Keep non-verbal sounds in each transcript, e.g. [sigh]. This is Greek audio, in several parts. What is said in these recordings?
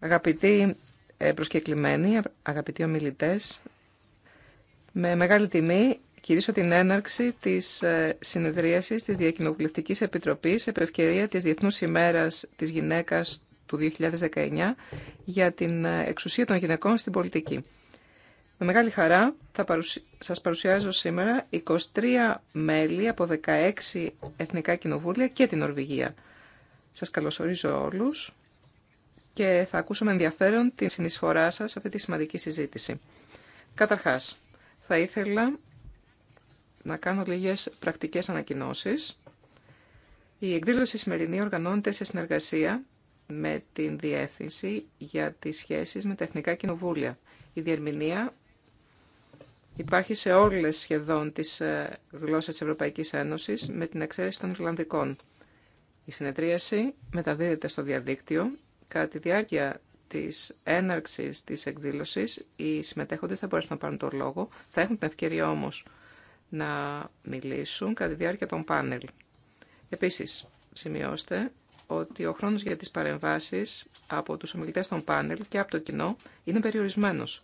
Αγαπητοί ε, προσκεκλημένοι, αγαπητοί ομιλητές, με μεγάλη τιμή κηρύσω την έναρξη της ε, συνεδρίασης της Διακοινοβουλευτικής Επιτροπής επ' ευκαιρία της Διεθνούς ημέρας της Γυναίκας του 2019 για την ε, εξουσία των γυναικών στην πολιτική. Με μεγάλη χαρά θα σας παρουσιάζω σήμερα 23 μέλη από 16 εθνικά κοινοβούλια και την Νορβηγία – σας καλωσορίζω όλους και θα ακούσουμε ενδιαφέρον την συνεισφορά σας σε αυτή τη σημαντική συζήτηση. Καταρχάς, θα ήθελα να κάνω λίγες πρακτικές ανακοινώσεις. Η εκδήλωση σημερινή οργανώνεται σε συνεργασία με την Διεύθυνση για τις σχέσεις με τα Εθνικά Κοινοβούλια. Η διερμηνία υπάρχει σε όλες σχεδόν τις ε, γλώσσες της Ευρωπαϊκής Ένωσης με την εξαίρεση των Ιρλανδικών. Η συνεδρίαση μεταδίδεται στο διαδίκτυο. Κατά τη διάρκεια της έναρξης της εκδήλωσης, οι συμμετέχοντες θα μπορέσουν να πάρουν τον λόγο. Θα έχουν την ευκαιρία όμως να μιλήσουν κατά τη διάρκεια των πάνελ. Επίσης, σημειώστε ότι ο χρόνος για τις παρεμβάσεις από τους ομιλητές των πάνελ και από το κοινό είναι περιορισμένος.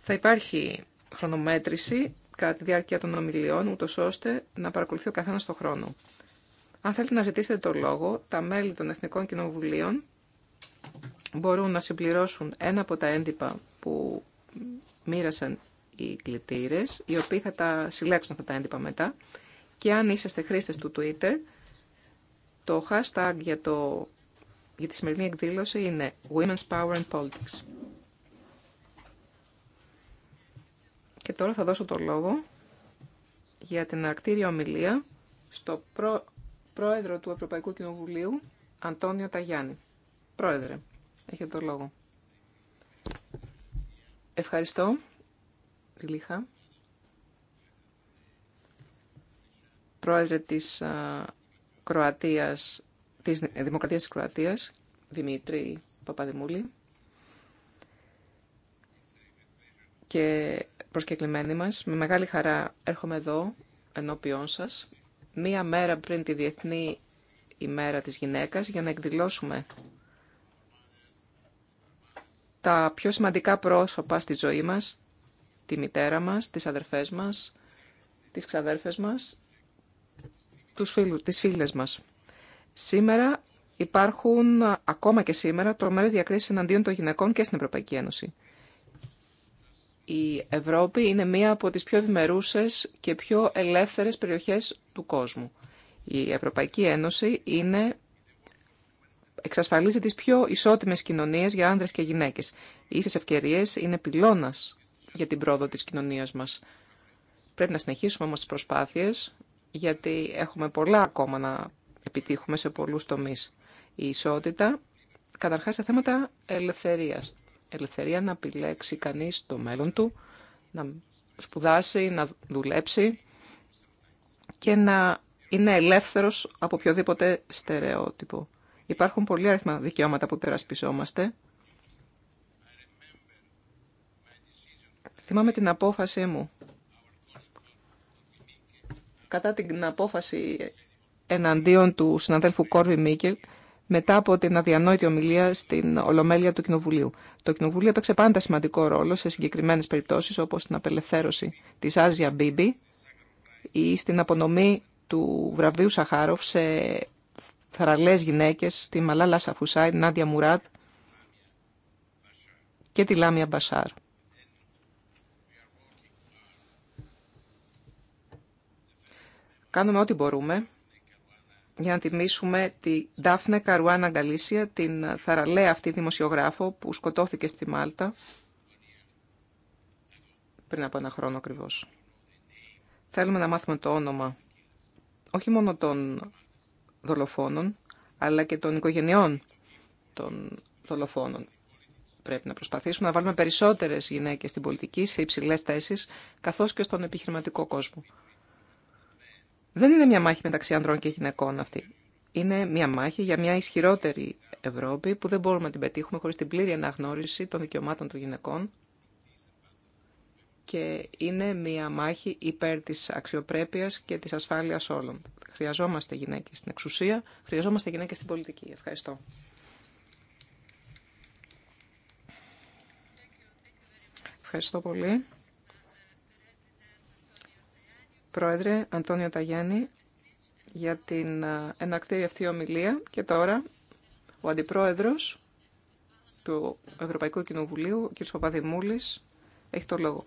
Θα υπάρχει χρονομέτρηση κατά τη διάρκεια των ομιλιών, ούτως ώστε να παρακολουθεί ο καθένας τον χρόνο. Αν θέλετε να ζητήσετε το λόγο, τα μέλη των Εθνικών Κοινοβουλίων μπορούν να συμπληρώσουν ένα από τα έντυπα που μοίρασαν οι κλητήρε, οι οποίοι θα τα συλλέξουν αυτά τα έντυπα μετά. Και αν είσαστε χρήστες του Twitter, το hashtag για, το, για τη σημερινή εκδήλωση είναι Women's Power and Politics. Και τώρα θα δώσω το λόγο για την αρκτήρια ομιλία στο προ πρόεδρο του Ευρωπαϊκού Κοινοβουλίου, Αντώνιο Ταγιάννη. Πρόεδρε, έχετε το λόγο. Ευχαριστώ. Λίχα. Πρόεδρε της Κροατίας, της Δημοκρατίας της Κροατίας, Δημήτρη Παπαδημούλη. Και προσκεκλημένοι μας, με μεγάλη χαρά έρχομαι εδώ ενώπιόν σας μία μέρα πριν τη Διεθνή ημέρα της γυναίκας για να εκδηλώσουμε τα πιο σημαντικά πρόσωπα στη ζωή μας, τη μητέρα μας, τις αδερφές μας, τις ξαδέρφες μας, τους φίλους, τις φίλες μας. Σήμερα υπάρχουν, ακόμα και σήμερα, τρομερές διακρίσεις εναντίον των γυναικών και στην Ευρωπαϊκή Ένωση η Ευρώπη είναι μία από τις πιο ευημερούσες και πιο ελεύθερες περιοχές του κόσμου. Η Ευρωπαϊκή Ένωση είναι, εξασφαλίζει τις πιο ισότιμες κοινωνίες για άνδρες και γυναίκες. Οι ίσες ευκαιρίες είναι πυλώνας για την πρόοδο της κοινωνίας μας. Πρέπει να συνεχίσουμε όμως τις προσπάθειες, γιατί έχουμε πολλά ακόμα να επιτύχουμε σε πολλούς τομείς. Η ισότητα, καταρχάς, σε θέματα ελευθερίας, ελευθερία να επιλέξει κανείς το μέλλον του, να σπουδάσει, να δουλέψει και να είναι ελεύθερος από οποιοδήποτε στερεότυπο. Υπάρχουν πολλοί αριθμα δικαιώματα που υπερασπιζόμαστε. Θυμάμαι την απόφασή μου. Κατά την απόφαση εναντίον του συναδέλφου Κόρβι Μίκελ, μετά από την αδιανόητη ομιλία στην Ολομέλεια του Κοινοβουλίου. Το Κοινοβούλιο έπαιξε πάντα σημαντικό ρόλο σε συγκεκριμένες περιπτώσεις όπως στην απελευθέρωση της Άζια Μπίμπη ή στην απονομή του βραβείου Σαχάροφ σε θραλές γυναίκες τη Μαλάλα Σαφουσάη, την Άντια Μουράτ και τη Λάμια Μπασάρ. Κάνουμε ό,τι μπορούμε για να τιμήσουμε τη Ντάφνε Καρουάνα Γκαλίσια, την θαραλέα αυτή δημοσιογράφο που σκοτώθηκε στη Μάλτα πριν από ένα χρόνο ακριβώ. Θέλουμε να μάθουμε το όνομα όχι μόνο των δολοφόνων, αλλά και των οικογενειών των δολοφόνων. Πρέπει να προσπαθήσουμε να βάλουμε περισσότερες γυναίκες στην πολιτική, σε υψηλές θέσεις, καθώς και στον επιχειρηματικό κόσμο. Δεν είναι μια μάχη μεταξύ ανδρών και γυναικών αυτή. Είναι μια μάχη για μια ισχυρότερη Ευρώπη που δεν μπορούμε να την πετύχουμε χωρίς την πλήρη αναγνώριση των δικαιωμάτων των γυναικών και είναι μια μάχη υπέρ της αξιοπρέπειας και της ασφάλειας όλων. Χρειαζόμαστε γυναίκες στην εξουσία, χρειαζόμαστε γυναίκες στην πολιτική. Ευχαριστώ. Ευχαριστώ πολύ. Πρόεδρε Αντώνιο Ταγιάννη για την ε, ενακτήρια αυτή ομιλία και τώρα ο Αντιπρόεδρος του Ευρωπαϊκού Κοινοβουλίου, ο κ. Παπαδημούλης, έχει το λόγο.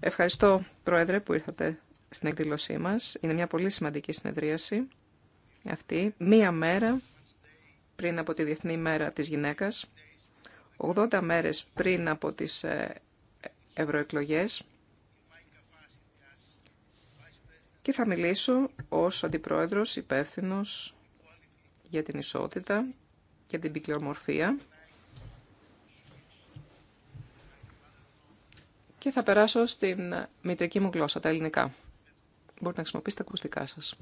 Ευχαριστώ, Πρόεδρε, που ήρθατε στην εκδήλωσή μας. Είναι μια πολύ σημαντική συνεδρίαση αυτή. Μία μέρα πριν από τη Διεθνή Μέρα της Γυναίκας, 80 μέρες πριν από τις ε, ευρωεκλογές και θα μιλήσω ως αντιπρόεδρος υπεύθυνο για την ισότητα και την ποικιλομορφία και θα περάσω στην μητρική μου γλώσσα, τα ελληνικά. Μπορείτε να χρησιμοποιήσετε τα ακουστικά σας.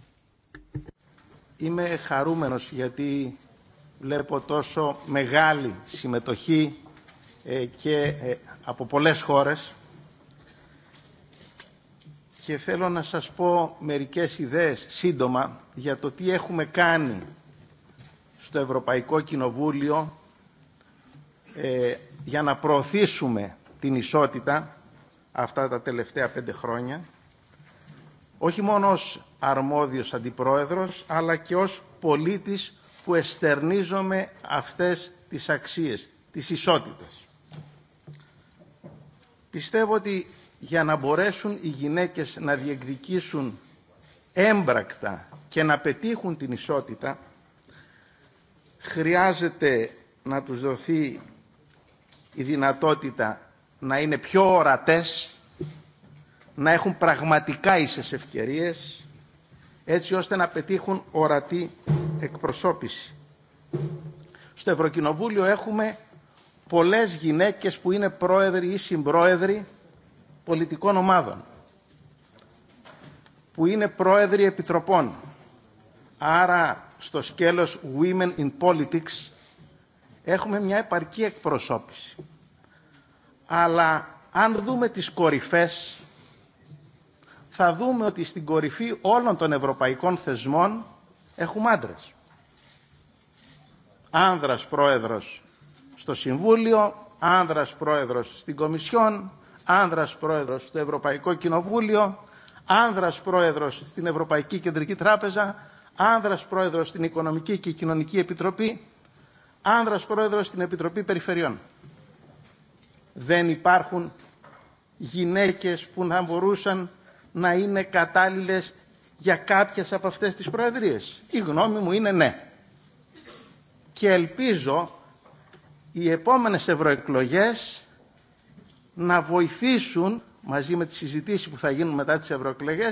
Είμαι χαρούμενος γιατί βλέπω τόσο μεγάλη συμμετοχή ε, και ε, από πολλές χώρες και θέλω να σας πω μερικές ιδέες σύντομα για το τι έχουμε κάνει στο Ευρωπαϊκό Κοινοβούλιο ε, για να προωθήσουμε την ισότητα αυτά τα τελευταία πέντε χρόνια όχι μόνο ως αρμόδιος αντιπρόεδρος αλλά και ως πολίτης που εστερνίζομαι αυτές τις αξίες, τις ισότητες. Πιστεύω ότι για να μπορέσουν οι γυναίκες να διεκδικήσουν έμπρακτα και να πετύχουν την ισότητα, χρειάζεται να τους δοθεί η δυνατότητα να είναι πιο ορατές, να έχουν πραγματικά ίσες ευκαιρίες, έτσι ώστε να πετύχουν ορατή εκπροσώπηση. Στο Ευρωκοινοβούλιο έχουμε πολλές γυναίκες που είναι πρόεδροι ή συμπρόεδροι πολιτικών ομάδων, που είναι πρόεδροι επιτροπών. Άρα στο σκέλος Women in Politics έχουμε μια επαρκή εκπροσώπηση. Αλλά αν δούμε τις κορυφές, θα δούμε ότι στην κορυφή όλων των ευρωπαϊκών θεσμών έχουμε άντρες. Άνδρας πρόεδρος στο Συμβούλιο, άνδρας πρόεδρος στην Κομισιόν, άνδρας πρόεδρος στο Ευρωπαϊκό Κοινοβούλιο, άνδρας πρόεδρος στην Ευρωπαϊκή Κεντρική Τράπεζα, άνδρας πρόεδρος στην Οικονομική και Κοινωνική Επιτροπή, άνδρας πρόεδρος στην Επιτροπή Περιφερειών. Δεν υπάρχουν γυναίκες που να μπορούσαν να είναι κατάλληλες για κάποιες από αυτές τις προεδρίες. Η γνώμη μου είναι ναι. Και ελπίζω οι επόμενες ευρωεκλογές να βοηθήσουν μαζί με τις συζητήσεις που θα γίνουν μετά τις ευρωεκλογέ,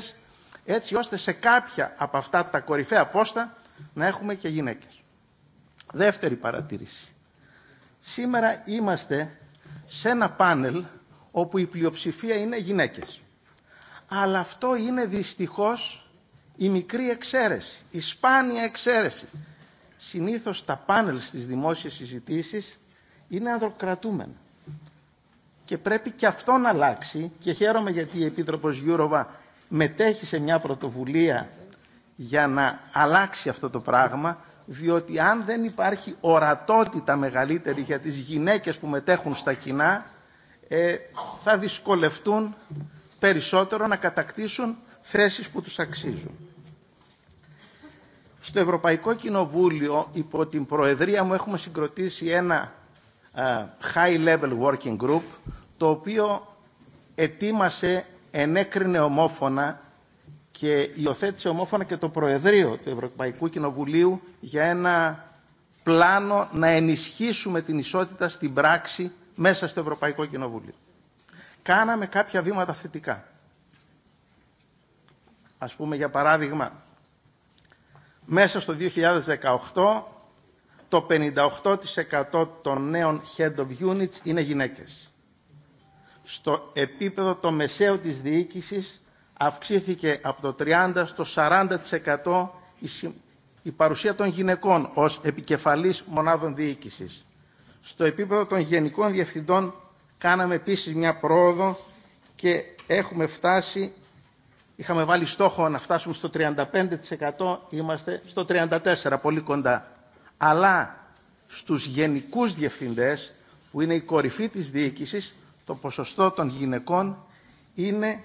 έτσι ώστε σε κάποια από αυτά τα κορυφαία πόστα να έχουμε και γυναίκες. Δεύτερη παρατήρηση. Σήμερα είμαστε σε ένα πάνελ όπου η πλειοψηφία είναι γυναίκες. Αλλά αυτό είναι δυστυχώς η μικρή εξαίρεση, η σπάνια εξαίρεση. Συνήθως τα πάνελ στις δημόσιες συζητήσεις είναι ανδροκρατούμενα. Και πρέπει και αυτό να αλλάξει και χαίρομαι γιατί η Επίτροπος Γιούροβα μετέχει σε μια πρωτοβουλία για να αλλάξει αυτό το πράγμα διότι αν δεν υπάρχει ορατότητα μεγαλύτερη για τις γυναίκες που μετέχουν στα κοινά ε, θα δυσκολευτούν περισσότερο να κατακτήσουν θέσεις που τους αξίζουν. Στο Ευρωπαϊκό Κοινοβούλιο υπό την Προεδρία μου έχουμε συγκροτήσει ένα ε, high-level working group, το οποίο ετοίμασε, ενέκρινε ομόφωνα και υιοθέτησε ομόφωνα και το Προεδρείο του Ευρωπαϊκού Κοινοβουλίου για ένα πλάνο να ενισχύσουμε την ισότητα στην πράξη μέσα στο Ευρωπαϊκό Κοινοβούλιο. Κάναμε κάποια βήματα θετικά. Ας πούμε για παράδειγμα, μέσα στο 2018 το 58% των νέων head of units είναι γυναίκες. Στο επίπεδο το μεσαίο της διοίκησης αυξήθηκε από το 30% στο 40% η παρουσία των γυναικών ως επικεφαλής μονάδων διοίκησης. Στο επίπεδο των γενικών διευθυντών κάναμε επίσης μια πρόοδο και έχουμε φτάσει, είχαμε βάλει στόχο να φτάσουμε στο 35%, είμαστε στο 34% πολύ κοντά αλλά στους γενικούς διευθυντές που είναι η κορυφή της διοίκησης το ποσοστό των γυναικών είναι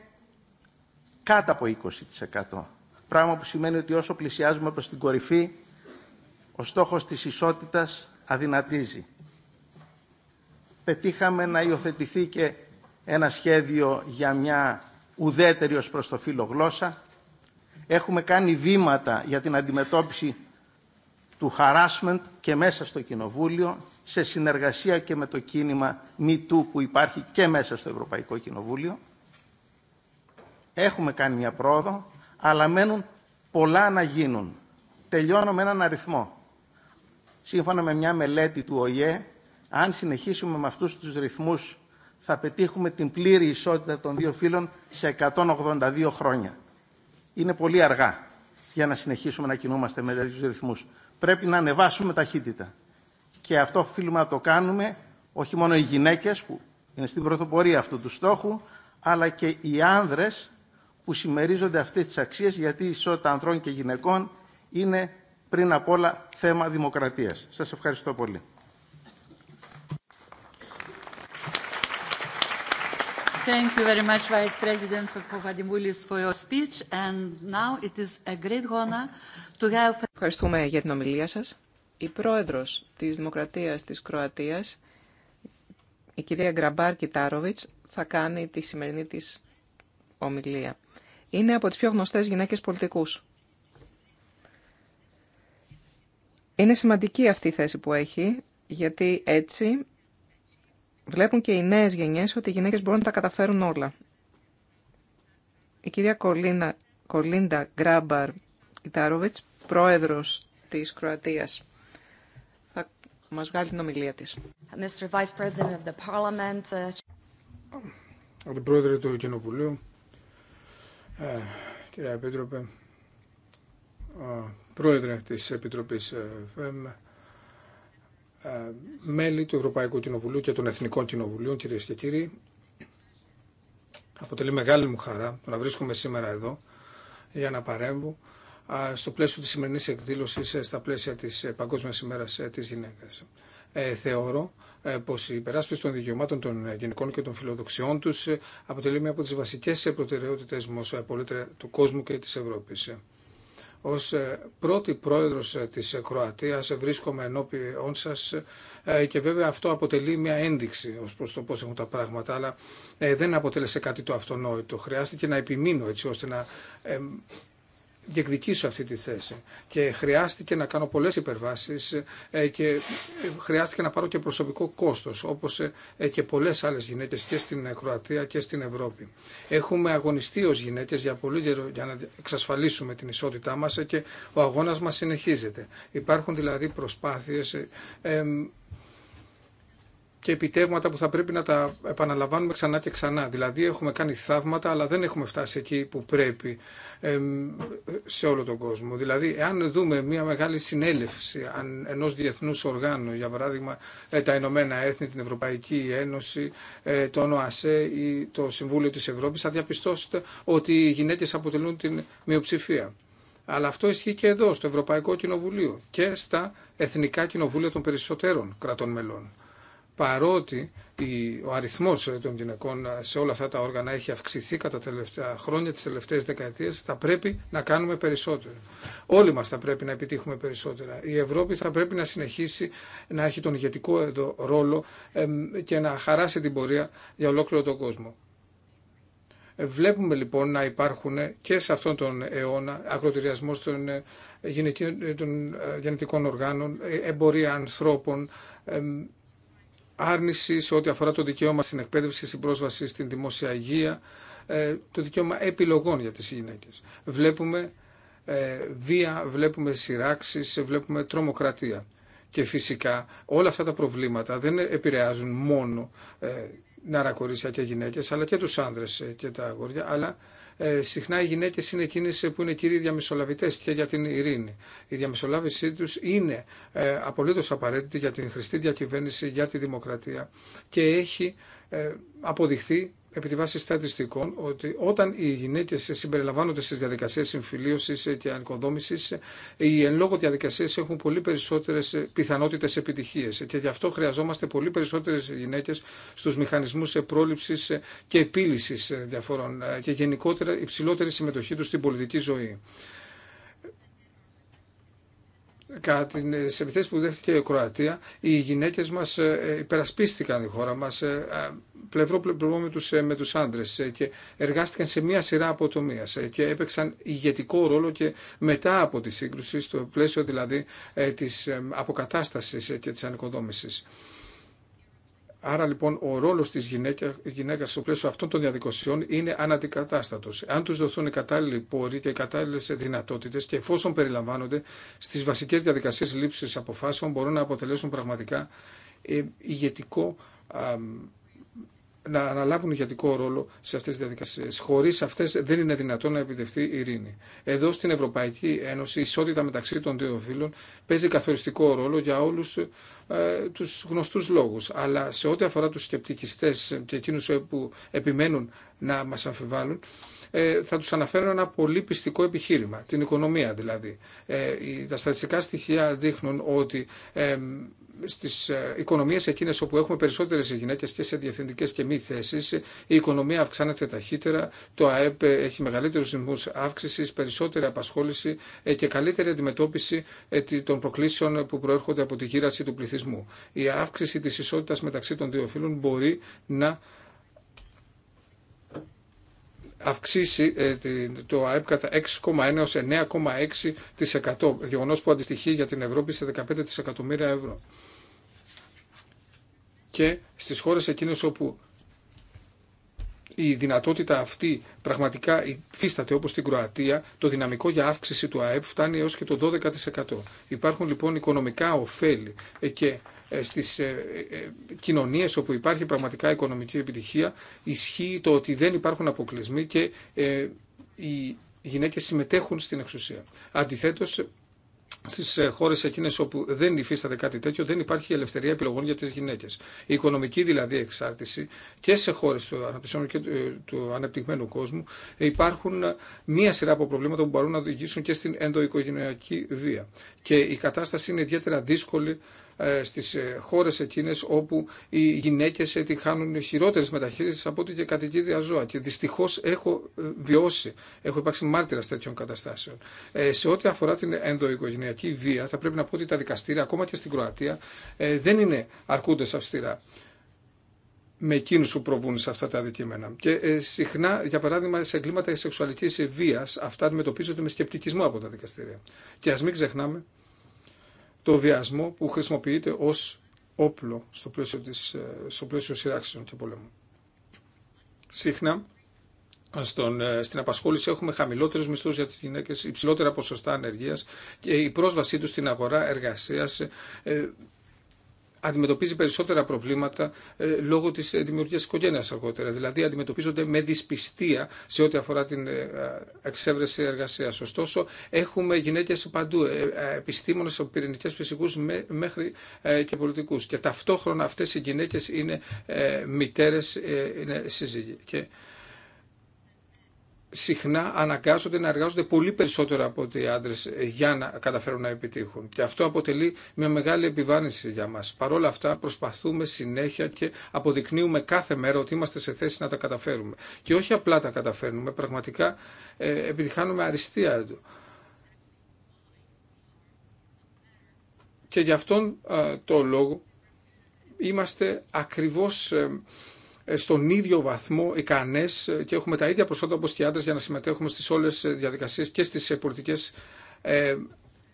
κάτω από 20%. Πράγμα που σημαίνει ότι όσο πλησιάζουμε προς την κορυφή ο στόχος της ισότητας αδυνατίζει. Πετύχαμε να υιοθετηθεί και ένα σχέδιο για μια ουδέτερη ως προς το φύλλο γλώσσα. Έχουμε κάνει βήματα για την αντιμετώπιση του harassment και μέσα στο Κοινοβούλιο σε συνεργασία και με το κίνημα MeToo που υπάρχει και μέσα στο Ευρωπαϊκό Κοινοβούλιο. Έχουμε κάνει μια πρόοδο, αλλά μένουν πολλά να γίνουν. Τελειώνω με έναν αριθμό. Σύμφωνα με μια μελέτη του ΟΗΕ, αν συνεχίσουμε με αυτούς τους ρυθμούς, θα πετύχουμε την πλήρη ισότητα των δύο φύλων σε 182 χρόνια. Είναι πολύ αργά για να συνεχίσουμε να κινούμαστε με τέτοιου ρυθμούς πρέπει να ανεβάσουμε ταχύτητα. Και αυτό οφείλουμε να το κάνουμε όχι μόνο οι γυναίκες που είναι στην πρωτοπορία αυτού του στόχου, αλλά και οι άνδρες που συμμερίζονται αυτές τις αξίες, γιατί η ισότητα ανδρών και γυναικών είναι πριν απ' όλα θέμα δημοκρατίας. Σας ευχαριστώ πολύ. Thank you very much, Ευχαριστούμε για την ομιλία σας. Η πρόεδρος της Δημοκρατίας της Κροατίας, η κυρία Γκραμπάρ Κιτάροβιτς, θα κάνει τη σημερινή της ομιλία. Είναι από τις πιο γνωστές γυναίκες πολιτικούς. Είναι σημαντική αυτή η θέση που έχει, γιατί έτσι βλέπουν και οι νέες γενιές ότι οι γυναίκες μπορούν να τα καταφέρουν όλα. Η κυρία Κολίνα, Κολίντα Γκράμπαρ Κιτάροβιτς, πρόεδρος της Κροατίας, θα μας βγάλει την ομιλία της. Mr. Uh, πρόεδρε του Κοινοβουλίου, ε, κυρία Επίτροπε, πρόεδρε της Επιτροπής ΦΕΜ, ε, μέλη του Ευρωπαϊκού Κοινοβουλίου και των Εθνικών Κοινοβουλίων, κυρίε και κύριοι. Αποτελεί μεγάλη μου χαρά το να βρίσκομαι σήμερα εδώ για να παρέμβω στο πλαίσιο της σημερινής εκδήλωσης ε, στα πλαίσια της ε, Παγκόσμιας ημέρας της γυναίκας. Ε, θεωρώ ε, πως η υπεράσπιση των δικαιωμάτων των γενικών και των φιλοδοξιών τους αποτελεί μία από τις βασικές προτεραιότητες μας πολίτερα του κόσμου και της Ευρώπη ως ε, πρώτη πρόεδρος ε, της ε, Κροατίας βρίσκομαι ενώπιον σας και βέβαια αυτό αποτελεί μια ένδειξη ως προς το πώς έχουν τα πράγματα, αλλά δεν αποτέλεσε κάτι το αυτονόητο. Χρειάστηκε να επιμείνω έτσι ώστε να διεκδικήσω αυτή τη θέση. Και χρειάστηκε να κάνω πολλές υπερβάσεις ε, και χρειάστηκε να πάρω και προσωπικό κόστος, όπως ε, ε, και πολλές άλλες γυναίκες και στην Κροατία και στην Ευρώπη. Έχουμε αγωνιστεί ως γυναίκες για πολύ για να εξασφαλίσουμε την ισότητά μας και ο αγώνας μας συνεχίζεται. Υπάρχουν δηλαδή προσπάθειες και επιτεύγματα που θα πρέπει να τα επαναλαμβάνουμε ξανά και ξανά. Δηλαδή έχουμε κάνει θαύματα αλλά δεν έχουμε φτάσει εκεί που πρέπει σε όλο τον κόσμο. Δηλαδή εάν δούμε μια μεγάλη συνέλευση ενός διεθνούς οργάνου, για παράδειγμα ε, τα Ηνωμένα Έθνη, την Ευρωπαϊκή Ένωση, ε, τον ΟΑΣΕ ή το Συμβούλιο της Ευρώπης, θα διαπιστώσετε ότι οι γυναίκες αποτελούν την μειοψηφία. Αλλά αυτό ισχύει και εδώ, στο Ευρωπαϊκό Κοινοβουλίο και στα Εθνικά Κοινοβούλια των περισσότερων κρατών μελών παρότι ο αριθμός ε, των γυναικών ε, σε όλα αυτά τα όργανα έχει αυξηθεί κατά τα τελευταία χρόνια, τις τελευταίες δεκαετίες, θα πρέπει να κάνουμε περισσότερο. Όλοι μας θα πρέπει να επιτύχουμε περισσότερα. Η Ευρώπη θα πρέπει να συνεχίσει να έχει τον ηγετικό εδώ ρόλο και να χαράσει την πορεία για ολόκληρο τον κόσμο. Βλέπουμε λοιπόν να υπάρχουν και σε αυτόν τον αιώνα ακροτηριασμός των, ε, γενετικών οργάνων, εμπορία ανθρώπων, άρνηση σε ό,τι αφορά το δικαίωμα στην εκπαίδευση, στην πρόσβαση στην δημόσια υγεία, ε, το δικαίωμα επιλογών για τις γυναίκες. Βλέπουμε ε, βία, βλέπουμε σειράξεις, βλέπουμε τρομοκρατία. Και φυσικά όλα αυτά τα προβλήματα δεν επηρεάζουν μόνο ε, ναρακορίσια και γυναίκες, αλλά και τους άνδρες και τα αγόρια, αλλά ε, συχνά οι γυναίκε είναι εκείνε που είναι κύριοι διαμεσολαβητές και για την ειρήνη. Η διαμεσολάβησή τους είναι ε, απολύτω απαραίτητη για την χρηστή διακυβέρνηση, για τη δημοκρατία και έχει ε, αποδειχθεί επί τη βάση στατιστικών ότι όταν οι γυναίκε συμπεριλαμβάνονται στι διαδικασίε συμφιλίωση και ανοικοδόμηση, οι εν λόγω διαδικασίε έχουν πολύ περισσότερε πιθανότητε επιτυχίε. Και γι' αυτό χρειαζόμαστε πολύ περισσότερε γυναίκε στου μηχανισμού πρόληψη και επίλυση διαφορών και γενικότερα υψηλότερη συμμετοχή του στην πολιτική ζωή. Κατά τι επιθέσει που δέχτηκε η Κροατία, οι γυναίκε μα ε, υπερασπίστηκαν τη χώρα μα ε, πλευρό πλευρό με τους, ε, με τους άντρες ε, και εργάστηκαν σε μία σειρά αποτομίας ε, και έπαιξαν ηγετικό ρόλο και μετά από τη σύγκρουση, στο πλαίσιο δηλαδή της αποκατάστασης και της ανοικοδόμησης. Άρα λοιπόν ο ρόλος της γυναίκα, γυναίκας στο πλαίσιο αυτών των διαδικασιών είναι αναντικατάστατος. Αν τους δοθούν οι κατάλληλοι πόροι και οι κατάλληλες δυνατότητες και εφόσον περιλαμβάνονται στις βασικές διαδικασίες λήψης αποφάσεων μπορούν να αποτελέσουν πραγματικά ηγετικό να αναλάβουν ηγετικό ρόλο σε αυτέ τι διαδικασίε. Χωρί αυτέ, δεν είναι δυνατόν να επιτευχθεί η ειρήνη. Εδώ στην Ευρωπαϊκή Ένωση η ισότητα μεταξύ των δύο φύλων παίζει καθοριστικό ρόλο για όλου ε, τους γνωστούς λόγους. Αλλά σε ό,τι αφορά του σκεπτικιστέ και εκείνους που επιμένουν να μα αμφιβάλλουν, ε, θα του αναφέρω ένα πολύ πιστικό επιχείρημα, την οικονομία δηλαδή. Ε, τα στατιστικά στοιχεία δείχνουν ότι ε, Στι ε, οικονομίε εκείνε όπου έχουμε περισσότερες γυναίκε και σε διευθυντικέ και μη θέσει, η οικονομία αυξάνεται ταχύτερα, το ΑΕΠ ε, έχει μεγαλύτερου ρυθμού αύξηση, περισσότερη απασχόληση ε, και καλύτερη αντιμετώπιση των προκλήσεων που προέρχονται από τη γύραση του πληθυσμού. Η αύξηση τη ισότητα μεταξύ των δύο φύλων μπορεί να αυξήσει το ΑΕΠ κατά 6,1 έως 9,6%, γεγονός που αντιστοιχεί για την Ευρώπη σε 15 δισεκατομμύρια ευρώ και στις χώρες εκείνες όπου η δυνατότητα αυτή πραγματικά υφίσταται όπως στην Κροατία, το δυναμικό για αύξηση του ΑΕΠ φτάνει έως και το 12%. Υπάρχουν λοιπόν οικονομικά ωφέλη και ε, στις ε, ε, κοινωνίες όπου υπάρχει πραγματικά οικονομική επιτυχία ισχύει το ότι δεν υπάρχουν αποκλεισμοί και οι γυναίκες συμμετέχουν στην εξουσία. Αντιθέτως στι ε, χώρε εκείνε όπου δεν υφίσταται κάτι τέτοιο, δεν υπάρχει ελευθερία επιλογών για τι γυναίκε. Η οικονομική δηλαδή εξάρτηση και σε χώρε του αναπτυσσόμενου και του ε, ανεπτυγμένου κόσμου υπάρχουν ε, μία σειρά από προβλήματα που μπορούν να οδηγήσουν και στην ενδοοικογενειακή βία. Και η κατάσταση είναι ιδιαίτερα δύσκολη ε, στις ε, χώρες εκείνες όπου οι γυναίκες ε, τη χάνουν χειρότερες μεταχείρισεις από ό,τι και κατοικίδια ζώα. Και δυστυχώς έχω βιώσει, έχω υπάρξει μάρτυρα τέτοιων καταστάσεων. σε ό,τι αφορά την ενδοοικογενειακή βία θα πρέπει να πω ότι τα δικαστήρια ακόμα και στην Κροατία δεν είναι αρκούντες αυστηρά με εκείνου που προβούν σε αυτά τα αδικήμενα. Και ε, συχνά, για παράδειγμα, σε εγκλήματα σεξουαλική βία, αυτά αντιμετωπίζονται με σκεπτικισμό από τα δικαστήρια. Και α μην ξεχνάμε το βιασμό που χρησιμοποιείται ως όπλο στο πλαίσιο, της, ε, στο πλαίσιο σειράξεων και πολέμου. Συχνά στον, ε, στην απασχόληση έχουμε χαμηλότερους μισθούς για τις γυναίκες, υψηλότερα ποσοστά ανεργίας και η πρόσβασή τους στην αγορά εργασίας ε, αντιμετωπίζει περισσότερα προβλήματα ε, λόγω της ε, δημιουργίας οικογένειας αργότερα. Δηλαδή αντιμετωπίζονται με δυσπιστία σε ό,τι αφορά την ε, εξέβρεση εργασία Ωστόσο έχουμε γυναίκες παντού, επιστήμονες από πυρηνικές φυσικούς μέχρι και πολιτικούς. Και ταυτόχρονα αυτές οι γυναίκες είναι μητέρες, είναι σύζυγοι. Και συχνά αναγκάζονται να εργάζονται πολύ περισσότερο από ότι οι άντρε για να καταφέρουν να επιτύχουν. Και αυτό αποτελεί μια μεγάλη επιβάρυνση για μα. Παρ' όλα αυτά, προσπαθούμε συνέχεια και αποδεικνύουμε κάθε μέρα ότι είμαστε σε θέση να τα καταφέρουμε. Και όχι απλά τα καταφέρνουμε, πραγματικά ε, επιτυχάνουμε αριστεία Και γι' αυτόν ε, το λόγο είμαστε ακριβώς ε, ε, στον ίδιο βαθμό ικανέ ε, και έχουμε τα ίδια προσόντα όπω και οι άντρε για να συμμετέχουμε στι όλε διαδικασίε και στι ε, πολιτικέ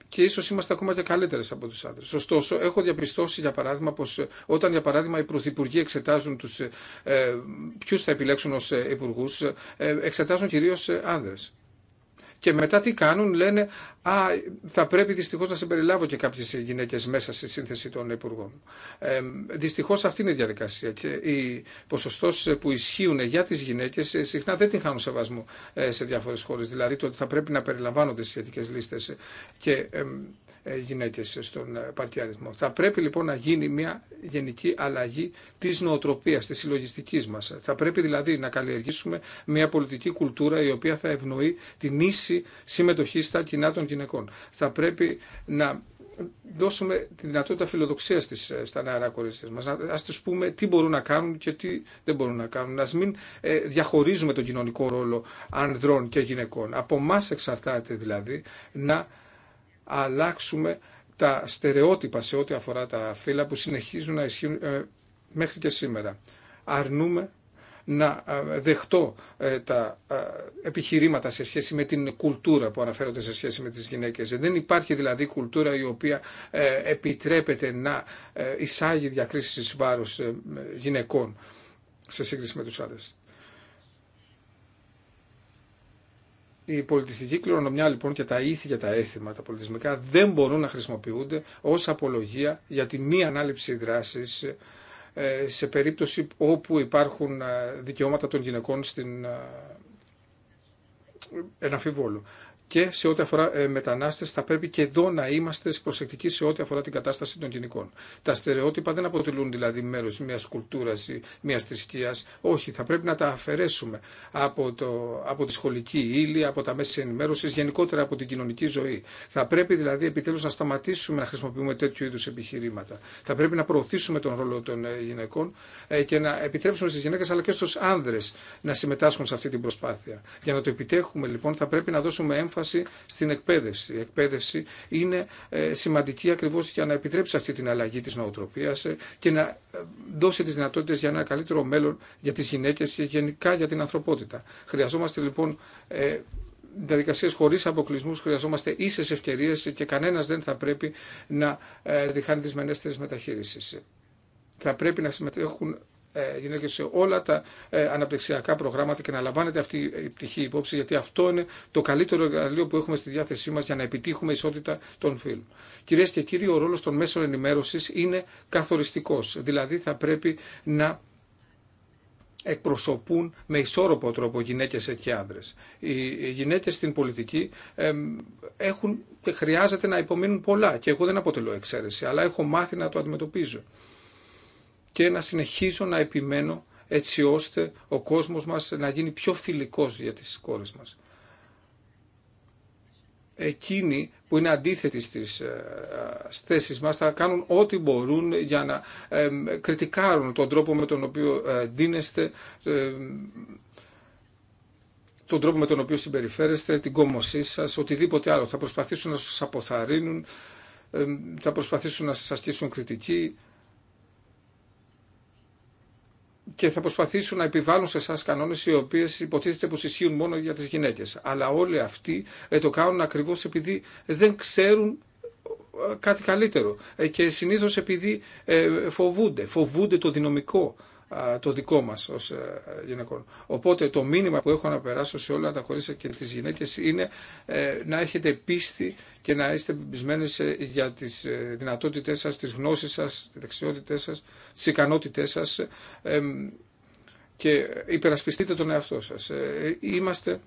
και ίσω είμαστε ακόμα και καλύτερε από του άντρε. Ωστόσο, έχω διαπιστώσει, για παράδειγμα, πω όταν, για παράδειγμα, οι πρωθυπουργοί εξετάζουν τους, ε, ποιου θα επιλέξουν ω υπουργού, εξετάζουν κυρίω άντρε και μετά τι κάνουν, λένε Α, θα πρέπει δυστυχώ να συμπεριλάβω και κάποιε γυναίκε μέσα στη σύνθεση των υπουργών. Ε, δυστυχώ αυτή είναι η διαδικασία και οι ποσοστό που ισχύουν για τι γυναίκε ε, συχνά δεν την χάνουν σεβασμό ε, σε διάφορε χώρε. Δηλαδή το ότι θα πρέπει να περιλαμβάνονται στι σχετικέ λίστε. Και ε, γυναίκε στον ε, παρτιάρισμό. Θα πρέπει λοιπόν να γίνει μια γενική αλλαγή τη νοοτροπία, τη συλλογιστική μα. Θα πρέπει δηλαδή να καλλιεργήσουμε μια πολιτική κουλτούρα η οποία θα ευνοεί την ίση συμμετοχή στα κοινά των γυναικών. Θα πρέπει να δώσουμε τη δυνατότητα φιλοδοξία στις, ε, στα νεαρά κορίτσια μας. Ας τους πούμε τι μπορούν να κάνουν και τι δεν μπορούν να κάνουν. Ας μην διαχωρίζουμε τον κοινωνικό ρόλο ανδρών και γυναικών. Από εμά εξαρτάται δηλαδή να αλλάξουμε τα στερεότυπα σε ό,τι αφορά τα φύλλα που συνεχίζουν να ισχύουν ε, μέχρι και σήμερα. Αρνούμε να ε, δεχτώ ε, τα επιχειρήματα σε σχέση με την κουλτούρα που αναφέρονται σε σχέση με τις γυναίκες. Δεν υπάρχει δηλαδή κουλτούρα η οποία επιτρέπεται να εισάγει διακρίσεις βάρος γυναικών σε σύγκριση με τους άντρες. Η πολιτιστική κληρονομιά λοιπόν και τα ήθη και τα έθιμα, τα πολιτισμικά, δεν μπορούν να χρησιμοποιούνται ως απολογία για τη μη ανάληψη δράση ε, σε περίπτωση όπου υπάρχουν ε, δικαιώματα των γυναικών στην εναφιβόλου και σε ό,τι αφορά ε, μετανάστε, θα πρέπει και εδώ να είμαστε προσεκτικοί σε ό,τι αφορά την κατάσταση των γυναικών. Τα στερεότυπα δεν αποτελούν δηλαδή μέρο μια κουλτούρα ή μια θρησκεία. Όχι, θα πρέπει να τα αφαιρέσουμε από, το, από τη σχολική ύλη, από τα μέσα ενημέρωση, γενικότερα από την κοινωνική ζωή. Θα πρέπει δηλαδή επιτέλου να σταματήσουμε να χρησιμοποιούμε τέτοιου είδου επιχειρήματα. Θα πρέπει να προωθήσουμε τον ρόλο των ε, γυναικών ε, και να επιτρέψουμε στι γυναίκε αλλά και στου άνδρε να συμμετάσχουν σε αυτή την προσπάθεια. Για να το επιτέχουμε λοιπόν θα πρέπει να δώσουμε έμφαση στην εκπαίδευση. Η εκπαίδευση είναι ε, σημαντική ακριβώς για να επιτρέψει αυτή την αλλαγή της νοοτροπίας ε, και να ε, δώσει τις δυνατότητες για ένα καλύτερο μέλλον για τι γυναίκε και γενικά για την ανθρωπότητα. Χρειαζόμαστε λοιπόν διαδικασίε χωρίς αποκλεισμού χρειαζόμαστε ίσες ευκαιρίες και κανένα δεν θα πρέπει να διχάνει τι μενέστερε μεταχείριση. Θα πρέπει να συμμετέχουν ε, γυναίκε σε όλα τα ε, αναπτυξιακά προγράμματα και να λαμβάνεται αυτή η πτυχή υπόψη γιατί αυτό είναι το καλύτερο εργαλείο που έχουμε στη διάθεσή μα για να επιτύχουμε ισότητα των φύλων. Κυρίε και κύριοι, ο ρόλο των μέσων ενημέρωση είναι καθοριστικό. Δηλαδή θα πρέπει να εκπροσωπούν με ισόρροπο τρόπο γυναίκες και άντρες. Οι γυναίκες στην πολιτική έχουν χρειάζεται να υπομείνουν πολλά και εγώ δεν αποτελώ εξαίρεση, αλλά έχω μάθει να το αντιμετωπίζω και να συνεχίζω να επιμένω έτσι ώστε ο κόσμος μας να γίνει πιο φιλικός για τις κόρες μας. Εκείνοι που είναι αντίθετοι στις ε, ε, θέσεις μας θα κάνουν ό,τι μπορούν για να ε, κριτικάρουν τον τρόπο με τον οποίο δίνεστε, τον τρόπο με τον οποίο συμπεριφέρεστε, την κόμωσή σας, οτιδήποτε άλλο. Θα προσπαθήσουν να σας αποθαρρύνουν, θα προσπαθήσουν να σας ασκήσουν κριτική και θα προσπαθήσουν να επιβάλλουν σε εσά κανόνε οι οποίε υποτίθεται πω ισχύουν μόνο για τι γυναίκε. Αλλά όλοι αυτοί ε, το κάνουν ακριβώ επειδή δεν ξέρουν ε, κάτι καλύτερο. Ε, και συνήθως επειδή φοβούνται, φοβούνται το δυναμικό το δικό μας ως ε, γυναικών. Οπότε το μήνυμα που έχω να περάσω σε όλα τα κορίτσια και τις γυναίκες είναι ε, να έχετε πίστη και να είστε εμπισμένες για τις ε, δυνατότητές σας, τις γνώσεις σας, τις δεξιότητές σας, τις ικανότητές σας και υπερασπιστείτε τον εαυτό σας. Είμαστε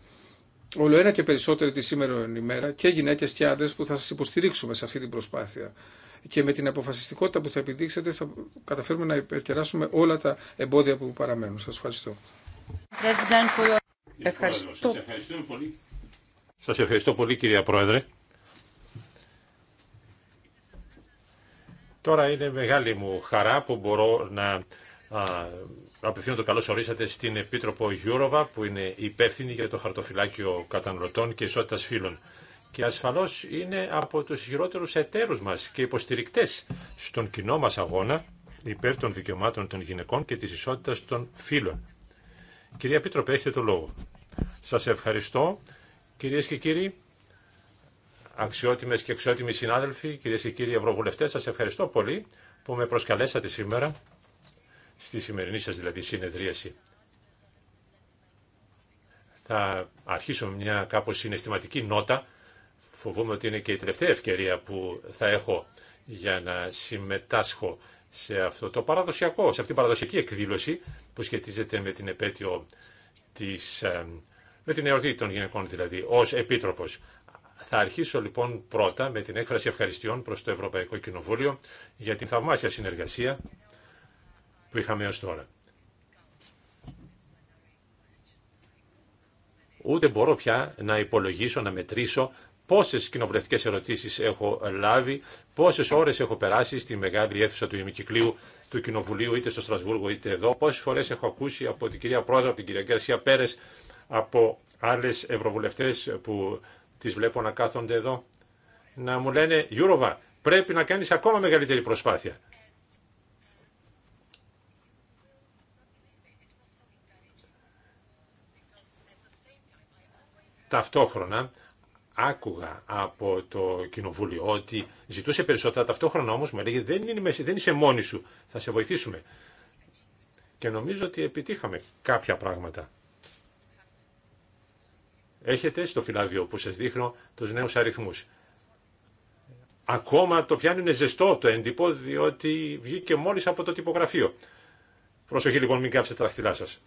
όλο ένα και περισσότερο τη σήμερα ημέρα και γυναίκες και άντρες που θα σας υποστηρίξουμε σε αυτή την προσπάθεια και με την αποφασιστικότητα που θα επιδείξετε θα καταφέρουμε να υπερκεράσουμε όλα τα εμπόδια που παραμένουν. Σας ευχαριστώ. Ευχαριστώ. Σας ευχαριστώ πολύ. Σας ευχαριστώ πολύ κυρία Πρόεδρε. Τώρα είναι μεγάλη μου χαρά που μπορώ να απευθύνω το καλώς ορίσατε στην Επίτροπο Γιούροβα που είναι υπεύθυνη για το χαρτοφυλάκιο καταναλωτών και ισότητας φύλων και ασφαλώς είναι από τους ισχυρότερου εταίρους μας και υποστηρικτές στον κοινό μας αγώνα υπέρ των δικαιωμάτων των γυναικών και της ισότητας των φίλων. Κυρία Πίτροπε, έχετε το λόγο. Σας ευχαριστώ. Κυρίες και κύριοι, αξιότιμες και αξιότιμοι συνάδελφοι, κυρίες και κύριοι ευρωβουλευτές, σας ευχαριστώ πολύ που με προσκαλέσατε σήμερα στη σημερινή σας δηλαδή συνεδρίαση. Θα αρχίσω με μια κάπως συναισθηματική νότα Φοβούμαι ότι είναι και η τελευταία ευκαιρία που θα έχω για να συμμετάσχω σε αυτό το παραδοσιακό, σε αυτή την παραδοσιακή εκδήλωση που σχετίζεται με την επέτειο της, ε, με την εορτή των γυναικών δηλαδή, ως επίτροπος. Θα αρχίσω λοιπόν πρώτα με την έκφραση ευχαριστειών προς το Ευρωπαϊκό Κοινοβούλιο για την θαυμάσια συνεργασία που είχαμε έως τώρα. Ούτε μπορώ πια να υπολογίσω, να μετρήσω πόσες κοινοβουλευτικέ ερωτήσεις έχω λάβει, πόσες ώρες έχω περάσει στη μεγάλη αίθουσα του ημικυκλίου του Κοινοβουλίου, είτε στο Στρασβούργο είτε εδώ, πόσες φορές έχω ακούσει από την κυρία Πρόεδρο, από την κυρία Γκαρσία Πέρες, από άλλες ευρωβουλευτέ που τις βλέπω να κάθονται εδώ, να μου λένε «Γιούροβα, πρέπει να κάνει ακόμα μεγαλύτερη προσπάθεια». Ταυτόχρονα, άκουγα από το κοινοβούλιο ότι ζητούσε περισσότερα ταυτόχρονα όμως μου έλεγε δεν, είναι, δεν είσαι μόνη σου, θα σε βοηθήσουμε. Και νομίζω ότι επιτύχαμε κάποια πράγματα. Έχετε στο φυλάδιο που σας δείχνω τους νέους αριθμούς. Ακόμα το πιάνουν ζεστό το εντυπώ διότι βγήκε μόλις από το τυπογραφείο. Προσοχή λοιπόν μην κάψετε τα δαχτυλά σας.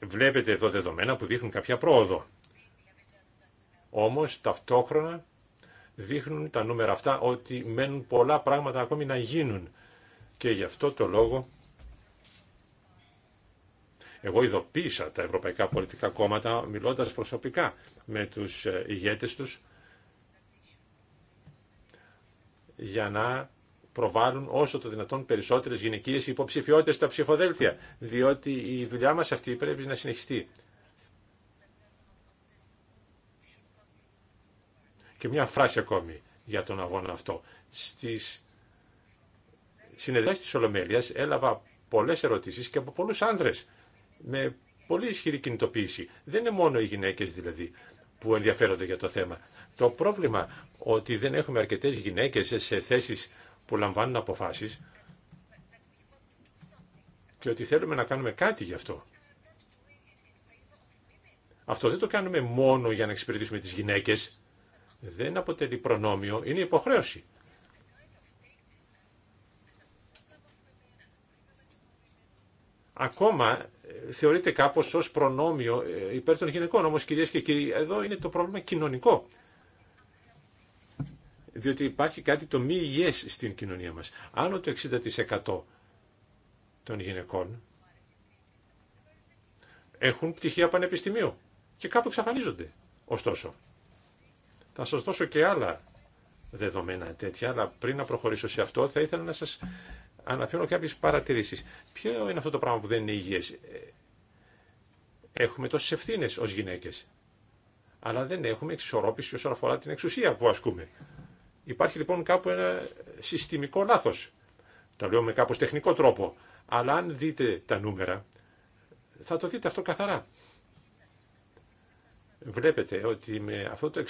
Βλέπετε εδώ δεδομένα που δείχνουν κάποια πρόοδο. Όμως ταυτόχρονα δείχνουν τα νούμερα αυτά ότι μένουν πολλά πράγματα ακόμη να γίνουν. Και γι' αυτό το λόγο εγώ ειδοποίησα τα ευρωπαϊκά πολιτικά κόμματα μιλώντας προσωπικά με τους ε, ηγέτες τους για να προβάλλουν όσο το δυνατόν περισσότερες γυναικείες υποψηφιότητες στα ψηφοδέλτια, διότι η δουλειά μας αυτή πρέπει να συνεχιστεί. Και μια φράση ακόμη για τον αγώνα αυτό. Στις συνεδριάσεις της Ολομέλειας έλαβα πολλές ερωτήσεις και από πολλούς άνδρες με πολύ ισχυρή κινητοποίηση. Δεν είναι μόνο οι γυναίκες δηλαδή που ενδιαφέρονται για το θέμα. Το πρόβλημα ότι δεν έχουμε αρκετές γυναίκες σε θέσεις που λαμβάνουν αποφάσεις και ότι θέλουμε να κάνουμε κάτι γι' αυτό. Αυτό δεν το κάνουμε μόνο για να εξυπηρετήσουμε τις γυναίκες, δεν αποτελεί προνόμιο, είναι υποχρέωση. Ακόμα ε, θεωρείται κάπως ως προνόμιο ε, υπέρ των γυναικών, όμως κυρίες και κύριοι, εδώ είναι το πρόβλημα κοινωνικό. Διότι υπάρχει κάτι το μη υγιές στην κοινωνία μας. Άνω το 60% των γυναικών έχουν πτυχία πανεπιστημίου και κάπου εξαφανίζονται. Ωστόσο, θα σας δώσω και άλλα δεδομένα τέτοια, αλλά πριν να προχωρήσω σε αυτό θα ήθελα να σας αναφέρω κάποιες παρατηρήσεις. Ποιο είναι αυτό το πράγμα που δεν είναι υγιές. Ε, έχουμε τόσες ευθύνε ως γυναίκες, αλλά δεν έχουμε εξισορρόπηση όσον αφορά την εξουσία που ασκούμε. Υπάρχει λοιπόν κάπου ένα συστημικό λάθος. Τα λέω με κάπως τεχνικό τρόπο, αλλά αν δείτε τα νούμερα θα το δείτε αυτό καθαρά βλέπετε ότι με αυτό το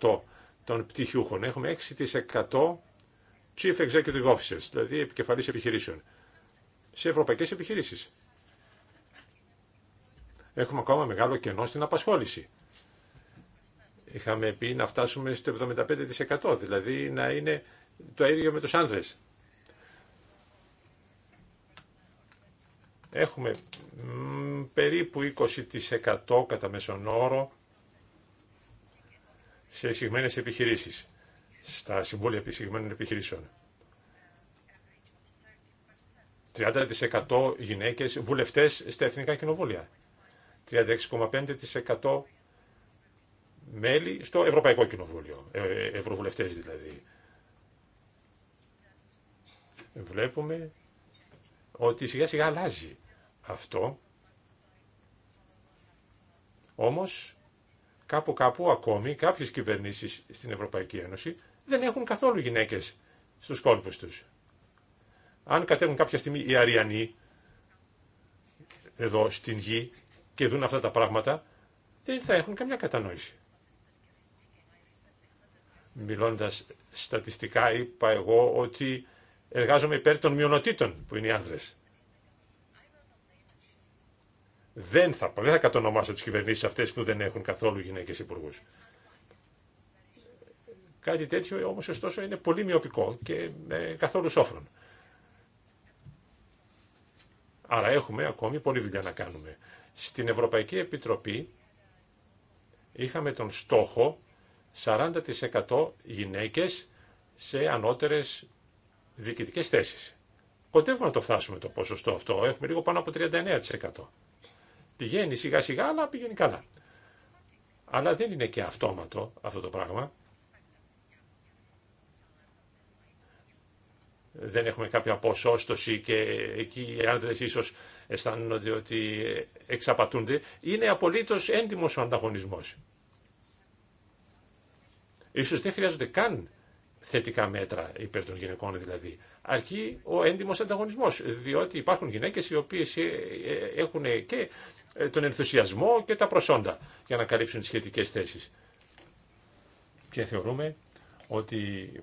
60% των πτυχιούχων έχουμε 6% Chief Executive Officers, δηλαδή επικεφαλής επιχειρήσεων, σε ευρωπαϊκές επιχειρήσεις. Έχουμε ακόμα μεγάλο κενό στην απασχόληση. Είχαμε πει να φτάσουμε στο 75%, δηλαδή να είναι το ίδιο με τους άνδρες. Έχουμε περίπου 20% κατά μεσονόρο... όρο σε εισηγμένες επιχειρήσεις, στα συμβούλια εισηγμένων επιχειρήσεων. 30% γυναίκες βουλευτές στα εθνικά κοινοβούλια. 36,5% μέλη στο Ευρωπαϊκό Κοινοβούλιο, ε, ευρωβουλευτές δηλαδή. Βλέπουμε ότι σιγά σιγά αλλάζει αυτό. Όμως κάπου κάπου ακόμη κάποιε κυβερνήσει στην Ευρωπαϊκή Ένωση δεν έχουν καθόλου γυναίκες στους κόλπους τους. Αν κατέβουν κάποια στιγμή οι Αριανοί εδώ στην γη και δουν αυτά τα πράγματα, δεν θα έχουν καμιά κατανόηση. Μιλώντας στατιστικά είπα εγώ ότι εργάζομαι υπέρ των μειονοτήτων που είναι οι άνδρες δεν θα, δεν θα κατονομάσω τις κυβερνήσεις αυτές που δεν έχουν καθόλου γυναίκε υπουργού. Κάτι τέτοιο όμω ωστόσο είναι πολύ μειοπικό και ε, καθόλου σόφρον. Άρα έχουμε ακόμη πολλή δουλειά να κάνουμε. Στην Ευρωπαϊκή Επιτροπή είχαμε τον στόχο 40% γυναίκες σε ανώτερες διοικητικές θέσεις. Κοντεύουμε να το φτάσουμε το ποσοστό αυτό. Έχουμε λίγο πάνω από 39%. Πηγαίνει σιγά σιγά, αλλά πηγαίνει καλά. Αλλά δεν είναι και αυτόματο αυτό το πράγμα. Δεν έχουμε κάποια ποσόστοση και εκεί οι άντρες ίσως αισθάνονται ότι εξαπατούνται. Είναι απολύτως έντιμος ο ανταγωνισμός. Ίσως δεν χρειάζονται καν θετικά μέτρα υπέρ των γυναικών δηλαδή. Αρκεί ο έντιμος ανταγωνισμός, διότι υπάρχουν γυναίκες οι οποίες ε, ε, έχουν και ε, τον ενθουσιασμό και τα προσόντα για να καλύψουν τις σχετικές θέσεις. Και θεωρούμε ότι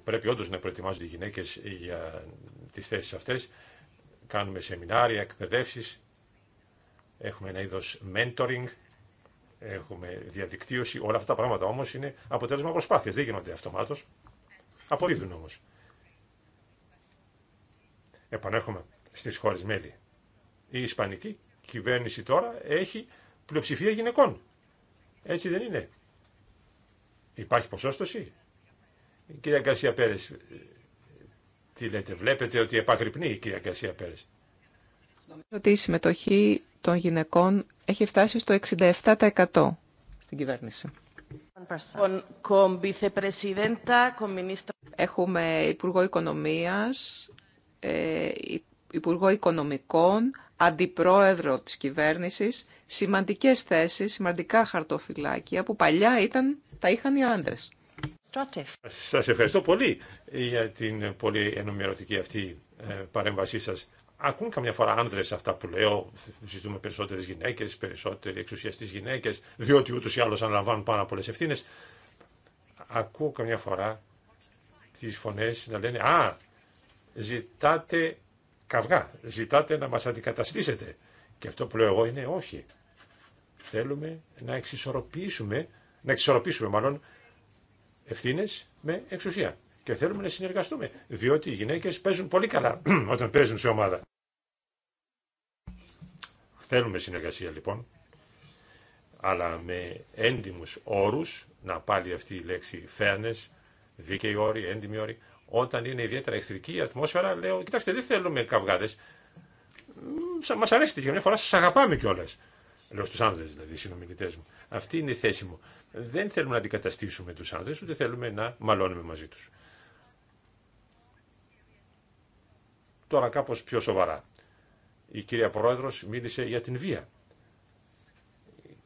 πρέπει όντως να προετοιμάζονται οι γυναίκες για τις θέσεις αυτές. Κάνουμε σεμινάρια, εκπαιδεύσεις, έχουμε ένα είδος mentoring, έχουμε διαδικτύωση. Όλα αυτά τα πράγματα όμως είναι αποτέλεσμα προσπάθειας, δεν γίνονται αυτομάτως. Αποδίδουν όμως. Επανέρχομαι στις χώρες μέλη. Η Ισπανική κυβέρνηση τώρα έχει πλειοψηφία γυναικών. Έτσι δεν είναι. Υπάρχει ποσόστοση. Κυρία Γκαρσία Πέρες, τι λέτε, βλέπετε ότι επαγρυπνεί η κυρία Γκαρσία Πέρες. Νομίζω ότι η συμμετοχή των γυναικών έχει φτάσει στο 67% στην κυβέρνηση. Λοιπόν, Έχουμε Υπουργό Οικονομίας, ε, Υπουργό Οικονομικών, αντιπρόεδρο της κυβέρνησης σημαντικές θέσεις, σημαντικά χαρτοφυλάκια που παλιά ήταν, τα είχαν οι άντρες. Σας ευχαριστώ πολύ για την πολύ ενημερωτική αυτή ε, παρέμβασή σας. Ακούν καμιά φορά άντρε αυτά που λέω, ζητούμε περισσότερε γυναίκε, περισσότεροι εξουσιαστέ γυναίκε, διότι ούτω ή άλλω αναλαμβάνουν πάρα πολλέ ευθύνε. Ακούω καμιά φορά τι φωνέ να λένε Α, ζητάτε καυγά. Ζητάτε να μας αντικαταστήσετε. Και αυτό που λέω εγώ είναι όχι. Θέλουμε να εξισορροπήσουμε, να εξισορροπήσουμε μάλλον ευθύνε με εξουσία. Και θέλουμε να συνεργαστούμε. Διότι οι γυναίκε παίζουν πολύ καλά [clears throat] όταν παίζουν σε ομάδα. Θέλουμε συνεργασία λοιπόν, αλλά με έντιμους όρους, να πάλι αυτή η λέξη fairness, δίκαιοι όροι, έντιμοι όροι, όταν είναι ιδιαίτερα εχθρική η ατμόσφαιρα, λέω, κοιτάξτε, δεν θέλουμε καυγάδε. Μα αρέσει για μια φορά, σας αγαπάμε κιόλα. Λέω στου άνδρε, δηλαδή, συνομιλητέ μου. Αυτή είναι η θέση μου. Δεν θέλουμε να αντικαταστήσουμε του άνδρε, ούτε θέλουμε να μαλώνουμε μαζί του. Τώρα κάπω πιο σοβαρά. Η κυρία Πρόεδρο μίλησε για την βία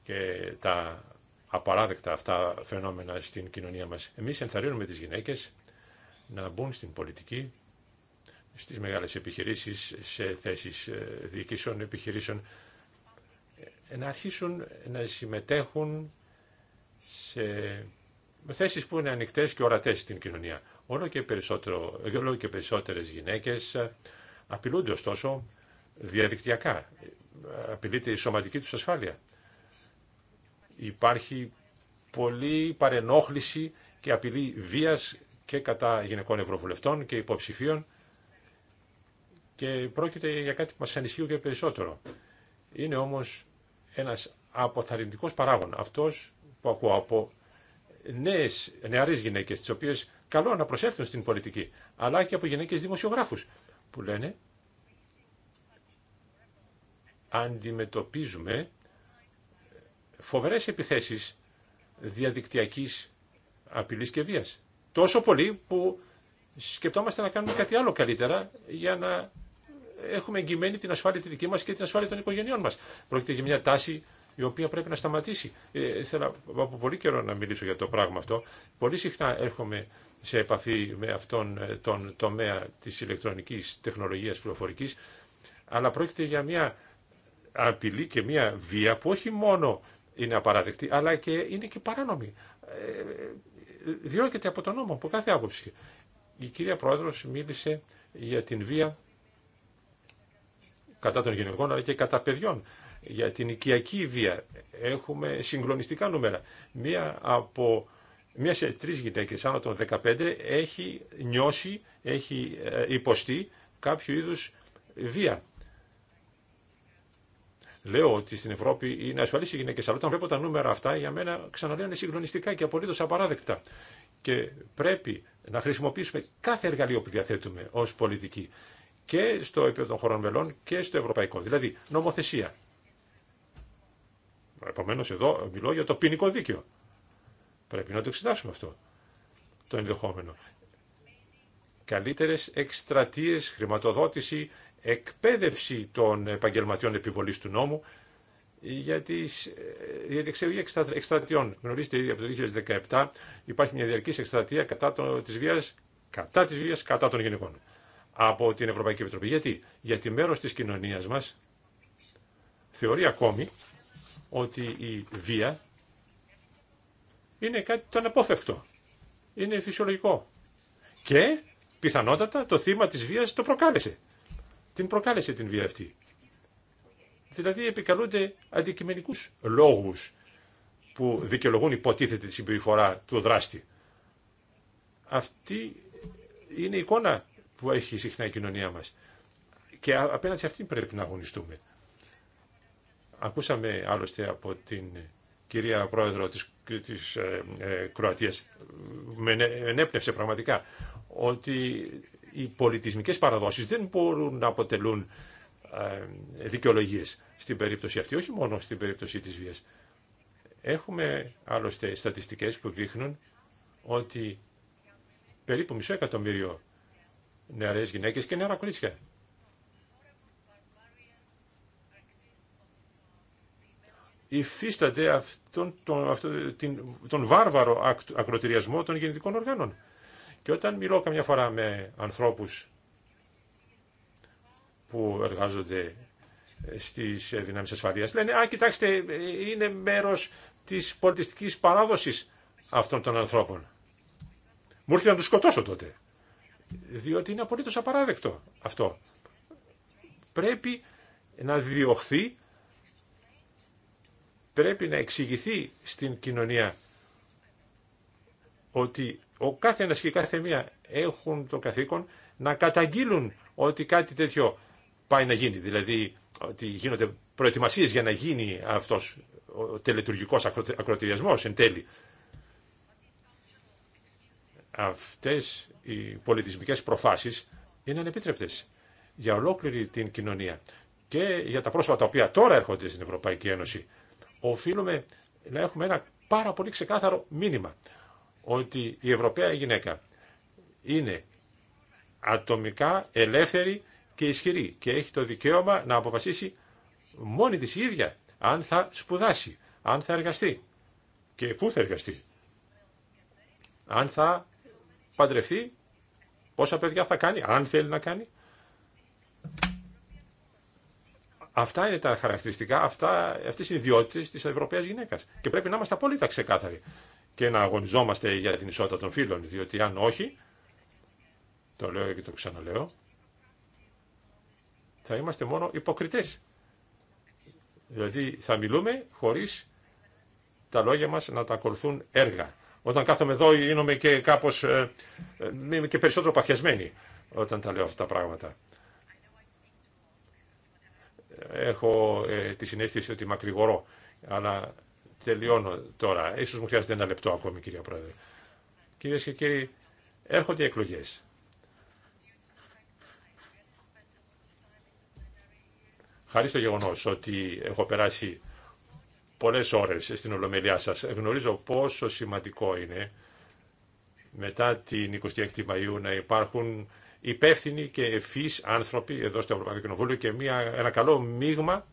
και τα απαράδεκτα αυτά φαινόμενα στην κοινωνία μας. Εμείς ενθαρρύνουμε τις γυναίκες να μπουν στην πολιτική, στις μεγάλες επιχειρήσεις, σε θέσεις ε, διοικήσεων επιχειρήσεων, ε, να αρχίσουν να συμμετέχουν σε θέσεις που είναι ανοιχτές και ορατές στην κοινωνία. Όλο και, περισσότερο, όλο και περισσότερες γυναίκες ε, απειλούνται ωστόσο διαδικτυακά. Απειλείται η σωματική τους ασφάλεια. Υπάρχει πολλή παρενόχληση και απειλή βίας και κατά γυναικών ευρωβουλευτών και υποψηφίων και πρόκειται για κάτι που μας ανισχύει και περισσότερο. Είναι όμως ένας αποθαρρυντικός παράγων, αυτός που ακούω από νέες, νεαρές γυναίκες, τις οποίες καλό να προσέλθουν στην πολιτική, αλλά και από γυναίκες δημοσιογράφους, που λένε αντιμετωπίζουμε φοβερές επιθέσεις διαδικτυακής απειλής και βίας. Τόσο πολύ που σκεπτόμαστε να κάνουμε κάτι άλλο καλύτερα για να έχουμε εγγυημένη την ασφάλεια τη δική μα και την ασφάλεια των οικογενειών μα. Πρόκειται για μια τάση η οποία πρέπει να σταματήσει. Ε, θέλω από πολύ καιρό να μιλήσω για το πράγμα αυτό. Πολύ συχνά έρχομαι σε επαφή με αυτόν ε, τον τομέα της ηλεκτρονικής τεχνολογίας πληροφορικής, αλλά πρόκειται για μια απειλή και μια βία που όχι μόνο είναι απαράδεκτη, αλλά και είναι και παράνομη. Ε, διώκεται από τον νόμο, από κάθε άποψη. Η κυρία Πρόεδρος μίλησε για την βία κατά των γυναικών αλλά και κατά παιδιών. Για την οικιακή βία έχουμε συγκλονιστικά νούμερα. Μία από μία σε τρεις γυναίκες άνω των 15 έχει νιώσει, έχει ε, υποστεί κάποιο είδους βία λέω ότι στην Ευρώπη είναι ασφαλή οι γυναίκε, αλλά όταν βλέπω τα νούμερα αυτά, για μένα ξαναλέω είναι συγκλονιστικά και απολύτω απαράδεκτα. Και πρέπει να χρησιμοποιήσουμε κάθε εργαλείο που διαθέτουμε ω πολιτική και στο επίπεδο των χωρών μελών και στο ευρωπαϊκό. Δηλαδή, νομοθεσία. Επομένω, εδώ μιλώ για το ποινικό δίκαιο. Πρέπει να το εξετάσουμε αυτό το ενδεχόμενο. Καλύτερε εκστρατείε, χρηματοδότηση, εκπαίδευση των επαγγελματιών επιβολής του νόμου για ε, τη διεξαγωγή εκστρατιών. Γνωρίζετε ήδη από το 2017 υπάρχει μια διαρκή εκστρατεία κατά τη της κατά της βίας, κατά των γυναικών από την Ευρωπαϊκή Επιτροπή. Γιατί, γιατί μέρος της κοινωνίας μας θεωρεί ακόμη ότι η βία είναι κάτι το αναπόφευκτο. Είναι φυσιολογικό. Και πιθανότατα το θύμα της βίας το προκάλεσε την προκάλεσε την βία αυτή. Δηλαδή επικαλούνται αντικειμενικούς λόγους που δικαιολογούν υποτίθεται τη συμπεριφορά του δράστη. Αυτή είναι η εικόνα που έχει συχνά η κοινωνία μας. Και απέναντι σε αυτήν πρέπει να αγωνιστούμε. Ακούσαμε άλλωστε από την κυρία Πρόεδρο της, της ε, ε, Κροατίας, με ενέπνευσε πραγματικά, ότι οι πολιτισμικές παραδόσεις δεν μπορούν να αποτελούν ε, δικαιολογίες στην περίπτωση αυτή, όχι μόνο στην περίπτωση της βίας. Έχουμε άλλωστε στατιστικές που δείχνουν ότι περίπου μισό εκατομμύριο νεαρές γυναίκες και νεαρά κορίτσια υφίστανται αυτόν τον, τον βάρβαρο ακροτηριασμό των γεννητικών οργάνων. Και όταν μιλώ καμιά φορά με ανθρώπους που εργάζονται στις δυνάμεις ασφαλείας, λένε «Α, κοιτάξτε, είναι μέρος της πολιτιστικής παράδοσης αυτών των ανθρώπων». Μου έρχεται να τους σκοτώσω τότε. Διότι είναι απολύτως απαράδεκτο αυτό. Πρέπει να διωχθεί, πρέπει να εξηγηθεί στην κοινωνία ότι ο κάθε ένας και κάθε μία έχουν το καθήκον να καταγγείλουν ότι κάτι τέτοιο πάει να γίνει. Δηλαδή ότι γίνονται προετοιμασίες για να γίνει αυτός ο τελετουργικός ακροτηριασμός εν τέλει. Αυτές οι πολιτισμικές προφάσεις είναι ανεπίτρεπτες για ολόκληρη την κοινωνία και για τα πρόσωπα τα οποία τώρα έρχονται στην Ευρωπαϊκή Ένωση. Οφείλουμε να έχουμε ένα πάρα πολύ ξεκάθαρο μήνυμα ότι η Ευρωπαία γυναίκα είναι ατομικά ελεύθερη και ισχυρή και έχει το δικαίωμα να αποφασίσει μόνη της η ίδια αν θα σπουδάσει, αν θα εργαστεί και πού θα εργαστεί, αν θα παντρευτεί, πόσα παιδιά θα κάνει, αν θέλει να κάνει. Αυτά είναι τα χαρακτηριστικά, αυτά, αυτές είναι οι ιδιότητες της Ευρωπαίας γυναίκας και πρέπει να είμαστε απόλυτα ξεκάθαροι και να αγωνιζόμαστε για την ισότητα των φίλων, διότι αν όχι, το λέω και το ξαναλέω, θα είμαστε μόνο υποκριτές. Δηλαδή θα μιλούμε χωρίς τα λόγια μας να τα ακολουθούν έργα. Όταν κάθομαι εδώ είμαι και κάπως, ε, ε, είμαι και περισσότερο παθιασμένη όταν τα λέω αυτά τα πράγματα. Έχω ε, τη συνέστηση ότι μακρηγορώ, αλλά Τελειώνω τώρα. σω μου χρειάζεται ένα λεπτό ακόμη, κυρία Πρόεδρε. Κυρίες και κύριοι, έρχονται οι εκλογές. Χάρη στο γεγονός ότι έχω περάσει πολλές ώρες στην Ολομελιά σας, γνωρίζω πόσο σημαντικό είναι μετά την 26η Μαΐου να υπάρχουν υπεύθυνοι και ευφύ άνθρωποι εδώ στο Ευρωπαϊκό Κοινοβούλιο και μια, ένα καλό μείγμα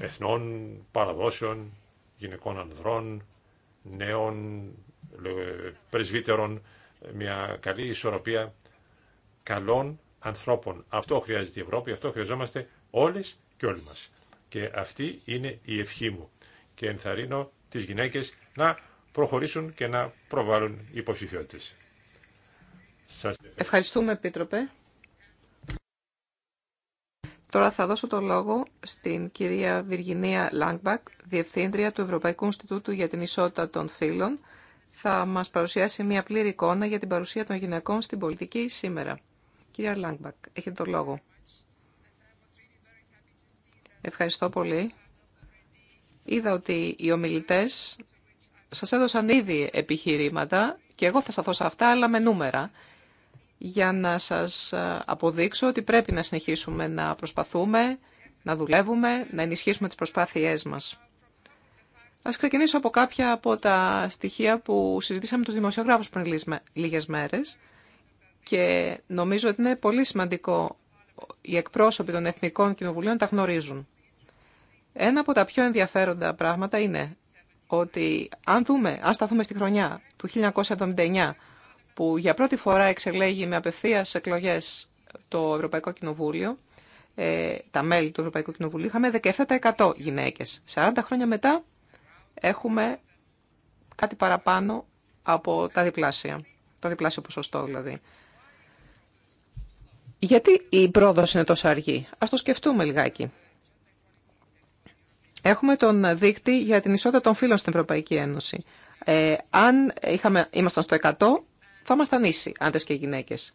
εθνών, παραδόσεων, γυναικών ανδρών, νέων, πρεσβύτερων, μια καλή ισορροπία καλών ανθρώπων. Αυτό χρειάζεται η Ευρώπη, αυτό χρειαζόμαστε όλες και όλοι μας. Και αυτή είναι η ευχή μου. Και ενθαρρύνω τις γυναίκες να προχωρήσουν και να προβάλλουν υποψηφιότητες. ευχαριστούμε, Επίτροπε. Τώρα θα δώσω το λόγο στην κυρία Βιργινία Λάγκμπακ, Διευθύντρια του Ευρωπαϊκού Ινστιτούτου για την Ισότητα των Φύλων. Θα μας παρουσιάσει μια πλήρη εικόνα για την παρουσία των γυναικών στην πολιτική σήμερα. Κυρία Λάγκμπακ, έχετε το λόγο. Ευχαριστώ πολύ. Είδα ότι οι ομιλητές σας έδωσαν ήδη επιχειρήματα και εγώ θα σταθώ σε αυτά, αλλά με νούμερα για να σας ε, αποδείξω ότι πρέπει να συνεχίσουμε να προσπαθούμε, να δουλεύουμε, να ενισχύσουμε τις προσπάθειές μας. Ας ξεκινήσω από κάποια από τα στοιχεία που συζητήσαμε τους δημοσιογράφους πριν λίγες μέρες και νομίζω ότι είναι πολύ σημαντικό οι εκπρόσωποι των Εθνικών Κοινοβουλίων τα γνωρίζουν. Ένα από τα πιο ενδιαφέροντα πράγματα είναι ότι αν δούμε, αν σταθούμε στη χρονιά του 1979 που για πρώτη φορά εξελέγει με απευθείας εκλογές το Ευρωπαϊκό Κοινοβούλιο, ε, τα μέλη του Ευρωπαϊκού Κοινοβουλίου, είχαμε 17% γυναίκες. 40 χρόνια μετά έχουμε κάτι παραπάνω από τα διπλάσια, το διπλάσιο ποσοστό δηλαδή. Γιατί η πρόοδο είναι τόσο αργή. Ας το σκεφτούμε λιγάκι. Έχουμε τον δείκτη για την ισότητα των φύλων στην Ευρωπαϊκή Ένωση. Ε, αν είχαμε, ήμασταν στο 100, θα ήμασταν ίσοι, άντρες και γυναίκες.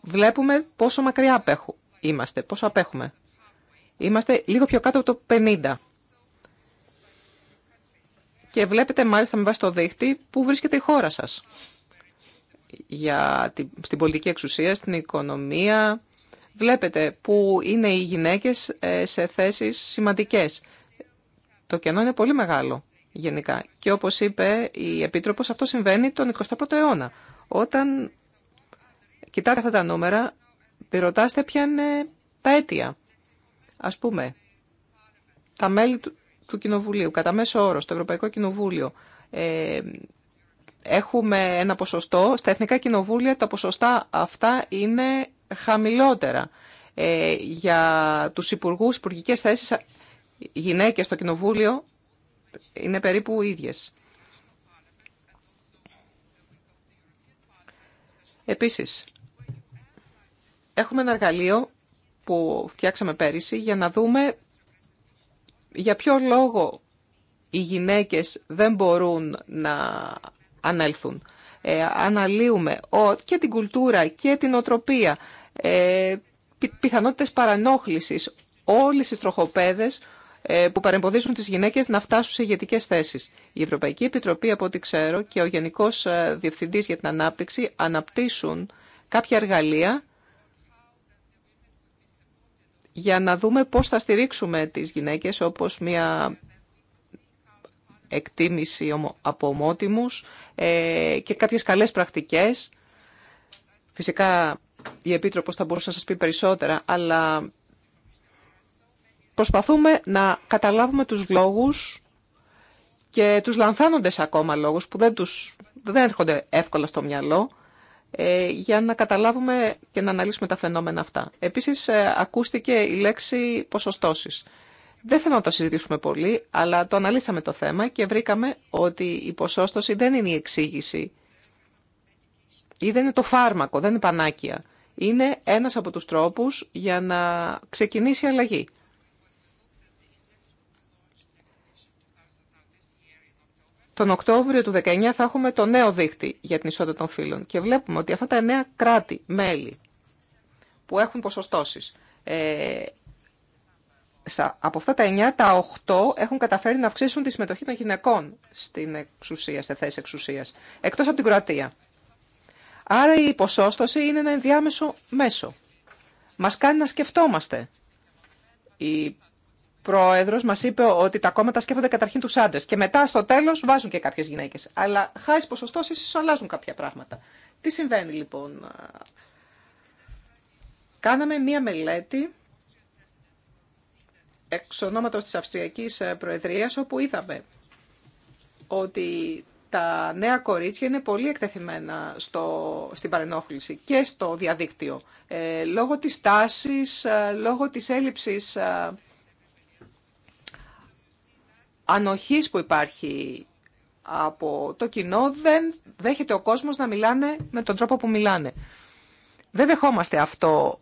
Βλέπουμε πόσο μακριά είμαστε, πόσο απέχουμε. Είμαστε λίγο πιο κάτω από το 50. Και βλέπετε μάλιστα με βάση το δίχτυ που βρίσκεται η χώρα σας. Για την, στην πολιτική εξουσία, στην οικονομία. Βλέπετε που είναι οι γυναίκες ε, σε θέσεις σημαντικές. Το κενό είναι πολύ μεγάλο γενικά. Και όπως είπε η Επίτροπος, αυτό συμβαίνει τον 21ο αιώνα. Όταν κοιτάτε αυτά τα νούμερα, ρωτάστε ποια είναι τα αίτια. Ας πούμε, τα μέλη του, του Κοινοβουλίου, κατά μέσο όρο, στο Ευρωπαϊκό Κοινοβούλιο, ε, έχουμε ένα ποσοστό. Στα Εθνικά Κοινοβούλια τα ποσοστά αυτά είναι χαμηλότερα. Ε, για τους υπουργούς, υπουργικές θέσεις, γυναίκες στο Κοινοβούλιο είναι περίπου ίδιες. Επίσης, έχουμε ένα εργαλείο που φτιάξαμε πέρυσι για να δούμε για ποιο λόγο οι γυναίκες δεν μπορούν να ανέλθουν. Ε, αναλύουμε και την κουλτούρα και την οτροπία, ε, πι, πιθανότητες παρανόχλησης, όλες τις τροχοπέδες ε, που παρεμποδίζουν τις γυναίκες να φτάσουν σε ηγετικέ θέσει. Η Ευρωπαϊκή Επιτροπή, από ό,τι ξέρω, και ο Γενικός ε, Διευθυντή για την Ανάπτυξη αναπτύσσουν κάποια εργαλεία για να δούμε πώς θα στηρίξουμε τις γυναίκες, όπως μια εκτίμηση από ομότιμους ε, και κάποιες καλές πρακτικές. Φυσικά η Επίτροπος θα μπορούσε να σας πει περισσότερα, αλλά προσπαθούμε να καταλάβουμε τους λόγους και τους λανθάνοντες ακόμα λόγους που δεν, τους, δεν έρχονται εύκολα στο μυαλό ε, για να καταλάβουμε και να αναλύσουμε τα φαινόμενα αυτά. Επίσης ε, ακούστηκε η λέξη ποσοστώσεις. Δεν θέλω να το συζητήσουμε πολύ, αλλά το αναλύσαμε το θέμα και βρήκαμε ότι η ποσόστοση δεν είναι η εξήγηση ή δεν είναι το φάρμακο, δεν είναι πανάκια. Είναι ένας από τους τρόπους για να ξεκινήσει η αλλαγή. Τον Οκτώβριο του 19 θα έχουμε το νέο δίχτυ για την ισότητα των φύλων και βλέπουμε ότι αυτά τα νέα κράτη-μέλη που έχουν ποσοστώσεις, ε, από αυτά τα 9 τα 8 έχουν καταφέρει να αυξήσουν τη συμμετοχή των γυναικών στην εξουσία, σε θέση εξουσίας, εκτός από την Κροατία. Άρα η ποσόστοση είναι ένα ενδιάμεσο μέσο. Μας κάνει να σκεφτόμαστε η πρόεδρο μα είπε ότι τα κόμματα σκέφτονται καταρχήν του άντρε και μετά στο τέλο βάζουν και κάποιε γυναίκε. Αλλά χάρη ποσοστό, ίσω αλλάζουν κάποια πράγματα. Τι συμβαίνει λοιπόν. Κάναμε μία μελέτη εξ ονόματος της Αυστριακής ε, Προεδρίας, όπου είδαμε ότι τα νέα κορίτσια είναι πολύ εκτεθειμένα στο, στην παρενόχληση και στο διαδίκτυο, ε, λόγω της τάσης, ε, λόγω της έλλειψης ε, ανοχής που υπάρχει από το κοινό, δεν δέχεται ο κόσμος να μιλάνε με τον τρόπο που μιλάνε. Δεν δεχόμαστε αυτό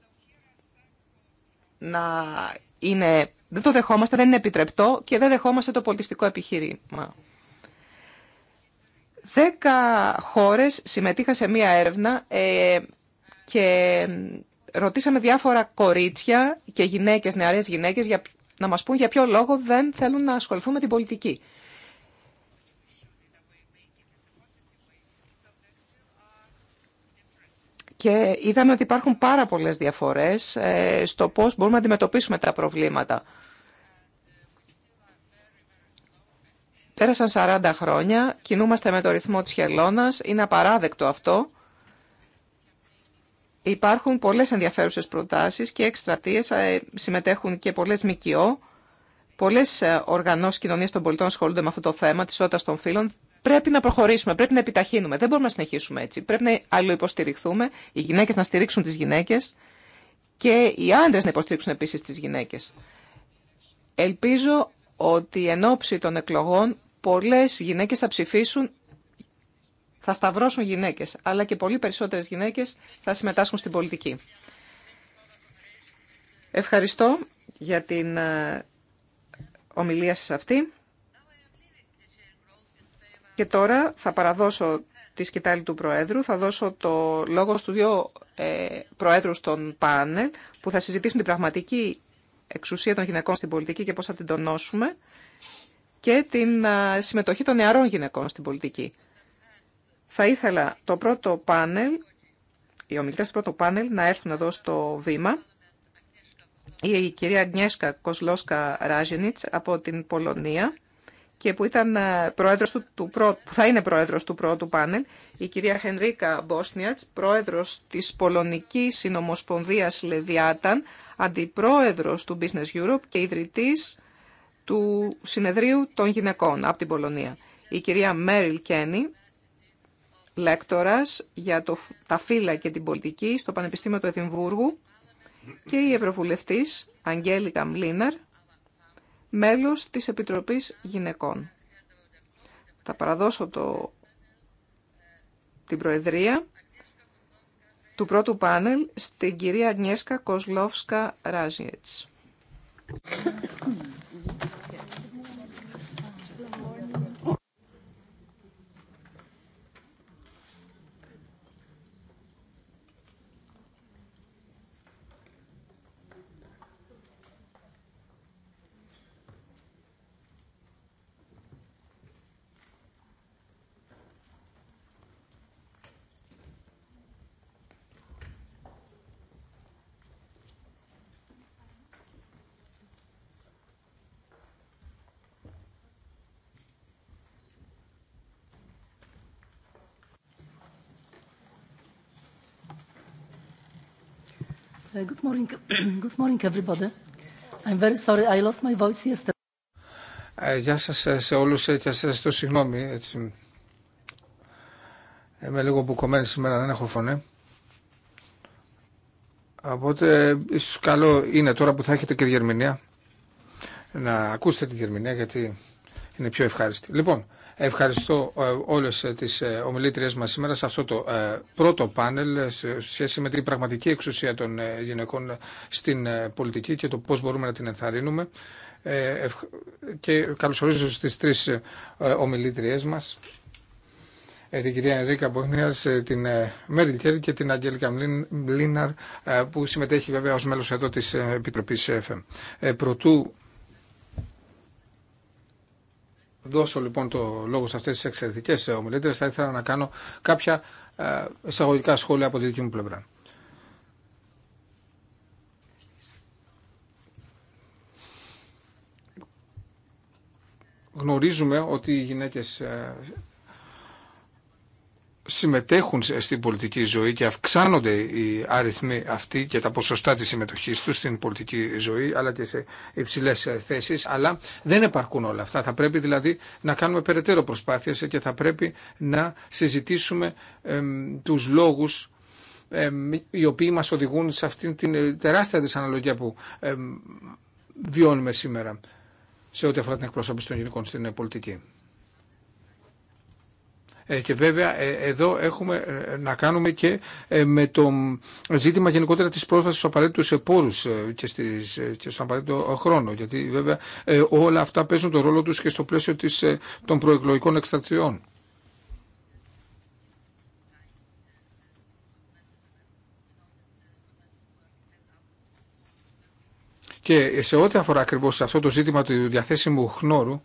να είναι, δεν το δεχόμαστε, δεν είναι επιτρεπτό και δεν δεχόμαστε το πολιτιστικό επιχείρημα. Δέκα χώρες συμμετείχαν σε μία έρευνα ε, και ρωτήσαμε διάφορα κορίτσια και γυναίκες, νεαρές γυναίκες, για να μας πούν για ποιο λόγο δεν θέλουν να ασχοληθούν με την πολιτική. Και είδαμε ότι υπάρχουν πάρα πολλές διαφορές ε, στο πώς μπορούμε να αντιμετωπίσουμε τα προβλήματα. Πέρασαν 40 χρόνια, κινούμαστε με το ρυθμό της χελώνας, είναι απαράδεκτο αυτό Υπάρχουν πολλές ενδιαφέρουσες προτάσεις και εκστρατείες, ε, συμμετέχουν και πολλές ΜΚΟ. Πολλές ε, οργανώσεις κοινωνίας των πολιτών ασχολούνται με αυτό το θέμα της ότας των φύλων. Πρέπει να προχωρήσουμε, πρέπει να επιταχύνουμε. Δεν μπορούμε να συνεχίσουμε έτσι. Πρέπει να αλλοϊποστηριχθούμε, οι γυναίκες να στηρίξουν τις γυναίκες και οι άντρες να υποστηρίξουν επίσης τις γυναίκες. Ελπίζω ότι εν ώψη των εκλογών πολλές γυναίκες θα ψηφίσουν θα σταυρώσουν γυναίκες, αλλά και πολύ περισσότερες γυναίκες θα συμμετάσχουν στην πολιτική. Ευχαριστώ για την ε, ομιλία σας αυτή. Και τώρα θα παραδώσω τη σκητάλη του Προέδρου. Θα δώσω το λόγο στους δύο ε, Προέδρους των πάνελ που θα συζητήσουν την πραγματική εξουσία των γυναικών στην πολιτική και πώς θα την τονώσουμε και την ε, συμμετοχή των νεαρών γυναικών στην πολιτική. Θα ήθελα το πρώτο πάνελ, οι ομιλητές του πρώτου πάνελ να έρθουν εδώ στο βήμα. Η κυρία Γνιέσκα Κοσλόσκα Ράζινιτς από την Πολωνία και που, ήταν ε, πρόεδρος του, του, θα είναι πρόεδρος του πρώτου πάνελ, η κυρία Χενρίκα Μπόσνιατς, πρόεδρος της Πολωνικής Συνομοσπονδίας Λεβιάταν, αντιπρόεδρος του Business Europe και ιδρυτής του Συνεδρίου των Γυναικών από την Πολωνία. Η κυρία Μέριλ Κένι, λέκτορας για το, τα φύλλα και την πολιτική στο Πανεπιστήμιο του Εδιμβούργου και η Ευρωβουλευτής Αγγέλικα Μλίνερ μέλος της Επιτροπής Γυναικών. Θα παραδώσω το, την Προεδρία του πρώτου πάνελ στην κυρία Αγνιέσκα Κοσλόφσκα Ράζιετς. γεια σας ε, σε όλους ε, και σας ζητώ συγγνώμη. Έτσι. Είμαι λίγο μπουκωμένη σήμερα, δεν έχω φωνή. Οπότε ίσως καλό είναι τώρα που θα έχετε και διερμηνία να ακούσετε τη διερμηνία γιατί είναι πιο ευχάριστη. Λοιπόν, ευχαριστώ ε, όλες ε, τις ε, ομιλήτριες μας σήμερα σε αυτό το πρώτο πάνελ σε σχέση με την πραγματική εξουσία των γυναικών στην πολιτική και το πώς μπορούμε να την ενθαρρύνουμε. Και καλωσορίζω στις τρεις ομιλήτριές μας την κυρία Ενρίκα Μπογνίαρ, την Μέριλ Κέρ και την Αγγέλικα Μλίναρ που συμμετέχει βέβαια ως μέλος εδώ της Επιτροπής ΕΦΕΜ. Προτού δώσω λοιπόν το λόγο σε αυτές τις εξαιρετικές ε, ομιλήτρες θα ήθελα να κάνω κάποια ε, εισαγωγικά σχόλια από τη δική μου πλευρά. Γνωρίζουμε ότι οι γυναίκες ε, συμμετέχουν στην πολιτική ζωή και αυξάνονται οι αριθμοί αυτοί και τα ποσοστά της συμμετοχής τους στην πολιτική ζωή αλλά και σε υψηλές ε, θέσεις αλλά δεν επαρκούν όλα αυτά. Θα πρέπει δηλαδή να κάνουμε περαιτέρω προσπάθειες και θα πρέπει να συζητήσουμε τους λόγους οι οποίοι μας οδηγούν σε αυτήν την ε, τεράστια δυσαναλογία που βιώνουμε σήμερα σε ό,τι αφορά την εκπροσώπηση των γενικών στην ε, πολιτική. Ε, και βέβαια ε, εδώ έχουμε ε, να κάνουμε και με το ζήτημα γενικότερα της πρόσβασης στους απαραίτητους πόρους και, στις, και στον απαραίτητο χρόνο. Γιατί βέβαια όλα αυτά παίζουν τον ρόλο τους και στο πλαίσιο της, των προεκλογικών εκστρατιών. Και σε ό,τι αφορά ακριβώς αυτό το ζήτημα του διαθέσιμου χνώρου,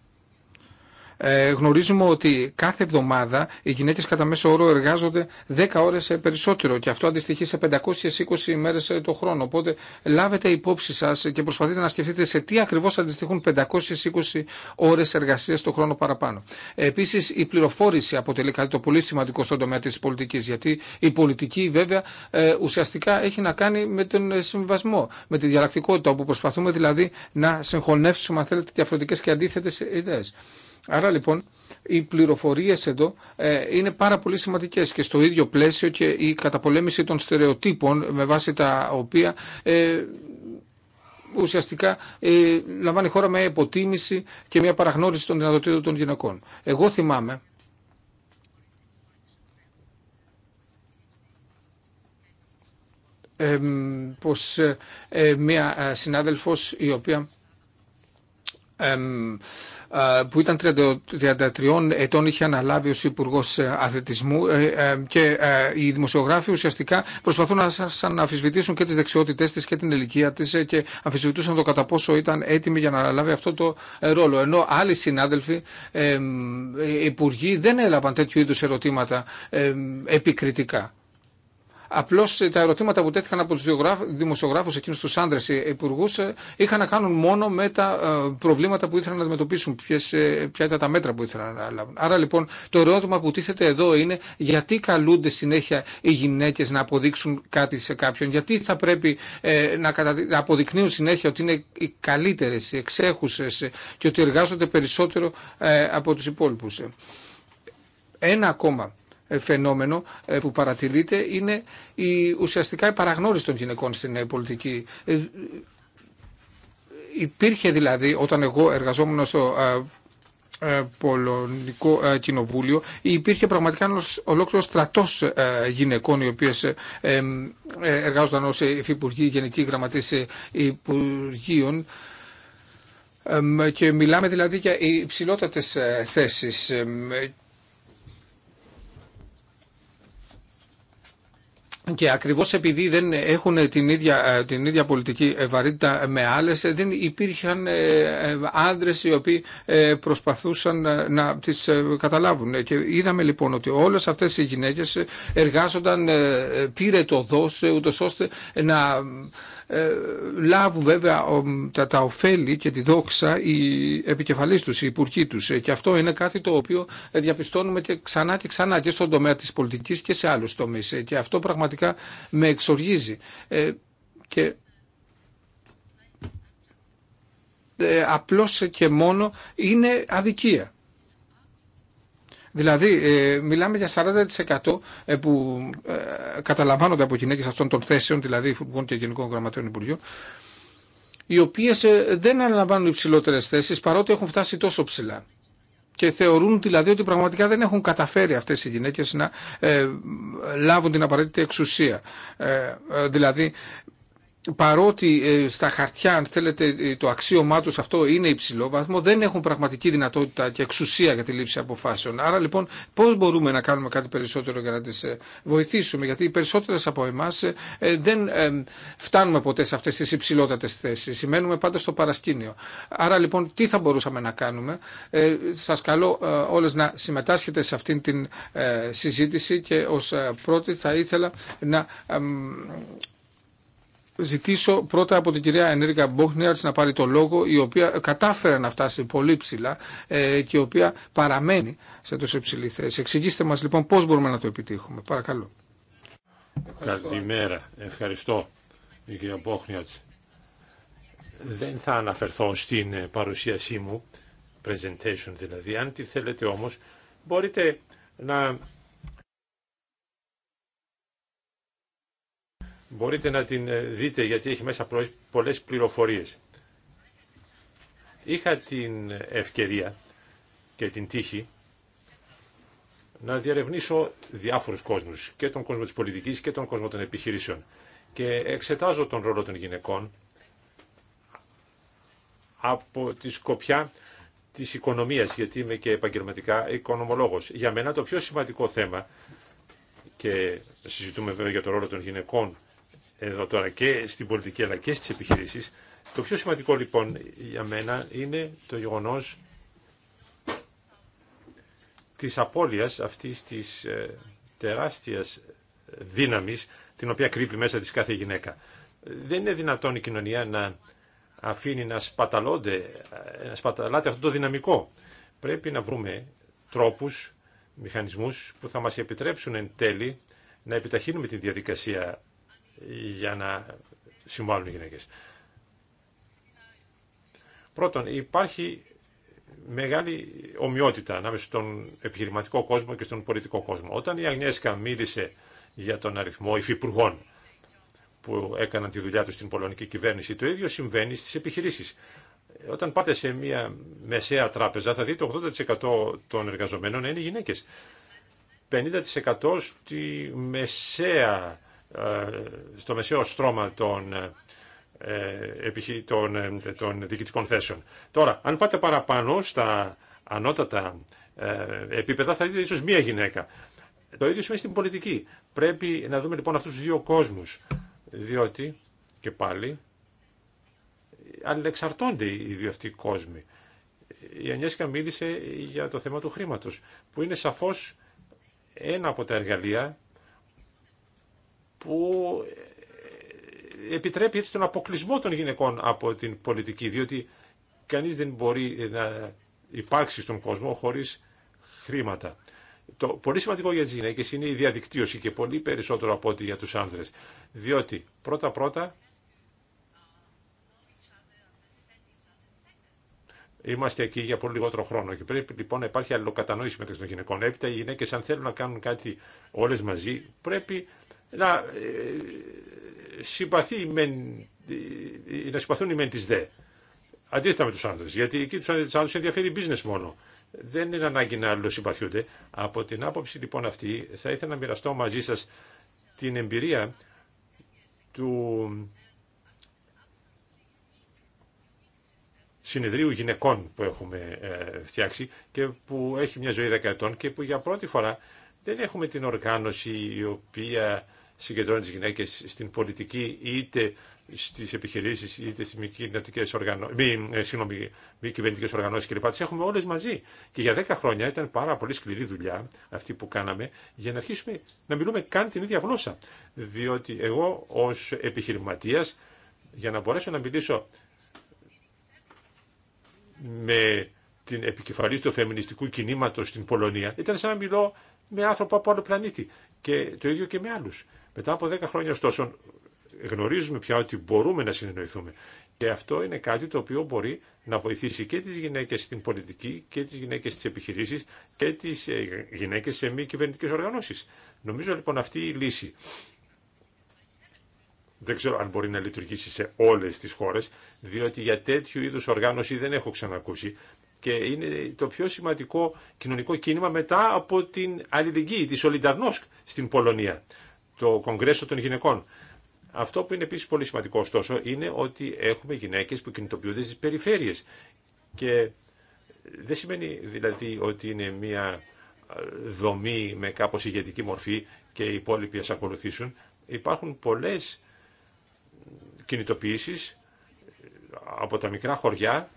ε, γνωρίζουμε ότι κάθε εβδομάδα οι γυναίκε κατά μέσο όρο εργάζονται 10 ώρε ε, περισσότερο και αυτό αντιστοιχεί σε 520 ημέρε ε, το χρόνο. Οπότε λάβετε υπόψη σα και προσπαθείτε να σκεφτείτε σε τι ακριβώ αντιστοιχούν 520 ώρε εργασία το χρόνο παραπάνω. Επίση, η πληροφόρηση αποτελεί κάτι το πολύ σημαντικό στον τομέα τη πολιτική, γιατί η πολιτική βέβαια ουσιαστικά έχει να κάνει με τον συμβασμό, με τη διαλλακτικότητα, όπου προσπαθούμε δηλαδή να συγχωνεύσουμε, αν θέλετε, διαφορετικέ και αντίθετε ιδέε. Άρα λοιπόν οι πληροφορίες εδώ ε, είναι πάρα πολύ σημαντικές και στο ίδιο πλαίσιο και η καταπολέμηση των στερεοτύπων με βάση τα οποία ε, ουσιαστικά ε, λαμβάνει η χώρα με υποτίμηση και μια παραγνώριση των δυνατοτήτων των γυναικών. Εγώ θυμάμαι πως μια συνάδελφος η οποία που ήταν 33 ετών είχε αναλάβει ως υπουργό ε, Αθλητισμού ε, ε, και οι δημοσιογράφοι ουσιαστικά προσπαθούν να αμφισβητήσουν και τις δεξιότητές της και την ηλικία της και αμφισβητούσαν το κατά πόσο ήταν έτοιμη για να αναλάβει αυτό το ρόλο. Ενώ άλλοι συνάδελφοι υπουργοί δεν έλαβαν τέτοιου είδους ερωτήματα επικριτικά. Απλώ ε, τα ερωτήματα που τέθηκαν από του δημοσιογράφου, εκείνου του άντρε υπουργού, ε, είχαν να κάνουν μόνο με τα ε, προβλήματα που ήθελαν να αντιμετωπίσουν, ποιες, ποια ήταν τα μέτρα που ήθελαν να λάβουν. Άρα λοιπόν το ερώτημα που τίθεται εδώ είναι γιατί καλούνται συνέχεια οι γυναίκε να αποδείξουν κάτι σε κάποιον, γιατί θα πρέπει να, να αποδεικνύουν συνέχεια ότι είναι οι καλύτερε, οι εξέχουσε και ότι εργάζονται περισσότερο από του υπόλοιπου. Ένα ακόμα ε, φαινόμενο ε, που παρατηρείται είναι ουσιαστικά η παραγνώριση των γυναικών στην ε, πολιτική. Υπήρχε δηλαδή όταν εγώ εργαζόμουν στο Πολωνικό Κοινοβούλιο υπήρχε πραγματικά ένα ολόκληρο στρατό γυναικών οι οποίε εργάζονταν ω υφυπουργοί, γενικοί γραμματεί υπουργείων και μιλάμε δηλαδή για υψηλότατε θέσει Και ακριβώς επειδή δεν έχουν την ίδια, ε, την ίδια πολιτική ε, βαρύτητα με άλλες, ε, δεν υπήρχαν άντρες οι οποίοι προσπαθούσαν να τις καταλάβουν. Και είδαμε λοιπόν ότι όλες αυτές οι γυναίκες εργάζονταν πήρε το δός, ούτως ώστε να λάβουν βέβαια τα, τα ωφέλη και τη δόξα οι επικεφαλής τους, οι υπουργοί τους. Και αυτό είναι κάτι το οποίο διαπιστώνουμε και ξανά και ξανά και στον τομέα της πολιτικής και σε άλλους τομείς. Και αυτό πραγματικά πραγματικά με εξοργίζει. Ε, και ε, απλώς και μόνο είναι αδικία. Δηλαδή, ε, μιλάμε για 40% που καταλαμβάνονται από γυναίκες αυτών των θέσεων, δηλαδή Υπουργών και Γενικών Γραμματέων Υπουργείων, οι οποίε δεν αναλαμβάνουν υψηλότερε θέσει παρότι έχουν φτάσει τόσο ψηλά και θεωρούν δηλαδή ότι πραγματικά δεν έχουν καταφέρει αυτές οι γυναίκες να ε, λάβουν την απαραίτητη εξουσία. Ε, ε, δηλαδή παρότι ε, στα χαρτιά, αν θέλετε, ε, το αξίωμά του αυτό είναι υψηλό βαθμό, δεν έχουν πραγματική δυνατότητα και εξουσία για τη λήψη αποφάσεων. Άρα λοιπόν πώς μπορούμε να κάνουμε κάτι περισσότερο για να τις ε, βοηθήσουμε, γιατί οι περισσότερε από εμάς δεν φτάνουμε ποτέ σε αυτές τις υψηλότατες θέσεις, σημαίνουμε πάντα στο παρασκήνιο. Άρα λοιπόν τι θα μπορούσαμε να κάνουμε, σα καλώ όλε να συμμετάσχετε σε αυτήν την συζήτηση και ως πρώτη θα ήθελα να ζητήσω πρώτα από την κυρία Ενρίκα Μπόχνιαρτς να πάρει το λόγο η οποία κατάφερε να φτάσει πολύ ψηλά ε, και η οποία παραμένει σε τόσο υψηλή θέση. Εξηγήστε μας λοιπόν πώς μπορούμε να το επιτύχουμε. Παρακαλώ. Καλημέρα. Ευχαριστώ η κυρία Μπόχνιαρτς. Δεν θα αναφερθώ στην ε, παρουσίασή μου, presentation δηλαδή. Αν τη θέλετε όμως, μπορείτε να μπορείτε να την ε, δείτε γιατί έχει μέσα πολλές πληροφορίες. Είχα την ευκαιρία και την τύχη να διαρευνήσω διάφορους κόσμους, και τον κόσμο της πολιτικής και τον κόσμο των επιχειρήσεων. Και εξετάζω τον ρόλο των γυναικών από τη σκοπιά της οικονομίας, γιατί είμαι και επαγγελματικά οικονομολόγος. Για μένα το πιο σημαντικό θέμα, και συζητούμε βέβαια για τον ρόλο των γυναικών εδώ τώρα και στην πολιτική αλλά και στις επιχειρήσεις. Το πιο σημαντικό λοιπόν για μένα είναι το γεγονός της απώλειας αυτής της ε, τεράστιας ε, δύναμης την οποία κρύβει μέσα της κάθε γυναίκα. Δεν είναι δυνατόν η κοινωνία να αφήνει να, σπαταλώνται, ε, να σπαταλάται αυτό το δυναμικό. Πρέπει να βρούμε τρόπους, μηχανισμούς που θα μας επιτρέψουν εν τέλει να επιταχύνουμε τη διαδικασία για να συμβάλλουν οι γυναίκες. Πρώτον, υπάρχει μεγάλη ομοιότητα ανάμεσα στον επιχειρηματικό κόσμο και στον πολιτικό κόσμο. Όταν η Αγνέσκα μίλησε για τον αριθμό υφυπουργών που έκαναν τη δουλειά του στην πολωνική κυβέρνηση, το ίδιο συμβαίνει στις επιχειρήσεις. Όταν πάτε σε μια μεσαία τράπεζα θα δείτε 80% των εργαζομένων είναι γυναίκες. 50% στη μεσαία ε, στο μεσαίο στρώμα των, ε, των, ε, των διοικητικών θέσεων. Τώρα, αν πάτε παραπάνω στα ανώτατα επίπεδα, θα δείτε ίσως μία γυναίκα. Το ίδιο σημαίνει στην πολιτική. Πρέπει να δούμε λοιπόν αυτούς τους δύο κόσμους, διότι και πάλι αλληλεξαρτώνται οι δύο αυτοί κόσμοι. Η Ανιέσκα μίλησε για το θέμα του χρήματος, που είναι σαφώς ένα από τα εργαλεία που ε, επιτρέπει έτσι τον αποκλεισμό των γυναικών από την πολιτική, διότι κανείς δεν μπορεί να υπάρξει στον κόσμο χωρίς χρήματα. Το πολύ σημαντικό για τις γυναίκες είναι η διαδικτύωση και πολύ περισσότερο από ό,τι για τους άνδρες. Διότι πρώτα-πρώτα Είμαστε εκεί για πολύ λιγότερο χρόνο και πρέπει λοιπόν να υπάρχει αλληλοκατανόηση μεταξύ των γυναικών. Έπειτα οι γυναίκε, αν θέλουν να κάνουν κάτι όλε μαζί, πρέπει να ε, συμπαθεί μεν, ε, ε, να συμπαθούν οι μεν τις δε. Αντίθετα με τους άντρες, γιατί εκεί τους άντρες ενδιαφέρει business μόνο. Δεν είναι ανάγκη να αλληλοσυμπαθιούνται. Από την άποψη λοιπόν αυτή θα ήθελα να μοιραστώ μαζί σας την εμπειρία του συνεδρίου γυναικών που έχουμε φτιάξει και που έχει μια ζωή δεκαετών και που για πρώτη φορά δεν έχουμε την οργάνωση η οποία συγκεντρώνει τις γυναίκες στην πολιτική είτε στις επιχειρήσεις είτε στις μη, οργανώ... μη, ε, μη κυβερνητικές οργανώσεις κλπ. έχουμε όλες μαζί. Και για 10 χρόνια ήταν πάρα πολύ σκληρή δουλειά αυτή που κάναμε για να αρχίσουμε να μιλούμε καν την ίδια γλώσσα. Διότι εγώ ως επιχειρηματίας για να μπορέσω να μιλήσω με την επικεφαλής του φεμινιστικού κινήματος στην Πολωνία ήταν σαν να μιλώ με άνθρωπο από άλλο πλανήτη και το ίδιο και με άλλους. Μετά από 10 χρόνια ωστόσο γνωρίζουμε πια ότι μπορούμε να συνεννοηθούμε. Και αυτό είναι κάτι το οποίο μπορεί να βοηθήσει και τις γυναίκες στην πολιτική και τις γυναίκες στις επιχειρήσεις και τις ε, γυναίκες σε μη κυβερνητικές οργανώσεις. Νομίζω λοιπόν αυτή η λύση δεν ξέρω αν μπορεί να λειτουργήσει σε όλες τις χώρες, διότι για τέτοιου είδους οργάνωση δεν έχω ξανακούσει και είναι το πιο σημαντικό κοινωνικό κίνημα μετά από την αλληλεγγύη, τη Ολυνταρνόσκ στην Πολωνία το Κογκρέσο των Γυναικών. Αυτό που είναι επίσης πολύ σημαντικό ωστόσο είναι ότι έχουμε γυναίκες που κινητοποιούνται στις περιφέρειες και δεν σημαίνει δηλαδή ότι είναι μια ε, δομή με κάπως ηγετική μορφή και οι υπόλοιποι ας ακολουθήσουν. Υπάρχουν πολλές κινητοποιήσεις ε, από τα μικρά χωριά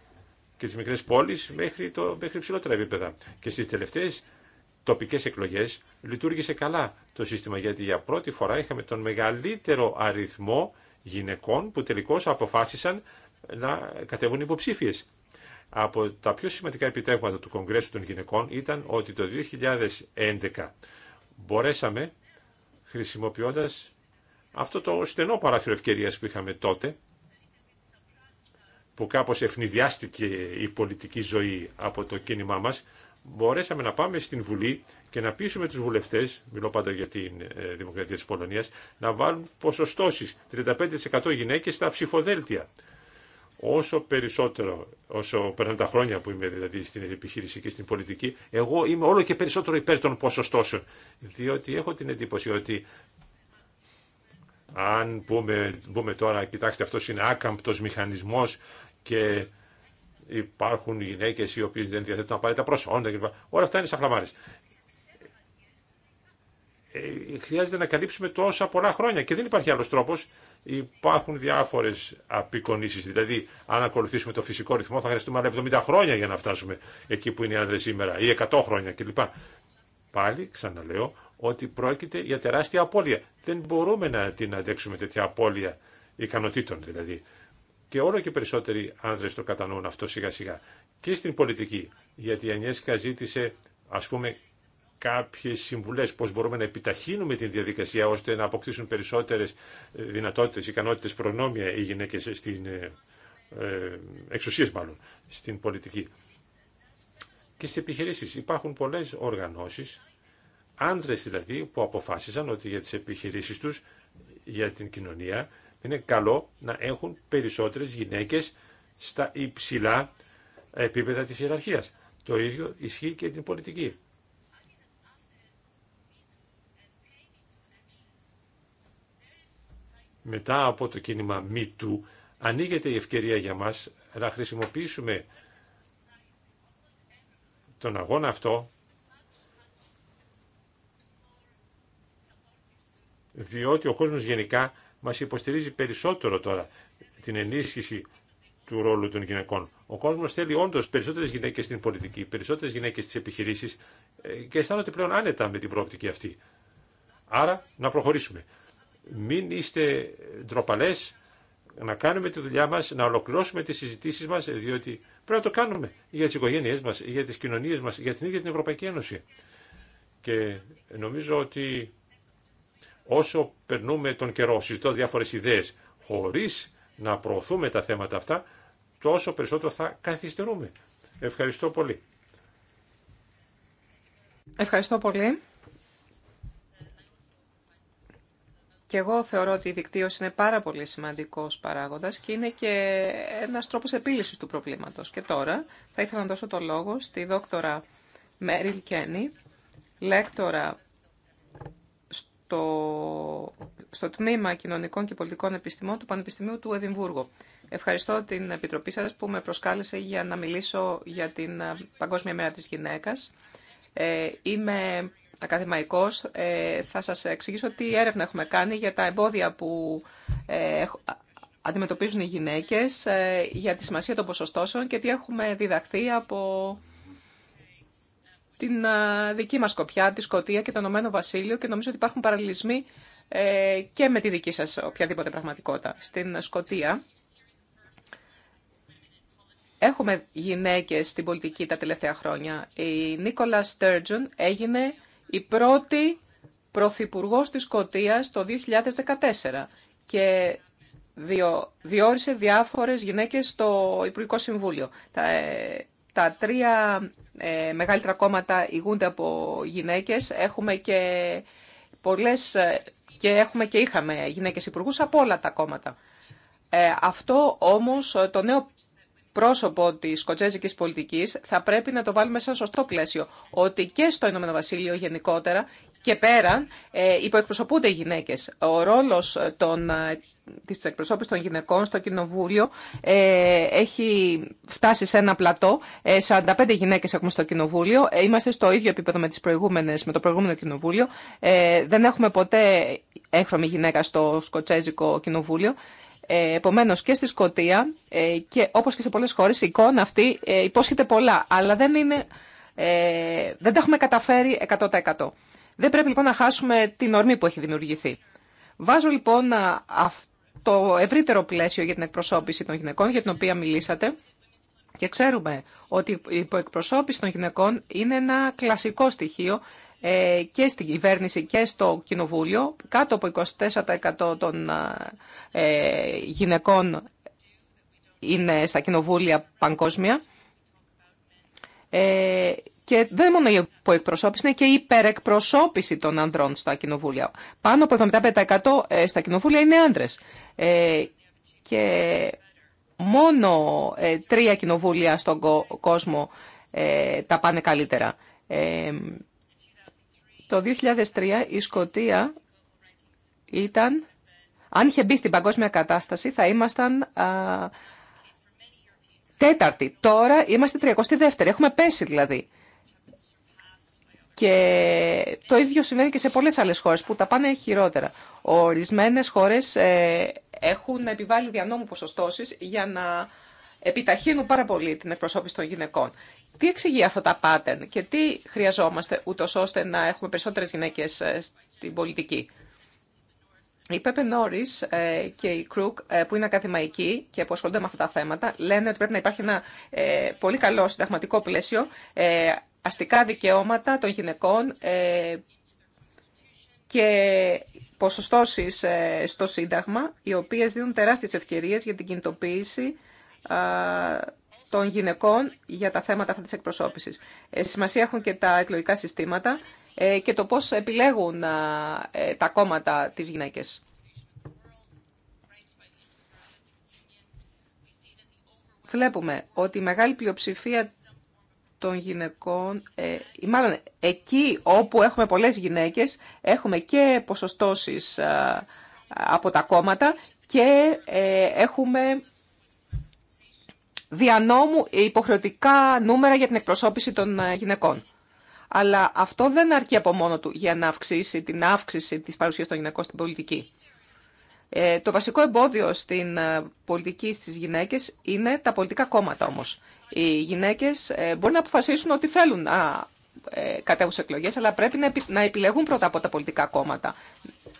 και τις μικρές πόλεις μέχρι, το, μέχρι ψηλότερα επίπεδα. Και στις τελευταίες τοπικές εκλογές λειτουργήσε καλά το σύστημα γιατί για πρώτη φορά είχαμε τον μεγαλύτερο αριθμό γυναικών που τελικώς αποφάσισαν να κατεβούν υποψήφιες. Από τα πιο σημαντικά επιτεύγματα του Κογκρέσου των Γυναικών ήταν ότι το 2011 μπορέσαμε χρησιμοποιώντας αυτό το στενό παράθυρο ευκαιρίας που είχαμε τότε που κάπως ευνηδιάστηκε η πολιτική ζωή από το κίνημά μας μπορέσαμε να πάμε στην Βουλή και να πείσουμε τους βουλευτές, μιλώ πάντα για την ε, Δημοκρατία της Πολωνίας, να βάλουν ποσοστώσεις 35% γυναίκες στα ψηφοδέλτια. Όσο περισσότερο, όσο περνάνε τα χρόνια που είμαι δηλαδή στην επιχείρηση και στην πολιτική, εγώ είμαι όλο και περισσότερο υπέρ των ποσοστώσεων. Διότι έχω την εντύπωση ότι αν πούμε, τώρα, κοιτάξτε αυτό είναι άκαμπτος μηχανισμός και υπάρχουν γυναίκε οι οποίε δεν διαθέτουν απαραίτητα προσόντα κλπ. Όλα αυτά είναι σαν χλαμάρες. Ε, χρειάζεται να καλύψουμε τόσα πολλά χρόνια και δεν υπάρχει άλλος τρόπος. Υπάρχουν διάφορες απεικονίσεις, δηλαδή αν ακολουθήσουμε το φυσικό ρυθμό θα χρειαστούμε άλλα 70 χρόνια για να φτάσουμε εκεί που είναι οι άντρες σήμερα ή 100 χρόνια κλπ. Πάλι ξαναλέω ότι πρόκειται για τεράστια απώλεια. Δεν μπορούμε να την αντέξουμε τέτοια απώλεια ικανοτήτων δηλαδή και όλο και περισσότεροι άνδρες το κατανοούν αυτό σιγά σιγά και στην πολιτική γιατί η Ανιέσκα ζήτησε ας πούμε κάποιες συμβουλές πώς μπορούμε να επιταχύνουμε την διαδικασία ώστε να αποκτήσουν περισσότερες ε, δυνατότητες, ικανότητες, προνόμια οι γυναίκες στην ε, ε, εξουσίες μάλλον στην πολιτική. Και στις επιχειρήσεις υπάρχουν πολλές οργανώσεις, άντρε δηλαδή, που αποφάσισαν ότι για τις επιχειρήσεις τους, για την κοινωνία, είναι καλό να έχουν περισσότερες γυναίκες στα υψηλά επίπεδα της ιεραρχίας. Το ίδιο ισχύει και την πολιτική. Μετά από το κίνημα MeToo ανοίγεται η ευκαιρία για μας να χρησιμοποιήσουμε τον αγώνα αυτό διότι ο κόσμος γενικά μας υποστηρίζει περισσότερο τώρα την ενίσχυση του ρόλου των γυναικών. Ο κόσμο θέλει όντω περισσότερε γυναίκε στην πολιτική, περισσότερε γυναίκε στι επιχειρήσει ε, και αισθάνονται πλέον άνετα με την προοπτική αυτή. Άρα να προχωρήσουμε. Μην είστε ντροπαλέ, να κάνουμε τη δουλειά μα, να ολοκληρώσουμε τι συζητήσει μα, διότι πρέπει να το κάνουμε για τι οικογένειέ μα, για τι κοινωνίε μα, για την ίδια την Ευρωπαϊκή Ένωση. Και νομίζω ότι όσο περνούμε τον καιρό συζητώ διάφορε ιδέε, χωρίς να προωθούμε τα θέματα αυτά, τόσο περισσότερο θα καθυστερούμε. Ευχαριστώ πολύ. Ευχαριστώ πολύ. Και εγώ θεωρώ ότι η δικτύωση είναι πάρα πολύ σημαντικός παράγοντας και είναι και ένας τρόπος επίλυσης του προβλήματος. Και τώρα θα ήθελα να δώσω το λόγο στη δόκτωρα Μέριλ Κένι, λέκτορα στο Τμήμα Κοινωνικών και Πολιτικών Επιστημών του Πανεπιστημίου του Εδιμβούργου. Ευχαριστώ την Επιτροπή σας που με προσκάλεσε για να μιλήσω για την ε, Παγκόσμια Μέρα της Γυναίκας. Ε, είμαι ακαδημαϊκός. Ε, θα σας εξηγήσω τι έρευνα έχουμε κάνει για τα εμπόδια που ε, αντιμετωπίζουν οι γυναίκες, ε, για τη σημασία των ποσοστώσεων και τι έχουμε διδαχθεί από την ε, δική μας κοπιά, τη Σκοτία και το Ηνωμένο Βασίλειο και νομίζω ότι υπάρχουν παραλληλισμοί ε, και με τη δική σας οποιαδήποτε πραγματικότητα. Στην Σκοτία έχουμε γυναίκες στην πολιτική τα τελευταία χρόνια. Η Νίκολα Στέρτζον έγινε η πρώτη Πρωθυπουργό της Σκοτίας το 2014 και διόρισε διάφορες γυναίκες στο Υπουργικό Συμβούλιο. Τα, ε, τα τρία ε, μεγαλύτερα κόμματα ηγούνται από γυναίκες. Έχουμε και πολλές ε, και έχουμε και είχαμε γυναίκες υπουργού από όλα τα κόμματα. Ε, αυτό όμως το νέο πρόσωπο τη σκοτσέζικη πολιτική θα πρέπει να το βάλουμε σε ένα σωστό πλαίσιο. Ότι και στο Ηνωμένο Βασίλειο γενικότερα και πέραν ε, υποεκπροσωπούνται οι γυναίκε. Ο ρόλο ε, ε, τη εκπροσώπηση των γυναικών στο Κοινοβούλιο ε, έχει φτάσει σε ένα πλατό. Ε, 45 γυναίκε έχουμε στο Κοινοβούλιο. Ε, είμαστε στο ίδιο επίπεδο με, τις προηγούμενες, με το προηγούμενο Κοινοβούλιο. Ε, δεν έχουμε ποτέ έγχρωμη γυναίκα στο Σκοτσέζικο Κοινοβούλιο. Ε, Επομένω και στη Σκωτία, ε, και όπως και σε πολλές χώρες, η εικόνα αυτή ε, υπόσχεται πολλά, αλλά δεν, είναι, ε, δεν τα έχουμε καταφέρει 100%. Δεν πρέπει λοιπόν να χάσουμε την ορμή που έχει δημιουργηθεί. Βάζω λοιπόν το ευρύτερο πλαίσιο για την εκπροσώπηση των γυναικών, για την οποία μιλήσατε, και ξέρουμε ότι η υποεκπροσώπηση των γυναικών είναι ένα κλασικό στοιχείο ε, και στην κυβέρνηση και στο κοινοβούλιο. Κάτω από 24% των ε, γυναικών είναι στα κοινοβούλια παγκόσμια. Ε, και δεν μόνο η υποεκπροσώπηση, είναι και η υπερεκπροσώπηση των ανδρών στα κοινοβούλια. Πάνω από 75% στα κοινοβούλια είναι άντρες. Και μόνο τρία κοινοβούλια στον κόσμο τα πάνε καλύτερα. Το 2003 η Σκοτία ήταν, αν είχε μπει στην παγκόσμια κατάσταση, θα ήμασταν τέταρτη. Τώρα είμαστε 32η. Έχουμε πέσει δηλαδή. Και το ίδιο συμβαίνει και σε πολλές άλλες χώρες που τα πάνε χειρότερα. Ορισμένες χώρες ε, έχουν επιβάλει διανόμου ποσοστώσεις για να επιταχύνουν πάρα πολύ την εκπροσώπηση των γυναικών. Τι εξηγεί αυτά τα pattern και τι χρειαζόμαστε ούτω ώστε να έχουμε περισσότερες γυναίκες ε, στην πολιτική. Η Πέπε Νόρι και η Κρουκ, ε, που είναι ακαδημαϊκοί και που ασχολούνται με αυτά τα θέματα, λένε ότι πρέπει να υπάρχει ένα ε, πολύ καλό συνταγματικό πλαίσιο, αστικά δικαιώματα των γυναικών και ποσοστώσεις στο Σύνταγμα, οι οποίες δίνουν τεράστιες ευκαιρίες για την κινητοποίηση των γυναικών για τα θέματα αυτή της εκπροσώπησης. Ε, σημασία έχουν και τα εκλογικά συστήματα ε, και το πώς επιλέγουν ε, τα κόμματα τι γυναίκες. Βλέπουμε ότι η μεγάλη πλειοψηφία των γυναικών, ή μάλλον εκεί όπου έχουμε πολλές γυναίκες, έχουμε και ποσοστώσεις από τα κόμματα και έχουμε δια νόμου υποχρεωτικά νούμερα για την εκπροσώπηση των ε, γυναικών. Αλλά αυτό δεν αρκεί από μόνο του για να αυξήσει την αύξηση της παρουσίας των γυναικών στην πολιτική. Ε, το βασικό εμπόδιο στην ε, πολιτική στις γυναίκες είναι τα πολιτικά κόμματα όμως. Οι γυναίκες μπορεί να αποφασίσουν ότι θέλουν να ε, κατέβουν σε εκλογές, αλλά πρέπει να, επιλεγούν πρώτα από τα πολιτικά κόμματα.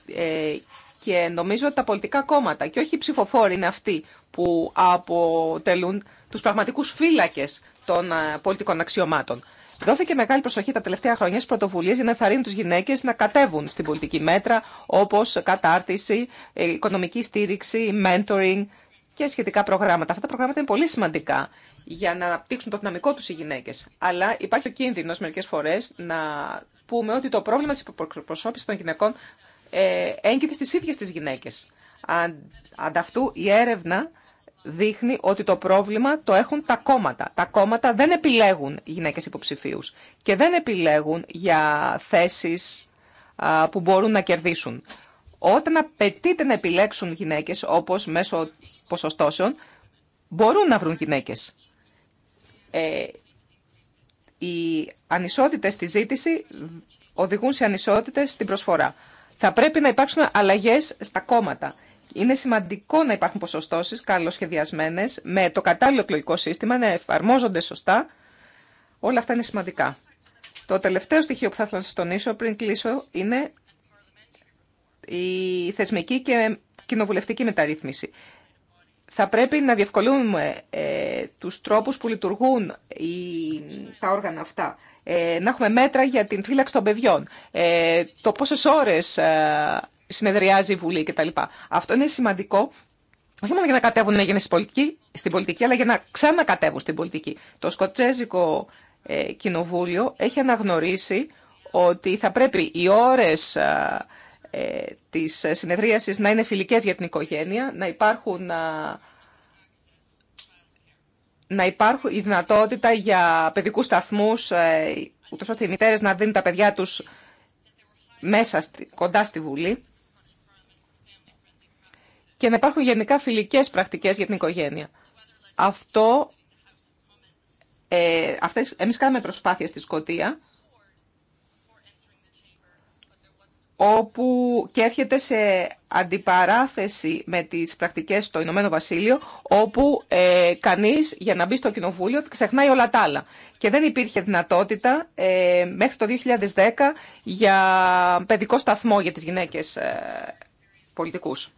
Ε, και νομίζω ότι τα πολιτικά κόμματα και όχι οι ψηφοφόροι είναι αυτοί που αποτελούν τους πραγματικούς φύλακες των ε, πολιτικών αξιωμάτων. Δόθηκε μεγάλη προσοχή τα τελευταία χρόνια στι πρωτοβουλίε για να ενθαρρύνουν τι γυναίκε να κατέβουν στην πολιτική μέτρα, όπω κατάρτιση, ε, οικονομική στήριξη, mentoring και σχετικά προγράμματα. Αυτά τα προγράμματα είναι πολύ σημαντικά για να αναπτύξουν το δυναμικό του οι γυναίκε. Αλλά υπάρχει ο κίνδυνο μερικέ φορέ να πούμε ότι το πρόβλημα τη υποπροσώπηση των γυναικών ε, έγκυται στις ίδιες τις γυναίκες. Ανταυτού η έρευνα δείχνει ότι το πρόβλημα το έχουν τα κόμματα. Τα κόμματα δεν επιλέγουν γυναίκες υποψηφίους και δεν επιλέγουν για θέσεις που μπορούν να κερδίσουν. Όταν απαιτείται να επιλέξουν γυναίκες, όπως μέσω ποσοστώσεων, μπορούν να βρουν γυναίκες. Ε, οι ανισότητες στη ζήτηση οδηγούν σε ανισότητες στην προσφορά. Θα πρέπει να υπάρξουν αλλαγέ στα κόμματα. Είναι σημαντικό να υπάρχουν ποσοστώσει καλοσχεδιασμένε, με το κατάλληλο εκλογικό σύστημα, να εφαρμόζονται σωστά. Όλα αυτά είναι σημαντικά. Το τελευταίο στοιχείο που θα ήθελα να σα τονίσω πριν κλείσω είναι η θεσμική και κοινοβουλευτική μεταρρύθμιση. Θα πρέπει να διευκολύνουμε ε, τους τρόπους που λειτουργούν τα όργανα αυτά. Ε, να έχουμε μέτρα για την φύλαξη των παιδιών, ε, το πόσες ώρες ε, συνεδριάζει η Βουλή κτλ. Αυτό είναι σημαντικό όχι μόνο για να κατέβουν οι Έλληνες στην πολιτική, αλλά για να ξανακατέβουν στην πολιτική. Το σκοτσέζικο κοινοβούλιο έχει αναγνωρίσει ότι θα πρέπει οι ώρες ε, της συνεδρίασης να είναι φιλικές για την οικογένεια, να υπάρχουν να υπάρχει η δυνατότητα για παιδικούς σταθμούς, ε, ούτως ώστε οι μητέρες να δίνουν τα παιδιά τους μέσα κοντά στη Βουλή και να υπάρχουν γενικά φιλικές πρακτικές για την οικογένεια. Αυτό, ε, αυτές, εμείς κάναμε προσπάθειες στη Σκωτία όπου και έρχεται σε αντιπαράθεση με τις πρακτικές στο Ηνωμένο Βασίλειο, όπου ε, κανείς για να μπει στο κοινοβούλιο ξεχνάει όλα τα άλλα. Και δεν υπήρχε δυνατότητα ε, μέχρι το 2010 για παιδικό σταθμό για τις γυναίκες ε, πολιτικούς.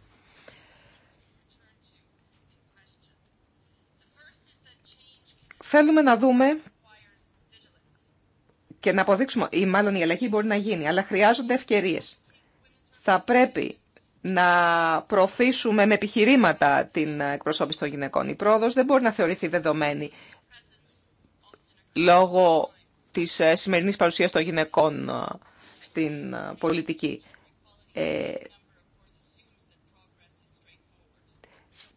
Θέλουμε να δούμε και να αποδείξουμε, ή μάλλον η αλλαγή μπορεί να γίνει, αλλά χρειάζονται ευκαιρίες. Θα πρέπει να προωθήσουμε με επιχειρήματα την εκπροσώπηση των γυναικών. Η πρόοδος δεν μπορεί να θεωρηθεί δεδομένη λόγω της ε, σημερινής παρουσίας των γυναικών ε, στην ε, πολιτική. Ε,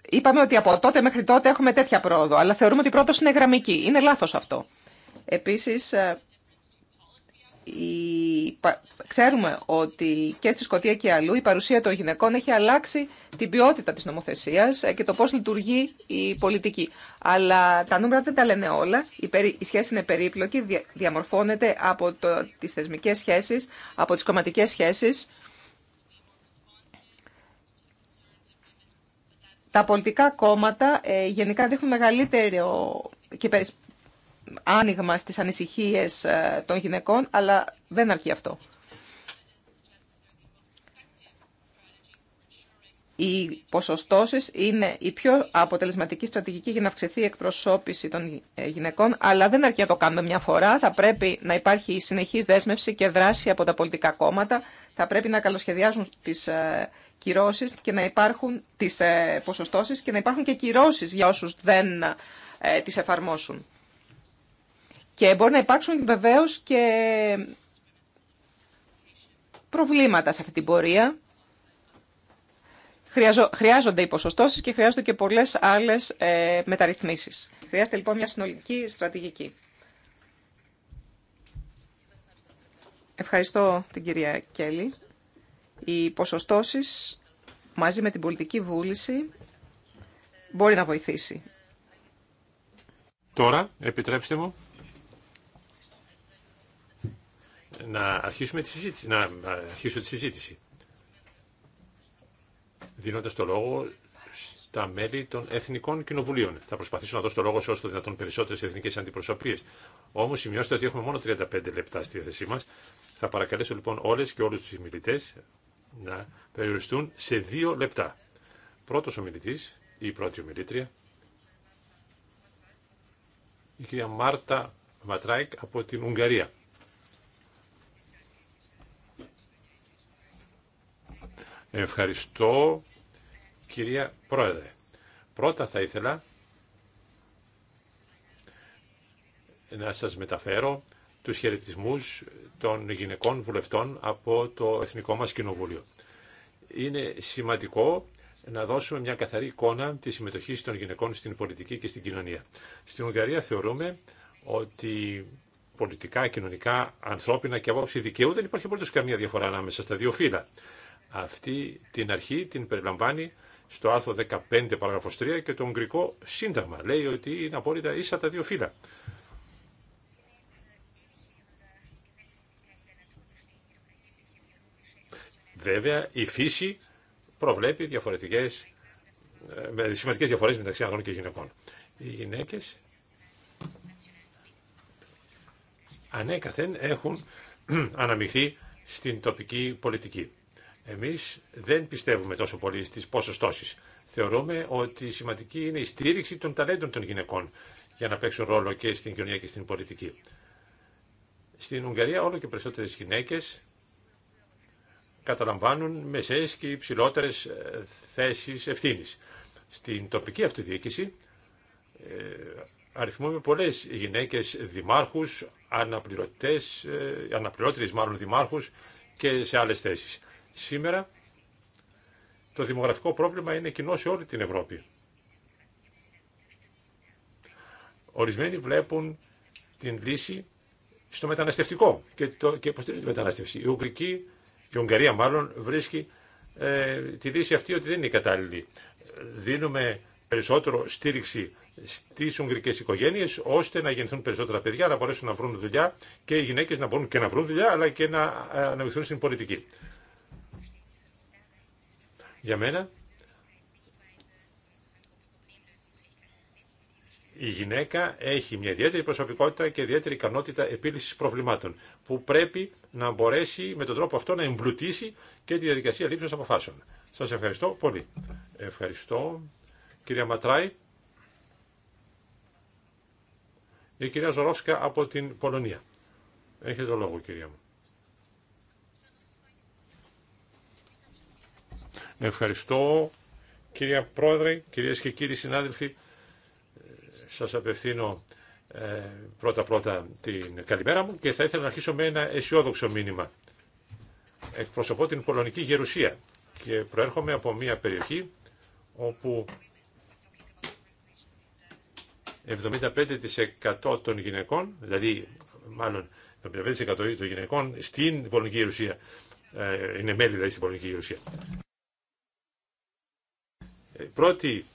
είπαμε ότι από τότε μέχρι τότε έχουμε τέτοια πρόοδο, αλλά θεωρούμε ότι η πρόοδος είναι γραμμική. Είναι λάθος αυτό. Επίσης, ξέρουμε ότι και στη Σκοτία και αλλού η παρουσία των γυναικών έχει αλλάξει την ποιότητα της νομοθεσίας ε, και το πώς λειτουργεί η πολιτική. Αλλά τα νούμερα δεν τα λένε όλα. Η σχέση είναι περίπλοκη, διαμορφώνεται από το, τις θεσμικές σχέσεις, από τις κομματικές σχέσεις. Τα πολιτικά κόμματα ε, γενικά δείχνουν μεγαλύτερο και άνοιγμα στις ανησυχίες ε, των γυναικών, αλλά δεν αρκεί αυτό. Οι ποσοστώσεις είναι η πιο αποτελεσματική στρατηγική για να αυξηθεί η εκπροσώπηση των ε, γυναικών, αλλά δεν αρκεί να το κάνουμε μια φορά. Θα πρέπει να υπάρχει συνεχής δέσμευση και δράση από τα πολιτικά κόμματα. Θα πρέπει να καλοσχεδιάζουν τις ε, κυρώσει και να υπάρχουν τις ποσοστώσεις και να υπάρχουν και κυρώσει για όσου δεν τι εφαρμόσουν. Και μπορεί να υπάρξουν βεβαίω και προβλήματα σε αυτή την πορεία. Χρειάζονται οι ποσοστώσεις και χρειάζονται και πολλές άλλες ε, μεταρρυθμίσεις. Χρειάζεται λοιπόν μια συνολική στρατηγική. Ευχαριστώ την κυρία Κέλλη. Οι ποσοστώσεις μαζί με την πολιτική βούληση μπορεί να βοηθήσει. Τώρα επιτρέψτε μου να αρχίσουμε τη συζήτηση, να ε, αρχίσω τη συζήτηση, δίνοντας το λόγο στα μέλη των Εθνικών Κοινοβουλίων. Θα προσπαθήσω να δώσω το λόγο σε όσο το δυνατόν περισσότερες εθνικές αντιπροσωπείες. Όμως σημειώστε ότι έχουμε μόνο 35 λεπτά στη διάθεσή μας. Θα παρακαλέσω λοιπόν όλες και όλους τους συμμιλητές να περιοριστούν σε δύο λεπτά. Πρώτος ομιλητής ή πρώτη ομιλήτρια, η κυρία Μάρτα Ματράικ από την Ουγγαρία. Ευχαριστώ, κυρία Πρόεδρε. Πρώτα θα ήθελα να σας μεταφέρω τους χαιρετισμού των γυναικών βουλευτών από το Εθνικό μας Κοινοβούλιο. Είναι σημαντικό να δώσουμε μια καθαρή εικόνα της συμμετοχής των γυναικών στην πολιτική και στην κοινωνία. Στην Ουγγαρία θεωρούμε ότι πολιτικά, κοινωνικά, ανθρώπινα και απόψη δικαίου δεν υπάρχει πολύ καμία διαφορά ανάμεσα στα δύο φύλλα. Αυτή την αρχή την περιλαμβάνει στο άρθρο 15 παραγραφος 3 και το Ουγγρικό Σύνταγμα. Λέει ότι είναι απόλυτα ίσα τα δύο φύλλα. Βέβαια, η φύση προβλέπει διαφορετικές, ε, με σημαντικές διαφορές μεταξύ ανδρών και γυναικών. Οι γυναίκες ανέκαθεν έχουν [clears throat] αναμειχθεί στην τοπική πολιτική. Εμείς δεν πιστεύουμε τόσο πολύ στις ποσοστώσεις. Θεωρούμε ότι σημαντική είναι η στήριξη των ταλέντων των γυναικών για να παίξουν ρόλο και στην κοινωνία και στην πολιτική. Στην Ουγγαρία όλο και περισσότερες γυναίκες καταλαμβάνουν μεσαίες και υψηλότερες ε, θέσεις ευθύνης. Στην τοπική αυτοδιοίκηση ε, αριθμούμε πολλές γυναίκες δημάρχους, αναπληρωτές, ε, αναπληρώτριες μάλλον δημάρχους και σε άλλες θέσεις. Σήμερα το δημογραφικό πρόβλημα είναι κοινό σε όλη την Ευρώπη. Ορισμένοι βλέπουν την λύση στο μεταναστευτικό και, το, και υποστηρίζουν τη μεταναστευσή. Η, Ουγγρική, η Ουγγαρία μάλλον βρίσκει ε, τη λύση αυτή ότι δεν είναι η κατάλληλη. Δίνουμε περισσότερο στήριξη στι ουγγρικέ οικογένειε, ώστε να γεννηθούν περισσότερα παιδιά, να μπορέσουν να βρουν δουλειά και οι γυναίκε να μπορούν και να βρουν δουλειά, αλλά και να ε, αναμειχθούν στην πολιτική. Για μένα, η γυναίκα έχει μια ιδιαίτερη προσωπικότητα και ιδιαίτερη ικανότητα επίλυσης προβλημάτων, που πρέπει να μπορέσει με τον τρόπο αυτό να εμπλουτίσει και τη διαδικασία λήψης αποφάσεων. Σας ευχαριστώ πολύ. Ευχαριστώ. Κυρία Ματράη. Η κυρία Ζωρόφσκα από την Πολωνία. Έχετε το λόγο, κυρία μου. Ευχαριστώ κυρία Πρόεδρε, κυρίες και κύριοι συνάδελφοι. Σας απευθύνω πρώτα-πρώτα ε, την καλημέρα μου και θα ήθελα να αρχίσω με ένα αισιόδοξο μήνυμα. Εκπροσωπώ την Πολωνική Γερουσία και προέρχομαι από μια περιοχή όπου 75% των γυναικών, δηλαδή μάλλον 75% των γυναικών στην Πολωνική Γερουσία, ε, είναι μέλη δηλαδή, στην Πολωνική Γερουσία. Ε, πρώτη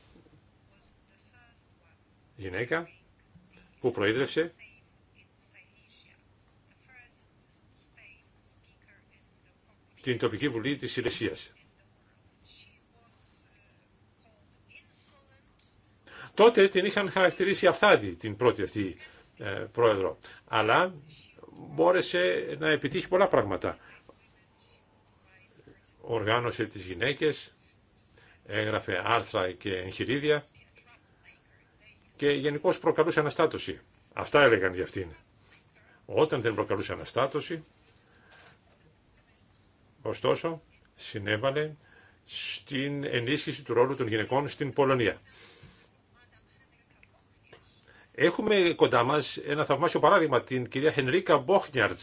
γυναίκα που προείδρευσε την τοπική βουλή της Σιλεσίας. Τότε την είχαν χαρακτηρίσει αυθάδη την πρώτη αυτή ε, πρόεδρο. Αλλά μπόρεσε να επιτύχει πολλά πράγματα. Οργάνωσε τις γυναίκες, έγραφε άρθρα και εγχειρίδια και γενικώ προκαλούσε αναστάτωση. Αυτά έλεγαν για αυτήν. Όταν δεν προκαλούσε αναστάτωση, ωστόσο, συνέβαλε στην ενίσχυση του ρόλου των γυναικών στην Πολωνία. Έχουμε κοντά μα ένα θαυμάσιο παράδειγμα, την κυρία Χενρίκα Μπόχνιαρτ,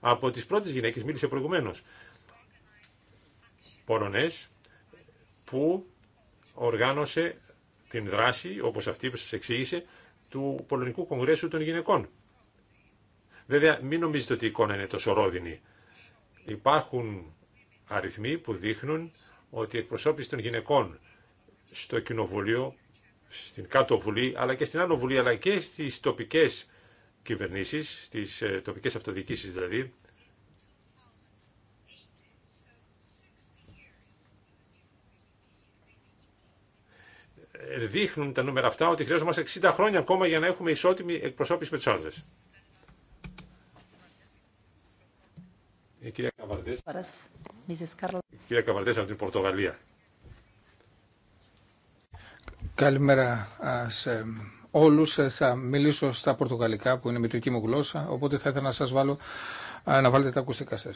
από τι πρώτε γυναίκε, μίλησε προηγουμένω. Πολωνέ που οργάνωσε την δράση, όπως αυτή που σας εξήγησε, του Πολωνικού Κογκρέσου των Γυναικών. Βέβαια, μην νομίζετε ότι η εικόνα είναι τόσο ρόδινη. Υπάρχουν αριθμοί που δείχνουν ότι η εκπροσώπηση των γυναικών στο Κοινοβουλίο, στην Κάτω Βουλή, αλλά και στην Άνω Βουλή, αλλά και στις τοπικές κυβερνήσεις, στις ε, τοπικές αυτοδιοίκησεις δηλαδή, δείχνουν τα νούμερα αυτά ότι χρειάζομαστε 60 χρόνια ακόμα για να έχουμε ισότιμη εκπροσώπηση με τους άντρε. κυρία από την Πορτογαλία. Καλημέρα σε όλου. Ε, θα μιλήσω στα πορτογαλικά που είναι η μητρική μου γλώσσα, οπότε θα ήθελα να σα βάλω να βάλετε τα ακουστικά σα.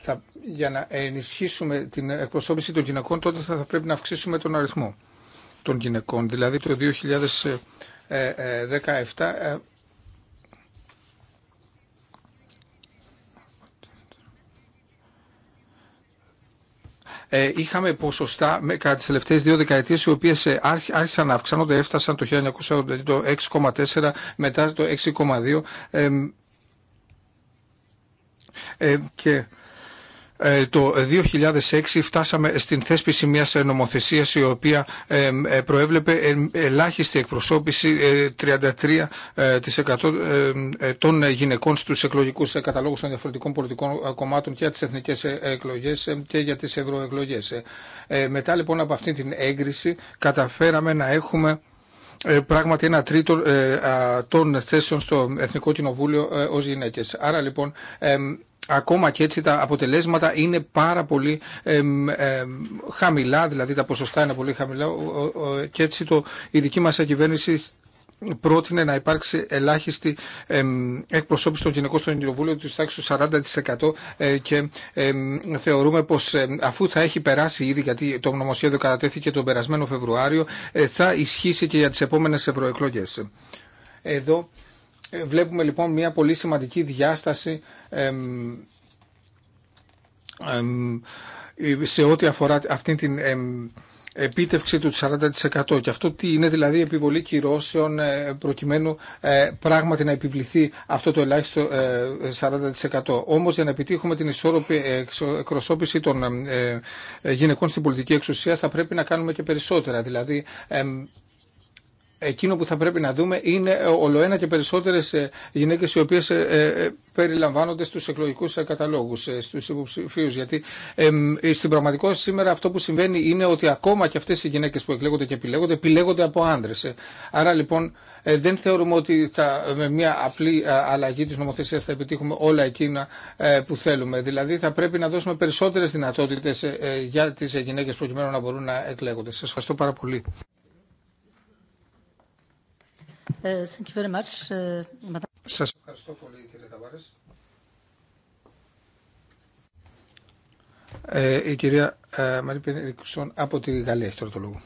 Θα, για να ενισχύσουμε την εκπροσώπηση των γυναικών τότε θα πρέπει να αυξήσουμε τον αριθμό των γυναικών. Δηλαδή το 2017 ε, ε, είχαμε ποσοστά με, κατά τις τελευταίες δύο δεκαετίες οι οποίες ε, άρχισαν να αυξάνονται, έφτασαν το 1980 δηλαδή το 6,4 μετά το 6,2 και ε, το 2006 φτάσαμε στην θέσπιση μιας νομοθεσίας η οποία ε, προέβλεπε ελάχιστη εκπροσώπηση 33% ε, των γυναικών στους εκλογικούς καταλόγους των διαφορετικών πολιτικών κομμάτων και για τις εθνικές εκλογές και για τις ευρωεκλογές. Μετά λοιπόν από αυτή την έγκριση καταφέραμε να έχουμε πράγματι ένα τρίτο των θέσεων στο Εθνικό Κοινοβούλιο ως γυναίκες. Άρα λοιπόν ακόμα και έτσι τα αποτελέσματα είναι πάρα πολύ χαμηλά, δηλαδή τα ποσοστά είναι πολύ χαμηλά ο, και έτσι το, η δική μας κυβέρνηση πρότεινε να υπάρξει ελάχιστη εκπροσώπηση των γυναικών στον κοινοβούλιο του τάξης του 40% ε, και θεωρούμε πως ε, αφού θα έχει περάσει ήδη γιατί το νομοσχέδιο κατατέθηκε τον περασμένο Φεβρουάριο ε, θα ισχύσει και για τις επόμενες ευρωεκλογές. Εδώ βλέπουμε λοιπόν μια πολύ σημαντική διάσταση ε, σε ό,τι αφορά αυτή την επίτευξη του 40% και αυτό τι είναι δηλαδή επιβολή κυρώσεων ε, προκειμένου ε, πράγματι να επιβληθεί αυτό το ελάχιστο 40%. Όμως για να επιτύχουμε την ισόρροπη εκπροσώπηση των γυναικών στην πολιτική εξουσία θα πρέπει να κάνουμε και περισσότερα. Δηλαδή εκείνο που θα πρέπει να δούμε είναι ε, ολοένα και περισσότερες ε, γυναίκες οι οποίες ε, περιλαμβάνονται στους εκλογικούς καταλόγους, στους υποψηφίους. Γιατί στην πραγματικότητα σήμερα αυτό που συμβαίνει είναι ότι ακόμα και αυτές οι γυναίκες που εκλέγονται και επιλέγονται, επιλέγονται από άνδρες. Άρα λοιπόν δεν θεωρούμε ότι θα, με μια απλή αλλαγή της νομοθεσίας θα επιτύχουμε όλα εκείνα που θέλουμε. Δηλαδή θα πρέπει να δώσουμε περισσότερες δυνατότητες για τις γυναίκες προκειμένου να μπορούν να εκλέγονται. Σα ευχαριστώ πάρα πολύ. Ε, thank ε, Σας ευχαριστώ πολύ κύριε Ταβάρες. Ε, η κυρία ε, Μαρή Πενερικουσόν από τη Γαλλία έχει τώρα το λόγο.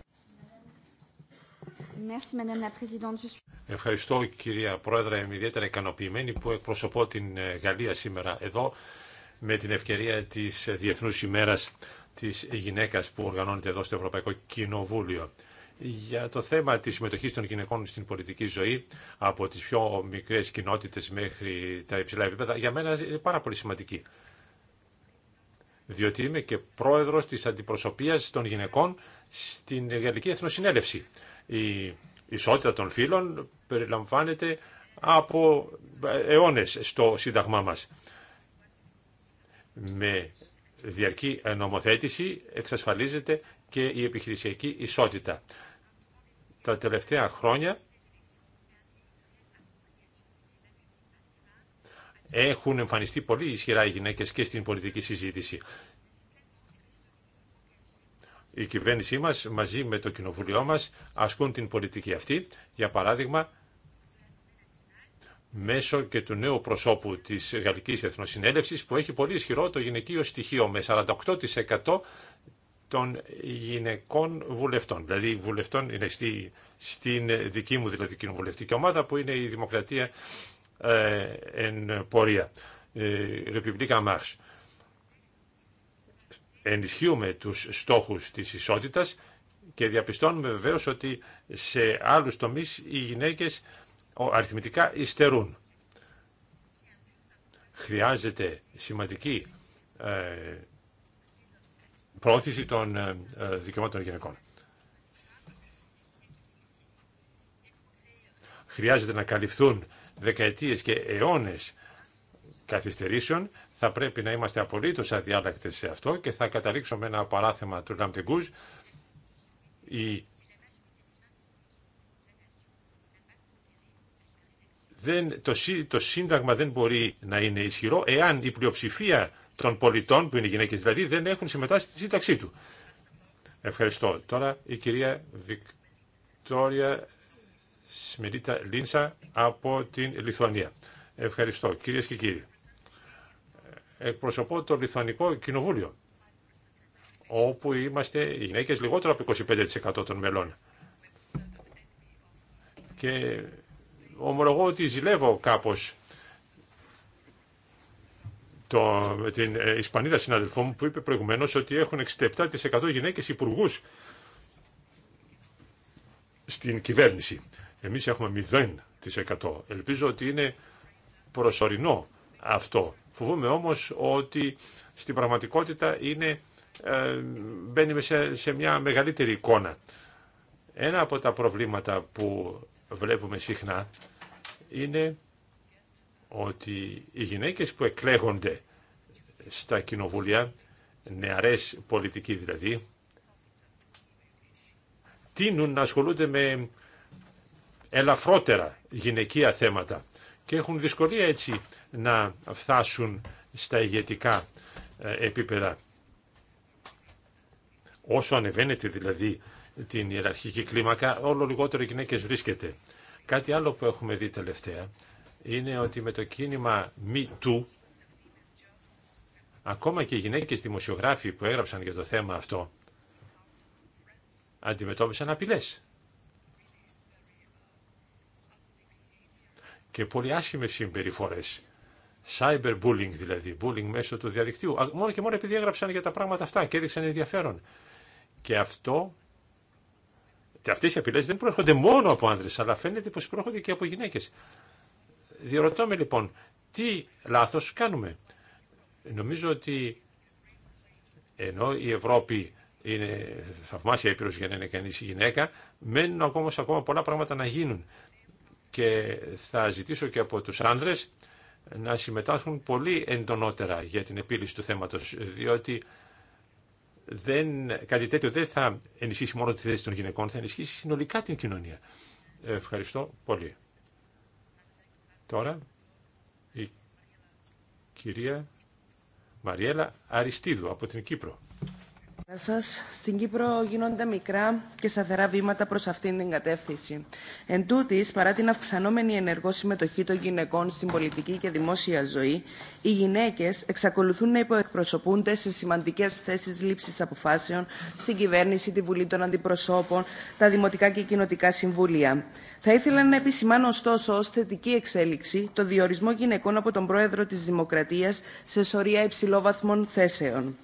Ευχαριστώ κυρία Πρόεδρε, είμαι ιδιαίτερα ικανοποιημένη που εκπροσωπώ την ε, Γαλλία σήμερα εδώ με την ευκαιρία της Διεθνούς ημέρας της γυναίκας που οργανώνεται εδώ στο Ευρωπαϊκό Κοινοβούλιο για το θέμα της συμμετοχής των γυναικών στην πολιτική ζωή από τις πιο μικρές κοινότητες μέχρι τα υψηλά επίπεδα για μένα είναι πάρα πολύ σημαντική. Διότι είμαι και πρόεδρος της αντιπροσωπείας των γυναικών στην Γαλλική Εθνοσυνέλευση. Η ισότητα των φύλων περιλαμβάνεται από αιώνες στο Σύνταγμά μας. Με διαρκή νομοθέτηση εξασφαλίζεται και η επιχειρησιακή ισότητα τα τελευταία χρόνια έχουν εμφανιστεί πολύ ισχυρά οι γυναίκες και στην πολιτική συζήτηση. Η κυβέρνησή μας μαζί με το κοινοβουλίο μας ασκούν την πολιτική αυτή, για παράδειγμα μέσω και του νέου προσώπου της Γαλλικής Εθνοσυνέλευσης που έχει πολύ ισχυρό το γυναικείο στοιχείο με 48% των γυναικών βουλευτών. Δηλαδή βουλευτών είναι στη, στην δική μου δηλαδή κοινοβουλευτική ομάδα που είναι η Δημοκρατία ε, εν πορεία, ε, Ρεπιμπλίκα Μάρς. Ενισχύουμε τους στόχους της ισότητας και διαπιστώνουμε βεβαίως ότι σε άλλους τομείς οι γυναίκες αριθμητικά υστερούν. Χρειάζεται σημαντική ε, προώθηση των ε, ε, δικαιωμάτων των γυναικών. Χρειάζεται να καλυφθούν δεκαετίες και αιώνες καθυστερήσεων. Θα πρέπει να είμαστε απολύτως αδιάλακτες σε αυτό και θα καταλήξω με ένα παράθεμα του Λαμπτεγκούς. Η... Δεν, το, το Σύνταγμα δεν μπορεί να είναι ισχυρό εάν η πλειοψηφία των πολιτών, που είναι γυναίκες δηλαδή, δεν έχουν συμμετάσχει στη σύνταξή του. Ευχαριστώ. Τώρα η κυρία Βικτόρια Σμιλίτα Λίνσα από την Λιθουανία. Ευχαριστώ. Κυρίες και κύριοι, εκπροσωπώ το Λιθουανικό Κοινοβούλιο, όπου είμαστε οι γυναίκες λιγότερο από 25% των μελών. Και ομολογώ ότι ζηλεύω κάπως το, την ε, Ισπανίδα συναδελφό μου που είπε προηγουμένως ότι έχουν 67% γυναίκες υπουργού στην κυβέρνηση. Εμείς έχουμε 0%. Ελπίζω ότι είναι προσωρινό αυτό. φοβούμε όμως ότι στην πραγματικότητα είναι, ε, μπαίνει σε, σε μια μεγαλύτερη εικόνα. Ένα από τα προβλήματα που βλέπουμε συχνά είναι ότι οι γυναίκες που εκλέγονται στα κοινοβούλια, νεαρές πολιτικοί δηλαδή, τείνουν να ασχολούνται με ελαφρότερα γυναικεία θέματα και έχουν δυσκολία έτσι να φτάσουν στα ηγετικά ε, επίπεδα. Όσο ανεβαίνεται δηλαδή την ιεραρχική κλίμακα, όλο λιγότερο οι γυναίκες βρίσκεται. Κάτι άλλο που έχουμε δει τελευταία είναι ότι με το κίνημα Me Too, ακόμα και οι γυναίκες δημοσιογράφοι που έγραψαν για το θέμα αυτό, αντιμετώπισαν απειλές. Και πολύ άσχημες συμπεριφορές. Cyberbullying δηλαδή, bullying μέσω του διαδικτύου. Μόνο και μόνο επειδή έγραψαν για τα πράγματα αυτά και έδειξαν ενδιαφέρον. Και αυτό και αυτέ οι απειλέ δεν προέρχονται μόνο από άνδρε, αλλά φαίνεται πω προέρχονται και από γυναίκε. Διερωτώ λοιπόν, τι λάθος κάνουμε. Νομίζω ότι ενώ η Ευρώπη είναι θαυμάσια ήπειρος για να είναι κανείς η γυναίκα, μένουν ακόμα, ακόμα πολλά πράγματα να γίνουν. Και θα ζητήσω και από τους άνδρες να συμμετάσχουν πολύ εντονότερα για την επίλυση του θέματος, διότι δεν, κάτι τέτοιο δεν θα ενισχύσει μόνο τη θέση των γυναικών, θα ενισχύσει συνολικά την κοινωνία. Ευχαριστώ πολύ. Τώρα η κυρία Μαριέλα Αριστίδου από την Κύπρο σας, στην Κύπρο γίνονται μικρά και σταθερά βήματα προς αυτήν την κατεύθυνση. Εν τούτης, παρά την αυξανόμενη ενεργό συμμετοχή των γυναικών στην πολιτική και δημόσια ζωή, οι γυναίκες εξακολουθούν να υποεκπροσωπούνται σε σημαντικές θέσεις λήψης αποφάσεων στην κυβέρνηση, τη Βουλή των Αντιπροσώπων, τα Δημοτικά και Κοινοτικά Συμβούλια. Θα ήθελα να επισημάνω ωστόσο ω θετική εξέλιξη το διορισμό γυναικών από τον Πρόεδρο της Δημοκρατίας σε σωρία υψηλόβαθμων θέσεων.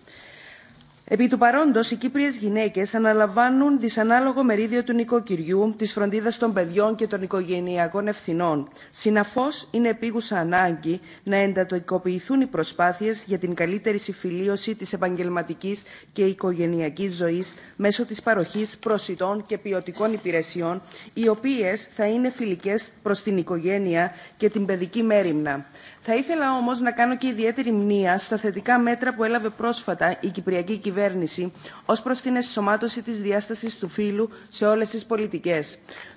Επί του παρόντο, οι Κύπριε γυναίκε αναλαμβάνουν δυσανάλογο μερίδιο του νοικοκυριού, τη φροντίδα των παιδιών και των οικογενειακών ευθυνών. Συναφώ, είναι επίγουσα ανάγκη να εντατοικοποιηθούν οι προσπάθειε για την καλύτερη συμφιλίωση τη επαγγελματική και οικογενειακή ζωή μέσω τη παροχή προσιτών και ποιοτικών υπηρεσιών, οι οποίε θα είναι φιλικέ προ την οικογένεια και την παιδική μέρημνα. Θα ήθελα όμω να κάνω και ιδιαίτερη μνήα στα θετικά μέτρα που έλαβε πρόσφατα η Κυπριακή κυβέρνηση ω προ την εσωμάτωση τη διάσταση του φύλου σε όλε τι πολιτικέ.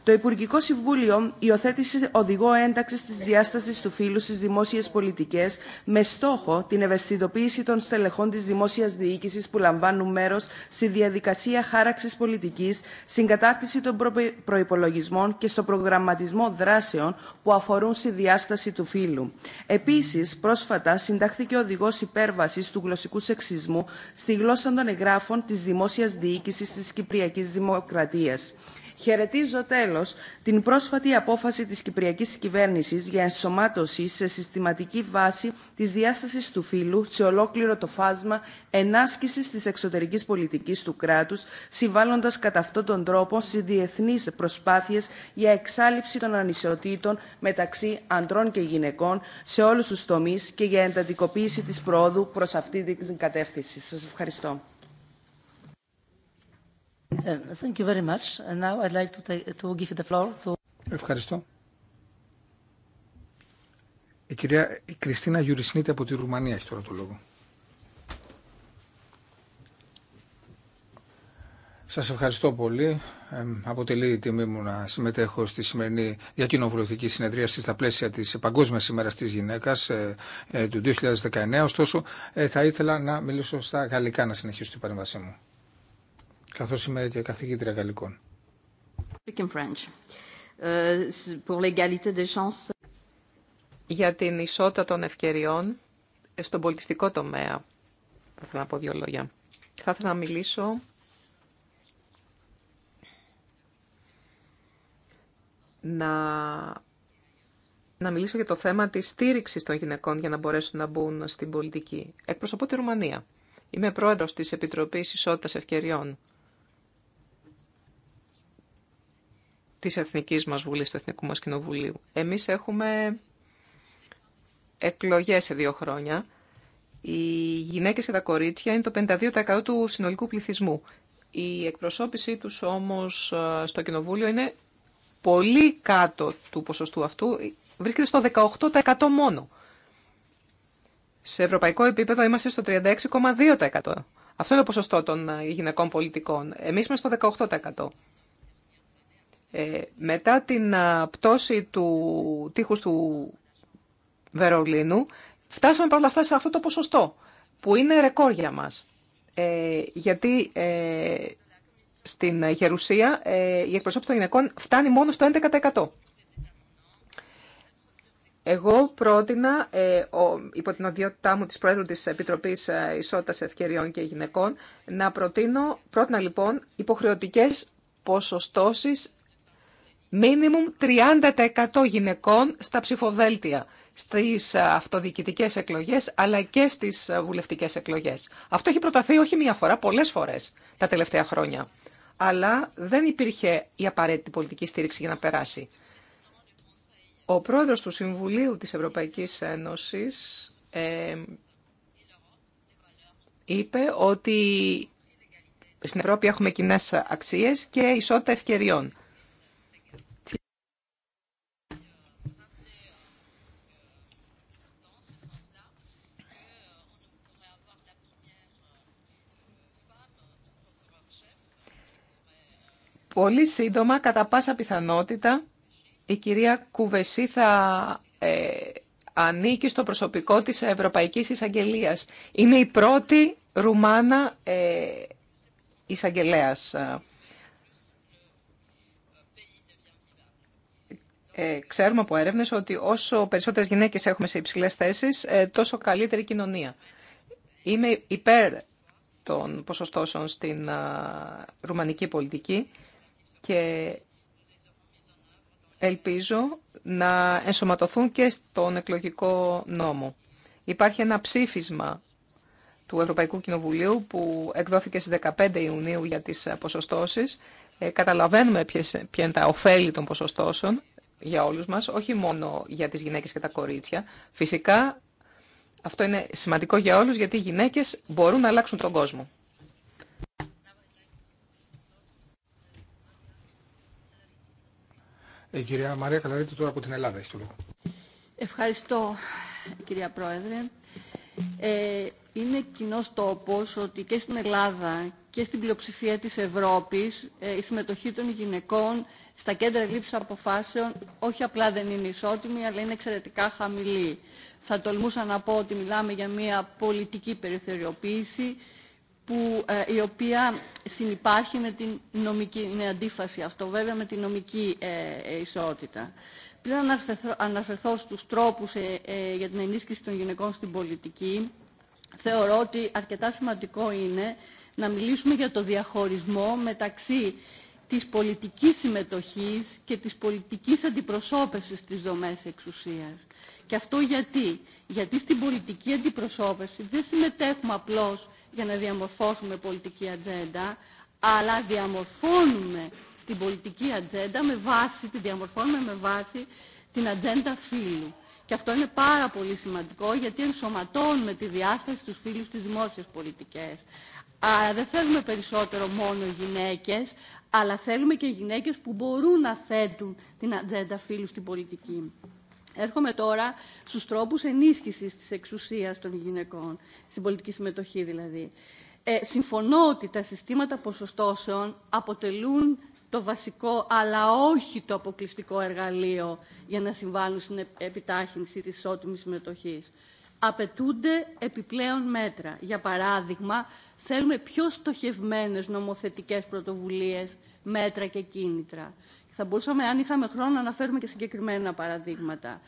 Το Υπουργικό Συμβούλιο υιοθέτησε οδηγό ένταξη τη διάσταση του φύλου στι δημόσιε πολιτικέ με στόχο την ευαισθητοποίηση των στελεχών τη δημόσια διοίκηση που λαμβάνουν μέρο στη διαδικασία χάραξη πολιτική, στην κατάρτιση των προπολογισμών και στο προγραμματισμό δράσεων που αφορούν στη διάσταση του φύλου. Επίση, πρόσφατα συντάχθηκε οδηγό υπέρβαση του γλωσσικού σεξισμού στη γλώσσα των εγγράφων τη δημόσια διοίκηση τη Κυπριακή Δημοκρατία. Χαιρετίζω τέλο την πρόσφατη απόφαση της Κυπριακής Κυβέρνησης για ενσωμάτωση σε συστηματική βάση της διάσταση του φύλου σε ολόκληρο το φάσμα ενάσκηση τη εξωτερική πολιτική του κράτους, συμβάλλοντα κατά αυτόν τον τρόπο στι διεθνεί προσπάθειες για εξάλληψη των ανισοτήτων μεταξύ ανδρών και γυναικών σε όλου του τομεί και για εντατικοποίηση τη προόδου προ αυτή την κατεύθυνση. Σα ευχαριστώ. Ευχαριστώ. Η κυρία Κριστίνα Γιουρισνίτη από τη Ρουμανία έχει τώρα το λόγο. Σας ευχαριστώ πολύ. Ε, αποτελεί η τιμή μου να συμμετέχω στη σημερινή διακοινοβουλευτική συνεδρία στα πλαίσια της Παγκόσμιας ημέρας της γυναίκας ε, ε, του 2019. Ωστόσο, ε, θα ήθελα να μιλήσω στα γαλλικά να συνεχίσω την παρέμβασή μου καθώς είμαι και καθηγήτρια γαλλικών. Ε, για την ισότητα των ευκαιριών ε, στον πολιτιστικό τομέα, θα ήθελα να πω δύο λόγια. Θα ήθελα να μιλήσω να, να μιλήσω για το θέμα της στήριξης των γυναικών για να μπορέσουν να μπουν στην πολιτική. Εκπροσωπώ τη Ρουμανία. Είμαι πρόεδρος της Επιτροπής Ισότητας Ευκαιριών της Εθνικής μας Βουλής, του Εθνικού μας Κοινοβουλίου. Εμείς έχουμε εκλογές σε δύο χρόνια. Οι γυναίκες και τα κορίτσια είναι το 52% του συνολικού πληθυσμού. Η εκπροσώπησή τους όμως ε, στο Κοινοβούλιο είναι πολύ κάτω του ποσοστού αυτού. Βρίσκεται στο 18% μόνο. Σε ευρωπαϊκό επίπεδο είμαστε στο 36,2%. Αυτό είναι το ποσοστό των ε, γυναικών πολιτικών. Εμείς είμαστε στο 18%. Ε, μετά την πτώση του τείχους του Βερολίνου, φτάσαμε παρόλα αυτά σε αυτό το ποσοστό, που είναι ρεκόρ για μας. Ε, γιατί ε, στην Γερουσία ε, η εκπροσώπηση των γυναικών φτάνει μόνο στο 11%. Εγώ πρότεινα, ο, υπό την οδειότητά μου της Πρόεδρου της Επιτροπής Ισότητας Ευκαιριών και Γυναικών, να προτείνω, πρότεινα λοιπόν υποχρεωτικές ποσοστώσεις μίνιμουμ 30% γυναικών στα ψηφοδέλτια, στις ε, αυτοδιοικητικές εκλογές αλλά και στις ε, βουλευτικές εκλογές. Αυτό έχει προταθεί όχι μία φορά, πολλές φορές τα τελευταία χρόνια. Αλλά δεν υπήρχε η απαραίτητη πολιτική στήριξη για να περάσει. Ο πρόεδρος του Συμβουλίου της Ευρωπαϊκής Ένωσης ε, είπε ότι στην Ευρώπη έχουμε κοινέ αξίες και ισότητα ευκαιριών. Πολύ σύντομα, κατά πάσα πιθανότητα, η κυρία Κουβεσί θα ε, ανήκει στο προσωπικό της Ευρωπαϊκής εισαγγελία. Είναι η πρώτη Ρουμάνα ε, εισαγγελέας. Ε, ξέρουμε από έρευνες ότι όσο περισσότερες γυναίκες έχουμε σε υψηλές θέσεις, ε, τόσο καλύτερη κοινωνία. Είμαι υπέρ των ποσοστώσεων στην ε, ρουμανική πολιτική και ελπίζω να ενσωματωθούν και στον εκλογικό νόμο. Υπάρχει ένα ψήφισμα του Ευρωπαϊκού Κοινοβουλίου που εκδόθηκε στις 15 Ιουνίου για τις ποσοστώσεις. Ε, καταλαβαίνουμε ποιες, ποια είναι τα ωφέλη των ποσοστώσεων για όλους μας, όχι μόνο για τις γυναίκες και τα κορίτσια. Φυσικά αυτό είναι σημαντικό για όλους γιατί οι γυναίκες μπορούν να αλλάξουν τον κόσμο. Η ε, κυρία Μαρία Καλαρίτη τώρα από την Ελλάδα έχει το λόγο. Ευχαριστώ κυρία Πρόεδρε. Ε, είναι κοινό τόπο ότι και στην Ελλάδα και στην πλειοψηφία της Ευρώπης ε, η συμμετοχή των γυναικών στα κέντρα λήψης αποφάσεων όχι απλά δεν είναι ισότιμη αλλά είναι εξαιρετικά χαμηλή. Θα τολμούσα να πω ότι μιλάμε για μια πολιτική περιθωριοποίηση που, ε, η οποία συνυπάρχει με την νομική, είναι αντίφαση αυτό βέβαια με την νομική ε, ε, ισότητα. Πριν αναφερθώ στους τρόπους για την ενίσχυση των γυναικών στην πολιτική, θεωρώ ότι αρκετά σημαντικό είναι να μιλήσουμε για το διαχωρισμό μεταξύ της πολιτικής συμμετοχής και της πολιτικής αντιπροσώπευσης στις δομές εξουσίας. Και αυτό γιατί. Γιατί στην πολιτική αντιπροσώπευση δεν συμμετέχουμε απλώς για να διαμορφώσουμε πολιτική ατζέντα, αλλά διαμορφώνουμε στην πολιτική ατζέντα με βάση, τη διαμορφώνουμε με βάση την ατζέντα φύλου. Και αυτό είναι πάρα πολύ σημαντικό γιατί ενσωματώνουμε τη διάσταση του φύλου στις δημόσιες πολιτικές. Άρα δεν θέλουμε περισσότερο μόνο γυναίκες, αλλά θέλουμε και γυναίκες που μπορούν να θέτουν την ατζέντα φύλου στην πολιτική. Έρχομαι τώρα στους τρόπους ενίσχυσης της εξουσίας των γυναικών, στην πολιτική συμμετοχή δηλαδή. Ε, συμφωνώ ότι τα συστήματα ποσοστώσεων αποτελούν το βασικό αλλά όχι το αποκλειστικό εργαλείο για να συμβάλλουν στην επιτάχυνση της ισότιμης συμμετοχής. Απαιτούνται επιπλέον μέτρα. Για παράδειγμα, θέλουμε πιο στοχευμένες νομοθετικές πρωτοβουλίες, μέτρα και κίνητρα. Θα μπορούσαμε, αν είχαμε χρόνο, να αναφέρουμε και συγκεκριμένα παραδείγματα.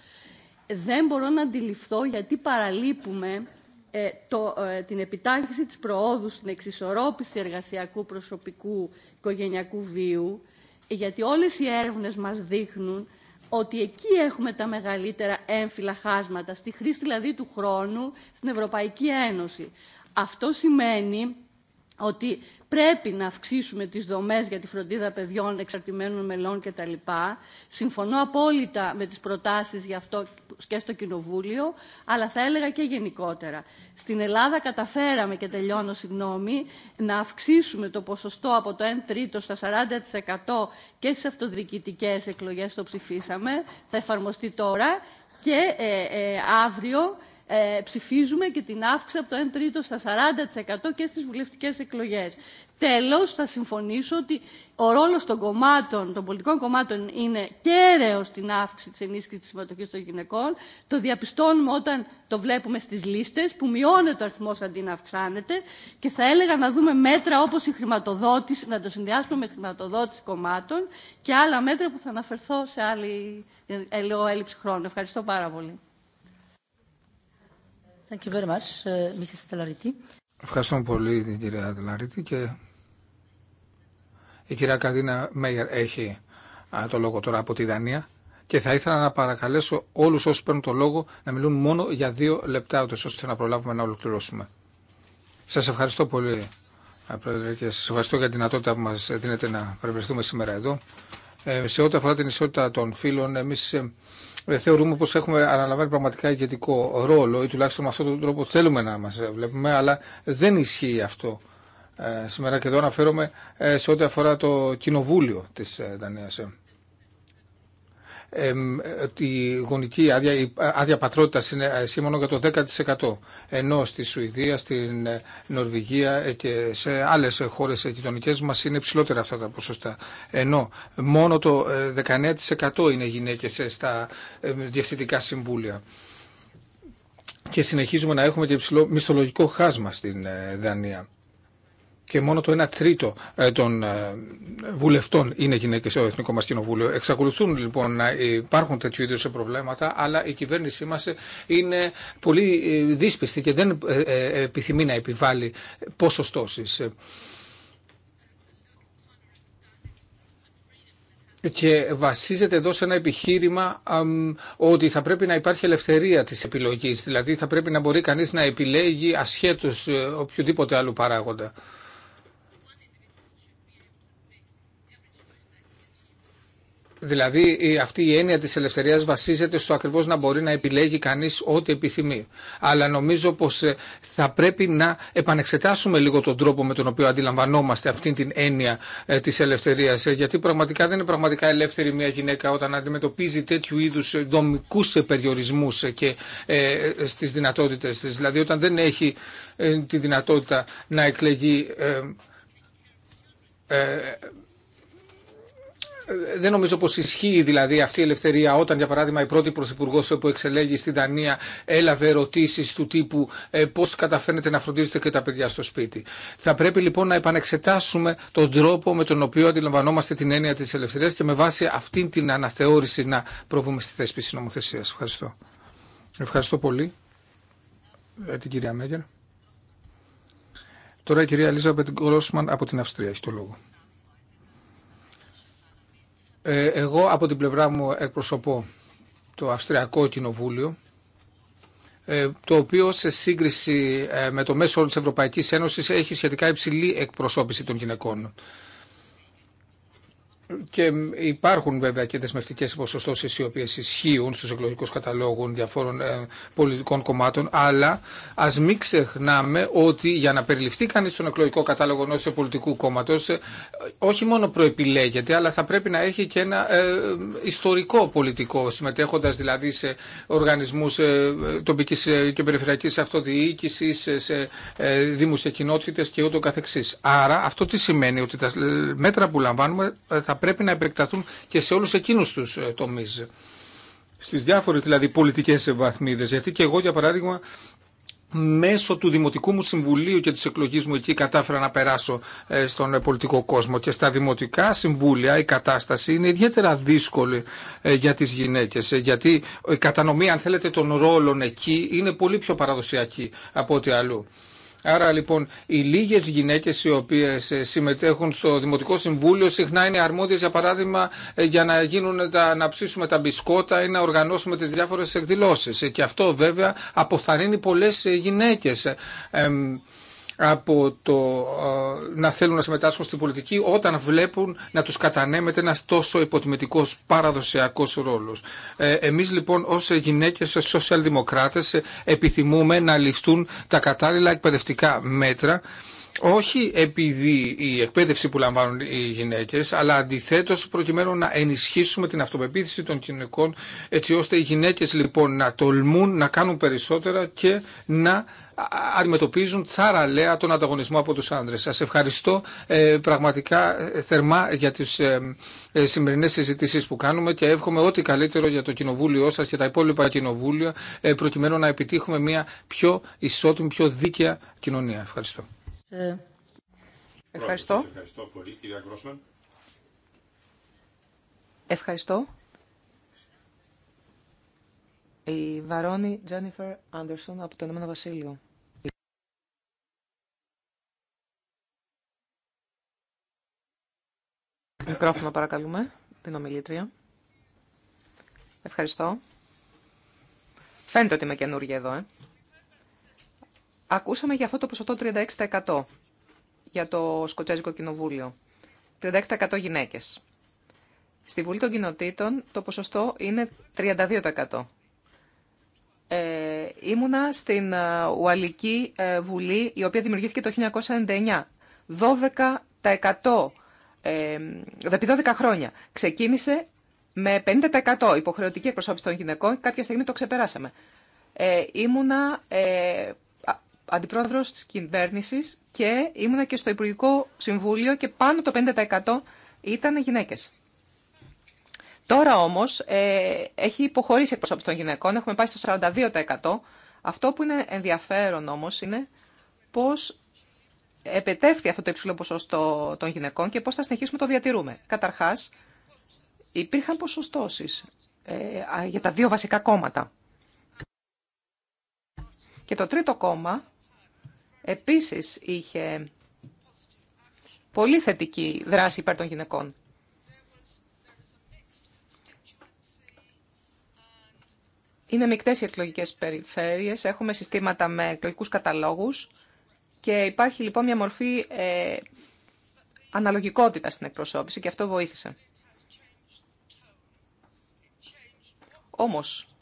Δεν μπορώ να αντιληφθώ γιατί παραλείπουμε ε, το, ε, την επιτάχυνση της προόδου στην εξισορρόπηση εργασιακού, προσωπικού, οικογενειακού βίου, γιατί όλες οι έρευνες μας δείχνουν ότι εκεί έχουμε τα μεγαλύτερα έμφυλα χάσματα, στη χρήση δηλαδή του χρόνου στην Ευρωπαϊκή Ένωση. Αυτό σημαίνει ότι πρέπει να αυξήσουμε τις δομές για τη φροντίδα παιδιών εξαρτημένων μελών κτλ. Συμφωνώ απόλυτα με τις προτάσεις γι' αυτό και στο Κοινοβούλιο, αλλά θα έλεγα και γενικότερα. Στην Ελλάδα καταφέραμε, και τελειώνω συγγνώμη, να αυξήσουμε το ποσοστό από το 1 τρίτο στα 40% και στις αυτοδιοικητικές εκλογές το ψηφίσαμε, θα εφαρμοστεί τώρα και ε, ε, αύριο ψηφίζουμε και την αύξηση από το 1 τρίτο στα 40% και στις βουλευτικές εκλογές. Τέλος, θα συμφωνήσω ότι ο ρόλος των κομμάτων, των πολιτικών κομμάτων είναι κέραιο στην αύξηση της ενίσχυσης της συμμετοχής των γυναικών. Το διαπιστώνουμε όταν το βλέπουμε στις λίστες που μειώνεται ο αριθμός αντί να αυξάνεται και θα έλεγα να δούμε μέτρα όπως η χρηματοδότηση, να το συνδυάσουμε με χρηματοδότηση κομμάτων και άλλα μέτρα που θα αναφερθώ σε άλλη έλλειψη χρόνου. Ευχαριστώ πάρα πολύ. Uh, ευχαριστώ πολύ την κυρία Τελαρίτη και η κυρία Καρδίνα Μέγερ έχει το λόγο τώρα από τη Δανία και θα ήθελα να παρακαλέσω όλους όσους παίρνουν το λόγο να μιλούν μόνο για δύο λεπτά ούτως ώστε να προλάβουμε να ολοκληρώσουμε. Σας ευχαριστώ πολύ Πρόεδρε και σας ευχαριστώ για τη δυνατότητα που μας δίνετε να παρευρεθούμε σήμερα εδώ. Ε, σε ό,τι αφορά την ισότητα των φίλων, εμείς ε, ε, θεωρούμε πως έχουμε αναλαμβάνει πραγματικά ηγετικό ρόλο ή τουλάχιστον με αυτόν τον τρόπο θέλουμε να μας βλέπουμε, αλλά δεν ισχύει αυτό ε, σήμερα και εδώ αναφέρομαι ε, σε ό,τι αφορά το κοινοβούλιο της Δανίας ότι η γονική άδεια, η είναι σήμανο για το 10% ενώ στη Σουηδία, στην ε, Νορβηγία ε, και σε άλλες χώρες ε, γειτονικέ μα είναι ψηλότερα αυτά τα ποσοστά. Ενώ μόνο το 19% είναι γυναίκε στα διευθυντικά συμβούλια. Και συνεχίζουμε να έχουμε και υψηλό μισθολογικό χάσμα στην Δανία και μόνο το 1 τρίτο ε, των ε, βουλευτών είναι γυναίκε στο Εθνικό μα Κοινοβούλιο. Εξακολουθούν λοιπόν να υπάρχουν τέτοιου είδου προβλήματα, αλλά η κυβέρνησή μα είναι πολύ ε, δύσπιστη και δεν επιθυμεί να επιβάλλει ποσοστώσει. Και βασίζεται εδώ σε ένα επιχείρημα ότι θα πρέπει να υπάρχει ελευθερία της επιλογής. Δηλαδή θα πρέπει να μπορεί κανείς να επιλέγει ασχέτως οποιοδήποτε άλλου παράγοντα. Δηλαδή αυτή η έννοια της ελευθερίας βασίζεται στο ακριβώς να μπορεί να επιλέγει κανείς ό,τι επιθυμεί. Αλλά νομίζω πως ε, θα πρέπει να επανεξετάσουμε λίγο τον τρόπο με τον οποίο αντιλαμβανόμαστε αυτή την έννοια ε, της ελευθερίας. Ε, γιατί πραγματικά δεν είναι πραγματικά ελεύθερη μια γυναίκα όταν αντιμετωπίζει τέτοιου είδους δομικούς περιορισμούς και στις δυνατότητες της. Δηλαδή όταν δεν έχει τη δυνατότητα να εκλεγεί δεν νομίζω πω ισχύει δηλαδή αυτή η ελευθερία όταν για παράδειγμα η πρώτη πρωθυπουργό που εξελέγει στη Δανία έλαβε ερωτήσει του τύπου ε, πώς καταφέρνετε να φροντίζετε και τα παιδιά στο σπίτι. Θα πρέπει λοιπόν να επανεξετάσουμε τον τρόπο με τον οποίο αντιλαμβανόμαστε την έννοια τη ελευθερία και με βάση αυτή την αναθεώρηση να προβούμε στη θέσπιση νομοθεσία. Ευχαριστώ. Ευχαριστώ πολύ ε, την κυρία Μέγερ. Τώρα η κυρία Ελίζα Γκρόσμαν από την Αυστρία έχει το λόγο. Ε, εγώ από την πλευρά μου εκπροσωπώ το Αυστριακό Κοινοβούλιο, ε, το οποίο σε σύγκριση ε, με το μέσο όρο της Ευρωπαϊκής Ένωσης έχει σχετικά υψηλή εκπροσώπηση των γυναικών και υπάρχουν βέβαια και δεσμευτικέ ποσοστώσει οι οποίε ισχύουν στου εκλογικού καταλόγου διαφόρων ε, πολιτικών κομμάτων, αλλά α μην ξεχνάμε ότι για να περιληφθεί κανεί στον εκλογικό κατάλογο ενό πολιτικού κόμματο, ε, όχι μόνο προεπιλέγεται, αλλά θα πρέπει να έχει και ένα ε, ιστορικό πολιτικό, συμμετέχοντα δηλαδή σε οργανισμού τοπική και περιφερειακή αυτοδιοίκηση, σε, σε δήμου και κοινότητε και ούτω Άρα αυτό τι σημαίνει, ότι τα μέτρα που λαμβάνουμε θα πρέπει να επεκταθούν και σε όλους εκείνους τους ε, τομείς. Στις διάφορες δηλαδή πολιτικές βαθμίδες. Γιατί και εγώ για παράδειγμα μέσω του Δημοτικού μου Συμβουλίου και της εκλογής μου εκεί κατάφερα να περάσω ε, στον ε, πολιτικό κόσμο και στα Δημοτικά Συμβούλια η κατάσταση είναι ιδιαίτερα δύσκολη για τις γυναίκες γιατί η κατανομή αν θέλετε των ρόλων εκεί είναι πολύ πιο παραδοσιακή από ό,τι αλλού. Άρα λοιπόν οι λίγε γυναίκε οι οποίε ε, συμμετέχουν στο Δημοτικό Συμβούλιο συχνά είναι αρμόδιε για παράδειγμα ε, για να, γίνουν τα, να ψήσουμε τα μπισκότα ή να οργανώσουμε τι διάφορε εκδηλώσει. Ε, και αυτό βέβαια αποθαρρύνει πολλέ γυναίκε από το να θέλουν να συμμετάσχουν στην πολιτική όταν βλέπουν να τους κατανέμεται ένας τόσο υποτιμητικός παραδοσιακός ρόλος. Ε, εμείς λοιπόν ως γυναίκες σοσιαλδημοκράτες ε, επιθυμούμε να ληφθούν τα κατάλληλα εκπαιδευτικά μέτρα όχι επειδή η εκπαίδευση που λαμβάνουν οι γυναίκε, αλλά αντιθέτω προκειμένου να ενισχύσουμε την αυτοπεποίθηση των γυναικών, έτσι ώστε οι γυναίκε λοιπόν να τολμούν, να κάνουν περισσότερα και να αντιμετωπίζουν τσαραλέα τον ανταγωνισμό από τους άνδρες. Σας ευχαριστώ ε, πραγματικά ε, θερμά για τις ε, ε, σημερινές συζητήσεις που κάνουμε και εύχομαι ό,τι καλύτερο για το κοινοβούλιο σας και τα υπόλοιπα κοινοβούλια ε, προκειμένου να επιτύχουμε μια πιο ισότιμη, πιο δίκαια κοινωνία. Ευχαριστώ. Ε, ευχαριστώ. Ευχαριστώ πολύ, κυρία Γκρόσμαν. Ευχαριστώ. Η βαρόνη Τζένιφερ Άντερσον από το Ηνωμένο Βασίλειο. Μικρόφωνο παρακαλούμε, την ομιλήτρια. Ευχαριστώ. Φαίνεται ότι είμαι καινούργια εδώ, ε. Ακούσαμε για αυτό το ποσοστό 36% για το Σκοτσέζικο Κοινοβούλιο. 36% γυναίκες. Στη Βουλή των Κοινοτήτων το ποσοστό είναι 32%. Ε, ήμουνα στην ε, Ουαλική ε, Βουλή, η οποία δημιουργήθηκε το 1999. 12% ε, 12 χρόνια. Ξεκίνησε με 50% υποχρεωτική εκπροσώπηση των γυναικών, κάποια στιγμή το ξεπεράσαμε. Ε, ήμουνα ε, αντιπρόεδρο τη κυβέρνηση και ήμουν και στο Υπουργικό Συμβούλιο και πάνω το 50% ήταν γυναίκες. Τώρα όμως ε, έχει υποχωρήσει η εκπροσώπηση των γυναικών, έχουμε πάει στο 42%. Αυτό που είναι ενδιαφέρον όμω είναι πώς επετεύχθη αυτό το υψηλό ποσοστό των γυναικών και πώς θα συνεχίσουμε το διατηρούμε. Καταρχάς, υπήρχαν ποσοστώσει ε, για τα δύο βασικά κόμματα. Και το τρίτο κόμμα επίσης είχε πολύ θετική δράση υπέρ των γυναικών. Είναι μεικτές οι εκλογικές περιφέρειες, έχουμε συστήματα με εκλογικούς καταλόγους και υπάρχει λοιπόν μια μορφή ε, αναλογικότητα στην εκπροσώπηση και αυτό βοήθησε. Όμως,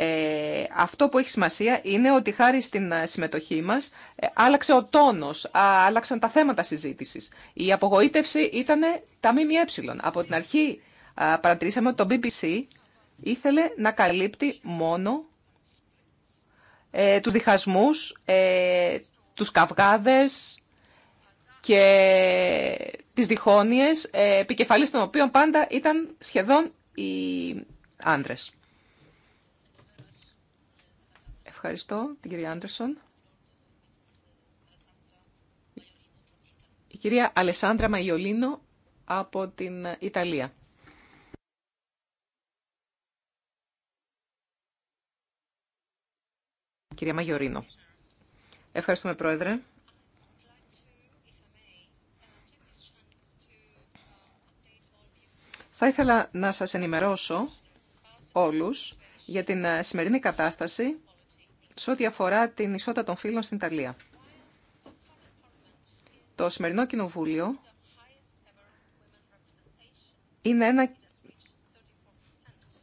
ε, αυτό που έχει σημασία είναι ότι χάρη στην ε, συμμετοχή μας ε, άλλαξε ο τόνος, άλλαξαν τα θέματα συζήτησης. Η απογοήτευση ήταν τα ΜΜΕ. Από την αρχή παρατηρήσαμε ότι το BBC ήθελε να καλύπτει μόνο ε, τους διχασμούς, ε, τους καυγάδες και τις διχόνοιες, ε, επικεφαλής των οποίων πάντα ήταν σχεδόν οι άντρες. Ευχαριστώ την κυρία Άντερσον. Η κυρία Αλεσάνδρα Μαϊολίνο από την Ιταλία. Κυρία Μαγιορίνο. Ευχαριστούμε, Πρόεδρε. Θα ήθελα να σας ενημερώσω όλους για την σημερινή κατάσταση σε ό,τι αφορά την ισότητα των φύλων στην Ιταλία. Το σημερινό κοινοβούλιο είναι ένα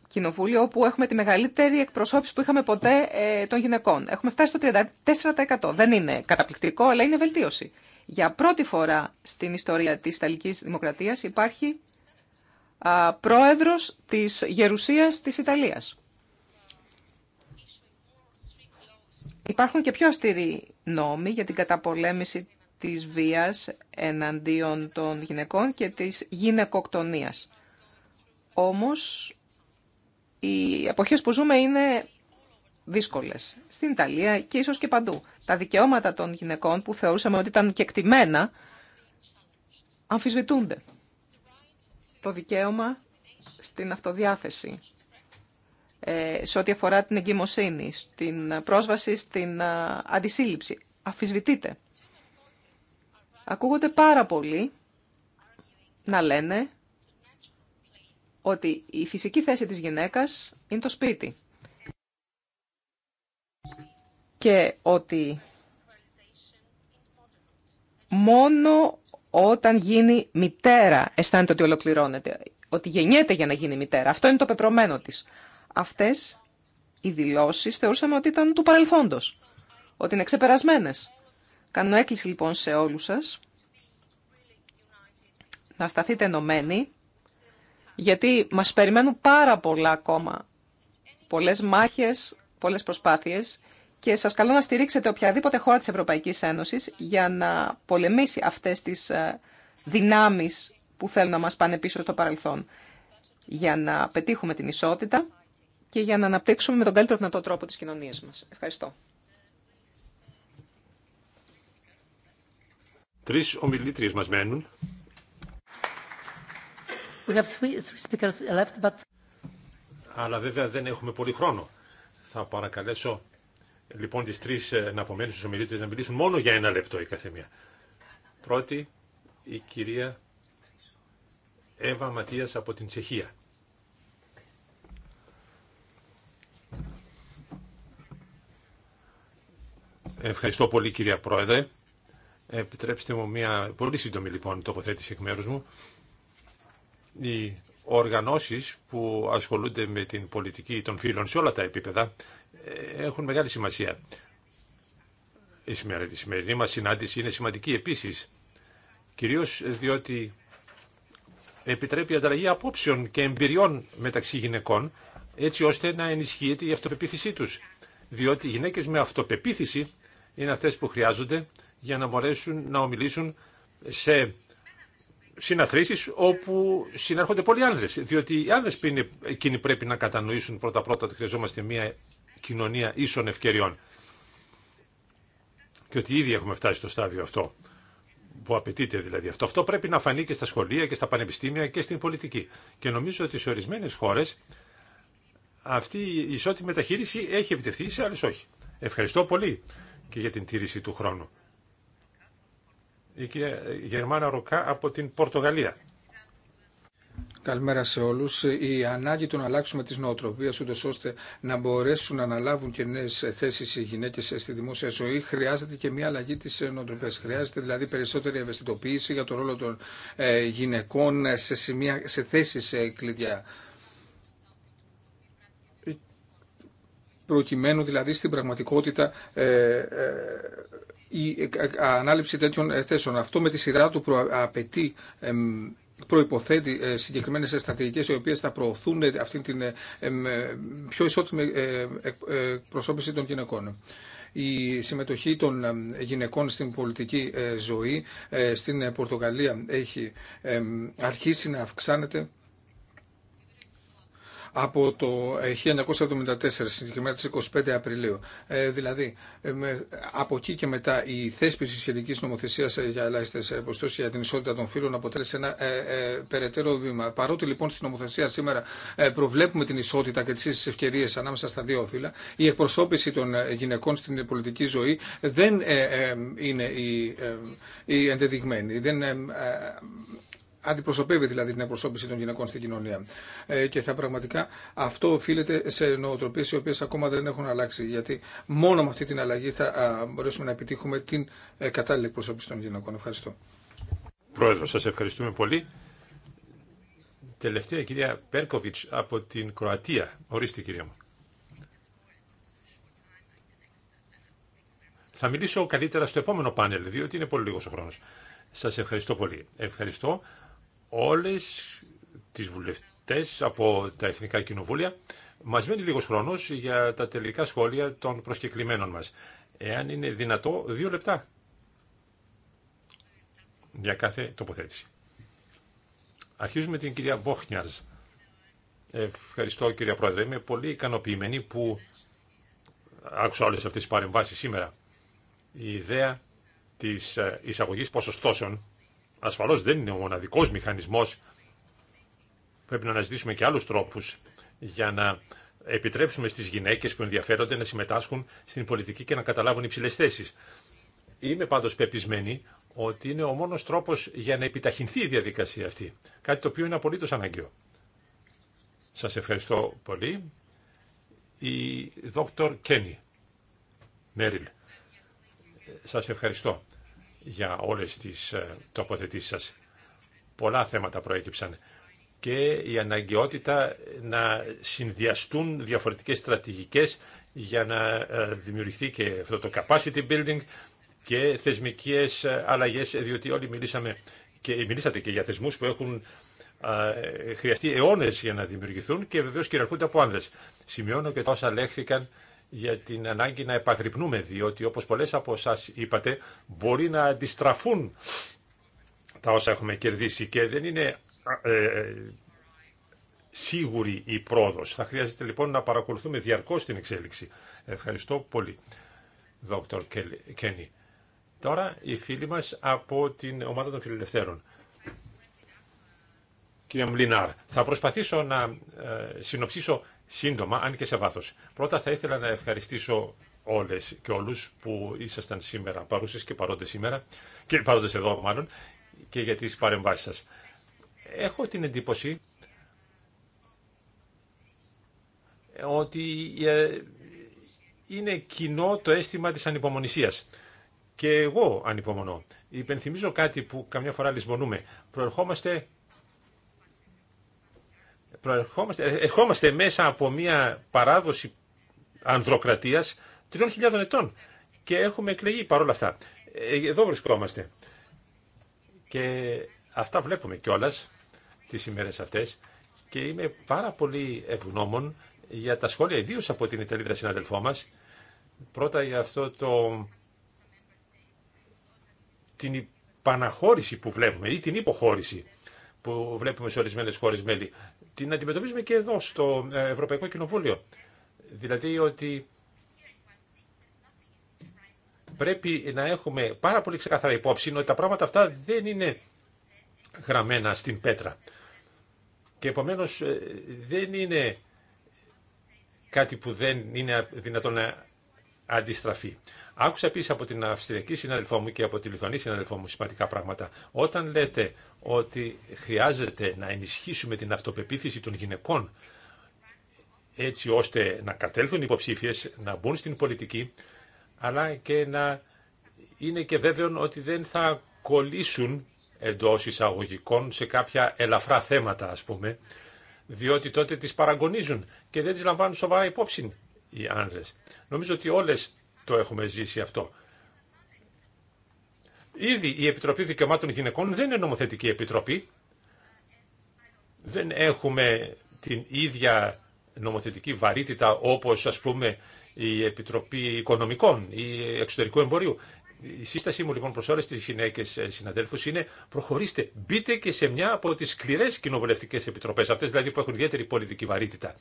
κοινοβούλιο όπου έχουμε τη μεγαλύτερη εκπροσώπηση που είχαμε ποτέ ε, των γυναικών. Έχουμε φτάσει στο 34%. Δεν είναι καταπληκτικό, αλλά είναι βελτίωση. Για πρώτη φορά στην ιστορία της Ιταλικής Δημοκρατίας υπάρχει πρόεδρος της Γερουσίας της Ιταλίας. Υπάρχουν και πιο αυστηροί νόμοι για την καταπολέμηση της βίας εναντίον των γυναικών και της γυναικοκτονίας. Όμως, οι εποχές που ζούμε είναι δύσκολες. Στην Ιταλία και ίσως και παντού. Τα δικαιώματα των γυναικών που θεωρούσαμε ότι ήταν κεκτημένα, αμφισβητούνται. Το δικαίωμα στην αυτοδιάθεση, ε, σε ό,τι αφορά την εγκυμοσύνη, στην πρόσβαση στην ε, αντισύλληψη. Αφισβητείτε. Ακούγονται πάρα πολλοί να λένε ότι η φυσική θέση της γυναίκας είναι το σπίτι. Και ότι μόνο όταν γίνει μητέρα αισθάνεται ότι ολοκληρώνεται. Ότι γεννιέται για να γίνει μητέρα. Αυτό είναι το πεπρωμένο της αυτές οι δηλώσεις θεωρούσαμε ότι ήταν του παρελθόντος, ότι είναι ξεπερασμένες. Κάνω έκκληση λοιπόν σε όλους σας να σταθείτε ενωμένοι, γιατί μας περιμένουν πάρα πολλά ακόμα, πολλές μάχες, πολλές προσπάθειες και σας καλώ να στηρίξετε οποιαδήποτε χώρα της Ευρωπαϊκής Ένωσης για να πολεμήσει αυτές τις ε, δυνάμεις που θέλουν να μας πάνε πίσω στο παρελθόν για να πετύχουμε την ισότητα και για να αναπτύξουμε με τον καλύτερο δυνατό τρόπο τις κοινωνίες μας. Ευχαριστώ. Τρεις ομιλήτριες μας μένουν. left, but... Αλλά βέβαια δεν έχουμε πολύ χρόνο. Θα παρακαλέσω λοιπόν τις τρεις ε, να απομένουν ομιλήτρες να μιλήσουν μόνο για ένα λεπτό η καθεμία. Πρώτη, η κυρία Εύα Ματίας από την Τσεχία. Ευχαριστώ πολύ κυρία Πρόεδρε. Επιτρέψτε μου μια πολύ σύντομη λοιπόν τοποθέτηση εκ μέρους μου. Οι οργανώσεις που ασχολούνται με την πολιτική των φίλων σε όλα τα επίπεδα ε, έχουν μεγάλη σημασία. Η σημερινή μας συνάντηση είναι σημαντική επίσης, κυρίως διότι επιτρέπει ανταλλαγή απόψεων και εμπειριών μεταξύ γυναικών, έτσι ώστε να ενισχύεται η αυτοπεποίθησή τους. Διότι οι γυναίκες με αυτοπεποίθηση είναι αυτές που χρειάζονται για να μπορέσουν να ομιλήσουν σε συναθρήσεις όπου συνέρχονται πολλοί άνδρες. Διότι οι άνδρες εκείνοι πρέπει να κατανοήσουν πρώτα-πρώτα ότι χρειαζόμαστε μια κοινωνία ίσων ευκαιριών. Και ότι ήδη έχουμε φτάσει στο στάδιο αυτό που απαιτείται δηλαδή αυτό. Αυτό πρέπει να φανεί και στα σχολεία και στα πανεπιστήμια και στην πολιτική. Και νομίζω ότι σε ορισμένες χώρες αυτή η ισότιμη μεταχείριση έχει επιτευχθεί, σε άλλες όχι. Ευχαριστώ πολύ και για την τήρηση του χρόνου. Η κυρία Γερμάνα Ροκά από την Πορτογαλία. Καλημέρα σε όλου. Η ανάγκη του να αλλάξουμε τι νοοτροπίε, ούτω ώστε να μπορέσουν να αναλάβουν και νέε θέσει οι γυναίκε στη δημόσια ζωή, χρειάζεται και μια αλλαγή τη νοοτροπία. Χρειάζεται δηλαδή περισσότερη ευαισθητοποίηση για το ρόλο των ε, γυναικών σε, σε θέσει ε, κλειδιά προκειμένου δηλαδή στην πραγματικότητα ε, ε, η ε, ανάληψη τέτοιων θέσεων. Αυτό με τη σειρά του απαιτεί προϋποθέτει συγκεκριμένες στρατηγικές οι οποίες θα προωθούν αυτή την πιο ισότιμη προσώπηση των γυναικών. Η συμμετοχή των γυναικών στην πολιτική ζωή στην Πορτογαλία έχει αρχίσει να αυξάνεται από το 1974, συγκεκριμένα τις 25 Απριλίου. Ε, δηλαδή, ε, από εκεί και μετά η θέσπιση σχετική νομοθεσία ε, για ελάχιστε ποσοστώσει για την ισότητα των φύλων αποτέλεσε ένα ε, ε περαιτέρω βήμα. Παρότι λοιπόν στην νομοθεσία σήμερα προβλέπουμε την ισότητα και τι ίσε ευκαιρίε ανάμεσα στα δύο φύλλα, η εκπροσώπηση των γυναικών στην πολιτική ζωή δεν είναι η, η ενδεδειγμένη. Δεν αντιπροσωπεύει δηλαδή την εκπροσώπηση των γυναικών στην κοινωνία. Ε, και θα πραγματικά αυτό οφείλεται σε νοοτροπίε οι οποίε ακόμα δεν έχουν αλλάξει. Γιατί μόνο με αυτή την αλλαγή θα μπορέσουμε να επιτύχουμε την ε, κατάλληλη εκπροσώπηση των γυναικών. Ευχαριστώ. Πρόεδρο, σα ευχαριστούμε πολύ. Τελευταία η κυρία Πέρκοβιτ από την Κροατία. Ορίστε κυρία μου. Θα μιλήσω καλύτερα στο επόμενο πάνελ, διότι είναι πολύ λίγο ο χρόνο. Σα ευχαριστώ πολύ. Ευχαριστώ όλες τις βουλευτές από τα Εθνικά Κοινοβούλια. Μας μένει λίγος χρόνος για τα τελικά σχόλια των προσκεκλημένων μας. Εάν είναι δυνατό, δύο λεπτά για κάθε τοποθέτηση. Αρχίζουμε την κυρία Μπόχνιαρς. Ευχαριστώ κυρία Πρόεδρε. Είμαι πολύ ικανοποιημένη που άκουσα όλες αυτές τις παρεμβάσεις σήμερα. Η ιδέα της εισαγωγής ποσοστώσεων ασφαλώς δεν είναι ο μοναδικός μηχανισμός. Πρέπει να αναζητήσουμε και άλλους τρόπους για να επιτρέψουμε στις γυναίκες που ενδιαφέρονται να συμμετάσχουν στην πολιτική και να καταλάβουν υψηλέ θέσει. Είμαι πάντως πεπισμένη ότι είναι ο μόνος τρόπος για να επιταχυνθεί η διαδικασία αυτή. Κάτι το οποίο είναι απολύτως αναγκαίο. Σας ευχαριστώ πολύ. Η Δόκτωρ Κένι Μέριλ. Σας ευχαριστώ για όλες τις ε, τοποθετήσεις σας. Πολλά θέματα προέκυψαν και η αναγκαιότητα να συνδυαστούν διαφορετικές στρατηγικές για να ε, δημιουργηθεί και αυτό το capacity building και θεσμικές ε, αλλαγές, διότι όλοι μιλήσαμε και μιλήσατε και για θεσμούς που έχουν χρειαστεί αιώνε για να δημιουργηθούν και βεβαίως κυριαρχούνται από άνδρες. Σημειώνω και τόσα λέχθηκαν για την ανάγκη να επαγρυπνούμε, διότι όπως πολλές από εσά είπατε, μπορεί να αντιστραφούν τα όσα έχουμε κερδίσει και δεν είναι ε, ε, σίγουρη η πρόοδος. Θα χρειάζεται λοιπόν να παρακολουθούμε διαρκώς την εξέλιξη. Ευχαριστώ πολύ, Δόκτωρ Κένι. Τώρα οι φίλοι μας από την ομάδα των φιλελευθέρων. Κύριε Μλινάρ, θα προσπαθήσω να ε, συνοψίσω σύντομα, αν και σε βάθο. Πρώτα θα ήθελα να ευχαριστήσω όλες και όλους που ήσασταν σήμερα παρούσες και παρόντες σήμερα, και παρόντες εδώ μάλλον, και για τι παρεμβάσει σα. Έχω την εντύπωση ότι ε, είναι κοινό το αίσθημα της ανυπομονησίας. Και εγώ ανυπομονώ. Υπενθυμίζω κάτι που καμιά φορά λησμονούμε. Προερχόμαστε προερχόμαστε, ε, ερχόμαστε μέσα από μια παράδοση ανδροκρατίας χιλιάδων ετών και έχουμε εκλεγεί παρόλα αυτά. Ε, εδώ βρισκόμαστε. Και αυτά βλέπουμε κιόλα τις ημέρες αυτές και είμαι πάρα πολύ ευγνώμων για τα σχόλια ιδίω από την Ιταλίδα συναδελφό μας. Πρώτα για αυτό το... την υπαναχώρηση που βλέπουμε ή την υποχώρηση που βλέπουμε σε ορισμένε χώρε μέλη την αντιμετωπίζουμε και εδώ στο ε, Ευρωπαϊκό Κοινοβούλιο. Δηλαδή ότι πρέπει να έχουμε πάρα πολύ ξεκαθαρά υπόψη ότι τα πράγματα αυτά δεν είναι γραμμένα στην πέτρα. Και επομένως ε, δεν είναι κάτι που δεν είναι δυνατόν να αντιστραφεί. Άκουσα επίση από την Αυστριακή συναδελφό μου και από τη Λιθουανή συναδελφό μου σημαντικά πράγματα. Όταν λέτε ότι χρειάζεται να ενισχύσουμε την αυτοπεποίθηση των γυναικών έτσι ώστε να κατέλθουν υποψήφιε, να μπουν στην πολιτική, αλλά και να είναι και βέβαιο ότι δεν θα κολλήσουν εντό εισαγωγικών σε κάποια ελαφρά θέματα, α πούμε, διότι τότε τι παραγωνίζουν και δεν τι λαμβάνουν σοβαρά υπόψη οι άνδρες. Νομίζω ότι όλες το έχουμε ζήσει αυτό. Ήδη η Επιτροπή Δικαιωμάτων Γυναικών δεν είναι νομοθετική επιτροπή. Δεν έχουμε την ίδια νομοθετική βαρύτητα όπως ας πούμε η Επιτροπή Οικονομικών ή Εξωτερικού Εμπορίου. Η σύστασή μου λοιπόν προς όλες τις γυναίκες ε, συναδέλφους είναι προχωρήστε, μπείτε και σε μια από τις σκληρές κοινοβουλευτικέ επιτροπές, αυτές δηλαδή που έχουν ιδιαίτερη πολιτική βαρύτητα.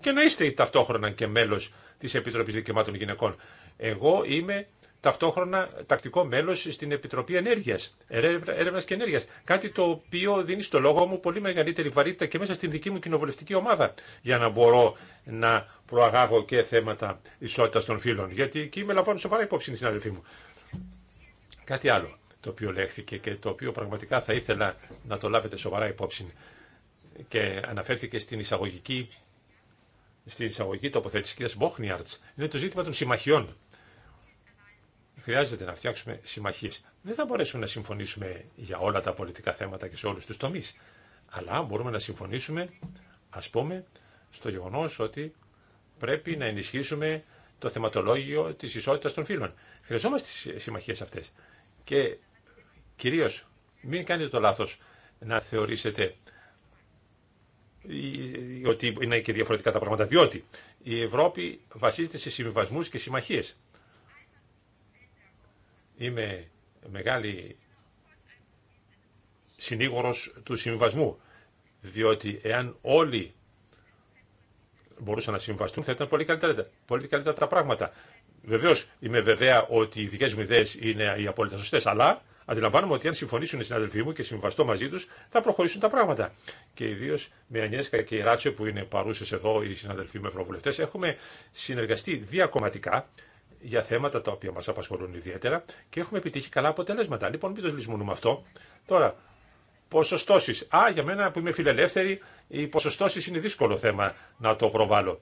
Και να είστε ταυτόχρονα και μέλος της Επιτροπής Δικαιωμάτων Γυναικών. Εγώ είμαι ταυτόχρονα τακτικό μέλο στην Επιτροπή Ενέργεια, Έρευνα και Ενέργεια. Κάτι το οποίο δίνει στο λόγο μου πολύ μεγαλύτερη βαρύτητα και μέσα στην δική μου κοινοβουλευτική ομάδα, για να μπορώ να προαγάγω και θέματα ισότητα των φύλων. Γιατί εκεί με λαμβάνουν σοβαρά υπόψη οι συναδελφοί μου. Κάτι άλλο το οποίο λέχθηκε και το οποίο πραγματικά θα ήθελα να το λάβετε σοβαρά υπόψη και αναφέρθηκε στην εισαγωγική στην εισαγωγική τοποθέτηση της κυρίας είναι το ζήτημα των συμμαχιών χρειάζεται να φτιάξουμε συμμαχίε. Δεν θα μπορέσουμε να συμφωνήσουμε για όλα τα πολιτικά θέματα και σε όλου του τομεί. Αλλά μπορούμε να συμφωνήσουμε, α πούμε, στο γεγονό ότι πρέπει να ενισχύσουμε το θεματολόγιο τη ισότητα των φύλων. Χρειαζόμαστε τι συμμαχίε αυτέ. Και κυρίω μην κάνετε το λάθο να θεωρήσετε ότι είναι και διαφορετικά τα πράγματα, διότι η Ευρώπη βασίζεται σε συμβιβασμού και συμμαχίε. Είμαι μεγάλη συνήγορος του συμβιβασμού, διότι εάν όλοι μπορούσαν να συμβαστούν θα ήταν πολύ καλύτερα, πολύ καλύτερα τα πράγματα. Βεβαίω είμαι βεβαία ότι οι δικέ μου ιδέε είναι οι απόλυτα σωστέ, αλλά αντιλαμβάνομαι ότι αν συμφωνήσουν οι συναδελφοί μου και συμβαστώ μαζί του, θα προχωρήσουν τα πράγματα. Και ιδίω με Ανιέσκα και η Ράτσε που είναι παρούσε εδώ, οι συναδελφοί μου ευρωβουλευτέ, έχουμε συνεργαστεί διακομματικά για θέματα τα οποία μας απασχολούν ιδιαίτερα και έχουμε επιτύχει καλά αποτελέσματα. Λοιπόν, μην το λησμονούμε αυτό. Τώρα, ποσοστώσεις. Α, για μένα που είμαι φιλελεύθερη, οι ποσοστώσεις είναι δύσκολο θέμα να το προβάλλω.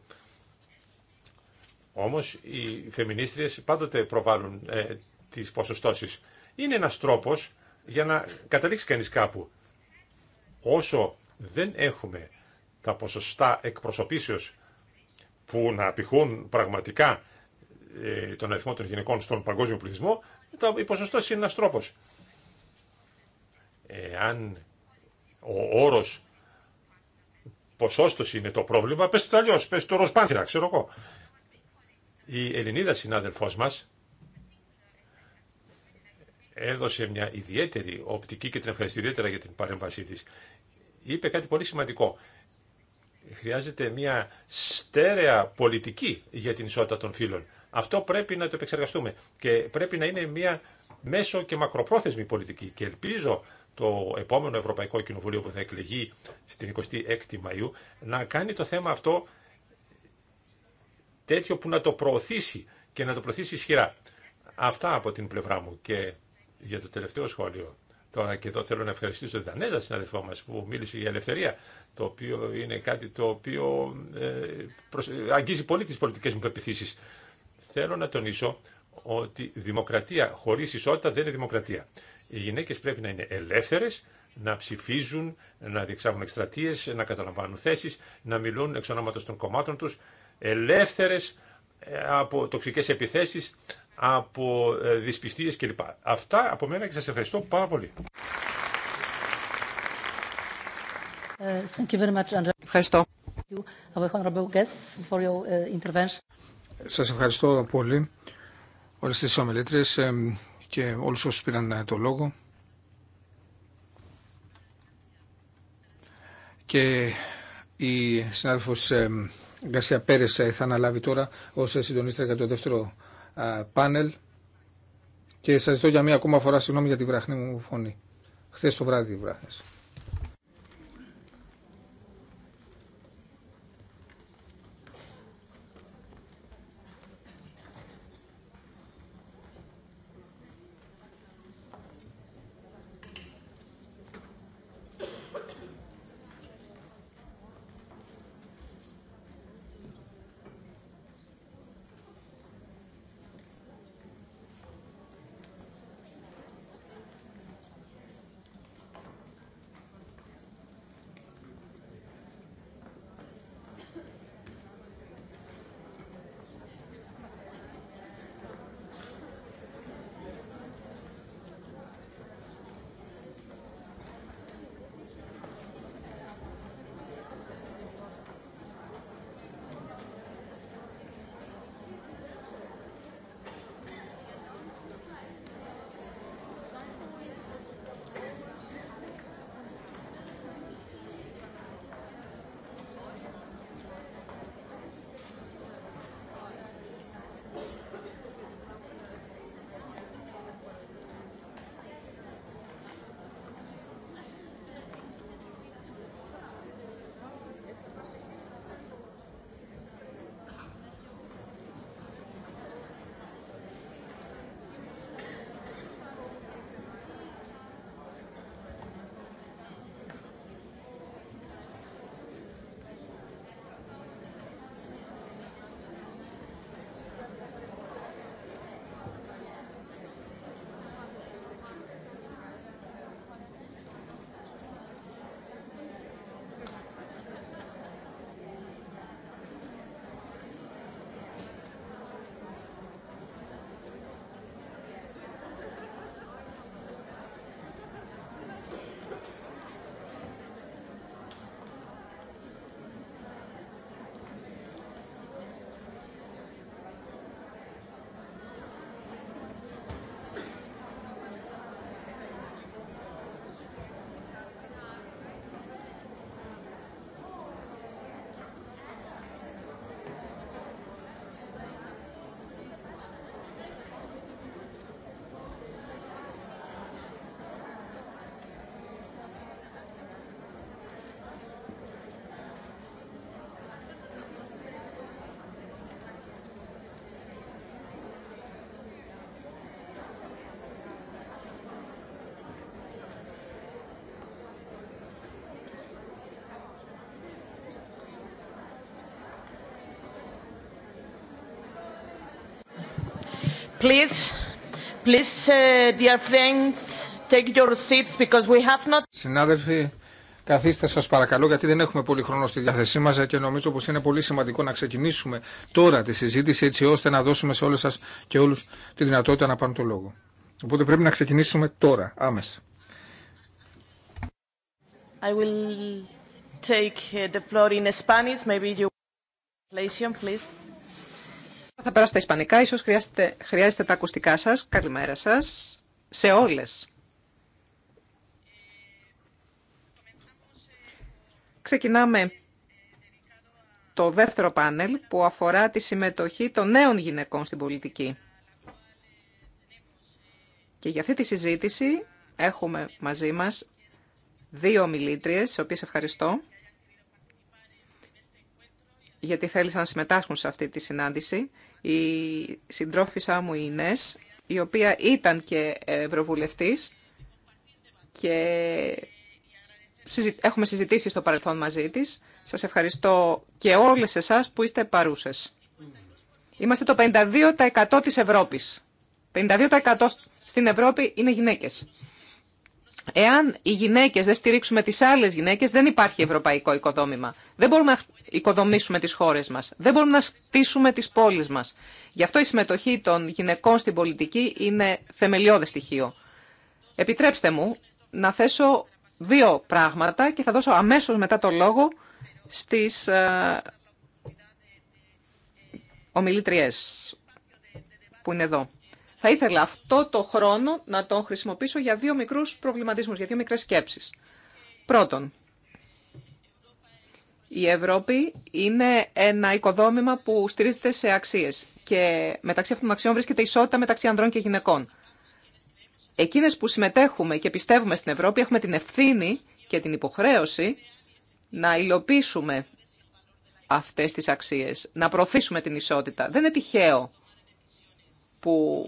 Όμως οι φεμινίστριες πάντοτε προβάλλουν ε, τις ποσοστώσεις. Είναι ένας τρόπος για να καταλήξει κανείς κάπου. Όσο δεν έχουμε τα ποσοστά εκπροσωπήσεως που να απηχούν πραγματικά ε, τον αριθμό των γυναικών στον παγκόσμιο πληθυσμό, η ποσοστός είναι ένας τρόπος. Εάν ο όρος ποσόστος είναι το πρόβλημα, πες το αλλιώς, πες το ροσπάνθυρα, ξέρω εγώ. Η Ελληνίδα συνάδελφός μας έδωσε μια ιδιαίτερη οπτική και την ευχαριστώ ιδιαίτερα για την παρέμβασή της. Είπε κάτι πολύ σημαντικό. Χρειάζεται μια στέρεα πολιτική για την ισότητα των φύλων. Αυτό πρέπει να το επεξεργαστούμε και πρέπει να είναι μια μέσο και μακροπρόθεσμη πολιτική. Και ελπίζω το επόμενο Ευρωπαϊκό Κοινοβουλίο που θα εκλεγεί στην 26η Μαΐου να κάνει το θέμα αυτό τέτοιο που να το προωθήσει και να το προωθήσει ισχυρά. Αυτά από την πλευρά μου και για το τελευταίο σχόλιο. Τώρα και εδώ θέλω να ευχαριστήσω τον Δανέζα συναδελφό μας που μίλησε για ελευθερία, το οποίο είναι κάτι το οποίο ε, αγγίζει πολύ τις πολιτικές μου πεπιθήσεις. Θέλω να τονίσω ότι δημοκρατία χωρίς ισότητα δεν είναι δημοκρατία. Οι γυναίκες πρέπει να είναι ελεύθερες, να ψηφίζουν, να διεξάγουν εκστρατείες, να καταλαμβάνουν θέσεις, να μιλούν εξ ονόματος των κομμάτων τους, ελεύθερες ε, από τοξικές επιθέσεις, από ε, δυσπιστίες κλπ. Αυτά από μένα και σας ευχαριστώ πάρα πολύ. Ε, ευχαριστώ. Σας ευχαριστώ πολύ όλες τις ομιλήτρες και όλους όσους πήραν ε, το λόγο. Και η συνάδελφος Γκαρσία Πέρες ε, θα αναλάβει τώρα ως ε, συντονίστρια για το δεύτερο πάνελ. Και σας ζητώ για μία ακόμα φορά συγγνώμη για τη βραχνή μου φωνή. Χθες το βράδυ βράχνες. Please, please, uh, dear friends, take your seats because we have not... Συνάδελφοι, καθίστε σας παρακαλώ γιατί δεν έχουμε πολύ χρόνο στη διάθεσή μας και νομίζω πως είναι πολύ σημαντικό να ξεκινήσουμε τώρα τη συζήτηση έτσι ώστε να δώσουμε σε όλες σας και όλους τη δυνατότητα να πάρουν το λόγο. Οπότε πρέπει να ξεκινήσουμε τώρα, άμεσα. I will take uh, the floor in Spanish. Maybe you... Please. Θα περάσω στα ισπανικά, ίσως χρειάζεται, χρειάζεται τα ακουστικά σας. Καλημέρα σας σε όλες. Ξεκινάμε το δεύτερο πάνελ που αφορά τη συμμετοχή των νέων γυναικών στην πολιτική. Και για αυτή τη συζήτηση έχουμε μαζί μας δύο μιλήτριες, τις οποίες ευχαριστώ γιατί θέλησαν να συμμετάσχουν σε αυτή τη συνάντηση. Η συντρόφισσά μου η Ινές, η οποία ήταν και ευρωβουλευτής και έχουμε συζητήσει στο παρελθόν μαζί της. Σας ευχαριστώ και όλες εσάς που είστε παρούσες. Είμαστε το 52% της Ευρώπης. 52% στην Ευρώπη είναι γυναίκες. Εάν οι γυναίκες δεν στηρίξουμε τις άλλες γυναίκες, δεν υπάρχει ευρωπαϊκό οικοδόμημα. Δεν μπορούμε οικοδομήσουμε τις χώρες μας. Δεν μπορούμε να στήσουμε τις πόλεις μας. Γι' αυτό η συμμετοχή των γυναικών στην πολιτική είναι θεμελιώδες στοιχείο. Επιτρέψτε μου να θέσω δύο πράγματα και θα δώσω αμέσως μετά το λόγο στις ε, ομιλήτριές που είναι εδώ. Θα ήθελα αυτό το χρόνο να τον χρησιμοποιήσω για δύο μικρούς προβληματισμούς, για δύο μικρές σκέψεις. Πρώτον, η Ευρώπη είναι ένα οικοδόμημα που στηρίζεται σε αξίες και μεταξύ αυτών των αξιών βρίσκεται η ισότητα μεταξύ ανδρών και γυναικών. Εκείνες που συμμετέχουμε και πιστεύουμε στην Ευρώπη έχουμε την ευθύνη και την υποχρέωση να υλοποιήσουμε αυτές τις αξίες, να προωθήσουμε την ισότητα. Δεν είναι τυχαίο που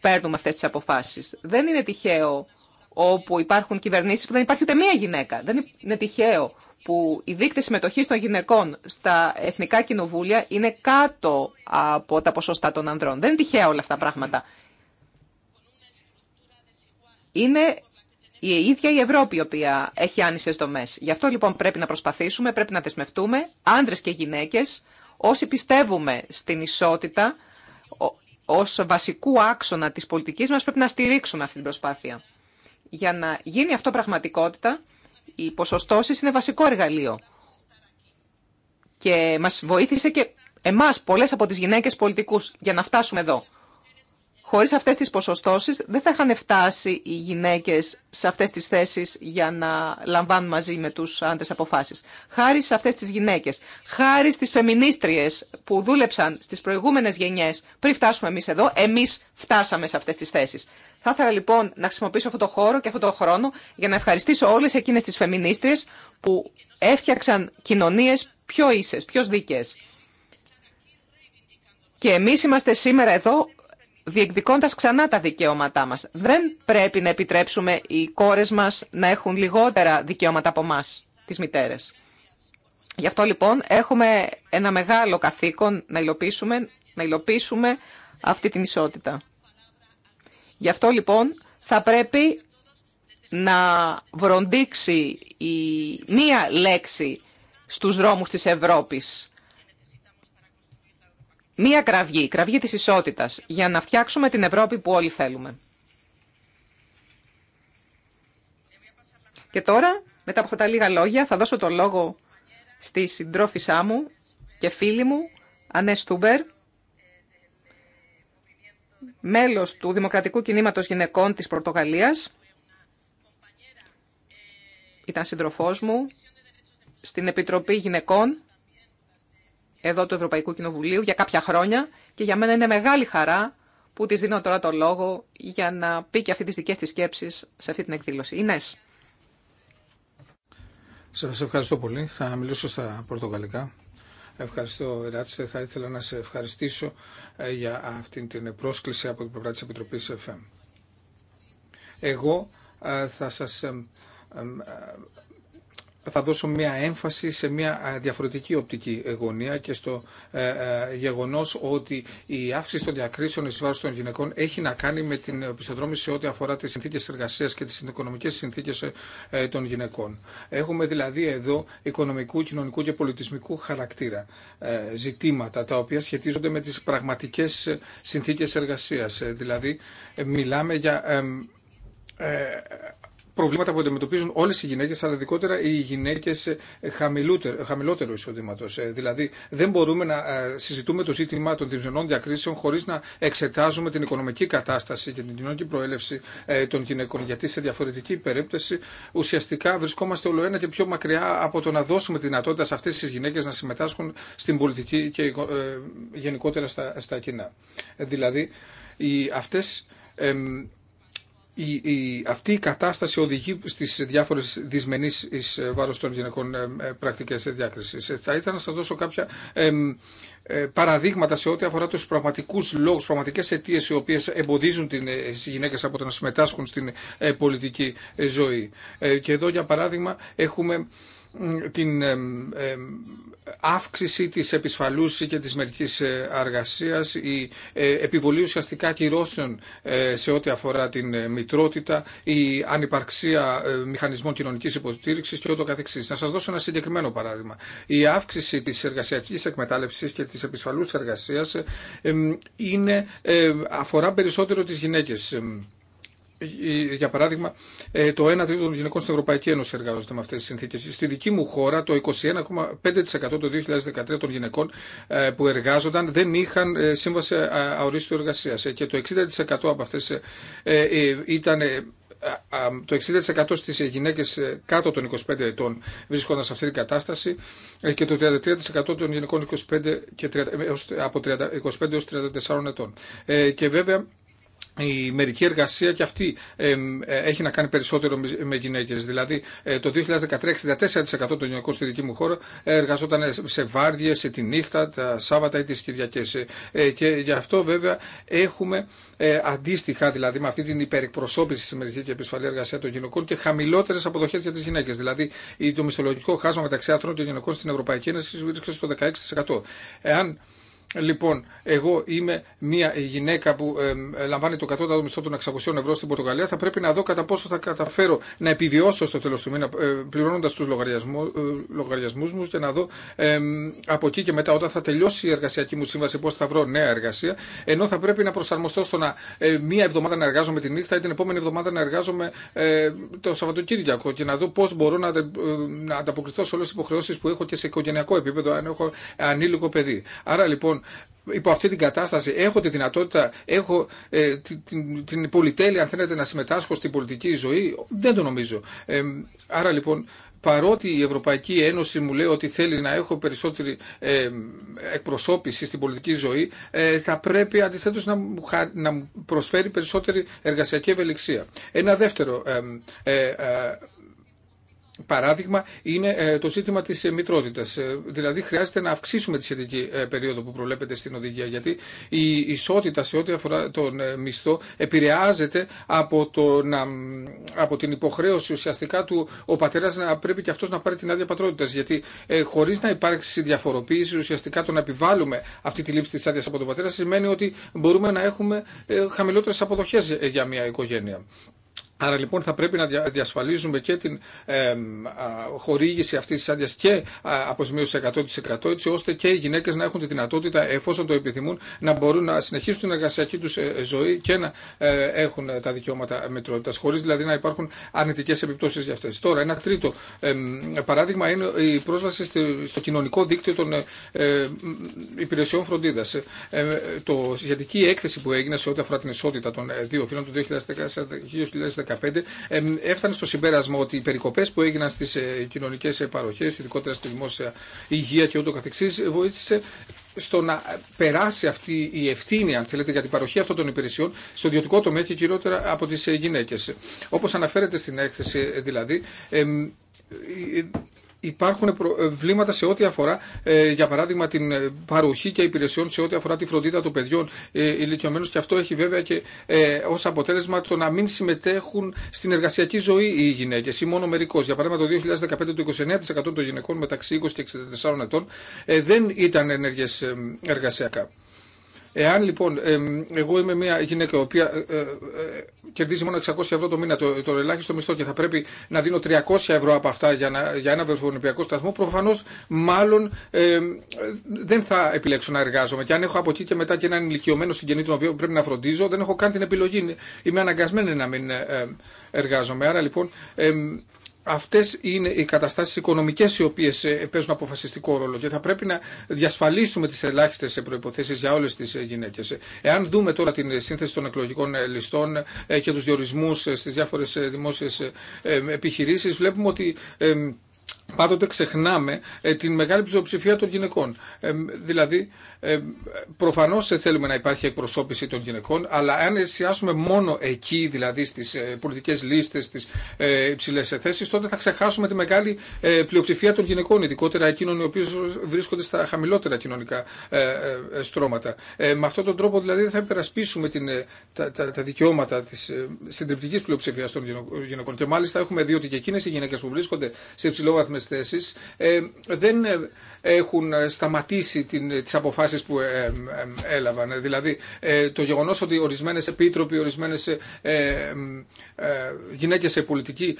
παίρνουμε αυτές τις αποφάσεις. Δεν είναι τυχαίο όπου υπάρχουν κυβερνήσεις που δεν υπάρχει ούτε μία γυναίκα. Δεν είναι τυχαίο που οι δείκτες συμμετοχής των γυναικών στα εθνικά κοινοβούλια είναι κάτω από τα ποσοστά των ανδρών. Δεν είναι τυχαία όλα αυτά τα πράγματα. Είναι η ίδια η Ευρώπη η οποία έχει άνισες δομές. Γι' αυτό λοιπόν πρέπει να προσπαθήσουμε, πρέπει να δεσμευτούμε, άντρες και γυναίκες, όσοι πιστεύουμε στην ισότητα, ως βασικού άξονα της πολιτικής μας πρέπει να στηρίξουμε αυτή την προσπάθεια. Για να γίνει αυτό πραγματικότητα, οι ποσοστώσεις είναι βασικό εργαλείο και μας βοήθησε και εμάς πολλές από τις γυναίκες πολιτικούς για να φτάσουμε εδώ. Χωρί αυτέ τι ποσοστώσει δεν θα είχαν φτάσει οι γυναίκε σε αυτέ τι θέσει για να λαμβάνουν μαζί με του άντρε αποφάσει. Χάρη σε αυτέ τι γυναίκε. χάρη στι φεμινίστριες που δούλεψαν στις προηγούμενε γενιές πριν φτάσουμε εμεί εδώ, εμεί φτάσαμε σε αυτέ τι θέσει. Θα ήθελα λοιπόν να χρησιμοποιήσω αυτό το χώρο και αυτό το χρόνο για να ευχαριστήσω όλε εκείνε τι φεμινίστριες που έφτιαξαν κοινωνίε πιο ίσε, πιο δίκαιε. Και εμείς είμαστε σήμερα εδώ διεκδικώντας ξανά τα δικαιώματά μας. Δεν πρέπει να επιτρέψουμε οι κόρες μας να έχουν λιγότερα δικαιώματα από εμά, τις μητέρες. Γι' αυτό λοιπόν έχουμε ένα μεγάλο καθήκον να υλοποιήσουμε, να υλοποιήσουμε αυτή την ισότητα. Γι' αυτό λοιπόν θα πρέπει να βροντίξει η μία λέξη στους δρόμους της Ευρώπης μία κραυγή, κραυγή της ισότητας, για να φτιάξουμε την Ευρώπη που όλοι θέλουμε. Και τώρα, μετά από αυτά τα λίγα λόγια, θα δώσω το λόγο στη συντρόφισά μου και φίλη μου, Ανέ Στούμπερ, μέλος του Δημοκρατικού Κινήματος Γυναικών της Πορτογαλίας. Ήταν συντροφός μου στην Επιτροπή Γυναικών εδώ του Ευρωπαϊκού Κοινοβουλίου για κάποια χρόνια και για μένα είναι μεγάλη χαρά που τη δίνω τώρα το λόγο για να πει και αυτή τι δικές της σκέψεις σε αυτή την εκδήλωση. Ινέ. Σας ευχαριστώ πολύ. Θα μιλήσω στα πορτογαλικά. Ευχαριστώ, Ράτσε. Θα ήθελα να σε ευχαριστήσω ε, για αυτή την πρόσκληση από την πλευρά τη Επιτροπή. FM. Εγώ ε, θα σας θα δώσω μια έμφαση σε μια διαφορετική οπτική γωνία και στο ε, ε, γεγονός ότι η αύξηση των διακρίσεων εις βάρος των γυναικών έχει να κάνει με την πιστοδρόμηση σε ό,τι αφορά τις συνθήκες εργασίας και τις οικονομικές συνθήκες ε, των γυναικών. Έχουμε δηλαδή εδώ οικονομικού, κοινωνικού και πολιτισμικού χαρακτήρα ζητήματα τα οποία σχετίζονται με τις πραγματικές συνθήκες εργασίας. Δηλαδή μιλάμε για προβλήματα που αντιμετωπίζουν όλε οι γυναίκε, αλλά ειδικότερα οι γυναίκε χαμηλότερου εισοδήματος. Ε, δηλαδή δεν μπορούμε να ε, συζητούμε το ζήτημα των διψενών διακρίσεων χωρί να εξετάζουμε την οικονομική κατάσταση και την κοινωνική προέλευση ε, των γυναικών. Γιατί σε διαφορετική περίπτωση ουσιαστικά βρισκόμαστε όλο ένα και πιο μακριά από το να δώσουμε τη δυνατότητα σε αυτέ τι γυναίκε να συμμετάσχουν στην πολιτική και γενικότερα στα, στα κοινά. Δηλαδή οι, αυτές η, η, αυτή η κατάσταση οδηγεί στις διάφορες δυσμενεί ει ε, των γυναικών ε, ε, πρακτικές ε, θα ήθελα να σα δώσω κάποια παραδείγματα σε ό,τι αφορά τους πραγματικούς λόγου, πραγματικές αιτίε, οι οποίες εμποδίζουν τις γυναίκες από το να συμμετάσχουν στην πολιτική ζωή. Και εδώ για παράδειγμα έχουμε την αύξηση της επισφαλούς και της μερικής ε, αργασίας, η ε, επιβολή ουσιαστικά κυρώσεων ε, σε ό,τι αφορά την μητρότητα, η ανυπαρξία μηχανισμών κοινωνικής υποστήριξης και ό,τι καθεξής. Να σας δώσω ένα συγκεκριμένο παράδειγμα. Η αύξηση της εργασιακής εκμετάλλευσης και της επισφαλούς εργασίας είναι, αφορά περισσότερο τις γυναίκες για παράδειγμα, ε, το 1 τρίτο των γυναικών στην Ευρωπαϊκή Ένωση εργάζονται με αυτέ τι συνθήκε. Στη δική μου χώρα το 21,5% το 2013 των γυναικών ε, που εργάζονταν δεν είχαν ε, σύμβαση αορίστου εργασία και το 60% από αυτέ ήταν το 60% στις γυναίκες κάτω των 25 ετών βρίσκονταν σε αυτή την κατάσταση και το 33% των γυναικών 25 και 30, από 25 έως 34 ετών. Και βέβαια η μερική εργασία και αυτή ε, έχει να κάνει περισσότερο με γυναίκε. Δηλαδή ε, το 2013 64% των γυναικών στη δική μου χώρα ε, εργαζόταν σε βάρδιε, σε τη νύχτα, τα Σάββατα ή τι Κυριακέ. και γι' αυτό βέβαια έχουμε αντίστοιχα δηλαδή με αυτή την υπερεκπροσώπηση στη μερική και επισφαλή εργασία των γυναικών και χαμηλότερε αποδοχέ για τι γυναίκε. Δηλαδή το μισθολογικό χάσμα μεταξύ άνθρωπων και γυναικών στην Ευρωπαϊκή Ένωση βρίσκεται στο 16%. Εάν Λοιπόν, εγώ είμαι μια γυναίκα που ε, λαμβάνει το κατώτατο μισθό των 600 ευρώ στην Πορτογαλία. Θα πρέπει να δω κατά πόσο θα καταφέρω να επιβιώσω στο τέλο του μήνα ε, πληρώνοντα του λογαριασμού ε, μου και να δω ε, από εκεί και μετά όταν θα τελειώσει η εργασιακή μου σύμβαση πώ θα βρω νέα εργασία. Ενώ θα πρέπει να προσαρμοστώ στο να ε, μία εβδομάδα να εργάζομαι τη νύχτα ή την επόμενη εβδομάδα να εργάζομαι ε, το Σαββατοκύριακο και να δω πώ μπορώ να, να ανταποκριθώ σε όλε τι υποχρεώσει που έχω και σε οικογενειακό επίπεδο αν έχω ανήλικο παιδί. Άρα λοιπόν υπό αυτή την κατάσταση έχω τη δυνατότητα, έχω ε, την, την πολυτέλεια αν θέλετε να συμμετάσχω στην πολιτική ζωή, δεν το νομίζω. Ε, άρα λοιπόν παρότι η Ευρωπαϊκή Ένωση μου λέει ότι θέλει να έχω περισσότερη ε, εκπροσώπηση στην πολιτική ζωή, ε, θα πρέπει αντιθέτω να, να μου προσφέρει περισσότερη εργασιακή ευελιξία. Ένα δεύτερο ε, παράδειγμα είναι ε, το ζήτημα της ε, μητρότητας. Ε, δηλαδή χρειάζεται να αυξήσουμε τη σχετική περίοδο που προβλέπεται στην οδηγία γιατί η ισότητα σε ό,τι αφορά τον μισθό επηρεάζεται από, το να, από την υποχρέωση ουσιαστικά του ο πατέρα, να πρέπει και αυτό να πάρει την άδεια πατρότητα. γιατί ε, χωρίς να υπάρξει διαφοροποίηση ουσιαστικά το να επιβάλλουμε αυτή τη λήψη τη άδεια από τον πατέρα σημαίνει ότι μπορούμε να έχουμε χαμηλότερες αποδοχές για μια οικογένεια. Άρα λοιπόν θα πρέπει να διασφαλίζουμε και την ε, χορήγηση αυτή τη άδεια και αποζημίωση 100% έτσι ώστε και οι γυναίκες να έχουν τη δυνατότητα, εφόσον το επιθυμούν, να μπορούν να συνεχίσουν την εργασιακή του ε, ζωή και να ε, έχουν τα δικαιώματα μετρότητα, χωρίς δηλαδή να υπάρχουν αρνητικές επιπτώσεις για αυτές. Τώρα, ένα τρίτο παράδειγμα είναι η πρόσβαση στο κοινωνικό δίκτυο των ε, υπηρεσιών φροντίδα. Το σχετική έκθεση που έγινε σε ό,τι αφορά την ισότητα των δύο φύλων του 2014 2015 έφτανε στο συμπέρασμα ότι οι περικοπές που έγιναν στις ε, κοινωνικέ παροχέ, ειδικότερα στη δημόσια υγεία και ούτω καθεξής, βοήθησε στο να περάσει αυτή η ευθύνη, αν θέλετε, για την παροχή αυτών των υπηρεσιών στο ιδιωτικό τομέα και κυριότερα από τις ε, γυναίκες. Όπως αναφέρεται στην έκθεση ε, δηλαδή, υπάρχουν προβλήματα ε, σε ό,τι αφορά, ε, για παράδειγμα, την ε, παροχή και υπηρεσιών σε ό,τι αφορά τη φροντίδα των παιδιών ηλικιωμένων και αυτό έχει βέβαια και ω αποτέλεσμα το να μην συμμετέχουν στην εργασιακή ζωή οι γυναίκε ή μόνο μερικώ. Για παράδειγμα, το 2015 το 29% των γυναικών μεταξύ 20 και 64 ετών δεν ήταν ενεργέ εργασιακά. Εάν λοιπόν εγώ είμαι μια γυναίκα η οποία ε, ε, ε, κερδίζει μόνο 600 ευρώ το μήνα το, το ελάχιστο μισθό και θα πρέπει να δίνω 300 ευρώ από αυτά για, να, για ένα βελφονιπιακό σταθμό, προφανώς μάλλον δεν θα επιλέξω να εργάζομαι. Και αν έχω από εκεί και μετά και έναν ηλικιωμένο συγγενή τον οποίο πρέπει να φροντίζω, δεν έχω καν την επιλογή. Είμαι αναγκασμένη να μην εργάζομαι. Άρα λοιπόν... Αυτέ είναι οι καταστάσει οικονομικές οι οποίες ε, παίζουν αποφασιστικό ρόλο και θα πρέπει να διασφαλίσουμε τις ελάχιστες ε, προϋποθέσεις για όλες τις ε, γυναίκε. Εάν δούμε τώρα την σύνθεση των εκλογικών ληστών και του διορισμού στις διάφορες δημόσιες επιχειρήσεις βλέπουμε ότι πάντοτε ξεχνάμε ε, την μεγάλη πλειοψηφία των γυναικών. Ε, δηλαδή, ε, προφανώ θέλουμε να υπάρχει εκπροσώπηση των γυναικών, αλλά αν εστιάσουμε μόνο εκεί, δηλαδή στι ε, πολιτικέ λίστε, στι ε, υψηλέ θέσει, τότε θα ξεχάσουμε τη μεγάλη ε, πλειοψηφία των γυναικών, ειδικότερα εκείνων οι οποίε βρίσκονται στα χαμηλότερα κοινωνικά ε, στρώματα. με αυτόν τον τρόπο, δηλαδή, θα υπερασπίσουμε την, τα, τα, δικαιώματα τη ε, συντριπτική πλειοψηφία των γυναικών. Και μάλιστα έχουμε δει ότι και εκείνε οι γυναίκε που βρίσκονται σε υψηλό αυτές ε, δεν ε, έχουν σταματήσει την, τις αποφάσεις που ε, έλαβαν. Δηλαδή το γεγονός ότι ορισμένες επίτροποι, ορισμένες γυναίκες σε πολιτική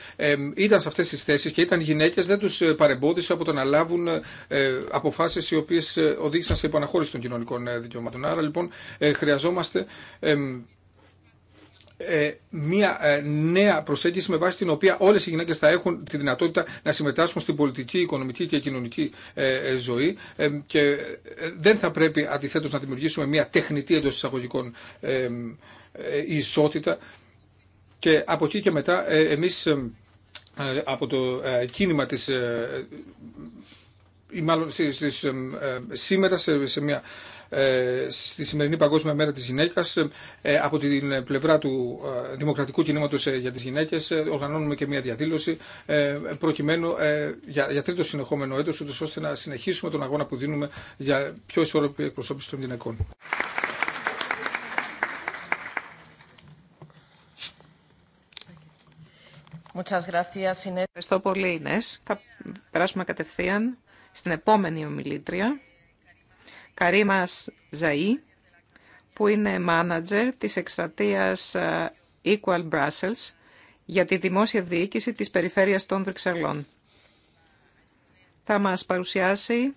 ήταν σε αυτές τις θέσεις και ήταν γυναίκες δεν τους παρεμπόδισε από το να λάβουν αποφάσεις οι οποίες οδήγησαν σε επαναχώρηση των κοινωνικών δικαιωμάτων. Άρα λοιπόν χρειαζόμαστε ε, μια ε, νέα προσέγγιση με βάση την οποία όλες οι γυναίκε θα έχουν τη δυνατότητα να συμμετάσχουν στην πολιτική, οικονομική και κοινωνική ε, ζωή και δεν θα πρέπει αντιθέτω να δημιουργήσουμε μια τεχνητή εντός εισαγωγικών ισότητα και από εκεί και μετά εμείς από το κίνημα της μάλλον σήμερα σε μια ε, στη σημερινή Παγκόσμια Μέρα της Γυναίκας ε, από την πλευρά του ε, Δημοκρατικού Κινήματος για τις Γυναίκες οργανώνουμε και μια διαδήλωση προκειμένου για, τρίτο συνεχόμενο έτος ώστε να συνεχίσουμε τον αγώνα που δίνουμε για πιο ισόρροπη εκπροσώπηση των γυναικών. Ευχαριστώ πολύ, Ινές. Θα περάσουμε κατευθείαν στην επόμενη ομιλήτρια. Καρίμα Ζαΐ, που είναι μάνατζερ της εκστρατείας ε, Equal Brussels για τη δημόσια διοίκηση της περιφέρειας των Βρυξελών. Θα μας παρουσιάσει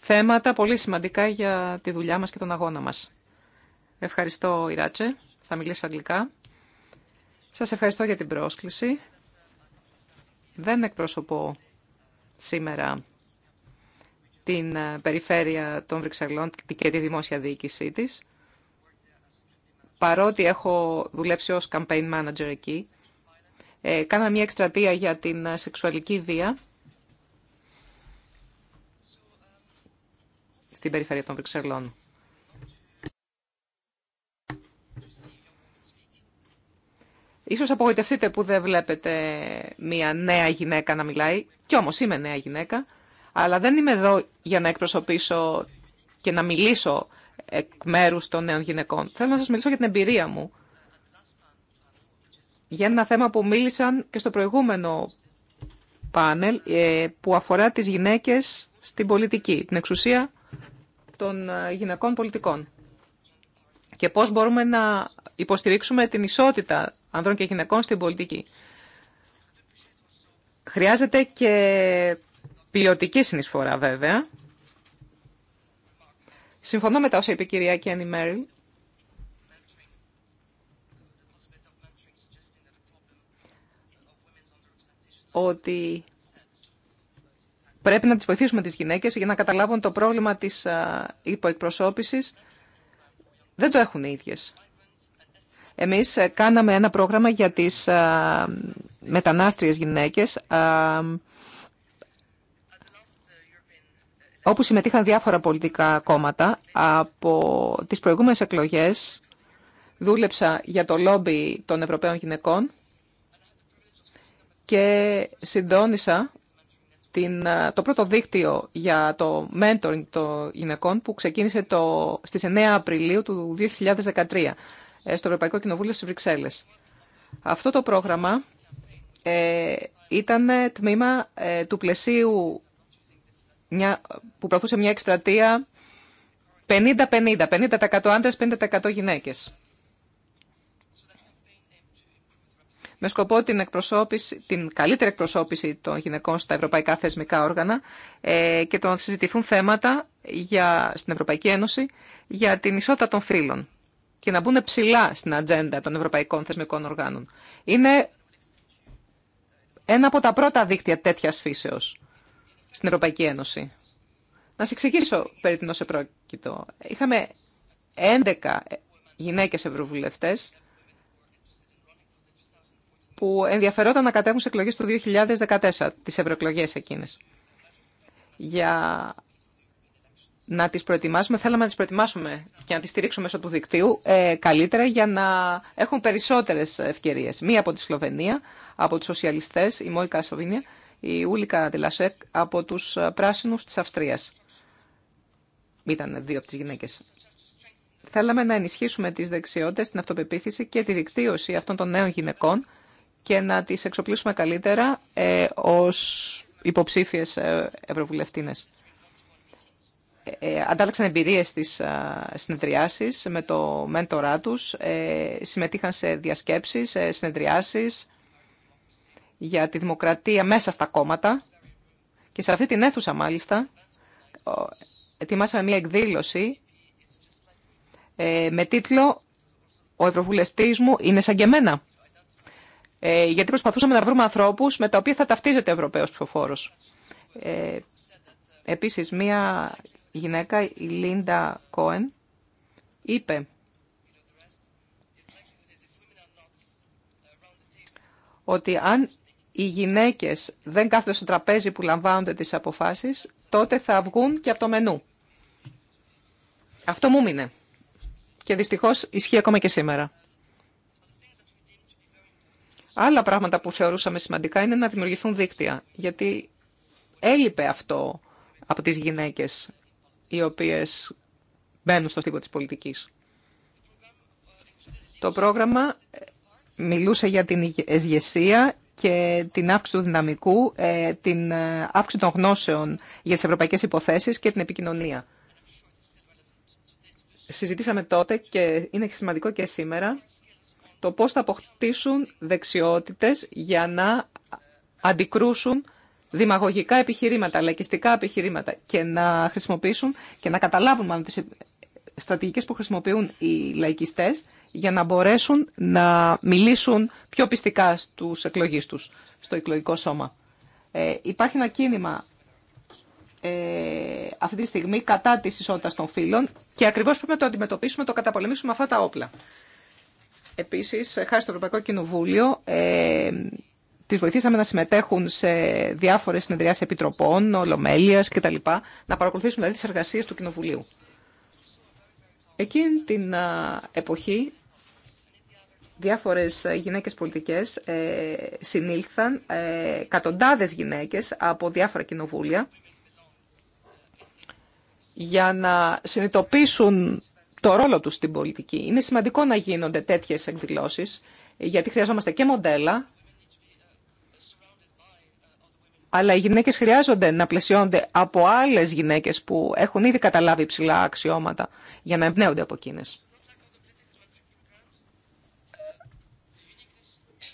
θέματα πολύ σημαντικά για τη δουλειά μας και τον αγώνα μας. Ευχαριστώ, Ιράτσε. Θα μιλήσω αγγλικά. Σας ευχαριστώ για την πρόσκληση. Δεν εκπροσωπώ σήμερα την ε, περιφέρεια των Βρυξελών και τη δημόσια διοίκησή της. Παρότι έχω δουλέψει ως campaign manager εκεί, ε, κάναμε μια εκστρατεία για την ε, σεξουαλική βία στην περιφέρεια των Βρυξελών. Ίσως απογοητευτείτε που δεν βλέπετε μια νέα γυναίκα να μιλάει, κι όμως είμαι νέα γυναίκα. Αλλά δεν είμαι εδώ για να εκπροσωπήσω και να μιλήσω εκ μέρου των νέων γυναικών. Θέλω να σας μιλήσω για την εμπειρία μου. Για ένα θέμα που μίλησαν και στο προηγούμενο πάνελ ε, που αφορά τις γυναίκες στην πολιτική, την εξουσία των ε, γυναικών πολιτικών. Και πώς μπορούμε να υποστηρίξουμε την ισότητα ανδρών και γυναικών στην πολιτική. Χρειάζεται και Ποιοτική συνεισφορά βέβαια. Συμφωνώ με τα όσα είπε η κυρία Κένι Μέριλ. ότι πρέπει να τις βοηθήσουμε τις γυναίκες για να καταλάβουν το πρόβλημα της υποεκπροσώπησης. Δεν το έχουν οι ίδιες. Εμείς ε, κάναμε ένα πρόγραμμα για τις μετανάστριες γυναίκες όπου συμμετείχαν διάφορα πολιτικά κόμματα. Από τις προηγούμενες εκλογές δούλεψα για το λόμπι των Ευρωπαίων γυναικών και συντόνισα την, το πρώτο δίκτυο για το mentoring των γυναικών που ξεκίνησε το, στις 9 Απριλίου του 2013 ε, στο Ευρωπαϊκό Κοινοβούλιο στις Βρυξέλλες. Αυτό το πρόγραμμα ε, ήταν τμήμα ε, του πλαισίου μια, που προωθούσε μια εκστρατεία 50-50, 50%, 50 άντρες, 50% αντρες 50 γυναικες Με σκοπό την, εκπροσώπηση, την καλύτερη εκπροσώπηση των γυναικών στα ευρωπαϊκά θεσμικά όργανα ε, και το να συζητηθούν θέματα για, στην Ευρωπαϊκή Ένωση για την ισότητα των φύλων και να μπουν ψηλά στην ατζέντα των ευρωπαϊκών θεσμικών οργάνων. Είναι ένα από τα πρώτα δίκτυα τέτοιας φύσεως στην Ευρωπαϊκή Ένωση. Να σε εξηγήσω περί την επρόκειτο. Είχαμε 11 γυναίκες ευρωβουλευτές που ενδιαφερόταν να κατέβουν σε εκλογές του 2014, τις ευρωεκλογές εκείνες. Για να τις προετοιμάσουμε, θέλαμε να τις προετοιμάσουμε και να τις στηρίξουμε μέσω του δικτύου ε, καλύτερα για να έχουν περισσότερες ευκαιρίες. Μία από τη Σλοβενία, από τους σοσιαλιστές, η Μόικα Σοβίνια, η Ούλικα από τους ε, πράσινους της Αυστρίας. Ήταν δύο από τι γυναίκες. Θέλαμε να ενισχύσουμε τις δεξιότητες, την αυτοπεποίθηση και τη δικτύωση αυτών των νέων γυναικών και να τις εξοπλίσουμε καλύτερα ε, ως υποψήφιες ε, ευρωβουλευτίνες. Ε, αντάλλαξαν εμπειρίες στις συνεδριάσεις με το μέντορά του, συμμετείχαν σε διασκέψεις, σε συνεδριάσεις, για τη δημοκρατία μέσα στα κόμματα και σε αυτή την αίθουσα μάλιστα ετοιμάσαμε μια εκδήλωση ε, με τίτλο «Ο Ευρωβουλευτής μου είναι σαν και εμένα». Ε, γιατί προσπαθούσαμε να βρούμε ανθρώπους με τα οποία θα ταυτίζεται ο Ευρωπαίος ψηφοφόρος. Ε, επίσης, μια γυναίκα, η Λίντα Κόεν, είπε ότι αν οι γυναίκες δεν κάθονται στο τραπέζι που λαμβάνονται τις αποφάσεις, τότε θα βγουν και από το μενού. Αυτό μου μείνε. Και δυστυχώς ισχύει ακόμα και σήμερα. Άλλα πράγματα που θεωρούσαμε σημαντικά είναι να δημιουργηθούν δίκτυα, γιατί έλειπε αυτό από τις γυναίκες οι οποίες μπαίνουν στο στίγμα της πολιτικής. Το πρόγραμμα μιλούσε για την ηγεσία, και την αύξηση του δυναμικού, ε, την ε, αύξηση των γνώσεων για τις ευρωπαϊκές υποθέσεις και την επικοινωνία. Συζητήσαμε τότε και είναι σημαντικό και σήμερα το πώς θα αποκτήσουν δεξιότητες για να αντικρούσουν δημαγωγικά επιχειρήματα, λαϊκιστικά επιχειρήματα και να χρησιμοποιήσουν και να καταλάβουν μάλλον τις στρατηγικές που χρησιμοποιούν οι λαϊκιστές για να μπορέσουν να μιλήσουν πιο πιστικά στους εκλογείς του, στο εκλογικό σώμα. Ε, υπάρχει ένα κίνημα ε, αυτή τη στιγμή κατά τη ισότητα των φύλων και ακριβώς πρέπει να το αντιμετωπίσουμε, το καταπολεμήσουμε με αυτά τα όπλα. Επίσης, χάρη στο Ευρωπαϊκό Κοινοβούλιο, ε, τις βοηθήσαμε να συμμετέχουν σε διάφορες συνεδριάσεις επιτροπών, ολομέλειας κτλ. Να παρακολουθήσουν δηλαδή τις εργασίες του Κοινοβουλίου. Εκείνη την εποχή διάφορες ε, γυναίκες πολιτικές ε, συνήλθαν, ε, κατοντάδες γυναίκες από διάφορα κοινοβούλια για να συνειδητοποιήσουν το ρόλο τους στην πολιτική. Είναι σημαντικό να γίνονται τέτοιες εκδηλώσεις γιατί χρειαζόμαστε και μοντέλα αλλά οι γυναίκες χρειάζονται να πλαισιώνται από άλλες γυναίκες που έχουν ήδη καταλάβει υψηλά αξιώματα για να εμπνέονται από εκείνε.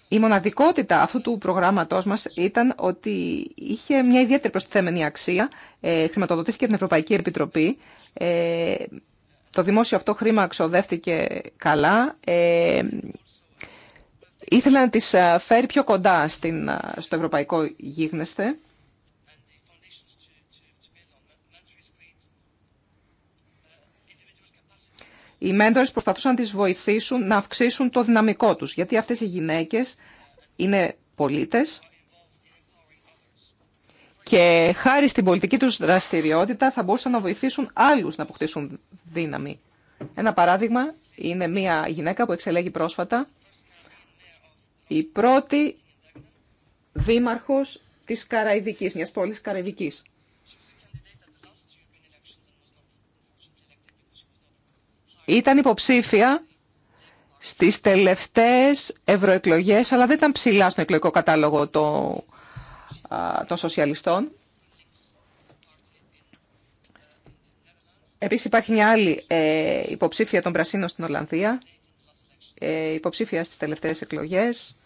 Η μοναδικότητα αυτού του προγράμματός μας ήταν ότι είχε μια ιδιαίτερη προστιθέμενη αξία. Ε, χρηματοδοτήθηκε την Ευρωπαϊκή Επιτροπή. Ε, το δημόσιο αυτό χρήμα ξοδεύτηκε καλά. Ε, Ήθελα να τις φέρει πιο κοντά στην, στο ευρωπαϊκό γίγνεσθε. Οι μέντορες προσπαθούσαν να τις βοηθήσουν να αυξήσουν το δυναμικό τους, γιατί αυτές οι γυναίκες είναι πολίτες και χάρη στην πολιτική τους δραστηριότητα θα μπορούσαν να βοηθήσουν άλλους να αποκτήσουν δύναμη. Ένα παράδειγμα είναι μια γυναίκα που εξελέγει πρόσφατα η πρώτη δήμαρχος της Καραϊβικής, μιας πόλης της Ήταν υποψήφια στις τελευταίες ευρωεκλογές, αλλά δεν ήταν ψηλά στον εκλογικό κατάλογο των, των σοσιαλιστών. Επίσης υπάρχει μια άλλη ε, υποψήφια των Πρασίνων στην Ολλανδία, ε, υποψήφια στις τελευταίες εκλογές.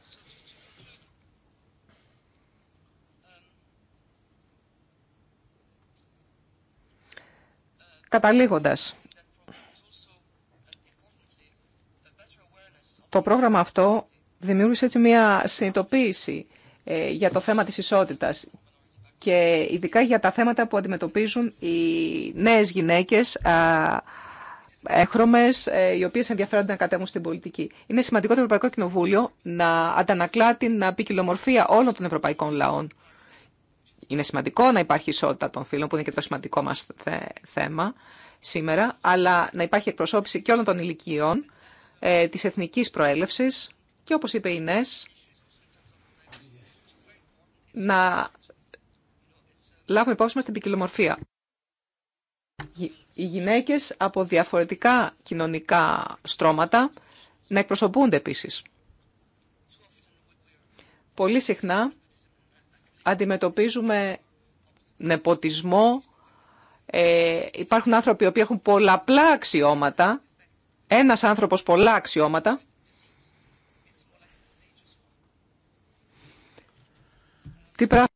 Καταλήγοντας, το πρόγραμμα αυτό δημιούργησε έτσι μια συνειδητοποίηση ε, για το θέμα της ισότητας και ειδικά για τα θέματα που αντιμετωπίζουν οι νέες γυναίκες έχρωμες, ε, οι οποίες ενδιαφέρονται να κατέβουν στην πολιτική. Είναι σημαντικό το Ευρωπαϊκό Κοινοβούλιο να αντανακλά την ποικιλομορφία όλων των ευρωπαϊκών λαών είναι σημαντικό να υπάρχει ισότητα των φύλων, που είναι και το σημαντικό μας θέμα σήμερα, αλλά να υπάρχει εκπροσώπηση και όλων των ηλικιών, ε, της εθνικής προέλευσης και όπως είπε η Νές, να λάβουμε υπόψη μας την ποικιλομορφία. Οι γυναίκες από διαφορετικά κοινωνικά στρώματα να εκπροσωπούνται επίσης. Πολύ συχνά αντιμετωπίζουμε νεποτισμό, ε, υπάρχουν άνθρωποι που έχουν πολλαπλά αξιώματα, ένας άνθρωπος πολλά αξιώματα. Τι πράγμα...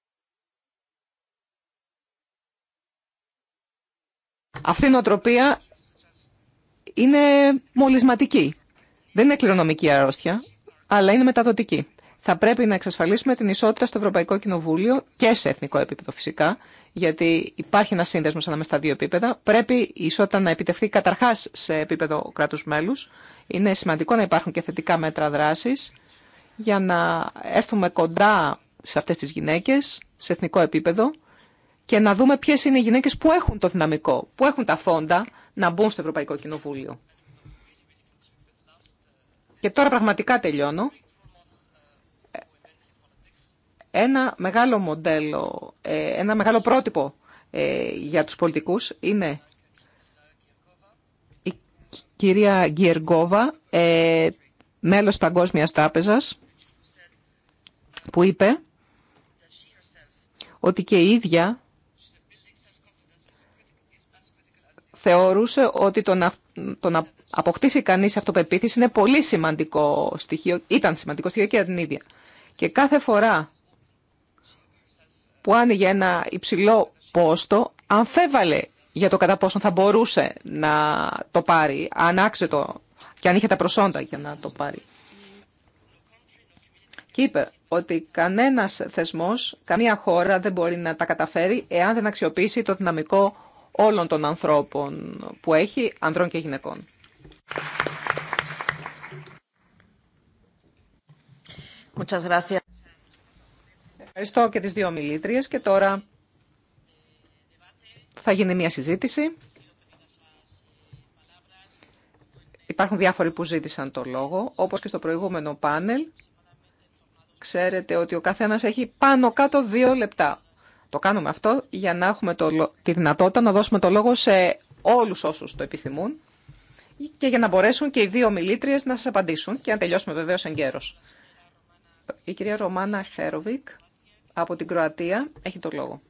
Αυτή η νοοτροπία είναι μολυσματική. Δεν είναι κληρονομική αρρώστια, αλλά είναι μεταδοτική θα πρέπει να εξασφαλίσουμε την ισότητα στο Ευρωπαϊκό Κοινοβούλιο και σε εθνικό επίπεδο φυσικά, γιατί υπάρχει ένα σύνδεσμο ανάμεσα στα δύο επίπεδα. Πρέπει η ισότητα να επιτευχθεί καταρχά σε επίπεδο κράτου μέλου. Είναι σημαντικό να υπάρχουν και θετικά μέτρα δράση για να έρθουμε κοντά σε αυτέ τι γυναίκε σε εθνικό επίπεδο, και να δούμε ποιε είναι οι γυναίκε που έχουν το δυναμικό, που έχουν τα φόντα να μπουν στο Ευρωπαϊκό Κοινοβούλιο. Και τώρα πραγματικά τελειώνω. Ένα μεγάλο μοντέλο, ε, ένα μεγάλο πρότυπο ε, για τους πολιτικούς είναι η κυρία μέλο ε, μέλος Παγκόσμιας Τάπεζας, που είπε ότι και η ίδια θεωρούσε ότι το να, το να αποκτήσει κανείς αυτοπεποίθηση είναι πολύ σημαντικό στοιχείο, ήταν σημαντικό στοιχείο και για την ίδια. Και κάθε φορά που άνοιγε ένα υψηλό πόστο, αμφέβαλε για το κατά πόσο θα μπορούσε να το πάρει, αν το και αν είχε τα προσόντα για να το πάρει. Και είπε ότι κανένας θεσμός, καμία χώρα δεν μπορεί να τα καταφέρει εάν δεν αξιοποιήσει το δυναμικό όλων των ανθρώπων που έχει, ανδρών και γυναικών. Ευχαριστώ και τις δύο μιλήτριες και τώρα θα γίνει μια συζήτηση. Υπάρχουν διάφοροι που ζήτησαν το λόγο, όπως και στο προηγούμενο πάνελ. Ξέρετε ότι ο καθένας έχει πάνω κάτω δύο λεπτά. Το κάνουμε αυτό για να έχουμε το, τη δυνατότητα να δώσουμε το λόγο σε όλους όσους το επιθυμούν και για να μπορέσουν και οι δύο μιλήτριες να σας απαντήσουν και να τελειώσουμε βεβαίως εν καιρός. Η κυρία Ρωμάνα Χέροβικ από την Κροατία έχει το λόγο.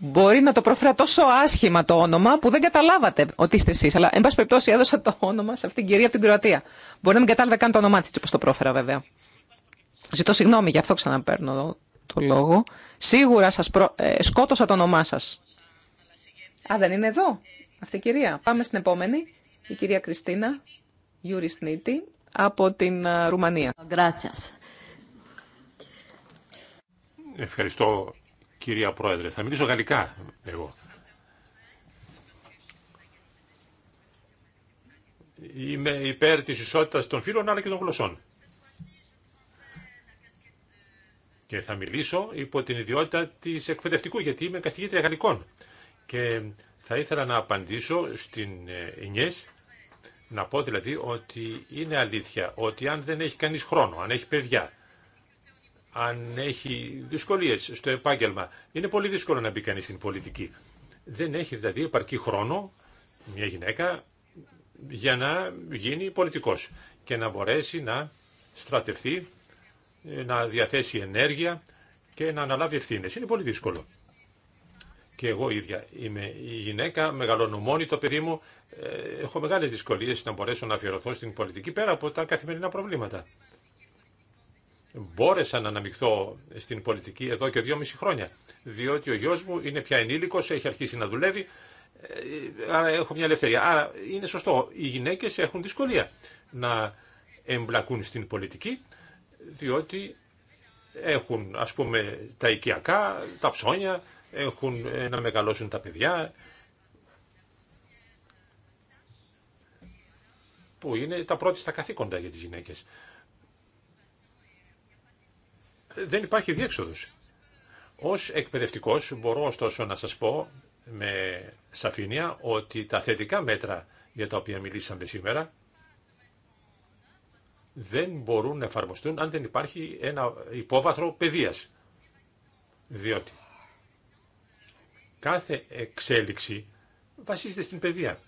Μπορεί να το πρόφερα τόσο άσχημα το όνομα που δεν καταλάβατε ότι είστε εσεί. Αλλά, εν πάση περιπτώσει, έδωσα το όνομα σε αυτήν την κυρία από την Κροατία. Μπορεί να μην κατάλαβε καν το όνομά τη, όπω το πρόφερα, βέβαια. Ζητώ συγγνώμη, γι' αυτό ξαναπέρνω το λόγο. Σίγουρα σας ε, σκότωσα το όνομά σας. Α, δεν είναι εδώ αυτή η κυρία. Πάμε στην επόμενη, η κυρία Κριστίνα Γιουρισνίτη από την Ρουμανία. Ευχαριστώ κυρία Πρόεδρε. Θα μιλήσω γαλλικά εγώ. Είμαι υπέρ της ισότητας των φίλων αλλά και των γλωσσών. Και θα μιλήσω υπό την ιδιότητα της εκπαιδευτικού γιατί είμαι καθηγήτρια γαλλικών και θα ήθελα να απαντήσω στην ε, Ινιές, να πω δηλαδή ότι είναι αλήθεια ότι αν δεν έχει κανείς χρόνο, αν έχει παιδιά, αν έχει δυσκολίες στο επάγγελμα, είναι πολύ δύσκολο να μπει κανείς στην πολιτική. Δεν έχει δηλαδή επαρκή χρόνο μια γυναίκα για να γίνει πολιτικός και να μπορέσει να στρατευθεί, ε, να διαθέσει ενέργεια και να αναλάβει ευθύνες. Είναι πολύ δύσκολο και εγώ ίδια είμαι η γυναίκα, μεγαλώνω μόνη το παιδί μου, ε, έχω μεγάλες δυσκολίες να μπορέσω να αφιερωθώ στην πολιτική πέρα από τα καθημερινά προβλήματα. Μπόρεσα να αναμειχθώ στην πολιτική εδώ και δυόμιση χρόνια, διότι ο γιος μου είναι πια ενήλικος, έχει αρχίσει να δουλεύει, ε, άρα έχω μια ελευθερία. Άρα είναι σωστό, οι γυναίκες έχουν δυσκολία να εμπλακούν στην πολιτική, διότι έχουν ας πούμε τα οικιακά, τα ψώνια, έχουν ε, να μεγαλώσουν τα παιδιά, που είναι τα πρώτη στα καθήκοντα για τις γυναίκες. Δεν υπάρχει διέξοδος. Ως εκπαιδευτικός μπορώ ωστόσο να σας πω με σαφήνεια ότι τα θετικά μέτρα για τα οποία μιλήσαμε σήμερα δεν μπορούν να εφαρμοστούν αν δεν υπάρχει ένα υπόβαθρο παιδείας. Διότι κάθε εξέλιξη βασίζεται στην παιδεία.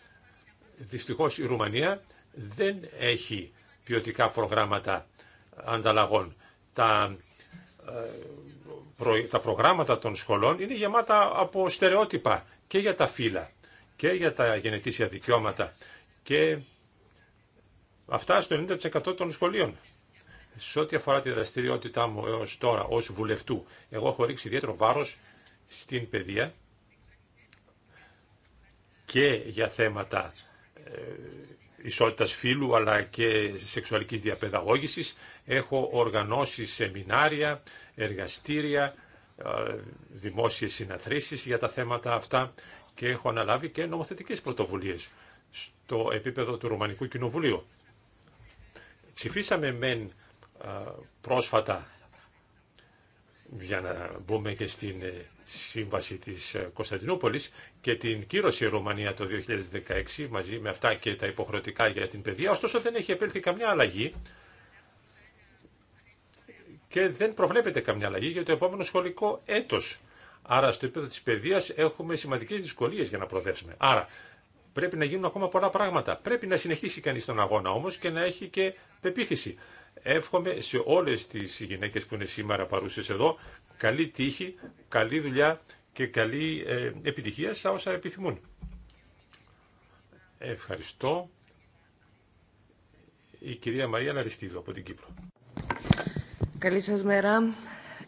Δυστυχώς η Ρουμανία δεν έχει ποιοτικά προγράμματα ανταλλαγών. Τα, ε, τα προγράμματα των σχολών είναι γεμάτα από στερεότυπα και για τα φύλλα και για τα γενετήσια δικαιώματα και αυτά στο 90% των σχολείων. Σε ό,τι αφορά τη δραστηριότητά μου έως τώρα ως βουλευτού, εγώ έχω ρίξει ιδιαίτερο βάρος στην παιδεία και για θέματα ε, ισότητας φύλου αλλά και σεξουαλικής διαπαιδαγώγησης. Έχω οργανώσει σεμινάρια, εργαστήρια, ε, δημόσιες συναθρήσεις για τα θέματα αυτά και έχω αναλάβει και νομοθετικές πρωτοβουλίες στο επίπεδο του Ρουμανικού Κοινοβουλίου. Ψηφίσαμε μεν ε, πρόσφατα για να μπούμε και στην ε, σύμβαση της ε, Κωνσταντινούπολης και την κύρωση Ρουμανία το 2016 μαζί με αυτά και τα υποχρεωτικά για την παιδεία, ωστόσο δεν έχει επέλθει καμιά αλλαγή και δεν προβλέπεται καμιά αλλαγή για το επόμενο σχολικό έτος. Άρα στο επίπεδο της παιδείας έχουμε σημαντικές δυσκολίες για να προδέσουμε. Άρα πρέπει να γίνουν ακόμα πολλά πράγματα. Πρέπει να συνεχίσει κανείς τον αγώνα όμως και να έχει και πεποίθηση. Εύχομαι σε όλες τις γυναίκες που είναι σήμερα παρούσες εδώ καλή τύχη, καλή δουλειά και καλή ε, επιτυχία σε όσα επιθυμούν. Ευχαριστώ. Η κυρία Μαρία Λαριστίδου από την Κύπρο. Καλή σας μέρα.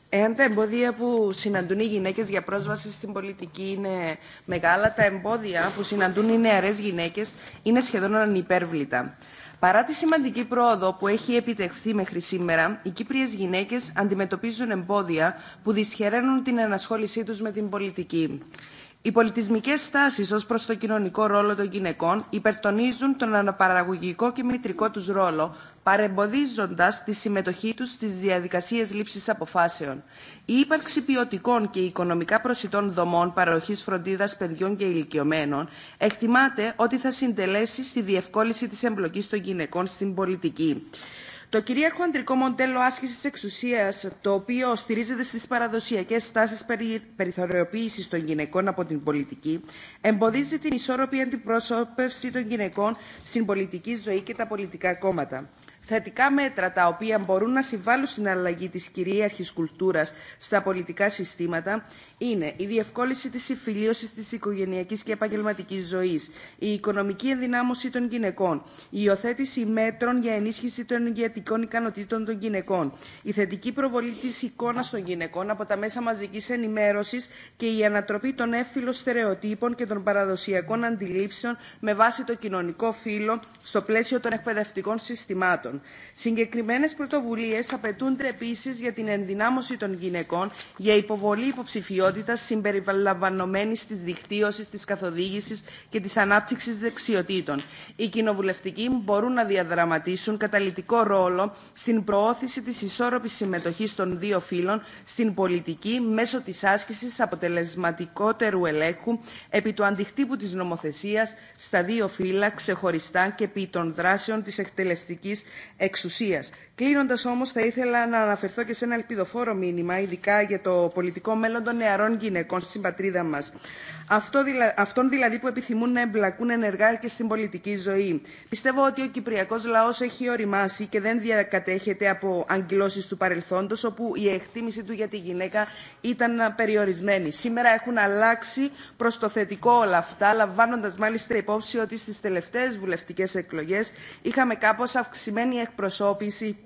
Εάν τα εμπόδια που συναντούν οι γυναίκε για πρόσβαση στην πολιτική είναι μεγάλα, τα εμπόδια που συναντούν οι νεαρέ γυναίκε είναι σχεδόν ανυπέρβλητα. Παρά τη σημαντική πρόοδο που έχει επιτευχθεί μέχρι σήμερα, οι Κύπριες γυναίκες αντιμετωπίζουν εμπόδια που δυσχεραίνουν την ενασχόλησή τους με την πολιτική. Οι πολιτισμικές στάσεις ως προς το κοινωνικό ρόλο των γυναικών υπερτονίζουν τον αναπαραγωγικό και μητρικό τους ρόλο, παρεμποδίζοντας τη συμμετοχή τους στις διαδικασίες λήψης αποφάσεων. Η ύπαρξη ποιοτικών και οικονομικά προσιτών δομών παροχής φροντίδας παιδιών και ηλικιωμένων εκτιμάται ότι θα συντελέσει στη διευκόλυνση της εμπλοκής των γυναικών στην πολιτική. Το κυρίαρχο αντρικό μοντέλο άσκησης εξουσίας, το οποίο στηρίζεται στις παραδοσιακές στάσεις περι... των γυναικών από την πολιτική, εμποδίζει την ισόρροπη αντιπρόσωπευση των γυναικών στην πολιτική ζωή και τα πολιτικά κόμματα. Θετικά μέτρα τα οποία μπορούν να συμβάλλουν στην αλλαγή της κυρίαρχης κουλτούρας στα πολιτικά συστήματα είναι η διευκόλυνση της συμφιλίωσης της οικογενειακής και επαγγελματικής ζωής, η οικονομική ενδυνάμωση των γυναικών, η υιοθέτηση μέτρων για ενίσχυση των ηγετικών ικανοτήτων των γυναικών, η θετική προβολή της εικόνας των γυναικών από τα μέσα μαζικής ενημέρωσης και η ανατροπή των έφυλων στερεοτύπων και των παραδοσιακών αντιλήψεων με βάση το κοινωνικό φύλλο στο πλαίσιο των εκπαιδευτικών συστημάτων. Συγκεκριμένε πρωτοβουλίε απαιτούνται επίση για την ενδυνάμωση των γυναικών, για υποβολή υποψηφιότητα ποιότητας συμπεριλαμβανομένη της δικτύωσης, της καθοδήγησης και της ανάπτυξη δεξιοτήτων. Οι κοινοβουλευτικοί μπορούν να διαδραματίσουν καταλητικό ρόλο στην προώθηση της ισόρροπη συμμετοχή των δύο φύλων στην πολιτική μέσω τη άσκηση αποτελεσματικότερου ελέγχου επί του αντιχτύπου της νομοθεσίας στα δύο φύλλα ξεχωριστά και επί των δράσεων τη εκτελεστική εξουσία. Κλείνοντα όμω, θα ήθελα να αναφερθώ και σε ένα ελπιδοφόρο μήνυμα, ειδικά για το πολιτικό μέλλον των νεαρών γυναικών στην πατρίδα μα. Αυτών δηλαδή που επιθυμούν να εμπλακούν ενεργά και στην πολιτική ζωή. Πιστεύω ότι ο κυπριακό λαό έχει οριμάσει και δεν διακατέχεται από αγκυλώσει του παρελθόντο, όπου η εκτίμηση του για τη γυναίκα ήταν περιορισμένη. Σήμερα έχουν αλλάξει προ το θετικό όλα αυτά, λαμβάνοντα μάλιστα υπόψη ότι στι τελευταίε βουλευτικέ εκλογέ είχαμε κάπω αυξημένη εκπροσώπηση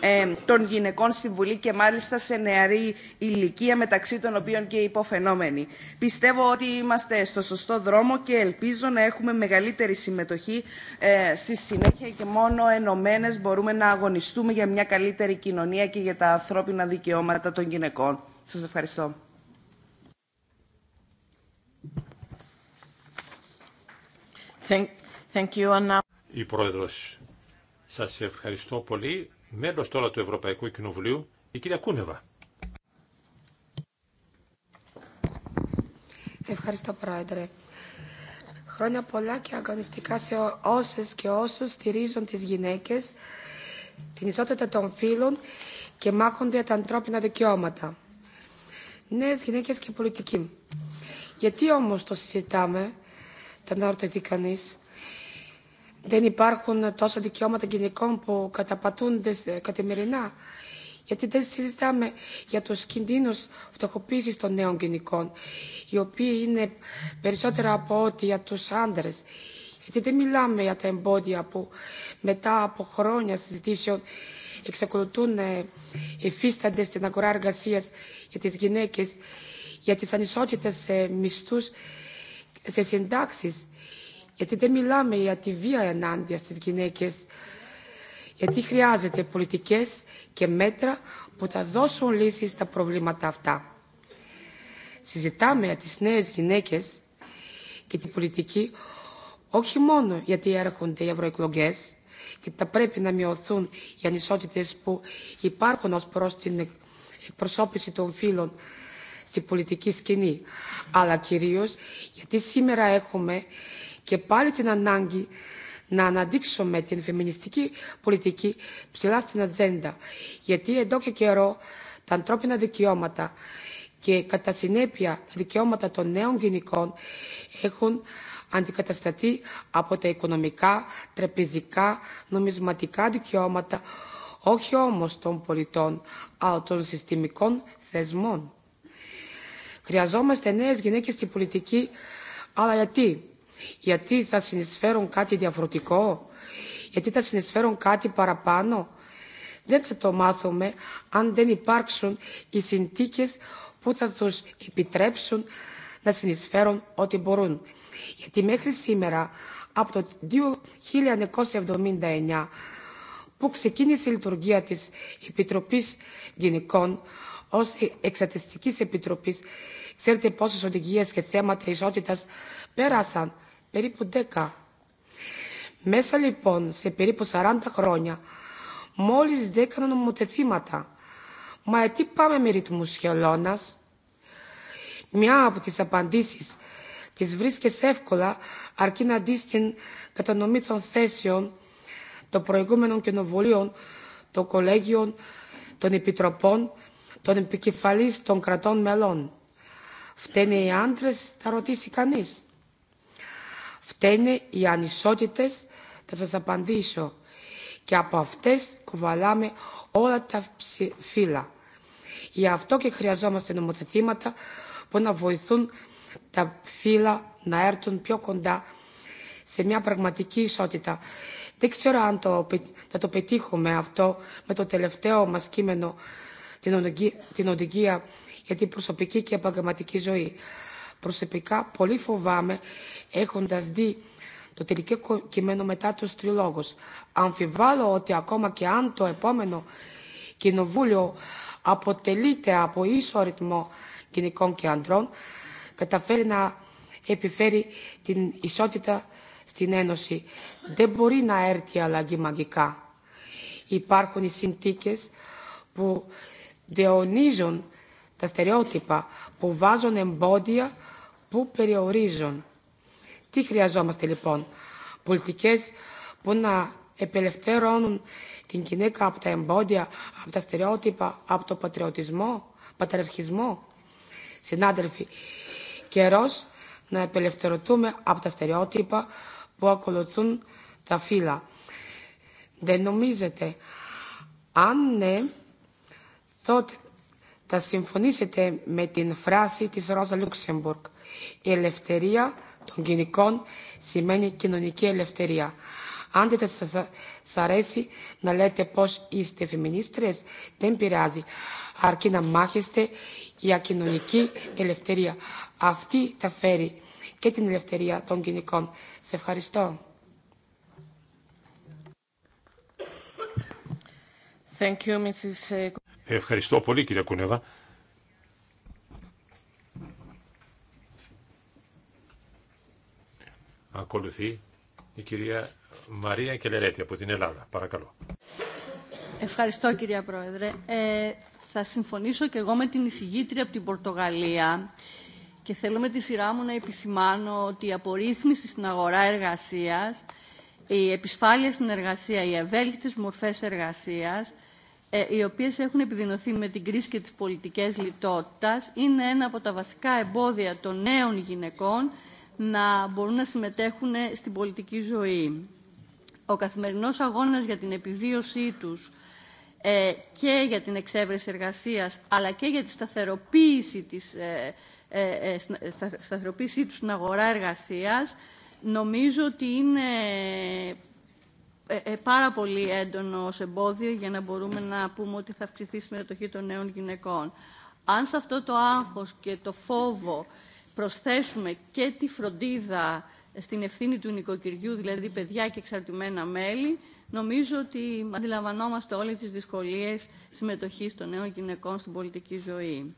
ε, των γυναικών στη Βουλή και μάλιστα σε νεαρή ηλικία μεταξύ των οποίων και υποφαινόμενοι. Πιστεύω ότι είμαστε στο σωστό δρόμο και ελπίζω να έχουμε μεγαλύτερη συμμετοχή ε, στη συνέχεια και μόνο ενωμένε μπορούμε να αγωνιστούμε για μια καλύτερη κοινωνία και για τα ανθρώπινα δικαιώματα των γυναικών. Σας ευχαριστώ. Thank you, Η Πρόεδρος, σας ευχαριστώ πολύ μέλος τώρα του Ευρωπαϊκού Κοινοβουλίου, η κυρία Κούνεβα. Ευχαριστώ, Πρόεδρε. Χρόνια πολλά και αγωνιστικά σε όσες και όσους στηρίζουν τις γυναίκες, την ισότητα των φίλων και μάχονται τα ανθρώπινα δικαιώματα. Νέες γυναίκες και πολιτικοί. Γιατί όμως το συζητάμε, τα αναρωτηθεί κανείς, δεν υπάρχουν τόσα δικαιώματα γυναικών που καταπατούνται καθημερινά. Γιατί δεν συζητάμε για τους κινδύνους φτωχοποίησης των νέων γυναικών, οι οποίοι είναι περισσότερα από ό,τι για τους άντρες. Γιατί δεν μιλάμε για τα εμπόδια που μετά από χρόνια συζητήσεων εξακολουθούν εφίστανται στην αγορά εργασία για τις γυναίκες, για τις ανισότητες μισθούς σε συντάξεις γιατί δεν μιλάμε για τη βία ενάντια στις γυναίκες, γιατί χρειάζεται πολιτικές και μέτρα που θα δώσουν λύσεις στα προβλήματα αυτά. Συζητάμε για τις νέες γυναίκες και την πολιτική όχι μόνο γιατί έρχονται οι ευρωεκλογέ και θα πρέπει να μειωθούν οι ανισότητες που υπάρχουν ως προς την εκπροσώπηση των φίλων στην πολιτική σκηνή, αλλά κυρίως γιατί σήμερα έχουμε και πάλι την ανάγκη να αναδείξουμε την φεμινιστική πολιτική ψηλά στην ατζέντα, γιατί εδώ και καιρό τα ανθρώπινα δικαιώματα και κατά συνέπεια τα δικαιώματα των νέων γυναικών έχουν αντικατασταθεί από τα οικονομικά, τραπεζικά, νομισματικά δικαιώματα, όχι όμως των πολιτών, αλλά των συστημικών θεσμών. Χρειαζόμαστε νέες γυναίκες στην πολιτική, αλλά γιατί γιατί θα συνεισφέρουν κάτι διαφορετικό, γιατί θα συνεισφέρουν κάτι παραπάνω. Δεν θα το μάθουμε αν δεν υπάρξουν οι συνθήκες που θα τους επιτρέψουν να συνεισφέρουν ό,τι μπορούν. Γιατί μέχρι σήμερα, από το 1979, που ξεκίνησε η λειτουργία της Επιτροπής Γυναικών ως Εξατιστικής Επιτροπής, ξέρετε πόσες οδηγίες και θέματα ισότητας πέρασαν περίπου 10. Μέσα λοιπόν σε περίπου 40 χρόνια, μόλις 10 νομοτεθήματα, Μα γιατί πάμε με ρυθμούς χελώνας. Μια από τις απαντήσεις τις βρίσκεις εύκολα αρκεί να δεις την κατανομή των θέσεων των προηγούμενων κοινοβουλίων, των κολέγιων, των επιτροπών, των επικεφαλής των κρατών μελών. Φταίνε οι άντρες, θα ρωτήσει κανείς. Φταίνε οι ανισότητες, θα σας απαντήσω. Και από αυτές κουβαλάμε όλα τα φύλλα. Γι' αυτό και χρειαζόμαστε νομοθετήματα που να βοηθούν τα φύλλα να έρθουν πιο κοντά σε μια πραγματική ισότητα. Δεν ξέρω αν το, θα το πετύχουμε αυτό με το τελευταίο μας κείμενο την οδηγία για την προσωπική και επαγγελματική ζωή. Προσωπικά πολύ φοβάμαι έχοντας δει το τελικό κειμένο μετά τους τριλόγους. Αμφιβάλλω ότι ακόμα και αν το επόμενο κοινοβούλιο αποτελείται από ίσο ρυθμό γυναικών και ανδρών, καταφέρει να επιφέρει την ισότητα στην Ένωση. Δεν μπορεί να έρθει αλλαγή μαγικά. Υπάρχουν οι συνθήκες που διονίζουν τα στερεότυπα, που βάζουν εμπόδια που περιορίζουν. Τι χρειαζόμαστε λοιπόν. Πολιτικές που να επελευθερώνουν την γυναίκα από τα εμπόδια, από τα στερεότυπα, από το πατριωτισμό, πατριαρχισμό. Συνάδελφοι, καιρός να επελευθερωθούμε από τα στερεότυπα που ακολουθούν τα φύλλα. Δεν νομίζετε. Αν ναι, τότε θα συμφωνήσετε με την φράση της Ρόζα Λουξεμπουργκ. Η ελευθερία των κοινικών σημαίνει κοινωνική ελευθερία. Αν δεν σας αρέσει να λέτε πως είστε φεμινίστρες, δεν πειράζει. Αρκεί να μάχεστε για κοινωνική ελευθερία. Αυτή θα φέρει και την ελευθερία των κοινικών. Σε ευχαριστώ. Thank you, Mrs. Ευχαριστώ πολύ κύριε Κούνεβα. Ακολουθεί η κυρία Μαρία Κελερέτη από την Ελλάδα. Παρακαλώ. Ευχαριστώ κυρία Πρόεδρε. Ε, θα συμφωνήσω και εγώ με την εισηγήτρια από την Πορτογαλία και θέλω με τη σειρά μου να επισημάνω ότι η απορρίθμιση στην αγορά εργασίας, η επισφάλεια στην εργασία, οι ευέλικτες μορφές εργασίας ε, οι οποίες έχουν επιδεινωθεί με την κρίση και τις πολιτικές λιτότητας, είναι ένα από τα βασικά εμπόδια των νέων γυναικών να μπορούν να συμμετέχουν ε, στην πολιτική ζωή. Ο καθημερινός αγώνας για την επιβίωσή τους ε, και για την εξέβρεση εργασίας, αλλά και για τη σταθεροποίηση, της, σταθεροποίησή τους στην αγορά εργασίας, νομίζω ότι είναι ε, ε, πάρα πολύ έντονο ως εμπόδιο για να μπορούμε να πούμε ότι θα αυξηθεί η συμμετοχή των νέων γυναικών. Αν σε αυτό το άγχος και το φόβο προσθέσουμε και τη φροντίδα στην ευθύνη του νοικοκυριού, δηλαδή παιδιά και εξαρτημένα μέλη, νομίζω ότι αντιλαμβανόμαστε όλες τις δυσκολίες συμμετοχής των νέων γυναικών στην πολιτική ζωή.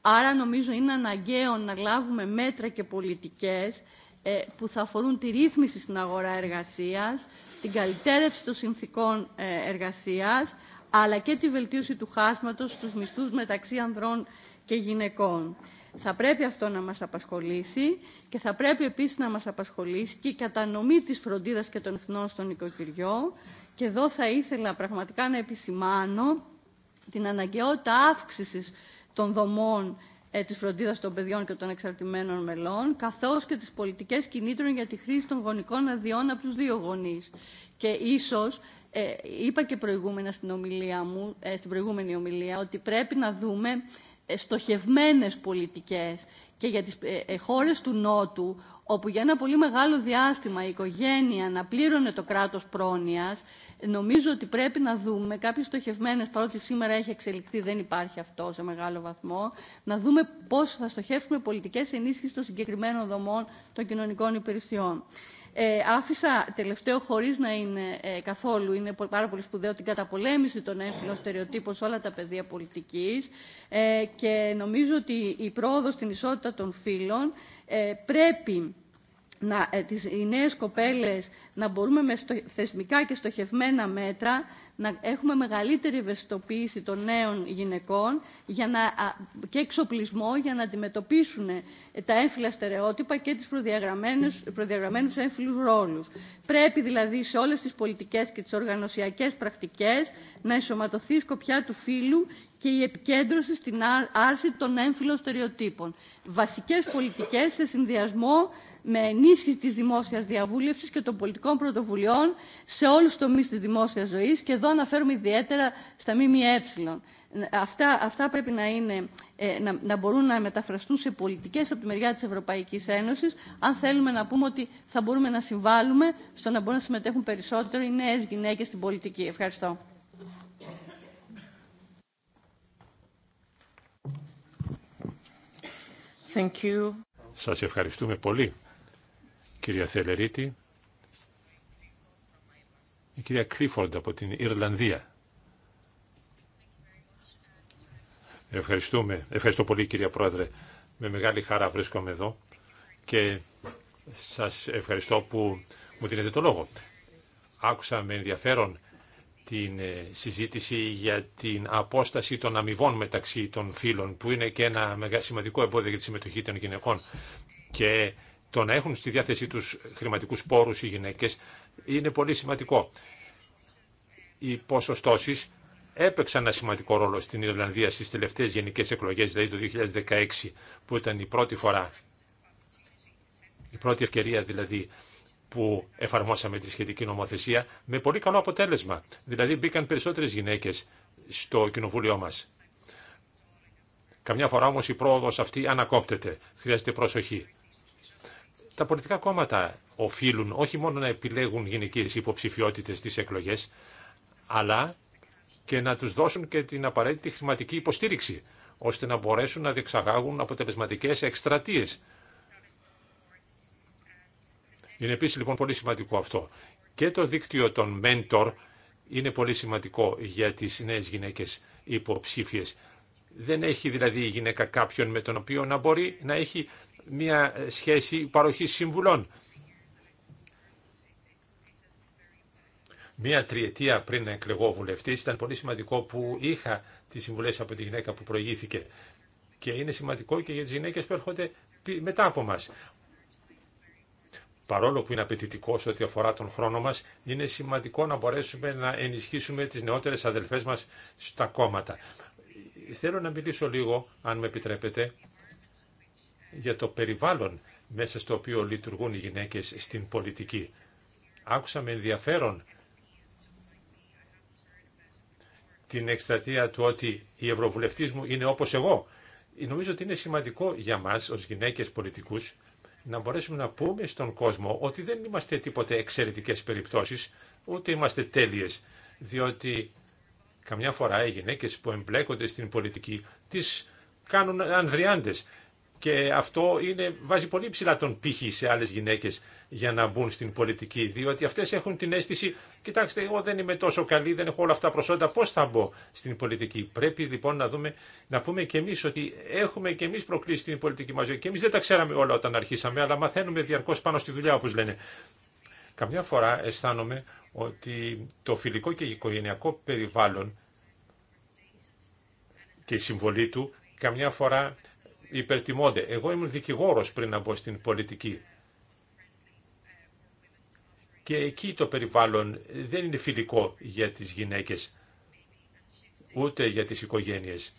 Άρα νομίζω είναι αναγκαίο να λάβουμε μέτρα και πολιτικές ε, που θα αφορούν τη ρύθμιση στην αγορά εργασίας, την καλυτέρευση των συνθήκων ε, εργασίας, αλλά και τη βελτίωση του χάσματος στους μισθούς μεταξύ ανδρών και γυναικών. Θα πρέπει αυτό να μας απασχολήσει και θα πρέπει επίσης να μας απασχολήσει και η κατανομή της φροντίδας και των εθνών στον οικοκυριό. Και εδώ θα ήθελα πραγματικά να επισημάνω την αναγκαιότητα αύξησης των δομών ε, της φροντίδας των παιδιών και των εξαρτημένων μελών, καθώς και τις πολιτικές κινήτρων για τη χρήση των γονικών αδειών από τους δύο γονείς. Και ίσως, ε, είπα και προηγούμενα στην, ομιλία μου, ε, στην προηγούμενη ομιλία, ότι πρέπει να δούμε ε, στοχευμένες πολιτικές και για τις χώρες του Νότου όπου για ένα πολύ μεγάλο διάστημα η οικογένεια να πλήρωνε το κράτος πρόνοιας, νομίζω ότι πρέπει να δούμε κάποιες στοχευμένες, παρότι σήμερα έχει εξελιχθεί, δεν υπάρχει αυτό σε μεγάλο βαθμό, να δούμε πώς θα στοχεύσουμε πολιτικές ενίσχυσης των συγκεκριμένων δομών των κοινωνικών υπηρεσιών. Ε, άφησα τελευταίο χωρί να είναι ε, καθόλου, είναι πάρα πολύ σπουδαίο την καταπολέμηση των έμφυλων στερεοτύπων σε όλα τα πεδία πολιτική. Ε, και νομίζω ότι η πρόοδο στην ισότητα των φύλων ε, πρέπει να, ε, τις, οι νέες κοπέλες να μπορούμε με στο, θεσμικά και στοχευμένα μέτρα να έχουμε μεγαλύτερη ευαισθητοποίηση των νέων γυναικών για να, και εξοπλισμό για να αντιμετωπίσουν ε, τα έμφυλα στερεότυπα και τις προδιαγραμμένους, προδιαγραμμένους έμφυλους ρόλους. Πρέπει δηλαδή σε όλες τις πολιτικές και τις οργανωσιακές πρακτικές να ενσωματωθεί η σκοπιά του φύλου και η επικέντρωση στην άρση των έμφυλων στερεοτύπων. Βασικές πολιτικές σε συνδυασμό με ενίσχυση της δημόσιας διαβούλευσης και των πολιτικών πρωτοβουλειών σε όλους τους τομείς της δημόσιας ζωής και εδώ αναφέρουμε ιδιαίτερα στα ΜΜΕ. Αυτά, αυτά πρέπει να, είναι, ε, να, να μπορούν να μεταφραστούν σε πολιτικές από τη μεριά της Ευρωπαϊκής Ένωσης αν θέλουμε να πούμε ότι θα μπορούμε να συμβάλλουμε στο να μπορούν να συμμετέχουν περισσότερο οι νέες γυναίκες στην πολιτική. Ευχαριστώ. Thank Σας ευχαριστούμε πολύ, κυρία Θελερίτη. Η κυρία Κλίφορντ από την Ιρλανδία. Ευχαριστούμε. Ευχαριστώ πολύ, κυρία Πρόεδρε. Με μεγάλη χαρά βρίσκομαι εδώ και σας ευχαριστώ που μου δίνετε το λόγο. Άκουσα με ενδιαφέρον την ε, συζήτηση για την απόσταση των αμοιβών μεταξύ των φύλων, που είναι και ένα σημαντικό εμπόδιο για τη συμμετοχή των γυναικών. Και το να έχουν στη διάθεσή τους χρηματικούς πόρους οι γυναίκες είναι πολύ σημαντικό. Οι ποσοστώσεις έπαιξαν ένα σημαντικό ρόλο στην Ιρλανδία στις τελευταίες γενικές εκλογές, δηλαδή το 2016, που ήταν η πρώτη φορά, η πρώτη ευκαιρία δηλαδή που εφαρμόσαμε τη σχετική νομοθεσία με πολύ καλό αποτέλεσμα. Δηλαδή μπήκαν περισσότερες γυναίκες στο κοινοβούλιο μας. Καμιά φορά όμως η πρόοδος αυτή ανακόπτεται. Χρειάζεται προσοχή. Τα πολιτικά κόμματα οφείλουν όχι μόνο να επιλέγουν γυναικείες υποψηφιότητες στις εκλογές, αλλά και να τους δώσουν και την απαραίτητη χρηματική υποστήριξη, ώστε να μπορέσουν να διεξαγάγουν αποτελεσματικές εκστρατείες είναι επίσης λοιπόν πολύ σημαντικό αυτό. Και το δίκτυο των mentor είναι πολύ σημαντικό για τις νέες γυναίκες υποψήφιες. Δεν έχει δηλαδή η γυναίκα κάποιον με τον οποίο να μπορεί να έχει μια σχέση παροχής συμβουλών. Μία τριετία πριν να εκλεγώ βουλευτή ήταν πολύ σημαντικό που είχα τι συμβουλέ από τη γυναίκα που προηγήθηκε. Και είναι σημαντικό και για τι γυναίκε που έρχονται μετά από μα παρόλο που είναι απαιτητικό ό,τι αφορά τον χρόνο μα, είναι σημαντικό να μπορέσουμε να ενισχύσουμε τι νεότερες αδελφέ μα στα κόμματα. Θέλω να μιλήσω λίγο, αν με επιτρέπετε, για το περιβάλλον μέσα στο οποίο λειτουργούν οι γυναίκες στην πολιτική. Άκουσα με ενδιαφέρον την εκστρατεία του ότι η ευρωβουλευτή μου είναι όπω εγώ. Νομίζω ότι είναι σημαντικό για μα, ω γυναίκε πολιτικού να μπορέσουμε να πούμε στον κόσμο ότι δεν είμαστε τίποτε εξαιρετικές περιπτώσεις, ούτε είμαστε τέλειες, διότι καμιά φορά οι γυναίκες που εμπλέκονται στην πολιτική τις κάνουν ανδριάντες και αυτό είναι, βάζει πολύ ψηλά τον πύχη σε άλλε γυναίκε για να μπουν στην πολιτική, διότι αυτέ έχουν την αίσθηση, κοιτάξτε εγώ δεν είμαι τόσο καλή, δεν έχω όλα αυτά προσόντα, Πώ θα μπω στην πολιτική. Πρέπει λοιπόν να, δούμε, να πούμε και εμεί ότι έχουμε και εμεί προκλήσει στην πολιτική μα ζωή και εμεί δεν τα ξέραμε όλα όταν αρχίσαμε, αλλά μαθαίνουμε διαρκώ πάνω στη δουλειά όπω λένε. Καμιά φορά αισθάνομαι ότι το φιλικό και οικογενειακό περιβάλλον και η συμβολή του καμιά φορά υπερτιμώνται. Εγώ ήμουν δικηγόρος πριν να μπω στην πολιτική. Και εκεί το περιβάλλον δεν είναι φιλικό για τις γυναίκες, ούτε για τις οικογένειες.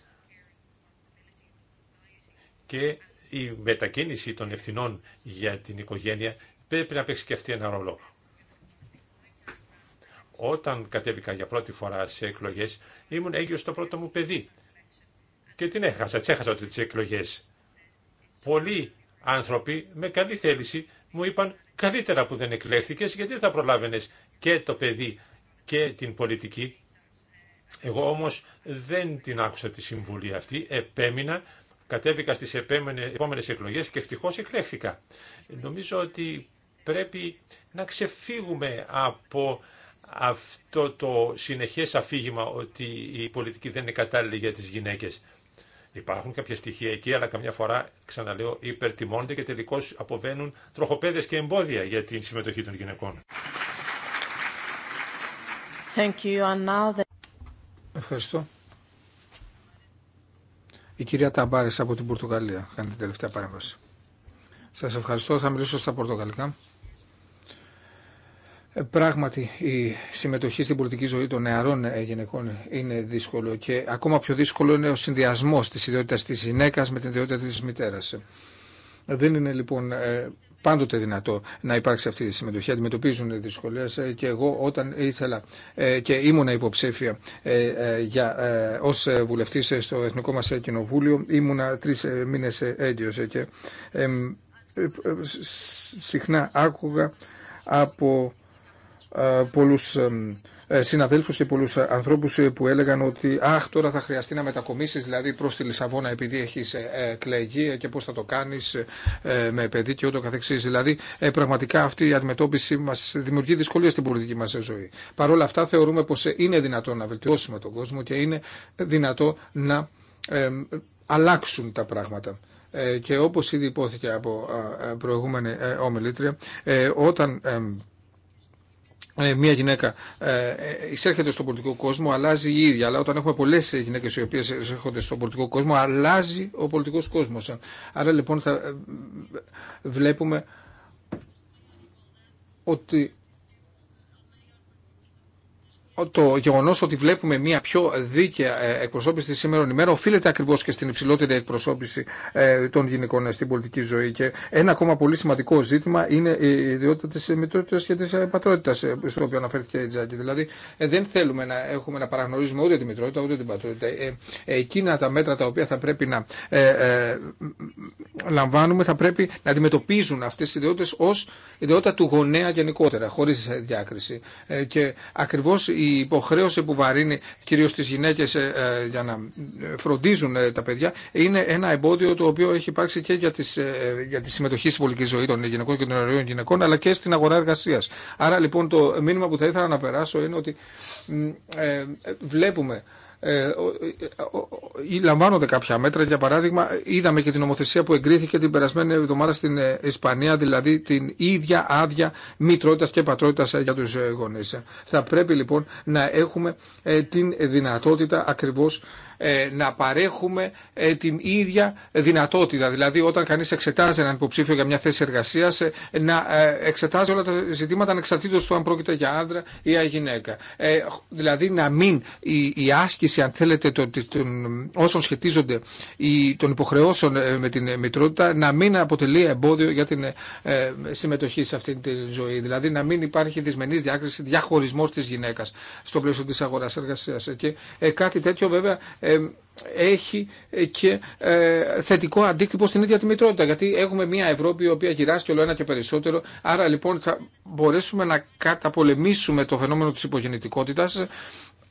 Και η μετακίνηση των ευθυνών για την οικογένεια πρέπει να παίξει και αυτή ένα ρόλο. Όταν κατέβηκα για πρώτη φορά σε εκλογές, ήμουν έγκυος στο πρώτο μου παιδί και την έχασα, Τι έχασα ότι τις εκλογές. Πολλοί άνθρωποι με καλή θέληση μου είπαν καλύτερα που δεν εκλέχθηκες γιατί δεν θα προλάβαινες και το παιδί και την πολιτική. Εγώ όμως δεν την άκουσα τη συμβουλή αυτή, επέμεινα, κατέβηκα στις επόμενες εκλογές και ευτυχώ εκλέχθηκα. Νομίζω ότι πρέπει να ξεφύγουμε από αυτό το συνεχές αφήγημα ότι η πολιτική δεν είναι κατάλληλη για τις γυναίκες. Υπάρχουν κάποια στοιχεία εκεί, αλλά καμιά φορά, ξαναλέω, υπερτιμώνται και τελικώ αποβαίνουν τροχοπέδε και εμπόδια για την συμμετοχή των γυναικών. Thank Ευχαριστώ. Η κυρία Ταμπάρη από την Πορτογαλία κάνει την τελευταία παρέμβαση. Σα ευχαριστώ. Θα μιλήσω στα πορτογαλικά. Ε, πράγματι, η συμμετοχή στην πολιτική ζωή των νεαρών ε, γυναικών είναι δύσκολο και ακόμα πιο δύσκολο είναι ο συνδυασμό τη ιδιότητα τη γυναίκα με την ιδιότητα τη μητέρα. Δεν είναι λοιπόν ε, πάντοτε δυνατό να υπάρξει αυτή η συμμετοχή. Αντιμετωπίζουν δυσκολίε και εγώ όταν ήθελα και ήμουν υποψήφια για, ως βουλευτής στο Εθνικό μας Κοινοβούλιο ήμουνα τρεις μήνες έγκυο και συχνά άκουγα από ε, πολλούς ε, ε, συναδέλφους και πολλούς ανθρώπους που έλεγαν ότι αχ τώρα θα χρειαστεί να μετακομίσεις δηλαδή προς τη Λισαβόνα επειδή έχεις κλαιγή και πώς θα το κάνεις με παιδί και ούτω καθεξής. Δηλαδή πραγματικά αυτή η αντιμετώπιση μας δημιουργεί δυσκολίες στην πολιτική μας ζωή. Παρ' όλα αυτά θεωρούμε πως είναι δυνατό να βελτιώσουμε τον κόσμο και είναι δυνατό να αλλάξουν τα πράγματα και όπως ήδη υπόθηκε από προηγούμενη ομιλήτρια, όταν ε, μια γυναίκα ε, ε, εισέρχεται στον πολιτικό κόσμο, αλλάζει η ίδια. Αλλά όταν έχουμε πολλέ γυναίκε οι οποίε εισέρχονται στον πολιτικό κόσμο, αλλάζει ο πολιτικό κόσμο. Άρα λοιπόν θα βλέπουμε ότι το γεγονό ότι βλέπουμε μια πιο δίκαια ε, εκπροσώπηση τη σήμερα ημέρα οφείλεται ακριβώ και στην υψηλότερη εκπροσώπηση ε, των γυναικών ε, στην πολιτική ζωή. Και ένα ακόμα πολύ σημαντικό ζήτημα είναι η ιδιότητα τη μητρότητα και τη πατρότητα, στο οποίο αναφέρθηκε η Τζάκη. Δηλαδή, δεν θέλουμε να έχουμε να παραγνωρίζουμε ούτε τη μητρότητα ούτε την πατρότητα. Εκείνα τα μέτρα τα οποία θα πρέπει να λαμβάνουμε θα πρέπει να αντιμετωπίζουν αυτέ τι ιδιότητε ω ιδιότητα του γονέα γενικότερα, χωρί διάκριση. Και ακριβώ η υποχρέωση που βαρύνει κυρίως τις γυναίκες ε, ε, για να ε, φροντίζουν τα παιδιά είναι ένα εμπόδιο το οποίο έχει υπάρξει και για, τις, για τη συμμετοχή στην πολιτική ζωή των γυναικών και των εργαζομένων γυναικών αλλά και στην αγορά εργασίας. Άρα λοιπόν το μήνυμα που θα ήθελα να περάσω είναι ότι βλέπουμε ε, λαμβάνονται κάποια μέτρα. Για παράδειγμα, είδαμε και την νομοθεσία που εγκρίθηκε την περασμένη εβδομάδα στην ε, Ισπανία, δηλαδή την ίδια άδεια μητρότητα και πατρότητα ε, για του γονεί. Θα πρέπει λοιπόν να έχουμε την δυνατότητα ακριβώ ε, να παρέχουμε ε, την ίδια δυνατότητα. Δηλαδή όταν κανεί εξετάζει έναν υποψήφιο για μια θέση εργασίας ε, να εξετάζει όλα τα ζητήματα ανεξαρτήτω του αν πρόκειται για άνδρα ή για γυναίκα. Δηλαδή να μην η άσκηση αν θέλετε όσων σχετίζονται των υποχρεώσεων με την μητρότητα να μην αποτελεί εμπόδιο για την συμμετοχή σε αυτή τη ζωή. Δηλαδή να μην υπάρχει δυσμενή διάκριση, διαχωρισμό τη γυναίκα στο πλαίσιο τη αγορά εργασία Και κάτι τέτοιο βέβαια έχει ε, και ε, θετικό αντίκτυπο στην ίδια τη μητρότητα. Γιατί έχουμε μια Ευρώπη η οποία γυράσει όλο ένα και περισσότερο. Άρα λοιπόν θα μπορέσουμε να καταπολεμήσουμε το φαινόμενο της υπογεννητικότητας ε,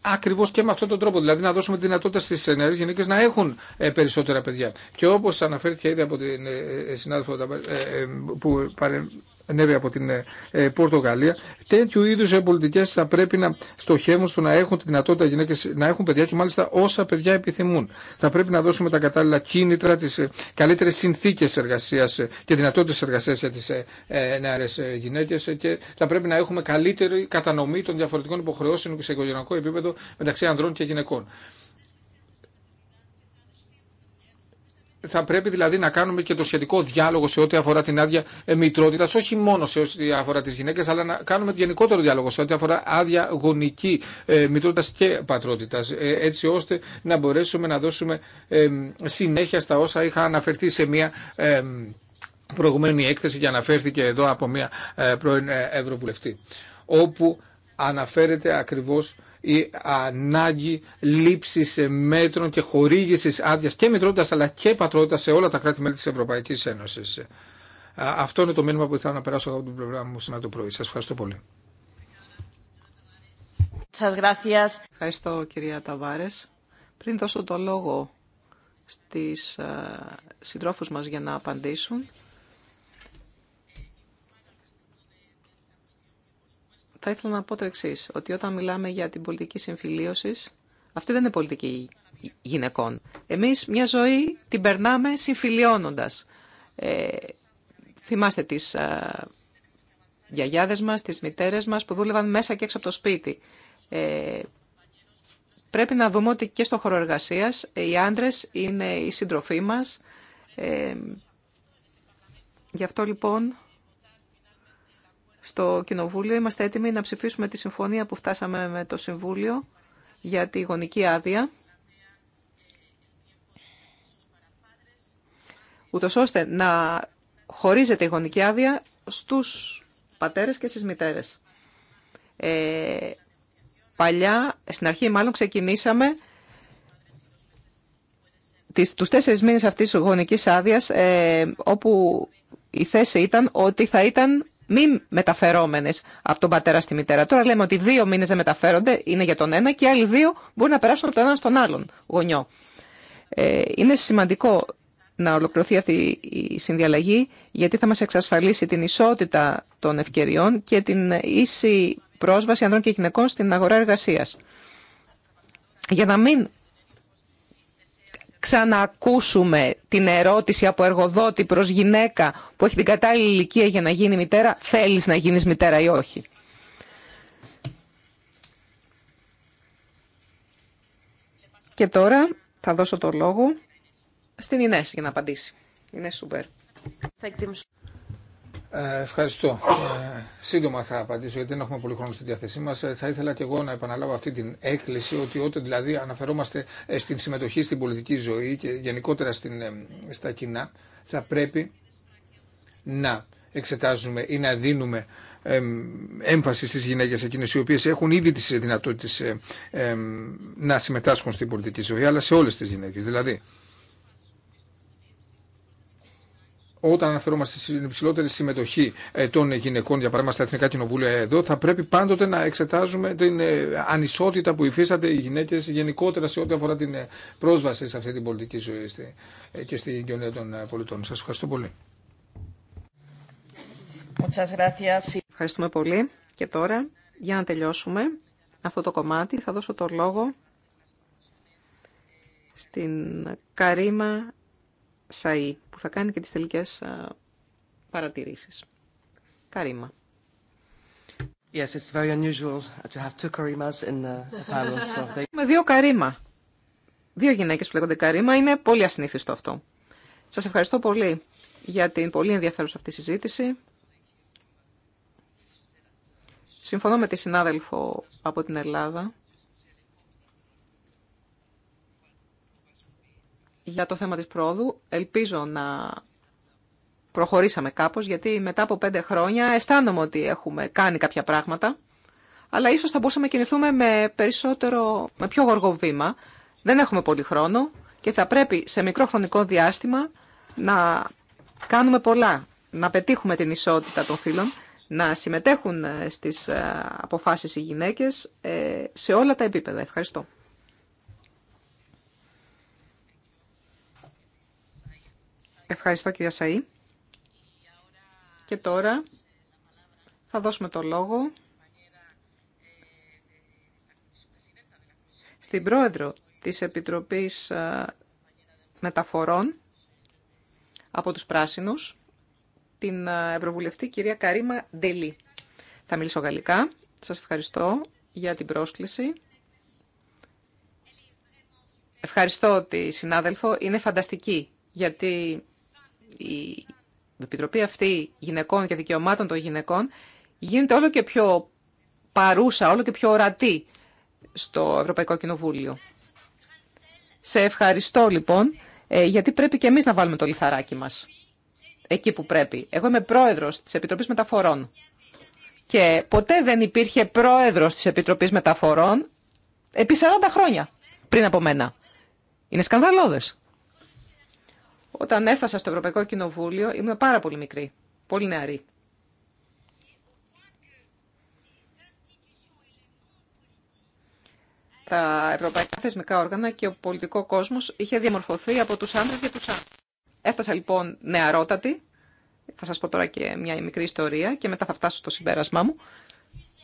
ακριβώς και με αυτόν τον τρόπο. Δηλαδή να δώσουμε τη δυνατότητα στις νεαρές γυναίκες να έχουν περισσότερα παιδιά. Και όπως αναφέρθηκε ήδη από την συνάδελφο που ενέβη από την ε, ε, Πορτογαλία. Τέτοιου είδου πολιτικέ θα πρέπει να στοχεύουν στο να έχουν τη δυνατότητα γυναίκε να έχουν παιδιά και μάλιστα όσα παιδιά επιθυμούν. Θα πρέπει να δώσουμε τα κατάλληλα κίνητρα, τι ε, καλύτερε συνθήκε εργασία και δυνατότητε εργασία για τι νεαρέ γυναίκε και θα πρέπει να έχουμε καλύτερη κατανομή των διαφορετικών υποχρεώσεων και σε οικογενειακό επίπεδο μεταξύ ανδρών και γυναικών. θα πρέπει δηλαδή να κάνουμε και το σχετικό διάλογο σε ό,τι αφορά την άδεια μητρότητα, όχι μόνο σε ό,τι αφορά τι γυναίκε, αλλά να κάνουμε γενικότερο διάλογο σε ό,τι αφορά άδεια γονική ε, μητρότητα και πατρότητα, ε, έτσι ώστε να μπορέσουμε να δώσουμε ε, συνέχεια στα όσα είχα αναφερθεί σε μια προηγουμένη έκθεση και αναφέρθηκε εδώ από μια πρώην Ευρωβουλευτή, όπου αναφέρεται ακριβώς η ανάγκη λήψη μέτρων και χορήγηση άδεια και μητρότητα αλλά και πατρότητα σε όλα τα κράτη-μέλη τη Ευρωπαϊκή Ένωση. Αυτό είναι το μήνυμα που ήθελα να περάσω από την πλευρά μου σήμερα το πρωί. Σα ευχαριστώ πολύ. Σας Ευχαριστώ κυρία Ταβάρες. Πριν δώσω το λόγο στις ε, συντρόφους μας για να απαντήσουν, θα ήθελα να πω το εξή, ότι όταν μιλάμε για την πολιτική συμφιλίωση, αυτή δεν είναι πολιτική γυναικών. Εμείς μια ζωή την περνάμε συμφιλιώνοντας. Ε, θυμάστε τις α, ε, γιαγιάδες μας, τις μητέρες μας που δούλευαν μέσα και έξω από το σπίτι. Ε, πρέπει να δούμε ότι και στο χώρο εργασία οι άντρε είναι η συντροφή μας. Ε, γι' αυτό λοιπόν στο Κοινοβούλιο είμαστε έτοιμοι να ψηφίσουμε τη συμφωνία που φτάσαμε με το Συμβούλιο για τη γονική άδεια. ούτω ώστε να χωρίζεται η γονική άδεια στους πατέρες και στις μητέρες. Ε, παλιά, στην αρχή μάλλον ξεκινήσαμε τις, τους τέσσερις μήνες αυτής της γονικής άδειας, ε, όπου η θέση ήταν ότι θα ήταν μη μεταφερόμενε από τον πατέρα στη μητέρα. Τώρα λέμε ότι δύο μήνε δεν μεταφέρονται, είναι για τον ένα και οι άλλοι δύο μπορούν να περάσουν από τον ένα στον άλλον γονιό. Ε, είναι σημαντικό να ολοκληρωθεί αυτή η συνδιαλλαγή, γιατί θα μας εξασφαλίσει την ισότητα των ευκαιριών και την ίση πρόσβαση ανδρών και γυναικών στην αγορά εργασίας. Για να μην ξαναακούσουμε την ερώτηση από εργοδότη προς γυναίκα που έχει την κατάλληλη ηλικία για να γίνει μητέρα, θέλεις να γίνεις μητέρα ή όχι. Και τώρα θα δώσω το λόγο στην Ινέση για να απαντήσει. Ινέση Σουμπέρ. Ε, ευχαριστώ. Ε, σύντομα θα απαντήσω γιατί δεν έχουμε πολύ χρόνο στη διάθεσή μα. Ε, θα ήθελα και εγώ να επαναλάβω αυτή την έκκληση ότι όταν δηλαδή αναφερόμαστε στην συμμετοχή στην πολιτική ζωή και γενικότερα στην, στα κοινά θα πρέπει να εξετάζουμε ή να δίνουμε έμφαση στις γυναίκες εκείνες οι οποίες έχουν ήδη τις δυνατότητες να συμμετάσχουν στην πολιτική ζωή αλλά σε όλες τις γυναίκες. Δηλαδή όταν αναφερόμαστε στην υψηλότερη συμμετοχή ε, των γυναικών, για παράδειγμα στα Εθνικά Κοινοβούλια εδώ, θα πρέπει πάντοτε να εξετάζουμε την ε, ανισότητα που υφίστανται οι γυναίκε γενικότερα σε ό,τι αφορά την ε, πρόσβαση σε αυτή την πολιτική ζωή και στην κοινωνία των πολιτών. Σα ευχαριστώ πολύ. Ευχαριστούμε πολύ. Και τώρα, για να τελειώσουμε αυτό το κομμάτι, θα δώσω το λόγο στην Καρίμα που θα κάνει και τις τελικές παρατηρήσεις. Καρίμα. Yes, it's very unusual to have two Karimas in the panel. Με δύο Καρίμα. Δύο γυναίκες που λέγονται Καρίμα είναι πολύ ασυνήθιστο αυτό. Σας ευχαριστώ πολύ για την πολύ ενδιαφέρουσα αυτή συζήτηση. Συμφωνώ με τη συνάδελφο από την Ελλάδα για το θέμα της πρόοδου. Ελπίζω να προχωρήσαμε κάπως, γιατί μετά από πέντε χρόνια αισθάνομαι ότι έχουμε κάνει κάποια πράγματα, αλλά ίσως θα μπορούσαμε να κινηθούμε με, περισσότερο, με πιο γοργό βήμα. Δεν έχουμε πολύ χρόνο και θα πρέπει σε μικρό χρονικό διάστημα να κάνουμε πολλά, να πετύχουμε την ισότητα των φύλων, να συμμετέχουν ε, στις ε, αποφάσεις οι γυναίκες ε, σε όλα τα επίπεδα. Ευχαριστώ. Ευχαριστώ κυρία Σαΐ. Και τώρα θα δώσουμε το λόγο στην πρόεδρο της Επιτροπής ε, Μεταφορών από τους Πράσινους, την ε, Ευρωβουλευτή κυρία Καρίμα Ντελή. Θα μιλήσω γαλλικά. Σας ευχαριστώ για την πρόσκληση. Ευχαριστώ τη συνάδελφο. Είναι φανταστική γιατί η Επιτροπή αυτή γυναικών και δικαιωμάτων των γυναικών γίνεται όλο και πιο παρούσα, όλο και πιο ορατή στο Ευρωπαϊκό Κοινοβούλιο. Σε ευχαριστώ λοιπόν, ε, γιατί πρέπει και εμείς να βάλουμε το λιθαράκι μας εκεί που πρέπει. Εγώ είμαι πρόεδρος της Επιτροπής Μεταφορών και ποτέ δεν υπήρχε πρόεδρος της Επιτροπής Μεταφορών επί 40 χρόνια πριν από μένα. Είναι σκανδαλώδες. Όταν έφτασα στο Ευρωπαϊκό Κοινοβούλιο ήμουν πάρα πολύ μικρή, πολύ νεαρή. Τα ευρωπαϊκά θεσμικά όργανα και ο πολιτικό κόσμος είχε διαμορφωθεί από τους άντρες για τους άντρες. Έφτασα λοιπόν νεαρότατη, θα σας πω τώρα και μια μικρή ιστορία και μετά θα φτάσω στο συμπέρασμά μου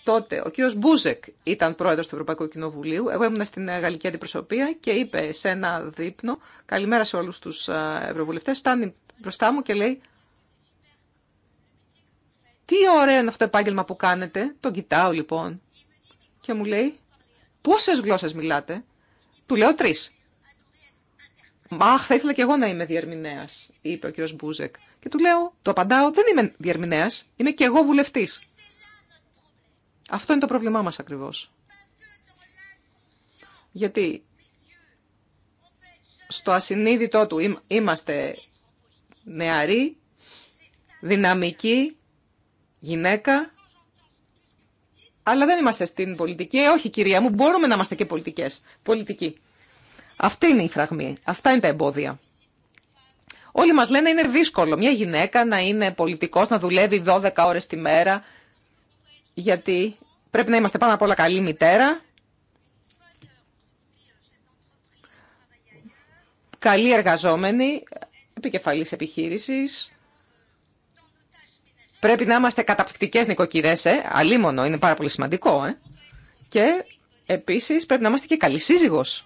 τότε ο κύριος Μπούζεκ ήταν πρόεδρος του Ευρωπαϊκού Κοινοβουλίου. Εγώ ήμουν στην ε, γαλλική αντιπροσωπεία και είπε σε ένα δείπνο, καλημέρα σε όλους τους ε, ευρωβουλευτές, φτάνει μπροστά μου και λέει «Τι ωραίο είναι αυτό το επάγγελμα που κάνετε». Τον κοιτάω λοιπόν και μου λέει «Πόσες γλώσσες μιλάτε». Του λέω «Τρεις». «Αχ, θα ήθελα και εγώ να είμαι διερμηνέας», είπε ο κύριος Μπούζεκ. Και του λέω, το απαντάω, δεν είμαι διερμηνέας, είμαι και εγώ βουλευτής. Αυτό είναι το πρόβλημά μας ακριβώς. Γιατί στο ασυνείδητό του είμαστε νεαροί, δυναμικοί, γυναίκα, αλλά δεν είμαστε στην πολιτική. Ε, όχι κυρία μου, μπορούμε να είμαστε και πολιτικές, πολιτικοί. Αυτή είναι η φραγμή, αυτά είναι τα εμπόδια. Όλοι μας λένε είναι δύσκολο μια γυναίκα να είναι πολιτικός, να δουλεύει 12 ώρες τη μέρα, γιατί πρέπει να είμαστε πάνω απ' όλα καλή μητέρα, καλή εργαζόμενη, επικεφαλής επιχείρησης, πρέπει να είμαστε καταπληκτικές νοικοκυρές, ε. αλίμονο, είναι πάρα πολύ σημαντικό. Ε. Και επίσης πρέπει να είμαστε και καλή σύζυγος.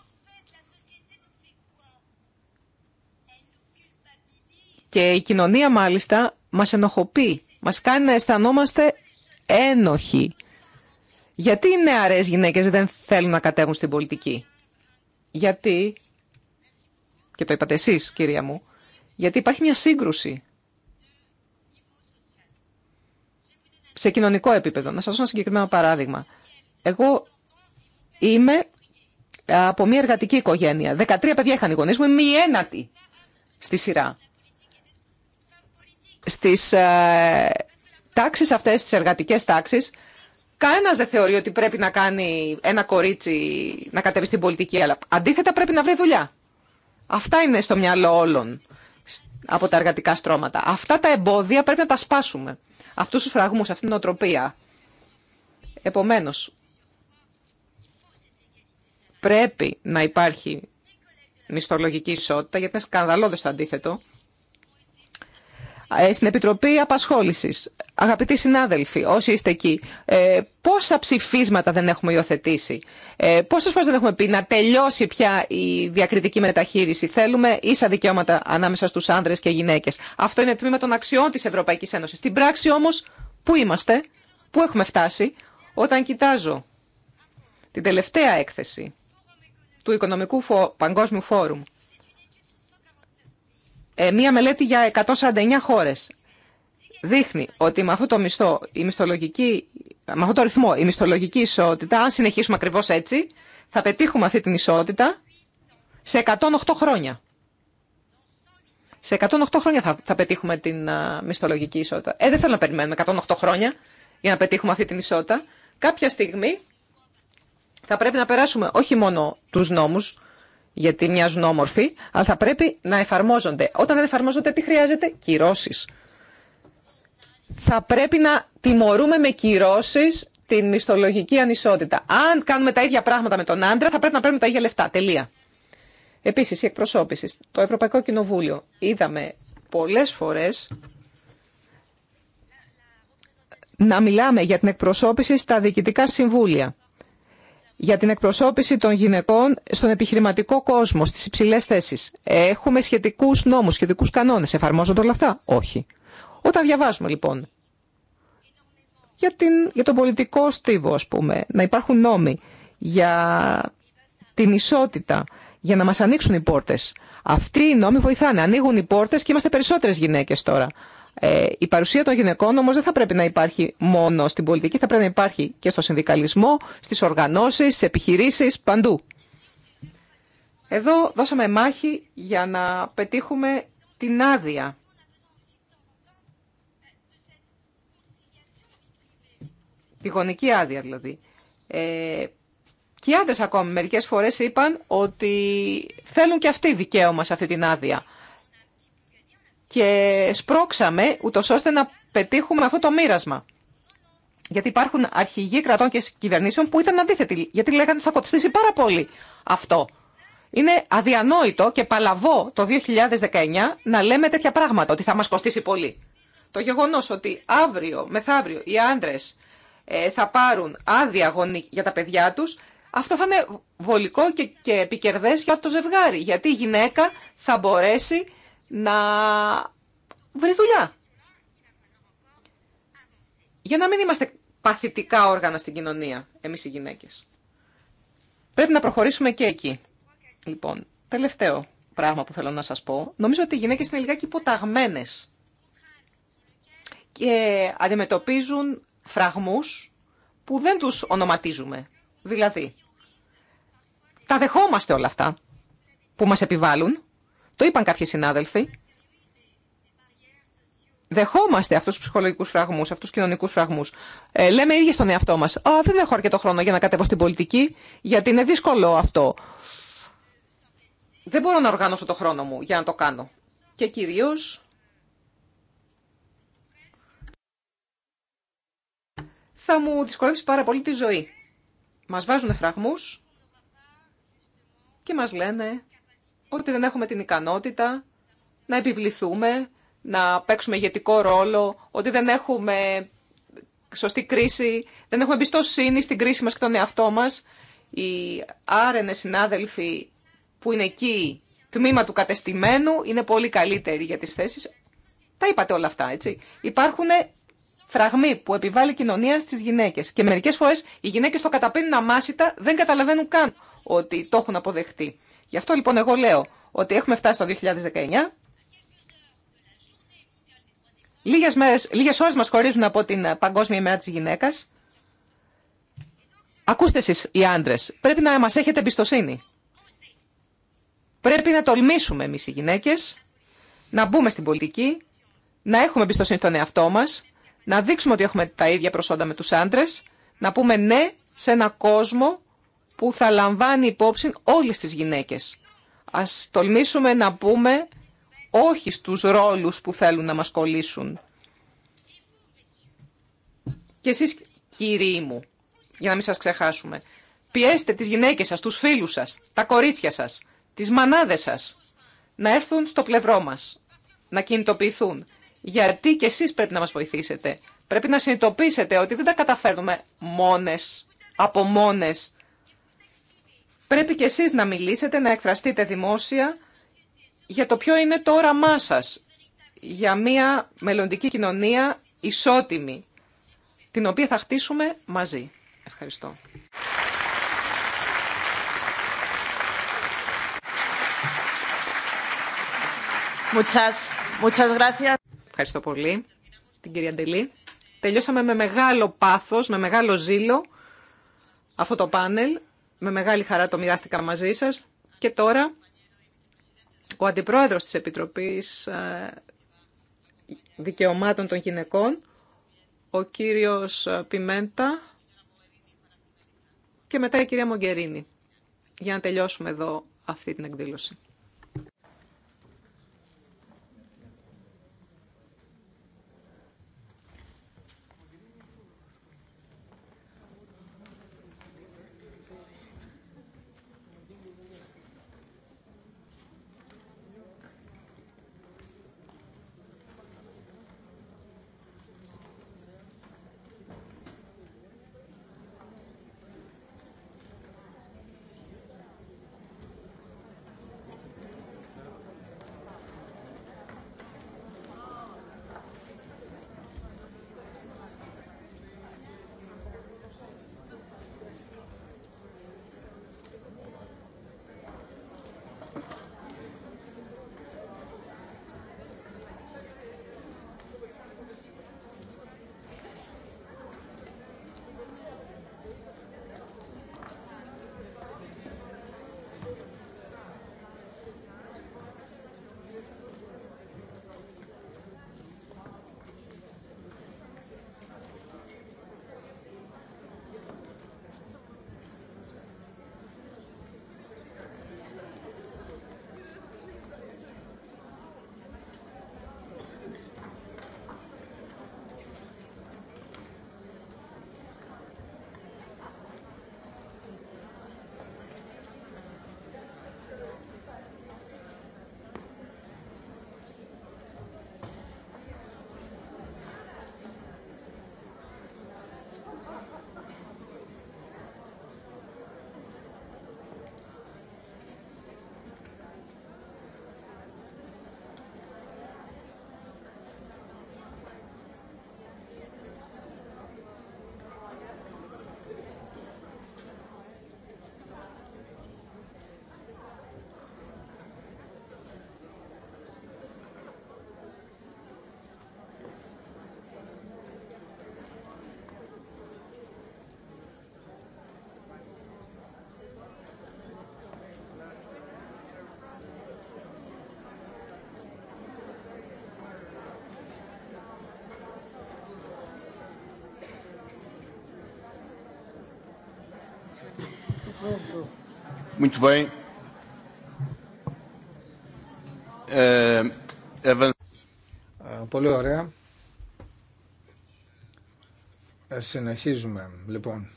Και η κοινωνία μάλιστα μας ενοχοποιεί, μας κάνει να αισθανόμαστε ένοχοι. Γιατί οι νεαρές γυναίκες δεν θέλουν να κατέβουν στην πολιτική. Γιατί, και το είπατε εσείς κυρία μου, γιατί υπάρχει μια σύγκρουση σε κοινωνικό επίπεδο. Να σας δώσω ένα συγκεκριμένο παράδειγμα. Εγώ είμαι από μια εργατική οικογένεια. 13 παιδιά είχαν οι γονείς μου, είμαι η ένατη στη σειρά. Στις ε, τάξεις αυτές, τις εργατικές τάξεις, Κανένα δεν θεωρεί ότι πρέπει να κάνει ένα κορίτσι να κατέβει στην πολιτική, αλλά αντίθετα πρέπει να βρει δουλειά. Αυτά είναι στο μυαλό όλων από τα εργατικά στρώματα. Αυτά τα εμπόδια πρέπει να τα σπάσουμε. Αυτούς τους φραγμούς, αυτήν την οτροπία. Επομένως, πρέπει να υπάρχει μισθολογική ισότητα, γιατί είναι σκανδαλώδες το αντίθετο. Ε, στην Επιτροπή απασχόληση, Αγαπητοί συνάδελφοι, όσοι είστε εκεί, ε, πόσα ψηφίσματα δεν έχουμε υιοθετήσει, ε, πόσε φορέ δεν έχουμε πει να τελειώσει πια η διακριτική μεταχείριση. Θέλουμε ίσα δικαιώματα ανάμεσα στου άνδρες και γυναίκε. Αυτό είναι το τμήμα των αξιών τη Ευρωπαϊκή Ένωση. Στην πράξη όμω, πού είμαστε, πού έχουμε φτάσει, όταν κοιτάζω την τελευταία έκθεση του Οικονομικού Παγκόσμιου Φόρουμ ε, μία μελέτη για 149 χώρες δείχνει ότι με αυτό το μισθό, μισθολογική, με αυτό το ρυθμό, η μισθολογική ισότητα, αν συνεχίσουμε ακριβώς έτσι, θα πετύχουμε αυτή την ισότητα σε 108 χρόνια. Σε 108 χρόνια θα, θα πετύχουμε την μισθολογική ισότητα. Ε, δεν θέλω να περιμένουμε 108 χρόνια για να πετύχουμε αυτή την ισότητα. Κάποια στιγμή θα πρέπει να περάσουμε όχι μόνο τους νόμους, γιατί μοιάζουν όμορφοι, αλλά θα πρέπει να εφαρμόζονται. Όταν δεν εφαρμόζονται, τι χρειάζεται, κυρώσει. Θα πρέπει να τιμωρούμε με κυρώσει την μισθολογική ανισότητα. Αν κάνουμε τα ίδια πράγματα με τον άντρα, θα πρέπει να παίρνουμε τα ίδια λεφτά. Τελεία. Επίσης, η εκπροσώπηση. Το Ευρωπαϊκό Κοινοβούλιο είδαμε πολλέ φορέ να μιλάμε για την εκπροσώπηση στα διοικητικά συμβούλια για την εκπροσώπηση των γυναικών στον επιχειρηματικό κόσμο, στις υψηλές θέσεις. Έχουμε σχετικούς νόμους, σχετικούς κανόνες. Εφαρμόζονται όλα αυτά. Όχι. Όταν διαβάζουμε λοιπόν για, την, για τον πολιτικό στίβο, ας πούμε, να υπάρχουν νόμοι για την ισότητα, για να μας ανοίξουν οι πόρτες. Αυτοί οι νόμοι βοηθάνε. Ανοίγουν οι πόρτες και είμαστε περισσότερες γυναίκες τώρα. Ε, η παρουσία των γυναικών όμως δεν θα πρέπει να υπάρχει μόνο στην πολιτική, θα πρέπει να υπάρχει και στο συνδικαλισμό, στις οργανώσεις, στι επιχειρήσεις, παντού. Εδώ δώσαμε μάχη για να πετύχουμε την άδεια. Τη γονική άδεια δηλαδή. Ε, και οι άντρες ακόμη μερικές φορές είπαν ότι θέλουν και αυτοί δικαίωμα σε αυτή την άδεια και σπρώξαμε ούτω ώστε να πετύχουμε αυτό το μοίρασμα. Γιατί υπάρχουν αρχηγοί κρατών και κυβερνήσεων που ήταν αντίθετοι, γιατί λέγανε ότι θα κοστίσει πάρα πολύ αυτό. Είναι αδιανόητο και παλαβό το 2019 να λέμε τέτοια πράγματα, ότι θα μας κοστίσει πολύ. Το γεγονός ότι αύριο, μεθαύριο, οι άντρες ε, θα πάρουν άδεια γονή για τα παιδιά τους, αυτό θα είναι βολικό και, και επικερδές για το ζευγάρι, γιατί η γυναίκα θα μπορέσει να βρει δουλειά. Για να μην είμαστε παθητικά όργανα στην κοινωνία, εμείς οι γυναίκες. Πρέπει να προχωρήσουμε και εκεί. Λοιπόν, τελευταίο πράγμα που θέλω να σας πω. Νομίζω ότι οι γυναίκες είναι λιγάκι υποταγμένες και αντιμετωπίζουν φραγμούς που δεν τους ονοματίζουμε. Δηλαδή, τα δεχόμαστε όλα αυτά που μας επιβάλλουν, το είπαν κάποιοι συνάδελφοι. Δεχόμαστε αυτού του ψυχολογικού φραγμού, αυτού του κοινωνικού φραγμού. Ε, λέμε ίδιοι στον εαυτό μα. Α, δεν έχω αρκετό χρόνο για να κατέβω στην πολιτική, γιατί είναι δύσκολο αυτό. Δεν μπορώ να οργανώσω το χρόνο μου για να το κάνω. Και κυρίω. Θα μου δυσκολεύσει πάρα πολύ τη ζωή. Μας βάζουν φραγμούς και μας λένε ότι δεν έχουμε την ικανότητα να επιβληθούμε, να παίξουμε ηγετικό ρόλο, ότι δεν έχουμε σωστή κρίση, δεν έχουμε εμπιστοσύνη στην κρίση μας και τον εαυτό μας. Οι άρενες συνάδελφοι που είναι εκεί τμήμα του κατεστημένου είναι πολύ καλύτεροι για τις θέσεις. Τα είπατε όλα αυτά, έτσι. Υπάρχουν φραγμοί που επιβάλλει η κοινωνία στις γυναίκες. Και μερικές φορές οι γυναίκες το καταπίνουν αμάσιτα, δεν καταλαβαίνουν καν ότι το έχουν αποδεχτεί. Γι' αυτό λοιπόν εγώ λέω ότι έχουμε φτάσει στο 2019. Λίγες, μέρες, λίγες ώρες μας χωρίζουν από την ε, Παγκόσμια ημέρα της γυναίκας. Ακούστε εσείς οι άντρες, πρέπει να μας έχετε εμπιστοσύνη. Πρέπει να τολμήσουμε εμείς οι γυναίκες, να μπούμε στην πολιτική, να έχουμε εμπιστοσύνη στον εαυτό μας, να δείξουμε ότι έχουμε τα ίδια προσόντα με τους άντρες, να πούμε ναι σε ένα κόσμο που θα λαμβάνει υπόψη όλες τις γυναίκες. Ας τολμήσουμε να πούμε όχι στους ρόλους που θέλουν να μας κολλήσουν. Και εσείς κύριοι μου, για να μην σας ξεχάσουμε, πιέστε τις γυναίκες σας, τους φίλους σας, τα κορίτσια σας, τις μανάδες σας, να έρθουν στο πλευρό μας, να κινητοποιηθούν. Γιατί και εσείς πρέπει να μας βοηθήσετε. Πρέπει να συνειδητοποιήσετε ότι δεν τα καταφέρνουμε μόνες, από μόνες, πρέπει και εσείς να μιλήσετε, να εκφραστείτε δημόσια για το ποιο είναι το όραμά σας για μια μελλοντική κοινωνία ισότιμη, την οποία θα χτίσουμε μαζί. Ευχαριστώ. Muchas, muchas gracias. Ευχαριστώ πολύ την κυρία Ντελή. Τελειώσαμε με μεγάλο πάθος, με μεγάλο ζήλο αυτό το πάνελ. Με μεγάλη χαρά το μοιράστηκα μαζί σας. Και τώρα ο Αντιπρόεδρος της Επιτροπής ε, Δικαιωμάτων των Γυναικών, ο κύριος ε, Πιμέντα και μετά η κυρία Μογκερίνη, για να τελειώσουμε εδώ αυτή την εκδήλωση. Muito bem. Eh, πολύ ωραία. Ε, συνεχίζουμε λοιπόν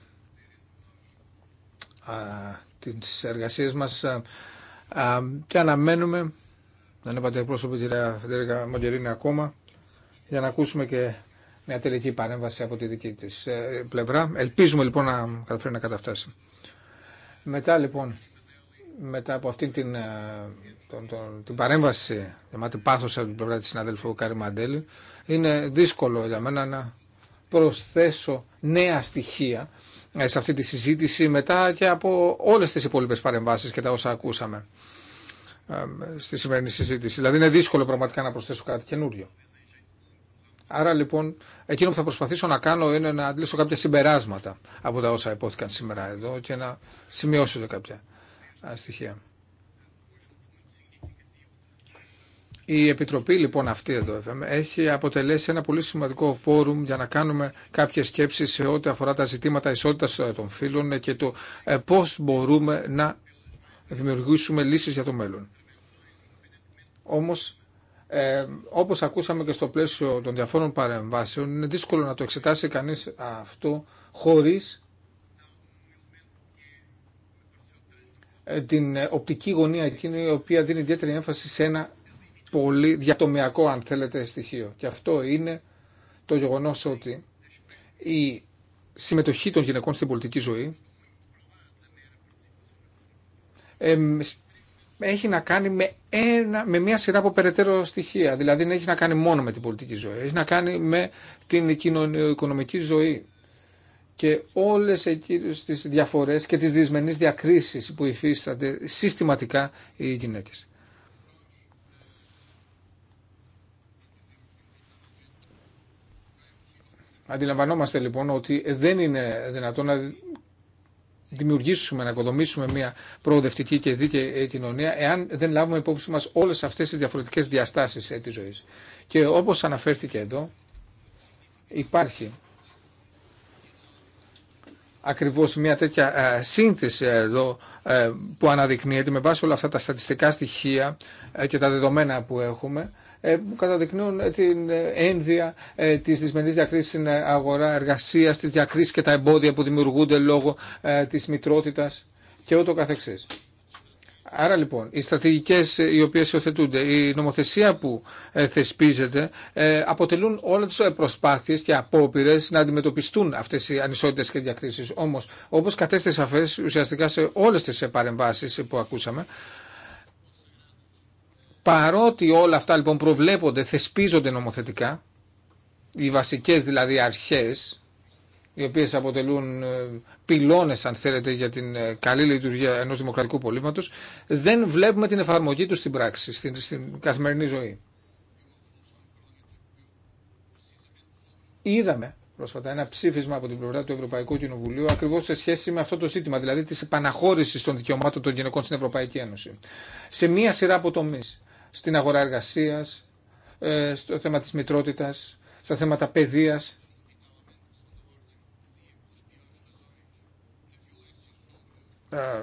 τις εργασίες μας και ε, αναμένουμε δεν είπατε εκπρόσωπο τη Φεντερίκα Μοντερίνη ακόμα για να ακούσουμε και μια τελική παρέμβαση από τη δική της ε, πλευρά. Ελπίζουμε λοιπόν να καταφέρει να καταφτάσει. Μετά λοιπόν, μετά από αυτή την, ε, τον, τον, την παρέμβαση γεμάτη πάθος από την πλευρά της συναδέλφου Κάρη Μαντέλη, είναι δύσκολο για μένα να προσθέσω νέα στοιχεία ε, σε αυτή τη συζήτηση μετά και από όλες τις υπόλοιπες παρεμβάσεις και τα όσα ακούσαμε ε, στη σημερινή συζήτηση. Δηλαδή είναι δύσκολο πραγματικά να προσθέσω κάτι καινούριο. Άρα λοιπόν, εκείνο που θα προσπαθήσω να κάνω είναι να αντλήσω κάποια συμπεράσματα από τα όσα υπόθηκαν σήμερα εδώ και να σημειώσω κάποια στοιχεία. Η Επιτροπή λοιπόν αυτή εδώ έχει αποτελέσει ένα πολύ σημαντικό φόρουμ για να κάνουμε κάποιες σκέψεις σε ό,τι αφορά τα ζητήματα ισότητας των φύλων και το ε, πώς μπορούμε να δημιουργήσουμε λύσεις για το μέλλον. Όμως ε, όπως ακούσαμε και στο πλαίσιο των διαφόρων παρεμβάσεων, είναι δύσκολο να το εξετάσει κανείς αυτό χωρίς ε, την ε, οπτική γωνία εκείνη η οποία δίνει ιδιαίτερη έμφαση σε ένα πολύ διατομιακό αν θέλετε στοιχείο. Και αυτό είναι το γεγονός ότι η συμμετοχή των γυναικών στην πολιτική ζωή έχει να κάνει με, ένα, με μια σειρά από περαιτέρω στοιχεία. Δηλαδή δεν έχει να κάνει μόνο με την πολιτική ζωή, έχει να κάνει με την οικονομική ζωή και όλες εκείνες τις διαφορές και τις δυσμενείς διακρίσεις που υφίστανται συστηματικά οι γυναίκε. Αντιλαμβανόμαστε λοιπόν ότι δεν είναι δυνατόν να δημιουργήσουμε, να οικοδομήσουμε μια προοδευτική και δίκαιη ε, κοινωνία, εάν δεν λάβουμε υπόψη μας όλες αυτές τις διαφορετικές διαστάσεις ε, τη ζωή. Και όπως αναφέρθηκε εδώ, υπάρχει ακριβώς μια τέτοια ε, σύνθεση εδώ που αναδεικνύεται με βάση όλα αυτά τα στατιστικά στοιχεία και τα δεδομένα που έχουμε ε, που καταδεικνύουν ε, την ε, ένδυα της δυσμενή διακρίση στην αγορά εργασία, τη διακρίση και τα εμπόδια που δημιουργούνται λόγω τη μητρότητα και ούτω καθεξή. Άρα λοιπόν, οι στρατηγικέ οι οποίε υιοθετούνται, η νομοθεσία που θεσπίζεται, αποτελούν όλε τι προσπάθειε και απόπειρε να αντιμετωπιστούν αυτέ οι ανισότητες και διακρίσει όμω, όπω κατέστησε σαφές ουσιαστικά σε όλε τι παρεμβάσει που ακούσαμε, Παρότι όλα αυτά λοιπόν προβλέπονται, θεσπίζονται νομοθετικά, οι βασικές δηλαδή αρχές, οι οποίες αποτελούν ε, πυλώνες αν θέλετε για την ε, καλή λειτουργία ενός δημοκρατικού πολίματος, δεν βλέπουμε την εφαρμογή του στην πράξη, στην, στην καθημερινή ζωή. Είδαμε πρόσφατα ένα ψήφισμα από την πλευρά του Ευρωπαϊκού Κοινοβουλίου ακριβώς σε σχέση με αυτό το ζήτημα, δηλαδή της επαναχώρησης των δικαιωμάτων των γυναικών στην Ευρωπαϊκή Ένωση. Σε μία σειρά από στην αγορά εργασίας, ε, στο θέμα της μητρότητας, στα θέματα παιδείας. Ε,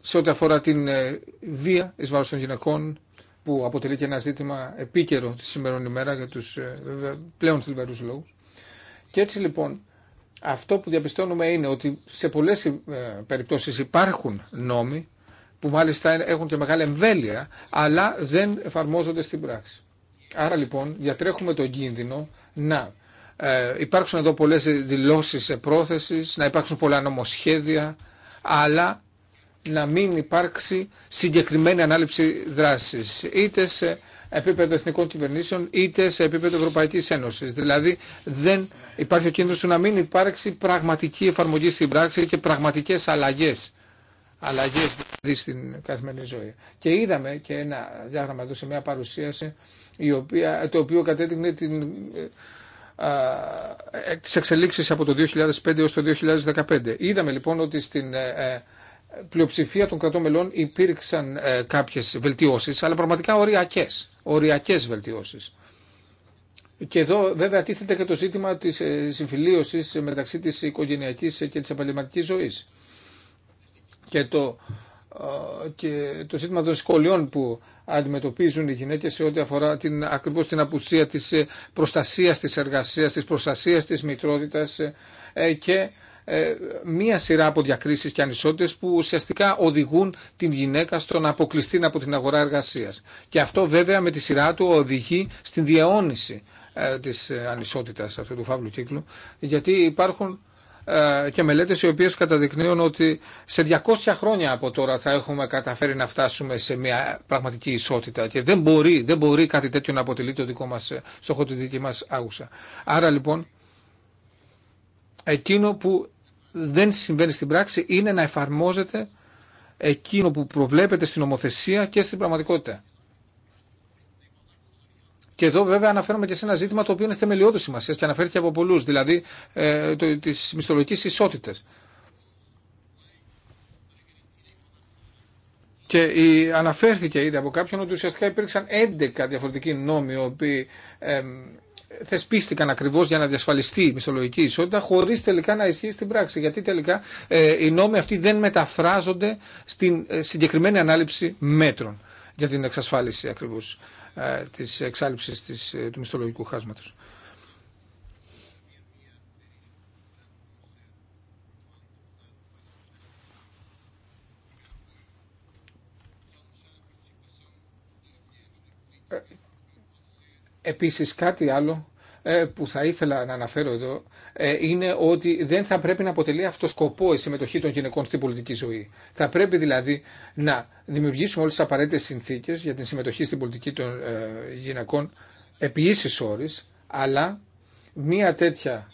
σε ό,τι αφορά την ε, βία εις βάρος των γυναικών, που αποτελεί και ένα ζήτημα επίκαιρο τη σημερινή ημέρα για τους πλέον θλιβερούς λόγους. Και έτσι λοιπόν αυτό που διαπιστώνουμε είναι ότι σε πολλές περιπτώσεις υπάρχουν νόμοι που μάλιστα έχουν και μεγάλη εμβέλεια, αλλά δεν εφαρμόζονται στην πράξη. Άρα λοιπόν διατρέχουμε τον κίνδυνο να ε, υπάρξουν εδώ πολλές δηλώσεις πρόθεσης, να υπάρξουν πολλά νομοσχέδια, αλλά να μην υπάρξει συγκεκριμένη ανάληψη δράσης, είτε σε επίπεδο εθνικών κυβερνήσεων, είτε σε επίπεδο Ευρωπαϊκής Ένωσης. Δηλαδή δεν υπάρχει ο κίνδυνος του να μην υπάρξει πραγματική εφαρμογή στην πράξη και πραγματικές αλλαγές Αλλαγέ δηλαδή στην καθημερινή ζωή. Και είδαμε και ένα διάγραμμα εδώ σε μια παρουσίαση η οποία, το οποίο κατέδειχνε την, εξελίξει τις εξελίξεις από το 2005 έως το 2015. Είδαμε λοιπόν ότι στην ε, ε, πλειοψηφία των κρατών μελών υπήρξαν ε, κάποιες βελτιώσεις, αλλά πραγματικά οριακές, οριακές βελτιώσεις. Και εδώ βέβαια τίθεται και το ζήτημα της ε, συμφιλίωσης μεταξύ της οικογενειακής και της επαγγελματική ζωής και το, και το ζήτημα των σχολιών που αντιμετωπίζουν οι γυναίκες σε ό,τι αφορά την, ακριβώς την απουσία της ε, προστασίας της εργασίας, της προστασίας της μητρότητας ε, ε, και μία σειρά από διακρίσεις και ανισότητες που ουσιαστικά οδηγούν την γυναίκα στο να αποκλειστεί από την αγορά εργασίας. Και αυτό βέβαια με τη σειρά του οδηγεί στην διαιώνιση της ανισότητας αυτού του φαύλου κύκλου, γιατί υπάρχουν ε, και μελέτες οι οποίες καταδεικνύουν ότι σε 200 χρόνια από τώρα θα έχουμε καταφέρει να φτάσουμε σε μια πραγματική ισότητα και δεν μπορεί, δεν μπορεί κάτι τέτοιο να αποτελεί το δικό μας ε, στόχο, τη δική μας άγουσα. Άρα λοιπόν, εκείνο που δεν συμβαίνει στην πράξη είναι να εφαρμόζεται εκείνο που προβλέπεται στην ομοθεσία και στην πραγματικότητα. Και εδώ βέβαια αναφέρομαι και σε ένα ζήτημα το οποίο είναι θεμελιώδη σημασία και αναφέρθηκε από πολλού, δηλαδή ε, τη μισθολογική ισότητα. Και η, αναφέρθηκε ήδη από κάποιον ότι ουσιαστικά υπήρξαν 11 διαφορετικοί νόμοι οι οποίοι ε, θεσπίστηκαν ακριβώ για να διασφαλιστεί η μισθολογική ισότητα, χωρί τελικά να ισχύει στην πράξη. Γιατί τελικά ε, οι νόμοι αυτοί δεν μεταφράζονται στην ε, συγκεκριμένη ανάληψη μέτρων για την εξασφάλιση ακριβώ ε, της εξάλληψης ε, του μισθολογικού χάσματος. Ε, επίσης κάτι άλλο ε, που θα ήθελα να αναφέρω εδώ ε, είναι ότι δεν θα πρέπει να αποτελεί αυτό σκοπό η συμμετοχή των γυναικών στην πολιτική ζωή. Θα πρέπει δηλαδή να δημιουργήσουμε όλες τις απαραίτητες συνθήκες για την συμμετοχή στην πολιτική των ε, γυναικών επί ίσης όρης, αλλά μία τέτοια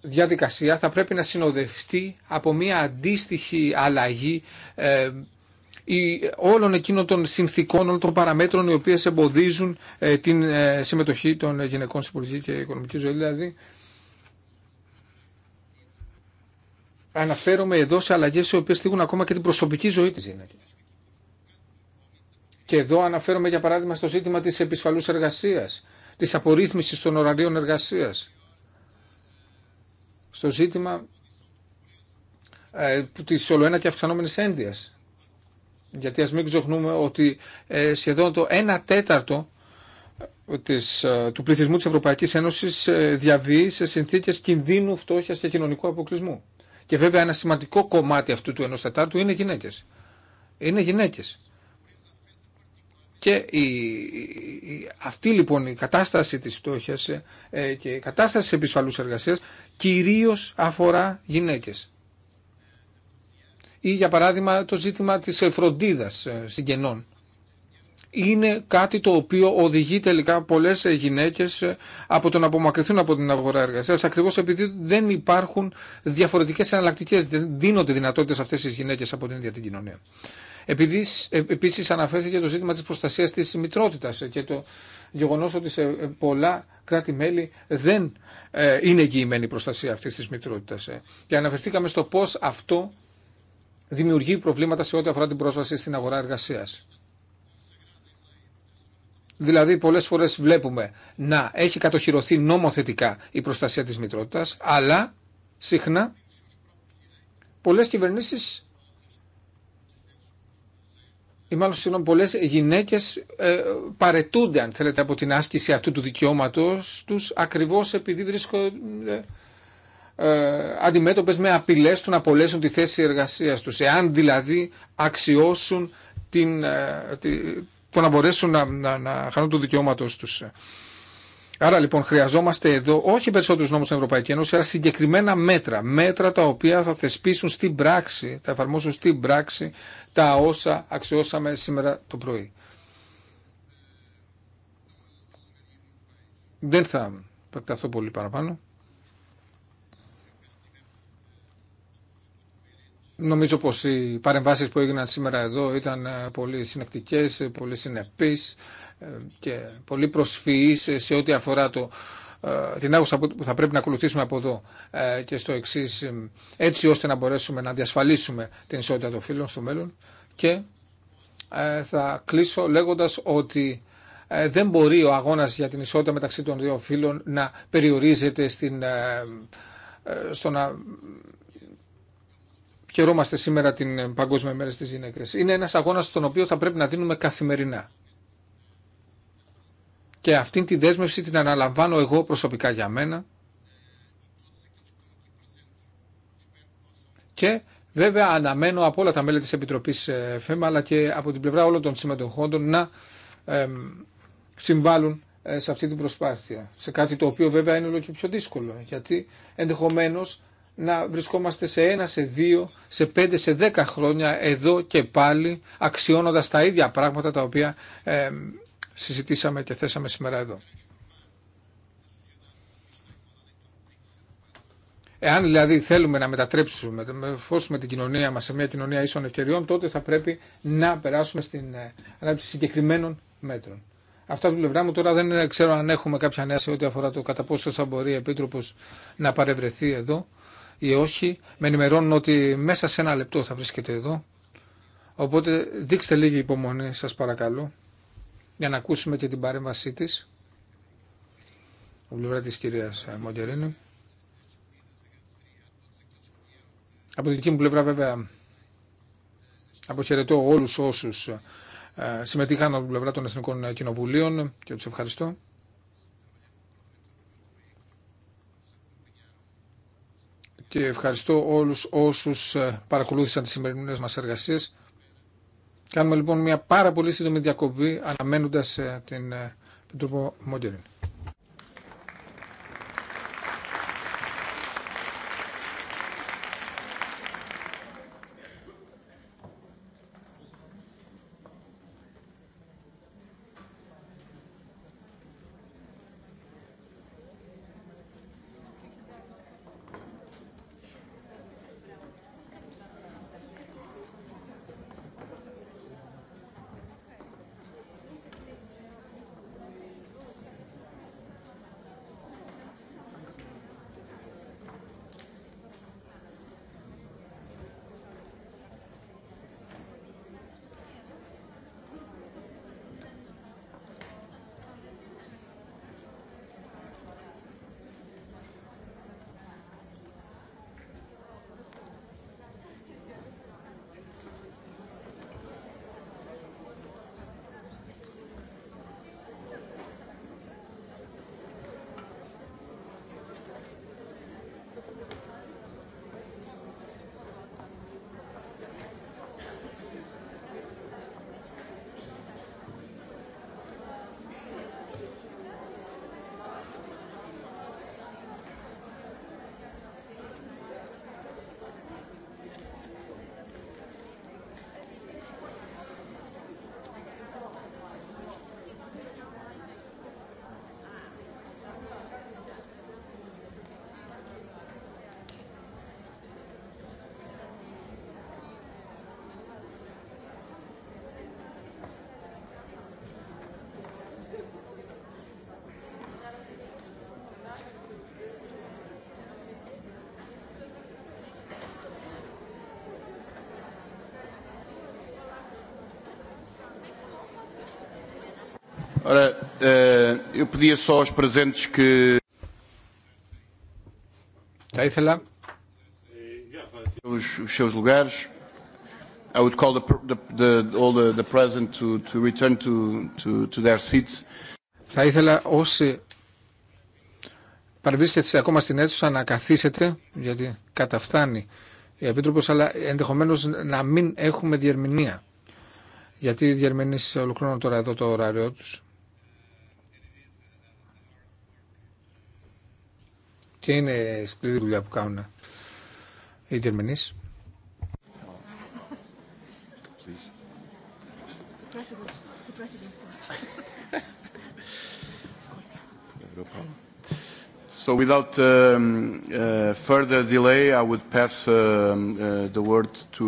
διαδικασία θα πρέπει να συνοδευτεί από μία αντίστοιχη αλλαγή όλων εκείνων των συνθήκων, όλων των παραμέτρων οι οποίες εμποδίζουν ε, την ε, συμμετοχή των γυναικών στην πολιτική και οικονομική ζωή. Δηλαδή, αναφέρομαι εδώ σε αλλαγές οι οποίες θίγουν ακόμα και την προσωπική ζωή της γυναίκας. Και εδώ αναφέρομαι για παράδειγμα στο ζήτημα της επισφαλούς εργασίας, της απορρίθμισης των ωραρίων εργασίας, στο ζήτημα ε, της ολοένα και αυξανόμενης ένδυας γιατί ας μην ξεχνούμε ότι ε, σχεδόν το 1 τέταρτο της, ε, του πληθυσμού της Ευρωπαϊκής Ένωσης ε, διαβεί σε συνθήκες κινδύνου, φτώχειας και κοινωνικού αποκλεισμού. Και βέβαια ένα σημαντικό κομμάτι αυτού του 1 τετάρτου είναι γυναίκες. Είναι γυναίκες. Και η, αυτή λοιπόν η κατάσταση της φτώχειας και η κατάσταση της επισφαλούς εργασίας κυρίως αφορά γυναίκες ή για παράδειγμα το ζήτημα της ε, φροντίδας ε, συγγενών. Είναι κάτι το οποίο οδηγεί τελικά πολλές ε, γυναίκες από το να απομακρυνθούν από την αγορά εργασίας ακριβώς επειδή δεν υπάρχουν διαφορετικές εναλλακτικέ δεν δίνονται δυνατότητες αυτές τις γυναίκες από την ίδια την κοινωνία. Επειδή επίσης αναφέρθηκε το ζήτημα της προστασίας της μητρότητας και το γεγονός ότι σε πολλά κράτη-μέλη δεν είναι εγγυημένη η προστασία αυτής της μητρότητας. Και αναφερθήκαμε στο πώς αυτό δημιουργεί προβλήματα σε ό,τι αφορά την πρόσβαση στην αγορά εργασίας. Δηλαδή, πολλέ φορέ βλέπουμε να έχει κατοχυρωθεί νομοθετικά η προστασία τη μητρότητα, αλλά συχνά πολλέ κυβερνήσει ή μάλλον συγγνώμη, πολλέ γυναίκε ε, παρετούνται, αν θέλετε, από την άσκηση αυτού του δικαιώματο του ακριβώ επειδή βρίσκονται ε, αντιμέτωπες με απειλές του να απολέσουν τη θέση εργασίας τους. Εάν δηλαδή αξιώσουν την, ε, το να μπορέσουν να, να, να χάνουν το δικαιώματο τους. Άρα λοιπόν χρειαζόμαστε εδώ όχι περισσότερους νόμους στην Ευρωπαϊκή Ένωση, αλλά συγκεκριμένα μέτρα. Μέτρα τα οποία θα θεσπίσουν στην πράξη, θα εφαρμόσουν στην πράξη τα όσα αξιώσαμε σήμερα το πρωί. Δεν θα επεκταθώ πολύ παραπάνω. Νομίζω πως οι παρεμβάσεις που έγιναν σήμερα εδώ ήταν ε, πολύ συνεκτικές, ε, πολύ συνεπείς ε, και πολύ προσφυείς σε ό,τι αφορά το, την άγουσα που θα πρέπει να ακολουθήσουμε από εδώ και στο εξή, έτσι ώστε να μπορέσουμε να διασφαλίσουμε την ισότητα των φίλων στο μέλλον και θα κλείσω λέγοντας ότι δεν μπορεί ο αγώνας για την ισότητα μεταξύ των δύο φίλων να περιορίζεται στην, στο να χαιρόμαστε σήμερα την ε, Παγκόσμια Μέρα στις Γυναίκες. Είναι ένας αγώνας στον οποίο θα πρέπει να δίνουμε καθημερινά. Και αυτή την δέσμευση την αναλαμβάνω εγώ προσωπικά για μένα. Και βέβαια αναμένω από όλα τα μέλη της Επιτροπής ε, ΦΕΜΑ αλλά και από την πλευρά όλων των συμμετοχόντων να συμβάλλουν ε, σε αυτή την προσπάθεια. Σε κάτι το οποίο βέβαια είναι όλο και πιο δύσκολο γιατί ενδεχομένως να βρισκόμαστε σε ένα, σε δύο, σε πέντε, σε δέκα χρόνια εδώ και πάλι αξιώνοντας τα ίδια πράγματα τα οποία ε, συζητήσαμε και θέσαμε σήμερα εδώ. Εάν δηλαδή θέλουμε να μετατρέψουμε, να φώσουμε την κοινωνία μας σε μια κοινωνία ίσων ευκαιριών, τότε θα πρέπει να περάσουμε στην ε, ανάπτυξη συγκεκριμένων μέτρων. Αυτά από την πλευρά μου τώρα δεν ξέρω αν έχουμε κάποια νέα σε ό,τι αφορά το κατά πόσο θα μπορεί η Επίτροπος να παρευρεθεί εδώ ή όχι. Με ενημερώνουν ότι μέσα σε ένα λεπτό θα βρίσκεται εδώ. Οπότε δείξτε λίγη υπομονή σας παρακαλώ για να ακούσουμε και την παρέμβασή της. Ο πλευρά της κυρίας Μογκερίνη. Από την δική μου πλευρά βέβαια αποχαιρετώ όλους όσους ε, συμμετείχαν από την πλευρά των Εθνικών Κοινοβουλίων και τους ευχαριστώ. και ευχαριστώ όλους όσους ε, παρακολούθησαν τις σημερινές μας εργασίες. Κάνουμε λοιπόν μια πάρα πολύ σύντομη διακοπή αναμένοντας ε, την ε, Επιτροπό Eu pedia só aos presentes que... Θα ήθελα os, os seus lugares. I would call the, the, the, all the, the present to, to return to, to, to their seats. Θα ήθελα όσοι παρευρίσκεστε ακόμα στην αίθουσα να καθίσετε, γιατί καταφτάνει η Επίτροπο, αλλά ενδεχομένω να μην έχουμε διερμηνία. Γιατί οι διερμηνείς ολοκληρώνουν τώρα εδώ το ωράριό του. Και είναι σκληρή δουλειά που κάνουν οι Γερμανείς. So without further delay, I would pass the word to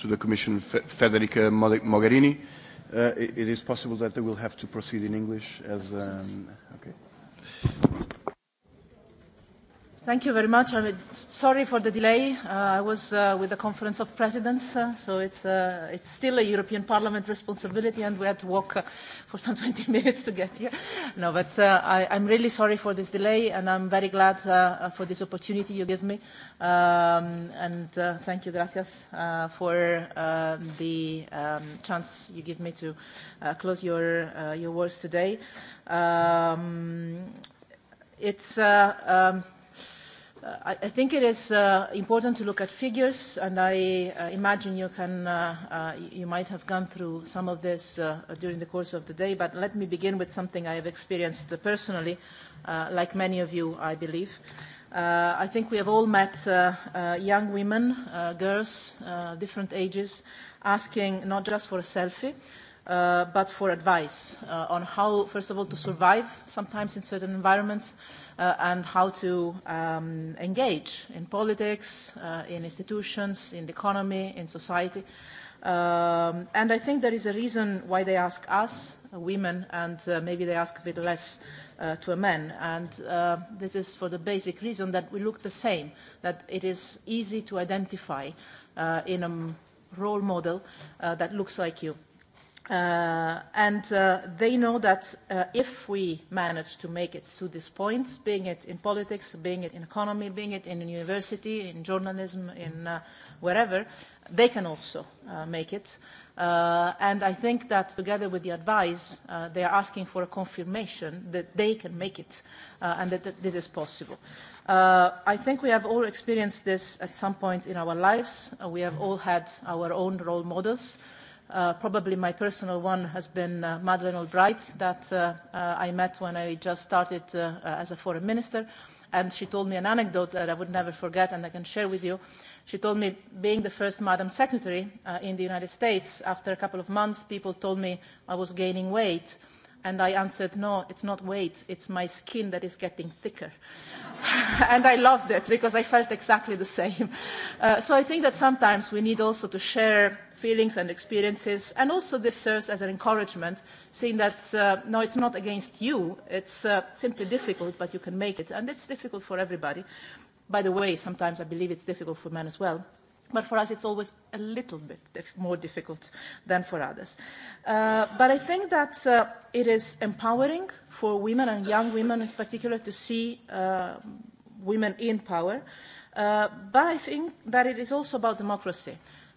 to the Commission Federica Mogherini. It is possible that they will have to proceed in English as okay. Thank you very much. I'm sorry for the delay. I was with the Conference of Presidents, so it's it's still a European Parliament responsibility, and we had to walk for some 20 minutes to get here. No, but I'm really sorry for this delay, and I'm very glad for this opportunity you give me. And thank you, gracias, for the chance you give me to close your your words today. It's I think it is important to look at figures, and I imagine you can, you might have gone through some of this during the course of the day, but let me begin with something I have experienced personally, like many of you, I believe. I think we have all met young women, girls, different ages, asking not just for a selfie, but for advice on how, first of all, to survive sometimes in certain environments and how to engage in politics, in institutions, in the economy, in society. And I think there is a reason why they ask us, women, and maybe they ask a bit less to a man. And this is for the basic reason that we look the same, that it is easy to identify in a role model that looks like you. And they know that if we manage to make it to this point, being it in politics, being it in economy, being it in university, in journalism, in wherever, they can also make it. And I think that together with the advice, they are asking for a confirmation that they can make it and that this is possible. I think we have all experienced this at some point in our lives. We have all had our own role models. Probably my personal one has been Madeleine Albright that I met when I just started as a foreign minister. And she told me an anecdote that I would never forget and I can share with you. She told me, being the first Madam Secretary in the United States, after a couple of months, people told me I was gaining weight. And I answered, no, it's not weight, it's my skin that is getting thicker. And I loved it because I felt exactly the same. So I think that sometimes we need also to share feelings and experiences. And also this serves as an encouragement, seeing that, no, it's not against you. It's simply difficult, but you can make it. And it's difficult for everybody. By the way, sometimes I believe it's difficult for men as well. But for us, it's always a little bit more difficult than for others. But I think that it is empowering for women and young women in particular to see women in power. But I think that it is also about democracy.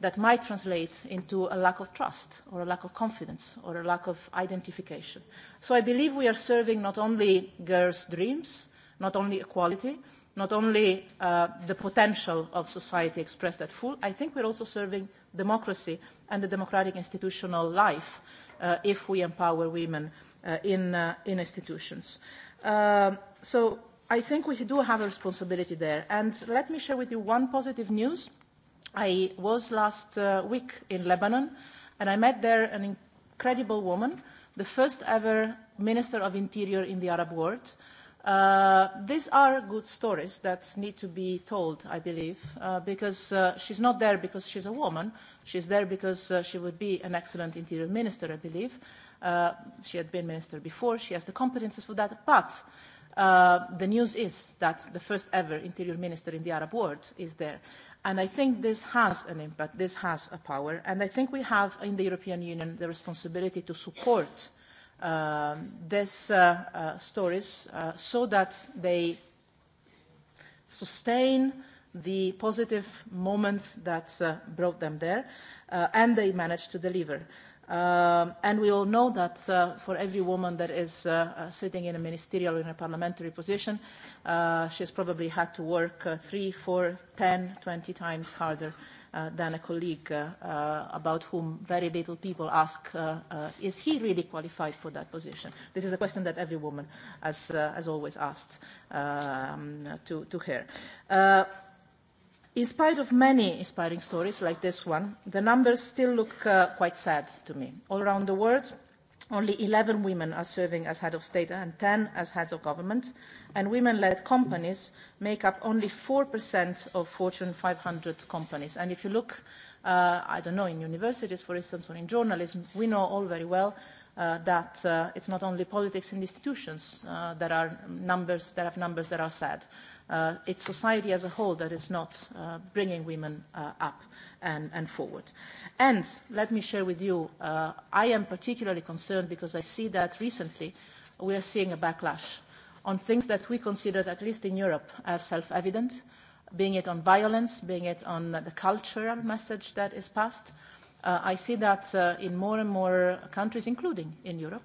that might translate into a lack of trust or a lack of confidence or a lack of identification. So I believe we are serving not only girls' dreams, not only equality, not only the potential of society expressed at full, I think we're also serving democracy and the democratic institutional life if we empower women in institutions. So I think we do have a responsibility there. And let me share with you one positive news I was last week in Lebanon, and I met there an incredible woman, the first ever Minister of Interior in the Arab world. These are good stories that need to be told, I believe, because she's not there because she's a woman. She's there because she would be an excellent interior minister, I believe. She had been minister before. She has the competences for that. But the news is that the first ever interior minister in the Arab world is there and i think this has an impact this has a power and i think we have in the european union the responsibility to support these stories so that they sustain the positive moment that brought them there and they manage to deliver. And we all know that for every woman that is sitting in a ministerial or in a parliamentary position, she has probably had to work three, four, ten, 20 times harder than a colleague about whom very little people ask, is he really qualified for that position? This is a question that every woman has always asked to her. In spite of many inspiring stories like this one, the numbers still look quite sad to me. All around the world, only 11 women are serving as head of state and 10 as heads of government, and women-led companies make up only 4% of Fortune 500 companies. And if you look, I don't know, in universities, for instance, or in journalism, we know all very well that it's not only politics and institutions that are numbers that have numbers that are sad. It's society as a whole that is not bringing women up and forward. And let me share with you, I am particularly concerned because I see that recently we are seeing a backlash on things that we considered, at least in Europe, as self-evident, being it on violence, being it on the cultural message that is passed. I see that in more and more countries, including in Europe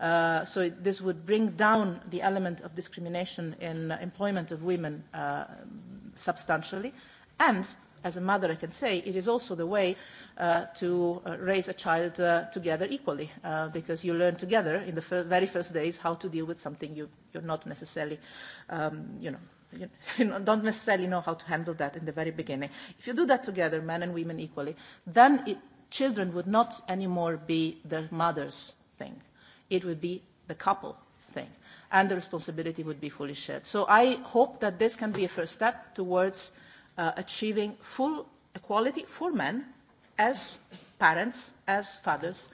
So this would bring down the element of discrimination in employment of women substantially. And as a mother, I can say it is also the way to raise a child together equally, because you learn together in the very first days how to deal with something you you're not necessarily, you know you don't necessarily know how to handle that in the very beginning. If you do that together, men and women equally, then children would not anymore be their mother's thing it would be the couple thing, and the responsibility would be fully shared. So I hope that this can be a first step towards achieving full equality for men as parents, as fathers,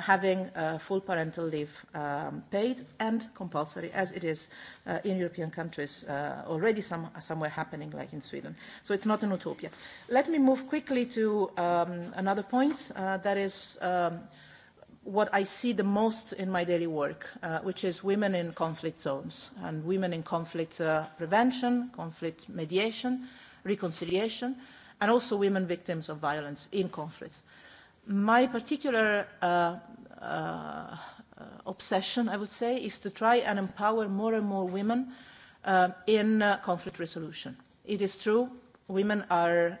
having full parental leave paid and compulsory, as it is in European countries already somewhere happening, like in Sweden. So it's not an utopia. Let me move quickly to another point that is what I see the most in my daily work, which is women in conflict zones and women in conflict prevention, conflict mediation, reconciliation, and also women victims of violence in conflicts. My particular obsession, I would say, is to try and empower more and more women in conflict resolution. It is true, women are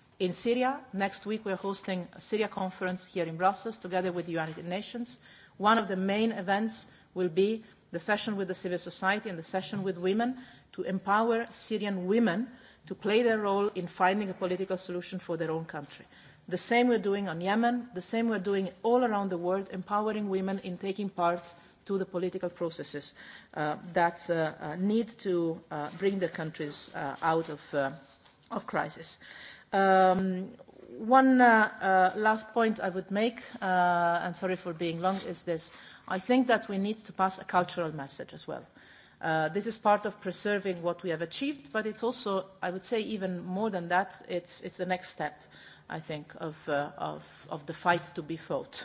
In Syria, next week we are hosting a Syria conference here in Brussels together with the United Nations. One of the main events will be the session with the civil society and the session with women to empower Syrian women to play their role in finding a political solution for their own country. The same we're doing on Yemen, the same we're doing all around the world, empowering women in taking part to the political processes that need to bring their countries out of crisis. One last point I would make, and sorry for being long, is this. I think that we need to pass a cultural message as well. This is part of preserving what we have achieved, but it's also, I would say, even more than that, it's the next step, I think, of the fight to be fought.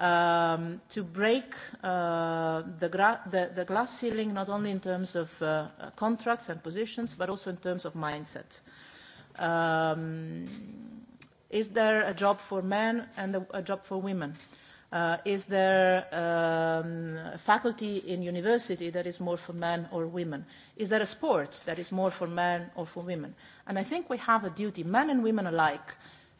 To break the glass ceiling, not only in terms of contracts and positions, but also in terms of mindset. Is there a job for men and a job for women? Is there faculty in university that is more for men or women? Is there a sport that is more for men or for women? And I think we have a duty, men and women alike,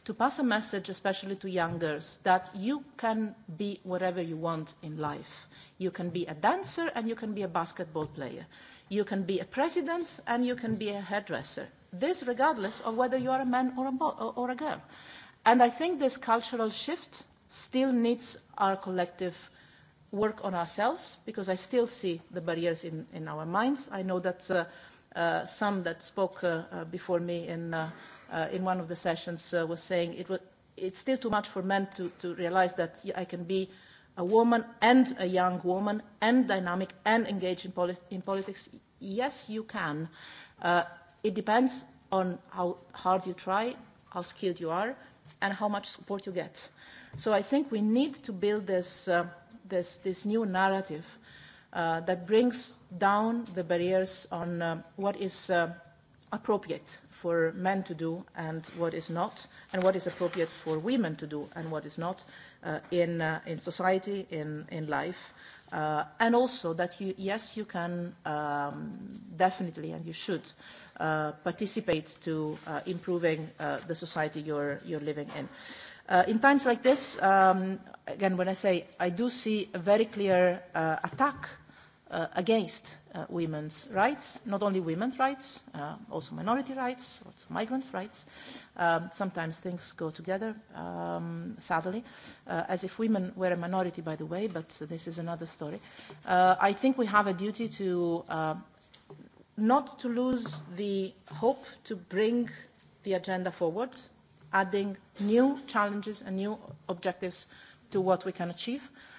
to pass a message, especially to young girls, that you can be whatever you want in life. You can be a dancer and you can be a basketball player. You can be a president and you can be a hairdresser This regardless of whether you are a man or a girl. And I think this cultural shift still needs our collective work on ourselves because I still see the barriers in, in our minds. I know that some that spoke before me in, in one of the sessions was saying it was, it's still too much for men to, to realize that I can be a woman and a young woman and dynamic and engaged in politics. Yes, you can. It depends on how hard you try, how skilled you are, and how much support you get. So I think we need to build this this new narrative that brings down the barriers on what is appropriate for men to do and what is not, and what is appropriate for women to do and what is not in in society, in in life and also that you yes you can definitely and you should participate to improving the society you're you're living in in times like this again when i say i do see a very clear attack against women's rights, not only women's rights, also minority rights, also migrants' rights. Sometimes things go together, sadly, as if women were a minority, by the way, but this is another story. I think we have a duty to not to lose the hope to bring the agenda forward, adding new challenges and new objectives to what we can achieve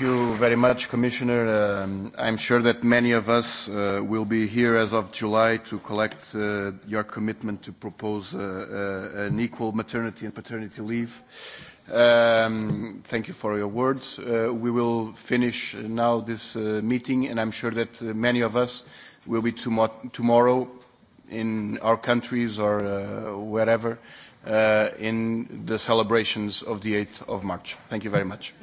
you very much, Commissioner. I'm sure that many of us will be here as of July to collect your commitment to propose an equal maternity and paternity leave. Thank you for your words. We will finish now this meeting, and I'm sure that many of us will be tomorrow in our countries or wherever in the celebrations of the 8th of March. Thank you very much.